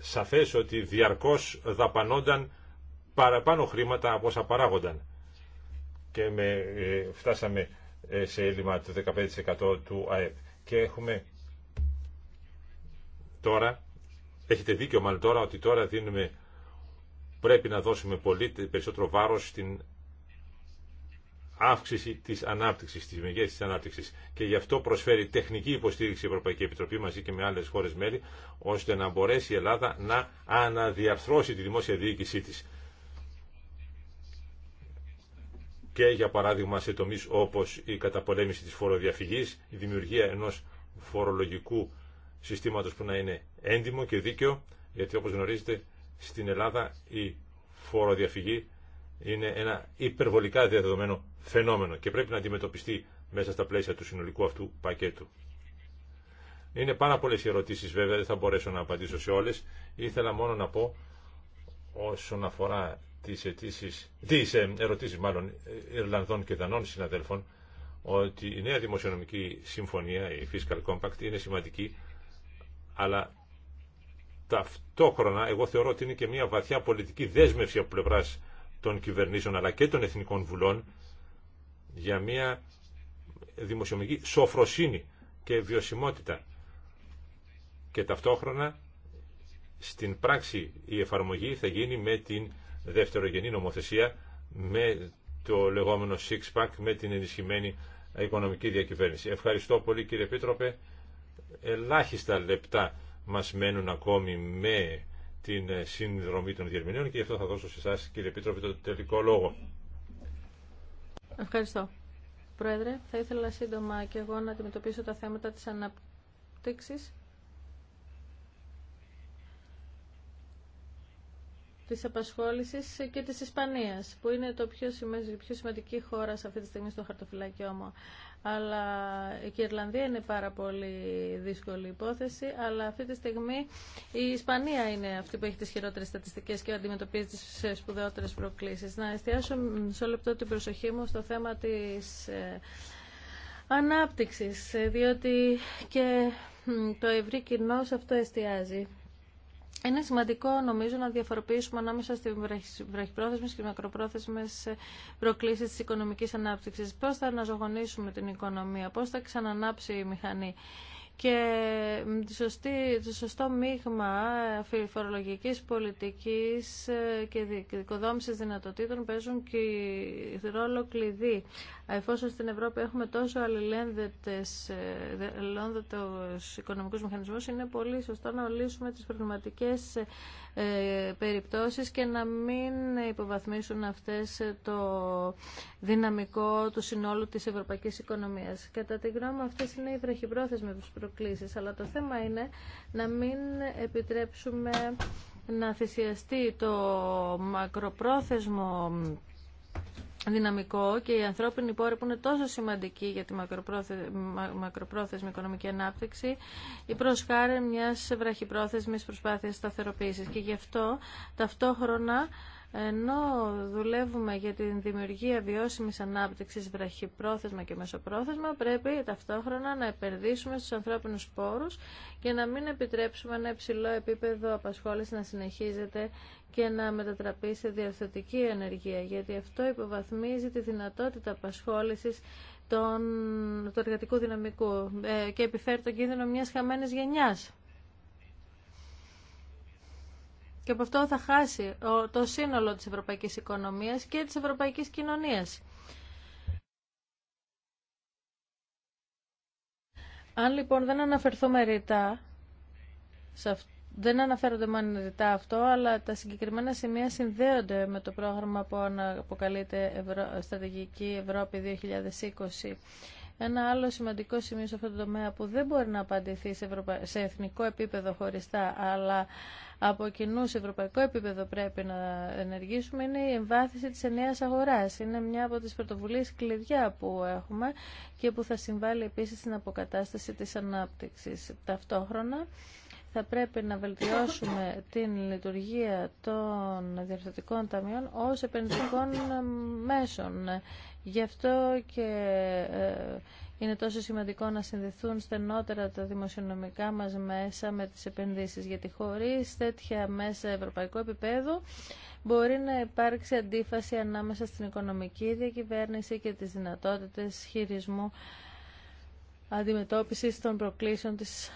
σαφές ότι διαρκώς δαπανόνταν παραπάνω χρήματα από όσα παράγονταν. Και ε, φτάσαμε ε, σε έλλειμμα του 15% του ΑΕΠ και έχουμε τώρα, έχετε δίκιο μάλλον τώρα, ότι τώρα δίνουμε, πρέπει να δώσουμε πολύ περισσότερο βάρος στην αύξηση της ανάπτυξης, της μεγέθυνσης της ανάπτυξης. Και γι' αυτό προσφέρει τεχνική υποστήριξη η Ευρωπαϊκή Επιτροπή μαζί και με άλλες χώρες μέλη, ώστε να μπορέσει η Ελλάδα να αναδιαρθρώσει τη δημόσια διοίκησή της. και για παράδειγμα σε τομείς όπως η καταπολέμηση της φοροδιαφυγής, η δημιουργία ενός φορολογικού συστήματος που να είναι έντιμο και δίκαιο, γιατί όπως γνωρίζετε στην Ελλάδα η φοροδιαφυγή είναι ένα υπερβολικά διαδεδομένο φαινόμενο και πρέπει να αντιμετωπιστεί μέσα στα πλαίσια του συνολικού αυτού πακέτου. Είναι πάρα πολλές οι ερωτήσεις βέβαια, δεν θα μπορέσω να απαντήσω σε όλες. Ήθελα μόνο να πω όσον αφορά τις, αιτήσεις, ε, ερωτήσεις μάλλον ε, Ιρλανδών και Δανών συναδέλφων ότι η νέα δημοσιονομική συμφωνία, η Fiscal Compact, είναι σημαντική, αλλά ταυτόχρονα εγώ θεωρώ ότι είναι και μια βαθιά πολιτική δέσμευση από πλευρά των κυβερνήσεων αλλά και των εθνικών βουλών για μια δημοσιονομική σοφροσύνη και βιωσιμότητα. Και ταυτόχρονα στην πράξη η εφαρμογή θα γίνει με την δευτερογενή νομοθεσία με το λεγόμενο six-pack με την ενισχυμένη οικονομική διακυβέρνηση. Ευχαριστώ πολύ κύριε Πίτροπε. Ελάχιστα λεπτά μας μένουν ακόμη με την συνδρομή των διερμηνέων και γι' αυτό θα δώσω σε εσάς κύριε Πίτροπε το τελικό λόγο. Ευχαριστώ. Πρόεδρε, θα ήθελα σύντομα και εγώ να αντιμετωπίσω τα θέματα της αναπτύξης της απασχόλησης και της Ισπανίας, που είναι το πιο, η πιο σημαντική χώρα σε αυτή τη στιγμή στο χαρτοφυλάκιό μου. Αλλά η Ιρλανδία είναι πάρα πολύ δύσκολη υπόθεση, αλλά αυτή τη στιγμή η Ισπανία είναι αυτή που έχει τις χειρότερες στατιστικές και αντιμετωπίζει τις σπουδαιότερες προκλήσεις. Να εστιάσω σε λεπτό την προσοχή μου στο θέμα της ε, ανάπτυξης, διότι και το ευρύ κοινό σε αυτό εστιάζει. Είναι σημαντικό νομίζω να διαφοροποιήσουμε ανάμεσα στις βραχυπρόθεσμες και μακροπρόθεσμε προκλήσεις της οικονομικής ανάπτυξης. Πώς θα αναζωογονήσουμε την οικονομία, πώς θα ξανανάψει η μηχανή και το σωστό μείγμα φορολογικής πολιτικής ε, και δικοδόμησης δυνατοτήτων παίζουν και ρόλο κλειδί. Εφόσον στην Ευρώπη έχουμε τόσο αλληλένδετες ε, οικονομικούς μηχανισμούς, είναι πολύ σωστό να λύσουμε τις προβληματικές ε, περιπτώσεις και να μην υποβαθμίσουν αυτές το δυναμικό του συνόλου της ευρωπαϊκής οικονομίας. Κατά τη γνώμη αυτές είναι οι βραχυπρόθεσμες αλλά το θέμα είναι να μην επιτρέψουμε να θυσιαστεί το μακροπρόθεσμο δυναμικό και οι ανθρώπινοι πόροι που είναι τόσο σημαντικοί για τη μακροπρόθεσμη οικονομική ανάπτυξη ή προς χάρη μιας βραχυπρόθεσμης προσπάθειας σταθεροποίησης. Και γι' αυτό ταυτόχρονα ενώ δουλεύουμε για την δημιουργία βιώσιμης ανάπτυξης βραχυπρόθεσμα και μεσοπρόθεσμα, πρέπει ταυτόχρονα να επενδύσουμε στους ανθρώπινους πόρους και να μην επιτρέψουμε ένα υψηλό επίπεδο απασχόληση να συνεχίζεται και να μετατραπεί σε διαρθωτική ενεργεία, γιατί αυτό υποβαθμίζει τη δυνατότητα απασχόλησης των, του εργατικού δυναμικού ε, και επιφέρει τον κίνδυνο μιας χαμένης γενιάς και από αυτό θα χάσει το σύνολο της ευρωπαϊκής οικονομίας και της ευρωπαϊκής κοινωνίας. Αν λοιπόν δεν αναφερθούμε ρητά, δεν αναφέρονται μόνο ρητά αυτό, αλλά τα συγκεκριμένα σημεία συνδέονται με το πρόγραμμα που αποκαλείται Στρατηγική Ευρώπη 2020 ένα άλλο σημαντικό σημείο σε αυτό το τομέα που δεν μπορεί να απαντηθεί σε, σε εθνικό επίπεδο χωριστά, αλλά από κοινού σε ευρωπαϊκό επίπεδο πρέπει να ενεργήσουμε, είναι η εμβάθυνση της ενιαίας αγοράς. Είναι μια από τις πρωτοβουλίες κλειδιά που έχουμε και που θα συμβάλλει επίσης στην αποκατάσταση της ανάπτυξης. Ταυτόχρονα, θα πρέπει να βελτιώσουμε την λειτουργία των διευθυντικών ταμείων ως επενδυτικών μέσων. Γι' αυτό και ε, είναι τόσο σημαντικό να συνδεθούν στενότερα τα δημοσιονομικά μας μέσα με τις επενδύσεις, γιατί χωρίς τέτοια μέσα ευρωπαϊκού επίπεδου μπορεί να υπάρξει αντίφαση ανάμεσα στην οικονομική διακυβέρνηση και τις δυνατότητες χειρισμού αντιμετώπισης των προκλήσεων της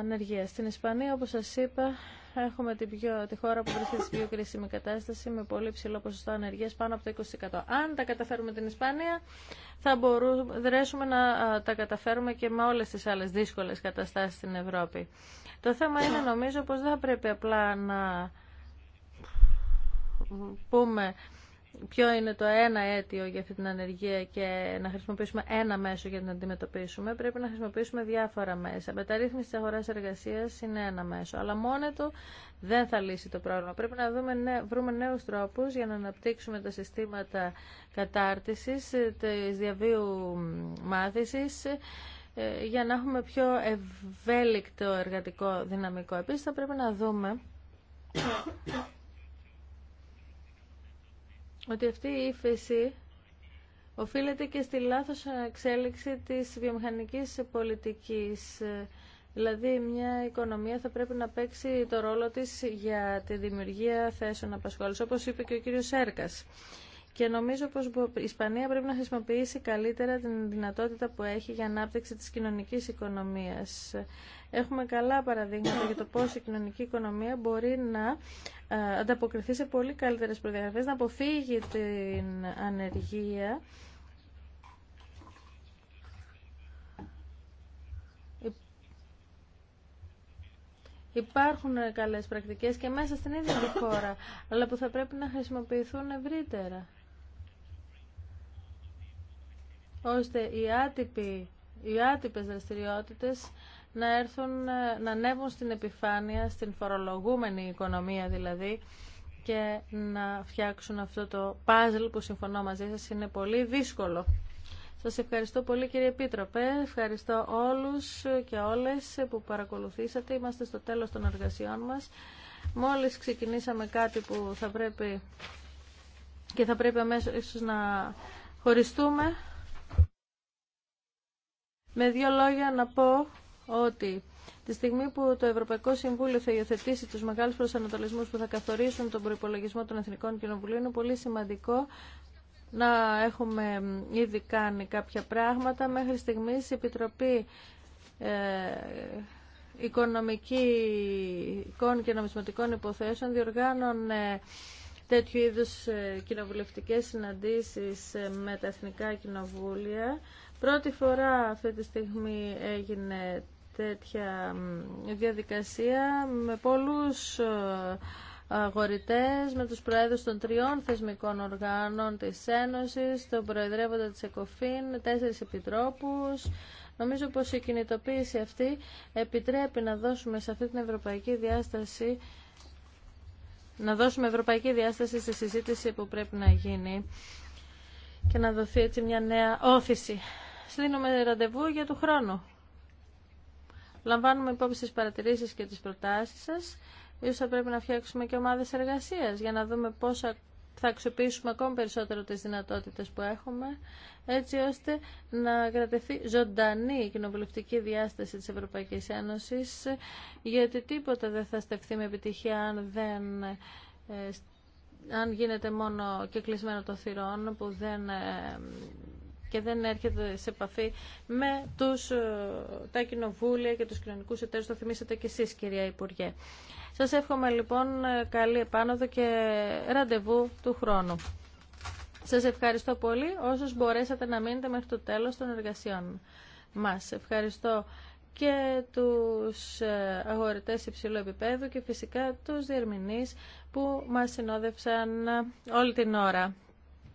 ανεργίας. Στην Ισπανία, όπως σας είπα, έχουμε την πιο, τη χώρα που βρίσκεται στην πιο κρίσιμη κατάσταση με πολύ ψηλό ποσοστό ανεργίας πάνω από το 20%. Αν τα καταφέρουμε την Ισπανία θα μπορούμε να τα καταφέρουμε και με όλε τι άλλες δύσκολες καταστάσεις στην Ευρώπη. Το θέμα είναι νομίζω πως δεν θα πρέπει απλά να πούμε ποιο είναι το ένα αίτιο για αυτή την ανεργία και να χρησιμοποιήσουμε ένα μέσο για να την αντιμετωπίσουμε, πρέπει να χρησιμοποιήσουμε διάφορα μέσα. Μεταρρύθμιση τη αγορά εργασία είναι ένα μέσο, αλλά μόνο του δεν θα λύσει το πρόβλημα. Πρέπει να δούμε, βρούμε νέου τρόπου για να αναπτύξουμε τα συστήματα κατάρτιση, τη διαβίου μάθηση ε, για να έχουμε πιο ευέλικτο εργατικό δυναμικό. Επίση θα πρέπει να δούμε ότι αυτή η ύφεση οφείλεται και στη λάθος εξέλιξη της βιομηχανικής πολιτικής. Δηλαδή μια οικονομία θα πρέπει να παίξει το ρόλο της για τη δημιουργία θέσεων απασχόλησης, όπως είπε και ο κύριος Σέρκας. Και νομίζω πως η Ισπανία πρέπει να χρησιμοποιήσει καλύτερα την δυνατότητα που έχει για ανάπτυξη της κοινωνικής οικονομίας. Έχουμε καλά παραδείγματα για το πώς η κοινωνική οικονομία μπορεί να ε, ανταποκριθεί σε πολύ καλύτερε προδιαγραφές, να αποφύγει την ανεργία. Υπάρχουν ε, καλές πρακτικές και μέσα στην ίδια τη χώρα, αλλά που θα πρέπει να χρησιμοποιηθούν ευρύτερα. Ώστε οι, άτυποι, οι άτυπες δραστηριότητες να έρθουν, ε, να ανέβουν στην επιφάνεια, στην φορολογούμενη οικονομία δηλαδή και να φτιάξουν αυτό το παζλ που συμφωνώ μαζί σας είναι πολύ δύσκολο. Σας ευχαριστώ πολύ κύριε Επίτροπε, ευχαριστώ όλους και όλες που παρακολουθήσατε. Είμαστε στο τέλος των εργασιών μας. Μόλις ξεκινήσαμε κάτι που θα πρέπει και θα πρέπει αμέσως ίσως να χωριστούμε. Με δύο λόγια να πω ότι τη στιγμή που το Ευρωπαϊκό Συμβούλιο θα υιοθετήσει τους μεγάλους προσανατολισμούς που θα καθορίσουν τον προϋπολογισμό των Εθνικών Κοινοβουλίων, είναι πολύ σημαντικό να έχουμε ήδη κάνει κάποια πράγματα. Μέχρι στιγμή η Επιτροπή ε, Οικονομικών και Νομισματικών Υποθέσεων διοργάνωνε τέτοιου είδους ε, κοινοβουλευτικές συναντήσεις ε, με τα Εθνικά Κοινοβούλια. Πρώτη φορά αυτή τη στιγμή έγινε τέτοια διαδικασία με πολλούς ε, αγορητές, με τους προέδρους των τριών θεσμικών οργάνων της Ένωσης, τον προεδρεύοντα της ΕΚΟΦΗΝ, τέσσερις επιτρόπους. Νομίζω πως η κινητοποίηση αυτή επιτρέπει να δώσουμε σε αυτή την ευρωπαϊκή διάσταση να δώσουμε ευρωπαϊκή διάσταση στη συζήτηση που πρέπει να γίνει και να δοθεί έτσι μια νέα όθηση. Δίνουμε ραντεβού για του χρόνου. Λαμβάνουμε υπόψη τις παρατηρήσεις και τις προτάσεις σας. Ίσως θα πρέπει να φτιάξουμε και ομάδες εργασίας για να δούμε πώς θα αξιοποιήσουμε ακόμη περισσότερο τις δυνατότητες που έχουμε, έτσι ώστε να κρατεθεί ζωντανή η κοινοβουλευτική διάσταση της Ευρωπαϊκής Ένωσης, γιατί τίποτα δεν θα στεφθεί με επιτυχία αν δεν ε, αν γίνεται μόνο και κλεισμένο των θυρών που δεν ε, και δεν έρχεται σε επαφή με τους, ε, τα κοινοβούλια και τους κοινωνικούς εταίρους. Το θυμήσατε και εσείς κυρία Υπουργέ. Σας εύχομαι λοιπόν ε, καλή επάνωδο και ραντεβού του χρόνου. Σας ευχαριστώ πολύ όσους μπορέσατε να μείνετε μέχρι το τέλος των εργασιών μας. Ευχαριστώ και τους ε, αγορητές υψηλού επίπεδου και φυσικά τους διερμηνείς που μας συνόδευσαν όλη την ώρα.